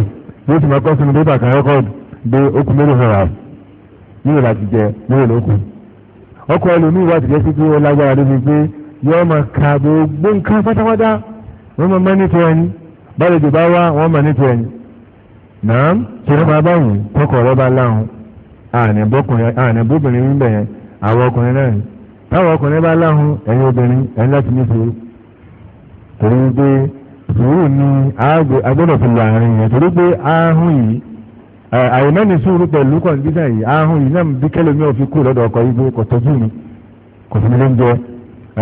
yóò sì máa kọ́ sínú pépà kan yọkọ̀ gbé okùn mélòó fẹ́ràn yóò láti jẹ mélòó lókun ọkọ̀ ẹlòmíì wà tìjẹ́ sí pé ó lágbára débi pé yọ́ máa ka gbogbo nǹkan pátápátá wọ́n máa mẹ́nìtò ẹni báyìí tó bá wá wọ́n máa nìtò ẹni náà tẹ̀lé máa báyìí tọkọ̀ rẹ bá láhùn ànàbóbìnrin ń bẹ̀yẹn àwọn ọkùnrin náà táwọn ọkùnrin bá láhùn ẹ̀yin obìnrin ẹ̀yin láti ní sùúrù torí pé sùúrù ni agbọ́dọ̀ fi lọ àárín yẹn torí pé ahùn yìí àìmẹ́ni sùúrù pẹ̀lú kọ̀ǹdíṣàn yìí ahun yìí náà bí kẹlẹ́mi ò fi kú lọ́dọ̀ ọkọ̀ yìí pé kò tọ́jú mi kò fi mi lé ń jẹ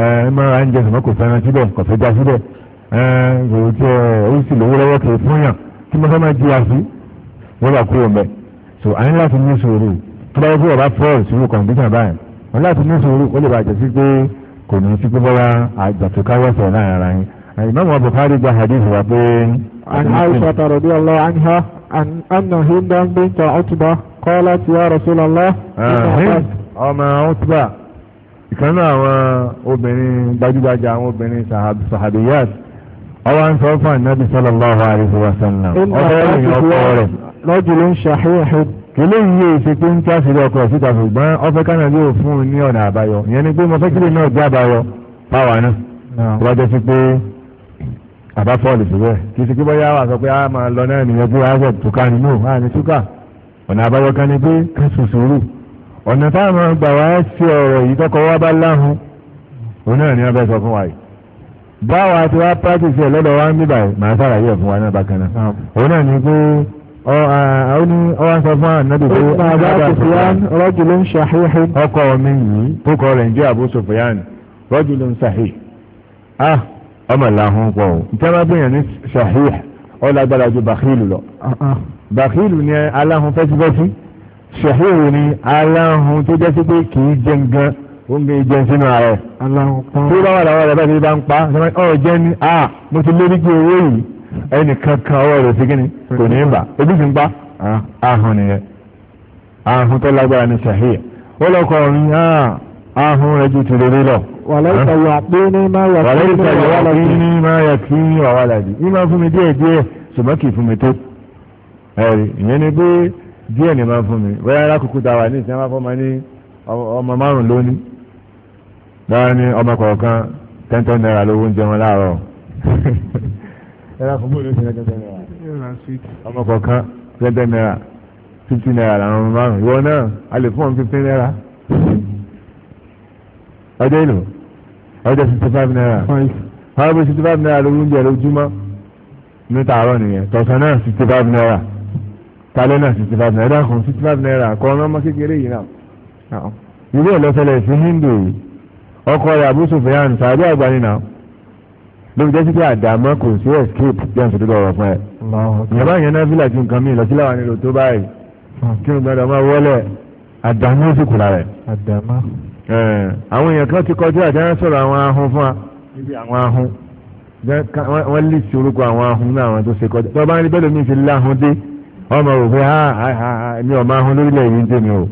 ẹ máa ń jẹ sọ̀mọ́ kò fẹ́ràn síbẹ̀ kò fẹ́ já síbẹ̀ kò tí ẹ ó sì lówó lọ́wọ́ kò fún yàn kí mo fẹ́ máa jí àfi wọ́n bá kúrò mẹ́ so à ń láti ní sùúrù tó bá yẹ kó ọba fọ́ọ̀lù sùúrù kọ̀ǹdíṣàn báyìí wọ́n láti ní sùúrù ó lè bàjẹ́ sí pé kò ní sí pé عن عائشة رضي الله عنها عن أن هندا بنت عتبة قالت يا رسول الله هند أما عتبة ìkan náà àwọn obìnrin gbajúgbajà àwọn obìnrin sahabiyat ọwọ́ ń sọ fún ànábì sallallahu alaihi wa sallam ọwọ́ ìrìn ọkọ rẹ̀ lọ́jùlọ ń ṣàhíhìn kìlẹ̀ yìí èsì pé ń kí àṣírí ọkọ síta ṣùgbọ́n ọfẹ́ kánà yóò fún un ní ọ̀nà àbáyọ ìyẹn ni pé mo fẹ́ kílè náà jẹ́ àbáyọ fáwa náà tó bá jẹ́ sí pé àbá fọ́ọ̀lù síbẹ̀ kì í ṣe kí bọ́yá wà sọ pé a máa lọ náà nìyẹn pé àṣẹ tùkà nínú àà ní tùkà ọ̀nà àbáyọ kan ni pé ká sùn sùúrù ọ̀nà táwọn gbà wá sí ọ̀rọ̀ yìí tọkọ wá bá láhùn òun náà ni wọ́n bẹ sọ fún wa yìí báwa ti wá practice ẹ lọ́dọ̀ wa ń bíbà màá sàlàyé ẹ̀ fún wa náà bákan náà òun náà ni pé ó ní ọwọ́ sọ fún ànábì pé rajulun sahih ọkọ mi yìí tó kọ rẹ̀ ń jẹ́ Abu Sufyan rajulun sahih ah, ọmọ làhùn pọ̀ o ìjọba gbìyànjú ní sahih ọlágbára ju bàkìlù lọ uh-huh. bàkìlù ni aláhùn fẹ́sífẹ́sí sahih ni aláhùn tó jẹ́ sí pé kì í jẹ nǹkan ó ń gbé jẹ sínú ààrẹ tó bá wà láwọn ọ̀rẹ́ bá ń pa ọ̀ jẹ́ ni a mo ti lérí kí owó yìí ẹnìkan kan ọwọ́ rẹ̀ sí kíni kò ní bà ebi sì ń pa uh-huh. ahùn nìyẹn ahùn tó lágbára ni sahih ó lọ́kọ̀ọ́ ahun rẹ̀ ju ti rere lọ. wàlẹ́ ìsàyọ̀ àpé ní máa yà kí ní máa yà kí wàhálà làdì. ní máa fún mi díẹ̀ díẹ̀ ṣùgbọ́n kì í fún mi tó. ẹ̀rì ìyẹn ni pé díẹ̀ ni máa fún mi bóyá alákòókò tá a wà ní ìsìn máa fọ́mọ ní ọmọ márùn lónìí. báwa ni ọmọ kọ̀ọ̀kan ten ten naira lówó oúnjẹ wọn láàárọ̀. ẹ̀rọ fún bóyá oṣù ten ten naira. ọmọ kọ̀ọ̀kan ten ten naira fifteen naira ọjọ́ ìlú ọjọ́ sixty five naira ọjọ́ bíi sixty five naira lórí oúnjẹ lójúmọ́ ní tààrọ̀ nìyẹn tọ̀sán náà sixty five naira talẹ́ náà sixty five naira ẹ̀dàkùn sixty five naira kọ́ ọ́n ọmọ kékeré yìí náà ìwé ìlọ́sẹ̀lẹ̀ sí hindu yìí ọkọ rẹ̀ Abu Sufyan sàbí àgbà nínà ló fi jẹ́ sí pé àdàmọ́ kò sí escape jẹ́ nsọ́dọ́ ọ̀rọ̀ fún ẹ. ìyàbá yẹn náà fìlà ju nǹkan mi lọ síláwà nílò tó báyìí kí n gbọdọ̀ máa wọlé àdàmọ́ sì kù lára ẹ̀. àdàmọ́ àwọn èèyàn kan ti kọjú àjẹ́ sọ̀rọ̀ àwọn ahun fún wa níbi àwọn ahun wọ́n lè ṣe orúkọ àwọn ahun ní àwọn tó ṣe kọjú tó bá ń rí bẹ́ẹ̀ lómi ṣe láhun dé ọmọ rò ha mi ò máa hun lórílẹ̀ yìí ń dé mi o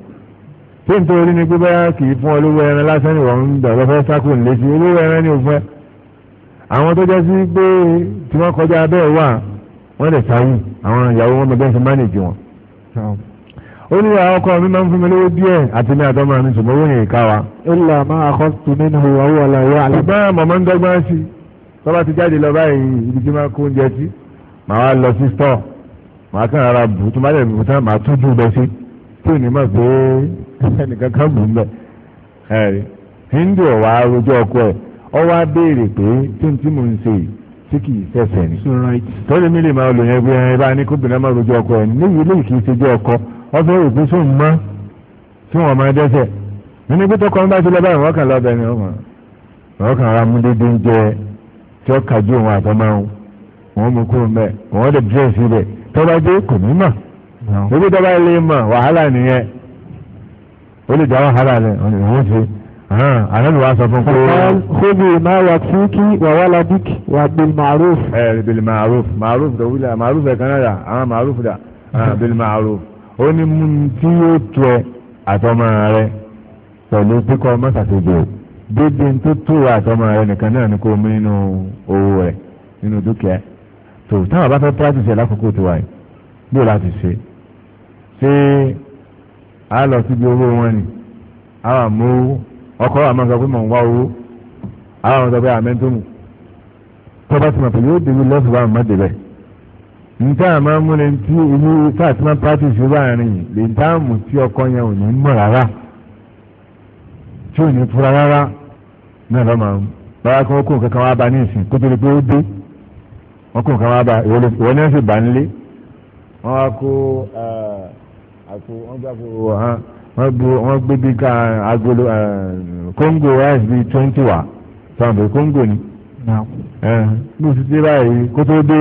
tó ń ni pé báyà kì í fún ẹran lásán ni wọ́n wọn bẹ́ẹ̀ ó ní àwọn ọkọ mi máa ń fún mi lówó díẹ̀ àti ní àtọ́mọ mi ṣùgbọ́n owó yẹn ká wa. ilà máa kọ́ tu nínú owó ọlọ́wọ́ àlẹ́. ṣùgbọ́n màmá ń dọ́gbọ́n sí i tọ́ba ti jáde lọ báyìí ibi tí máa kó oúnjẹ sí màá wá lọ sí stọ̀ màá kàn ara bù tó má dẹ̀ tán màá tún jù bẹ́ sí tí ò ní mọ̀ pé ẹnìkan kan bù ń bẹ̀. hindu ọ̀wá rojọ́ ọkọ ẹ̀ ọ wá béèrè pé tí n tí mò ń ṣe yìí tí kì í fẹsẹ̀ ni. tọ́lẹ̀ mi lè máa lò yẹn pé ẹ bá ní kóbìnrin máa rojọ́ ọkọ ẹ̀ níbi ilé ìkíṣe jẹ́ ọkọ wọ́n fẹ́ òkú sóun mọ́ tí wọ́n máa dẹ́sẹ̀ nínú pé tọkọ bá ti lọ báyìí wọ́n kàn lọ bẹ̀ ni wọ́n wọ́n kàn ra múdédé ń jẹ tí wọ́n kàjú òun àtọ́máwó wọ́n mú kúrò mbẹ́ wọ́n lè dírẹ́sì rẹ̀ tọ́ba dé kò ní mọ̀ ebi tọ́ba lè mọ̀ wàhálà nìyẹn ó lè dá wàhálà rẹ̀ wọ́n lè wọ́n ṣe ànábì wa sọ fún kúrò. kóbi ma wà fúnkì wà wà ladik wà bil ma'ruf. ẹ eh, bil ma'ruf ma'ruf dọ̀wúlà ma'ruf ẹ̀ kan àwọn ma'ruf dà ah, bil ma'ruf ó ní mú tí yóò tu ẹ àtọmọ rẹ pẹ̀lú píkọ́ mọ́sàtẹ́jọ dédé tó tó àtọmọ rẹ nìkan náà ni kò mú nínú owó rẹ nínú dúkìá tó táwọn bá fẹ́ pírátìsì ẹ̀ lákòókò tó wáyé bó láti ṣe ṣé a lọ síbi owó wọn ni àwọn àmú ọkọ àmọ́ sọ pé mò ń wá owó àwọn àmọ́ sọ pé àmẹ́ńtòmù tọ́ba ti mọ̀ pé yóò débi lọ́sùn bá mi má débẹ̀ nta àmà múni tí ìlú káàtì máa pàtìsì láàrin yìí lè dá àmù tí ọkọ yẹn ò ní mọ̀ rárá tí ò ní fura rárá náà lọ́ máa ń bára kí kó nǹkan kan wá ba ní ìsìn kó tó di pé ó dé wọ́n kó nǹkan wá ba ìwọ ní ẹ̀sìn bá ń lé wọ́n wá kó àpò wọ́n gbà kó wọ́n gbé bí ká agolo kóńgò rice twenty wa tàbí kóńgò ni. mo sì ti báyìí kó tó dé.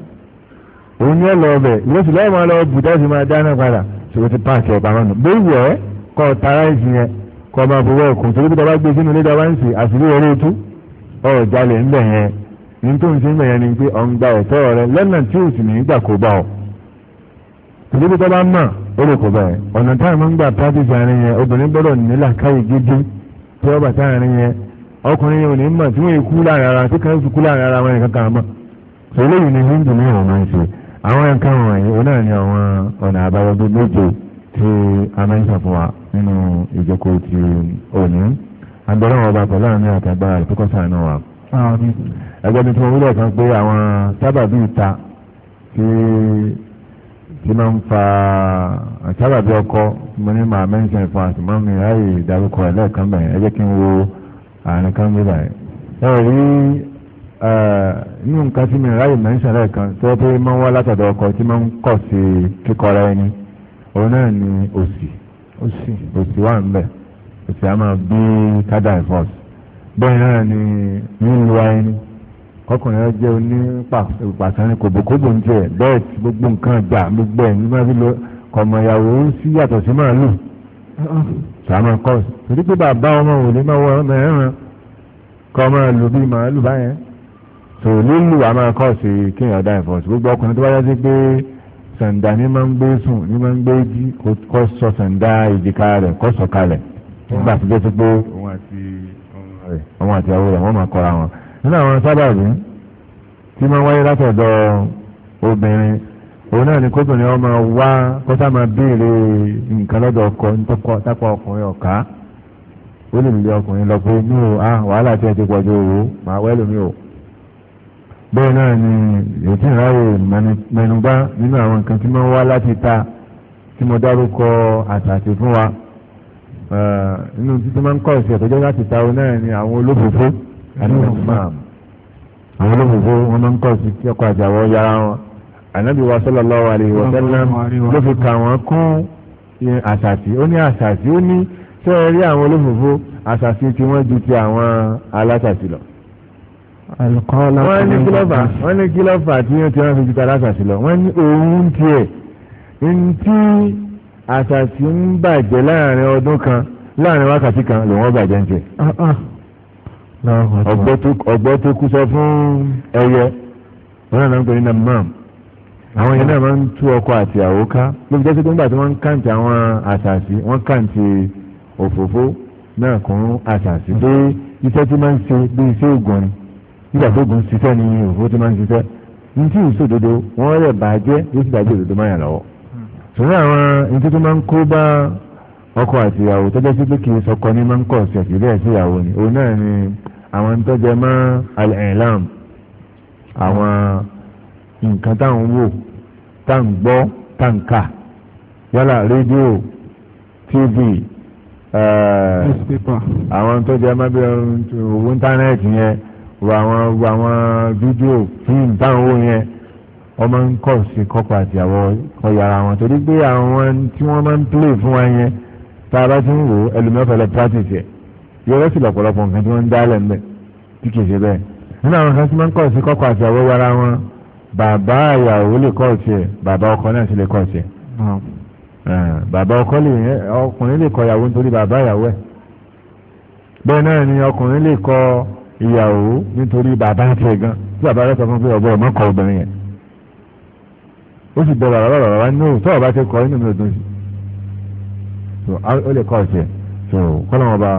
onye ni lọ ọbẹ̀ ìwé sì lọ́wọ́ máa lọ bù dáàbì máa dáná padà ṣòwò ti páàkì ẹ̀bà mọ́nu kọ kọ́ ọ tara ẹ̀sì yẹn kọ́ ọ máa fowó ẹ̀kọ́ torí bí dọ́bá gbé sínú ilé dọ́bá ń sè àṣírí ẹ̀rọ otu ọ̀rọ̀ jalè ń bẹ̀ yẹn ní tó ń ṣe bẹ̀ yẹn ni pé ọ̀n gba ẹ̀tọ́ rẹ tí o sì nígbà bá ọ torí bí dọ́bá mọ̀ ó lè bá ẹ̀ ọ̀nà táwọn ń gbà àwọn nǹkan wọ̀nyí onáà ni àwọn ọ̀nà àbáyọ bíi méje tí a máa ń ṣàfihàn wa nínú ìjókòó ti òní agbẹ́rẹ́ wọn ọba pẹ̀lú àmì àtàgbà ìkókó sànù wa. ẹgbẹ́ mi tí wọ́n wúlò kan pé àwọn sábàbí ìta tí tí máa ń fa sábàbí ọkọ mo ní màá mẹ́ńsẹ̀ fún àtìmọ́ mi ìdárúkọ ẹ̀ bẹ̀rẹ̀ ẹ jẹ́ kí n wo àárín kan bí ẹ rí nínú eh, nǹkan tí mi ráyè mẹ́ńsàn lẹ́ẹ̀kan tó yẹ pé máa ń wá látọ̀dọ̀ ọkọ tí máa ń kọ̀ sí kíkọ́ra ẹni òun náà ni òṣì òṣì wà ń bẹ̀ òṣì á máa bí kádà ìfọ́sì bẹ́ẹ̀ náà ni nílùú ẹni ọkùnrin ọjọ́ ní pàṣẹ kòbókòbó ń jẹ bẹ́ẹ̀ tí gbogbo nǹkan gbà gbogbo ẹ̀ nígbà tí kọ̀mọ̀ ìyàwó ń sí yàtọ̀ sí màálù sàmà kọ́ọ̀sì torí pé bàbá ọmọ òní máa wọ ọmọ ẹ̀ràn kọ́ máa lò bí màálù báyẹn so lílù a máa kọ́ sí kéèyàn dá ìfọ̀sí gbogbo ọkùnrin tó wáyé sí pé sàǹdà ní máa ń gbé sùn ní máa ń gbé jí kó sọ sàǹdà ìjìká rẹ̀ kó sọ kalẹ̀ nígbà tó dé sí pé òun àti ọwọ́ rẹ̀ wọ́n máa kọ́ra wọn nínú àwọn sábàbí tí máa wáyé látọ̀dọ̀ obìnrin òun náà ni kóbìnrin ọmọ wá kó sá máa béèrè nǹkan lọ́dọ̀ ọkọ nítọ́kọ tápá ọkùnrin ọ̀ká ó lè lè ọkùnrin lọ pé ní o ah, wàhálà tí ẹ ti pọ̀ ju òwò màá wẹ́lómi o bẹ́ẹ̀ náà ni ètí ìráyè mẹnubá nínú àwọn nǹkan tí wọ́n wá láti ta tí mo dárúkọ àtàtì fún wa nínú eh, títí máa ń kọ́ ìṣẹ̀ tó jẹ́ láti ta ọ náà ni àwọn olófòfó àwọn olófòfó wọn máa ń kọ́ sí kí ọkọ̀ àjàwọ̀ yára wọn ànábì wa sallallahu alaihi wa sallam ló fi kà wọ́n kún àtàtì ó ní àtàtì ó ní sẹ́ẹ̀rí àwọn olófòfó àtàtì tí wọ́n ju ti àwọn alátàtì lọ wọ́n ní kílọ́fà wọ́n ní kílọ́fà tí yóò ti wọ́n fi ju káràkàsì lọ wọ́n ní òun tiẹ̀ ntí àṣàṣì ń bàjẹ́ láàrin ọdún kan láàrin wákàtí kan lòun bàjẹ́ ń tiẹ̀. Ah, ah. ọ̀gbọ́ tó kú sọ fún ẹyẹ wọn náà ń pè ní namam àwọn yẹn náà máa ń tú ọkọ àti àwòká lóbi jẹ́ sẹ́gbẹ́ nígbà tí wọ́n ń kàǹtì àwọn àṣàṣì wọ́n kàǹtì òfófó náà kún àṣàṣì pé iṣẹ́ tí máa ń ṣe bí iṣẹ́ ògùn ni nígbà tó gùn ṣiṣẹ́ ni òfò ti máa ń ṣiṣẹ́ ní tí ìṣòdodo wọ́n rẹ̀ bàjẹ́ yóò sì bàjẹ́ òdodo máyà lọ́wọ́. sọ̀rọ̀ àwọn ẹni tó máa ń kó bá ọkọ àti ìyàwó tó jẹ́ sí pé kì í sọkọ ní máa ń kọ̀ ọ̀sẹ̀ sí bẹ́ẹ̀ sí ìyàwó ni òun náà ni àwọn tó jẹ mọ́ al-i'lam àwọn nǹkan táwọn wò táwọn gbọ́ táwọn kà yálà rédíò tv eh, àwọn tó jẹ mọ́ bí owó íńtánẹ́ẹ̀tì yẹn wọ àwọn wọ àwọn fídíò fíìmù táwọn owó yẹn wọ́n máa ń kọ̀ sí kọ́kọ́ àti àwọ̀ ọ̀yàrá wọn torí pé àwọn tí wọ́n máa ń play fún wa yẹn tá a bá ti ń wò ó ẹlòmíràn lọ practice yẹ yọrọ sí lọ́pọ̀lọpọ̀ nǹkan tí wọ́n ń dálẹ̀ ń bẹ̀ tí kìí ṣe bẹ́ẹ̀ nínú àwọn kan tí wọ́n ń kọ̀ sí kọ́kọ́ àti àwọ̀ ọ̀yàrá wọn bàbá ìyàwó lè kọ̀ tiẹ̀ bàbá ọkọ náà sì lè kọ̀ tiẹ̀ bàbá ọkọ lè ọkùnrin lè kọ̀ ìyàwó nítorí bàbá ìyàwó ẹ̀ bẹ́ẹ̀ náà ni ọkùnrin lè kọ̀ ìyàwó nítorí bàbá tiẹ̀ gan tí bàbá rẹ̀ sọ fún pé ọ̀bọ̀ ọ̀mọ́ kọ obìnrin yẹn ó sì bẹ bàbá bàbá bàbá ní òun tọ́wọ́ bá ti kọ inú mi ò dùn sí so ó lè kọ́ ọ̀sẹ̀ so kọ́lọ̀ wọn bá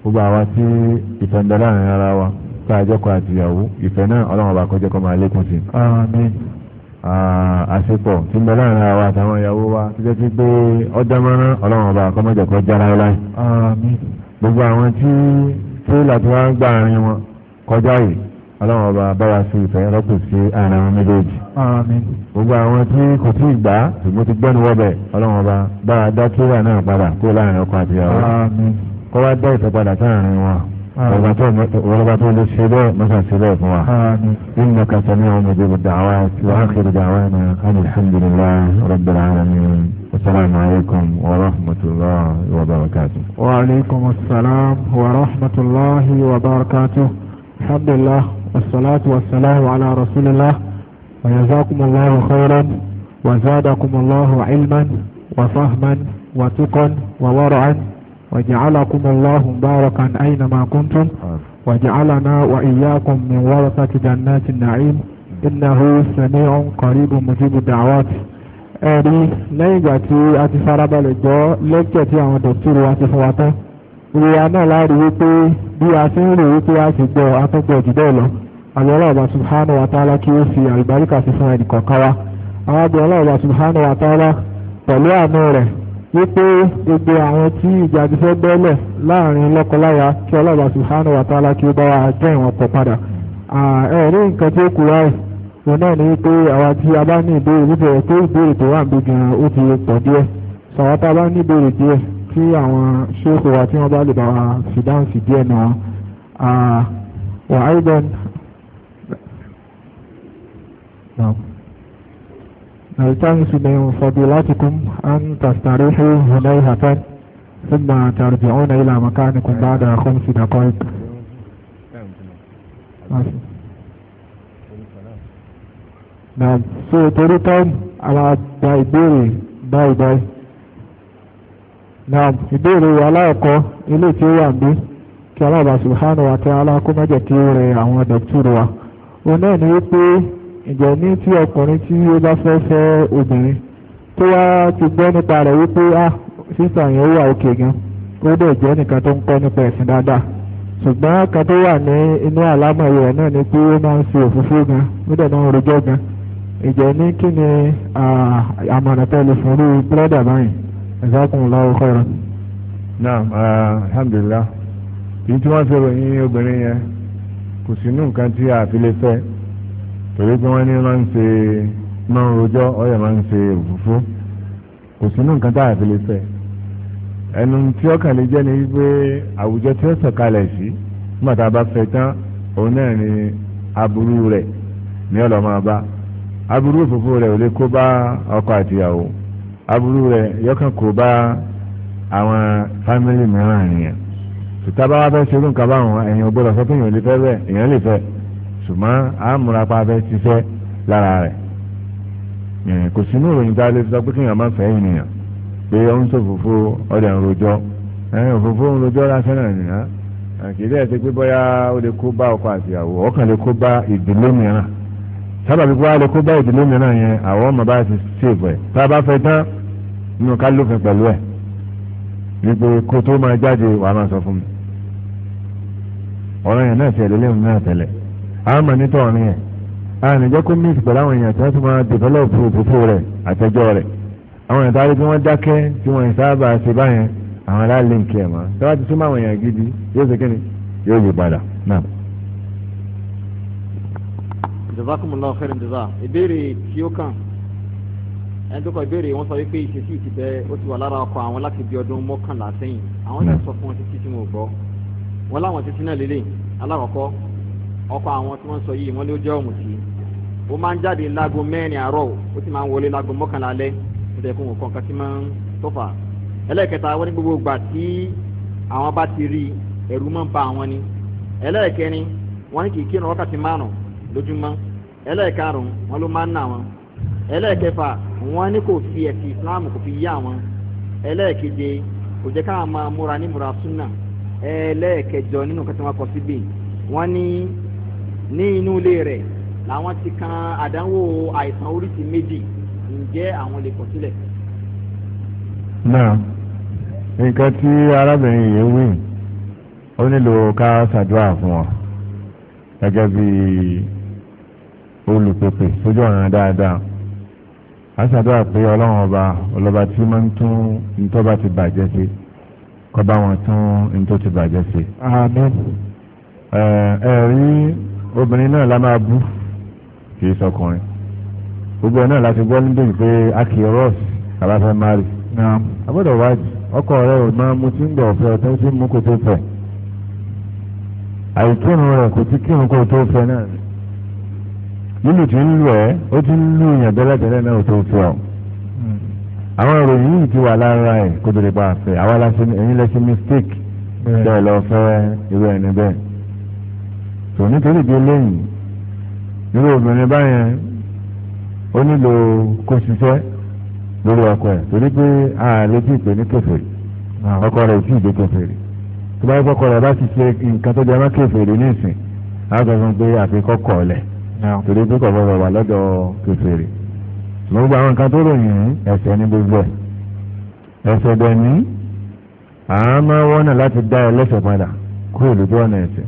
gbogbo àwa tí ìfẹ́ ń bẹ láàrin ara wa tá a jẹ́ kọ́ àtìyàwó ìfẹ́ náà ọlọ́wọ́n bá kọjá kọ́ máa lékún sí i àṣepọ̀ tí mbẹ láàrin àwa àtàwọn ìyàwó wa títí tí pé ọjọ́ mọ́ná ọlọ́run ọba kọ́mọ́jọ̀kọ́ jára láì. gbogbo àwọn tí tírélà tí wọ́n ń gbà àárín wọn kọjá yìí ọlọ́run ọba bára sí ìfẹ́ rọ́pò sí àárín àwọn méjèèjì. gbogbo àwọn tí kò tí ì gbà ṣùgbọ́n ti gbẹ́nu wọ́bẹ̀ ọlọ́run ọba bára dá tírélà náà padà kó láàrin ọkọ àti ìyàwó kó wá dá ìfẹ́ padà sáàrin wọn وربات الشباب مثلا شباب واحد انك سميع مجيب الدعوات واخر دعوانا ان الحمد لله رب العالمين السلام عليكم ورحمة الله وبركاته وعليكم السلام ورحمة الله وبركاته الحمد لله والصلاة والسلام على رسول الله وجزاكم الله خيرا وزادكم الله علما وفهما وتقا وورعا وجعلكم الله مباركا أينما كنتم وجعلنا وإياكم من ورثة جنات النعيم إنه سميع قريب مجيب الدعوات ẹ̀rí lẹ́yìn ìgbà tí a ti farabalẹ̀ gbọ́ lẹ́kẹ̀ tí àwọn dọ̀tírù wa ti fún wa tán náà wípé bí a ti ń wípé a ti gbọ́ atọ́gbọ̀ jù bẹ́ẹ̀ lọ àbí ọlọ́ọ̀bà subhanahu wa ta'ala kí ó fi àlùbáríkà sí fún ẹnì kọ̀ọ̀kan wa àwọn àbí ọlọ́ọ̀bà subhanahu wa ta'ala pẹ̀lú àánú rẹ̀ wípé gbogbo àwọn tí ìjà ti fẹ́ bẹ́ẹ̀lẹ̀ láàrin kí ọlọ́ọ̀bà wa ta'ala kí ó bá wa jẹ́ ìwọ̀n pọ̀ padà ẹ̀rí nǹkan tí ó òun náà ni wípé àwa tí a bá ní ìbéèrè wípé ẹ̀ pé ìbéèrè tó wà níbi gan ó ti pọ̀ díẹ̀ sọ̀rọ̀ tá a bá ní ìbéèrè díẹ̀ kí àwọn ṣéèkù wa tí wọ́n bá lè bá wa fìdáǹsì díẹ̀ náà wà á ìbọn. نلتمس من فضيلتكم أن تستريحوا هنيهة ثم ترجعون إلى مكانكم بعد خمس دقائق. na so torí ala àwọn àgbà ìbéèrè báyìí báyìí na ìbéèrè aláọ̀kọ́ ilé tí ó wà ń bí kí aláàbà subhanahu wa ta'ala kó má je kí re awon àwọn wa o na ni wípé ǹjẹ́ ti gbọ́ nípa rẹ̀ wípé ah sísà yẹn gan o dẹ̀ je nìkan to ń kọ́ nípa ẹ̀sìn dada ṣùgbọ́n kan tó wà ní inú àlámọ̀ ni pé ó ìjẹ́ ní kí ni àmọ̀ràn tẹ́lẹ̀ fún orí búrẹ́dà báyìí jazakumullahu khairan. naam alhamdulillah èyí tí wọ́n sọ̀rọ̀ yín obìnrin yẹn kò sí inú nǹkan tí a fi lè fẹ́ torí pé wọ́n ní máa ń ṣe máa ń rojọ́ ọ̀yẹ̀ máa ń ṣe òfófó kò sí inú nǹkan tí a fi lè fẹ́ ẹnu tí ọkàn lè jẹ́ ni wípé àwùjọ tí ó sọ̀kalẹ̀ sí nígbà tá a bá fẹ́ tán òun náà ni aburú rẹ̀ ní ọlọ́mọba aburú òfófó rẹ̀ ò lè kó bá ọkọ àtìyàwó aburú rẹ̀ yọkàn kó bá àwọn fámìlì mìíràn nìyẹn tòtá bá wá fẹ́ ṣerú nǹkan báwọn èèyàn gbọ́dọ̀ sọ pé èèyàn lè fẹ́ bẹ́ẹ̀ èèyàn lè fẹ́ ṣùgbọ́n àmúrapa fẹ́ ṣiṣẹ́ lára rẹ̀ kò sínú ìròyìn tá a lè sọ pé kéèyàn má fẹ́ ènìyàn pé ó ń ṣòfófó ọ̀dẹ̀ ń rojọ́ òfófó ń rojọ́ náà nìyẹn kì í dẹ́ ṣe pé bóyá ó lè kó bá ọkọ àtìyàwó ọkàn lè kó bá ìdílé mìíràn sábàbí kó wá lè kó bá ìdílé mìíràn yẹn àwọn ọmọ bá ti ṣèbọ̀ ẹ̀ tá a bá fẹ́ tán nínú ká lófin pẹ̀lú ẹ̀ wípé kó tó máa jáde wàá máa sọ fún mi ọ̀rọ̀ yẹn náà ti ẹ̀lẹ́lẹ́ mi náà tẹ̀lẹ̀ àwọn ọmọ nítorí ọ̀rọ̀ yẹn ànìjẹ́ kó mix pẹ̀lú àwọn èèyàn tí wọ́n ti máa develop òfófó rẹ̀ àtẹ́jọ́ rẹ̀ àwọn èèyàn táwọn tí wọ́n dákẹ́ tí wọ́n sábà ṣe báyẹn àwọn aláàlẹ́ gidi yóò ṣe kíni yóò yí jazakumullahu khairan jaza ìbéèrè tí ó kàn ẹni tó kọ ìbéèrè wọn sọ wípé ìṣesí ìtìtẹ ó ti wà lára ọkọ àwọn láti bí ọdún mọ́kànlá sẹ́yìn àwọn yẹn sọ fún wọn títí tí wọn ò gbọ́ wọn láwọn títí náà lélẹ̀ alákọ̀ọ́kọ́ ọkọ àwọn tí wọ́n sọ yìí wọ́n ló jẹ́ ọ̀mùtí ó máa ń jáde láago mẹ́rin àárọ̀ ó sì máa ń wọlé láago mọ́kànlá alẹ́ nítorí pé òun kọ̀ọ̀kan ti máa ń tọ́fà ẹlẹ́ẹ̀kẹta wọ́n ní gbogbo ìgbà tí àwọn bá ti rí ẹ̀rù máa ń ba àwọn ni ẹlẹ́ẹ̀kẹrin wọ́n ní kì í wákàtí márùn-ún lójúmọ́ ẹlẹ́ẹ̀karùn-ún wọn ló máa ń nà wọn ẹlẹ́ẹ̀kẹfà wọn ni kò fi ẹ̀sìn islam kò fi yá wọn ẹlẹ́ẹ̀keje kò jẹ́ káwọn máa múra ní múra súnà ẹlẹ́ẹ̀kẹjọ nínú kẹta wọn kọ síbí wọn ni ní inú ilé la làwọn ti kan àdánwò àìsàn oríṣi méjì ǹjẹ́ àwọn lè kọ sílẹ̀. náà nǹkan tí arábìnrin yìí wí ó nílò ká ṣàdúrà fún ọ bíi olùpèpè sójú ọ̀nà dáadáa aṣàdúrà pé ọlọ́run ọba ọlọ́ba tí máa ń tún ntọ́ba ti bàjẹ́ sí kó bá wọn tún ntọ́ ti bàjẹ́ sí. àmín. ẹ ẹ rí obìnrin náà la máa bú kì í sọkùnrin gbogbo ẹ náà láti gbọ́ níbi pé aki ross aláfẹ́ mari. àbúrò wájú ọkọ rẹ ò máa mu tí ń gbọ̀ ọ̀fẹ́ ọ̀tẹ́ sí mú kó tó fẹ́ àìkírun rẹ kò tí kírun kó tó fẹ́ náà ni lílù tí ń lù ẹ́ ó ti ń lù yàn tẹ́lẹ̀tẹ́lẹ̀ náà tó fi ọ̀ hmm. àwọn ìròyìn yìí ti wà lára ẹ̀ kó tó lè pa àfẹ́ àwa la ṣe ẹ̀yin lẹ ṣe mistake bẹ́ẹ̀ lọ fẹ́ irú ẹni bẹ́ẹ̀ tó nítorí ìdí eléyìí irú obìnrin báyẹn ó nílò kó ṣiṣẹ́ lórí ọkọ ẹ̀ torí pé ààrẹ tí ì pè ní kẹfìrì ọkọ rẹ̀ ò tí ì tó bá yẹ kọkọ rẹ̀ bá ti ṣe nǹkan tó jẹ́ ọmọ kẹfìrì ní ìsìn pé àfikọ́ kọ̀ torí pé kò gbọdọ̀ wà lọ́dọ̀ kèfèrí gbogbo àwọn nǹkan tó ròyìn ẹ̀ṣẹ̀ ní gbogbo ẹ̀ ẹ̀ṣẹ̀ dẹ̀ ní àmọ́ wọ́nà láti dá ẹlẹ́ṣẹ̀ padà kúrò lójú ọ̀nà ẹ̀ṣẹ̀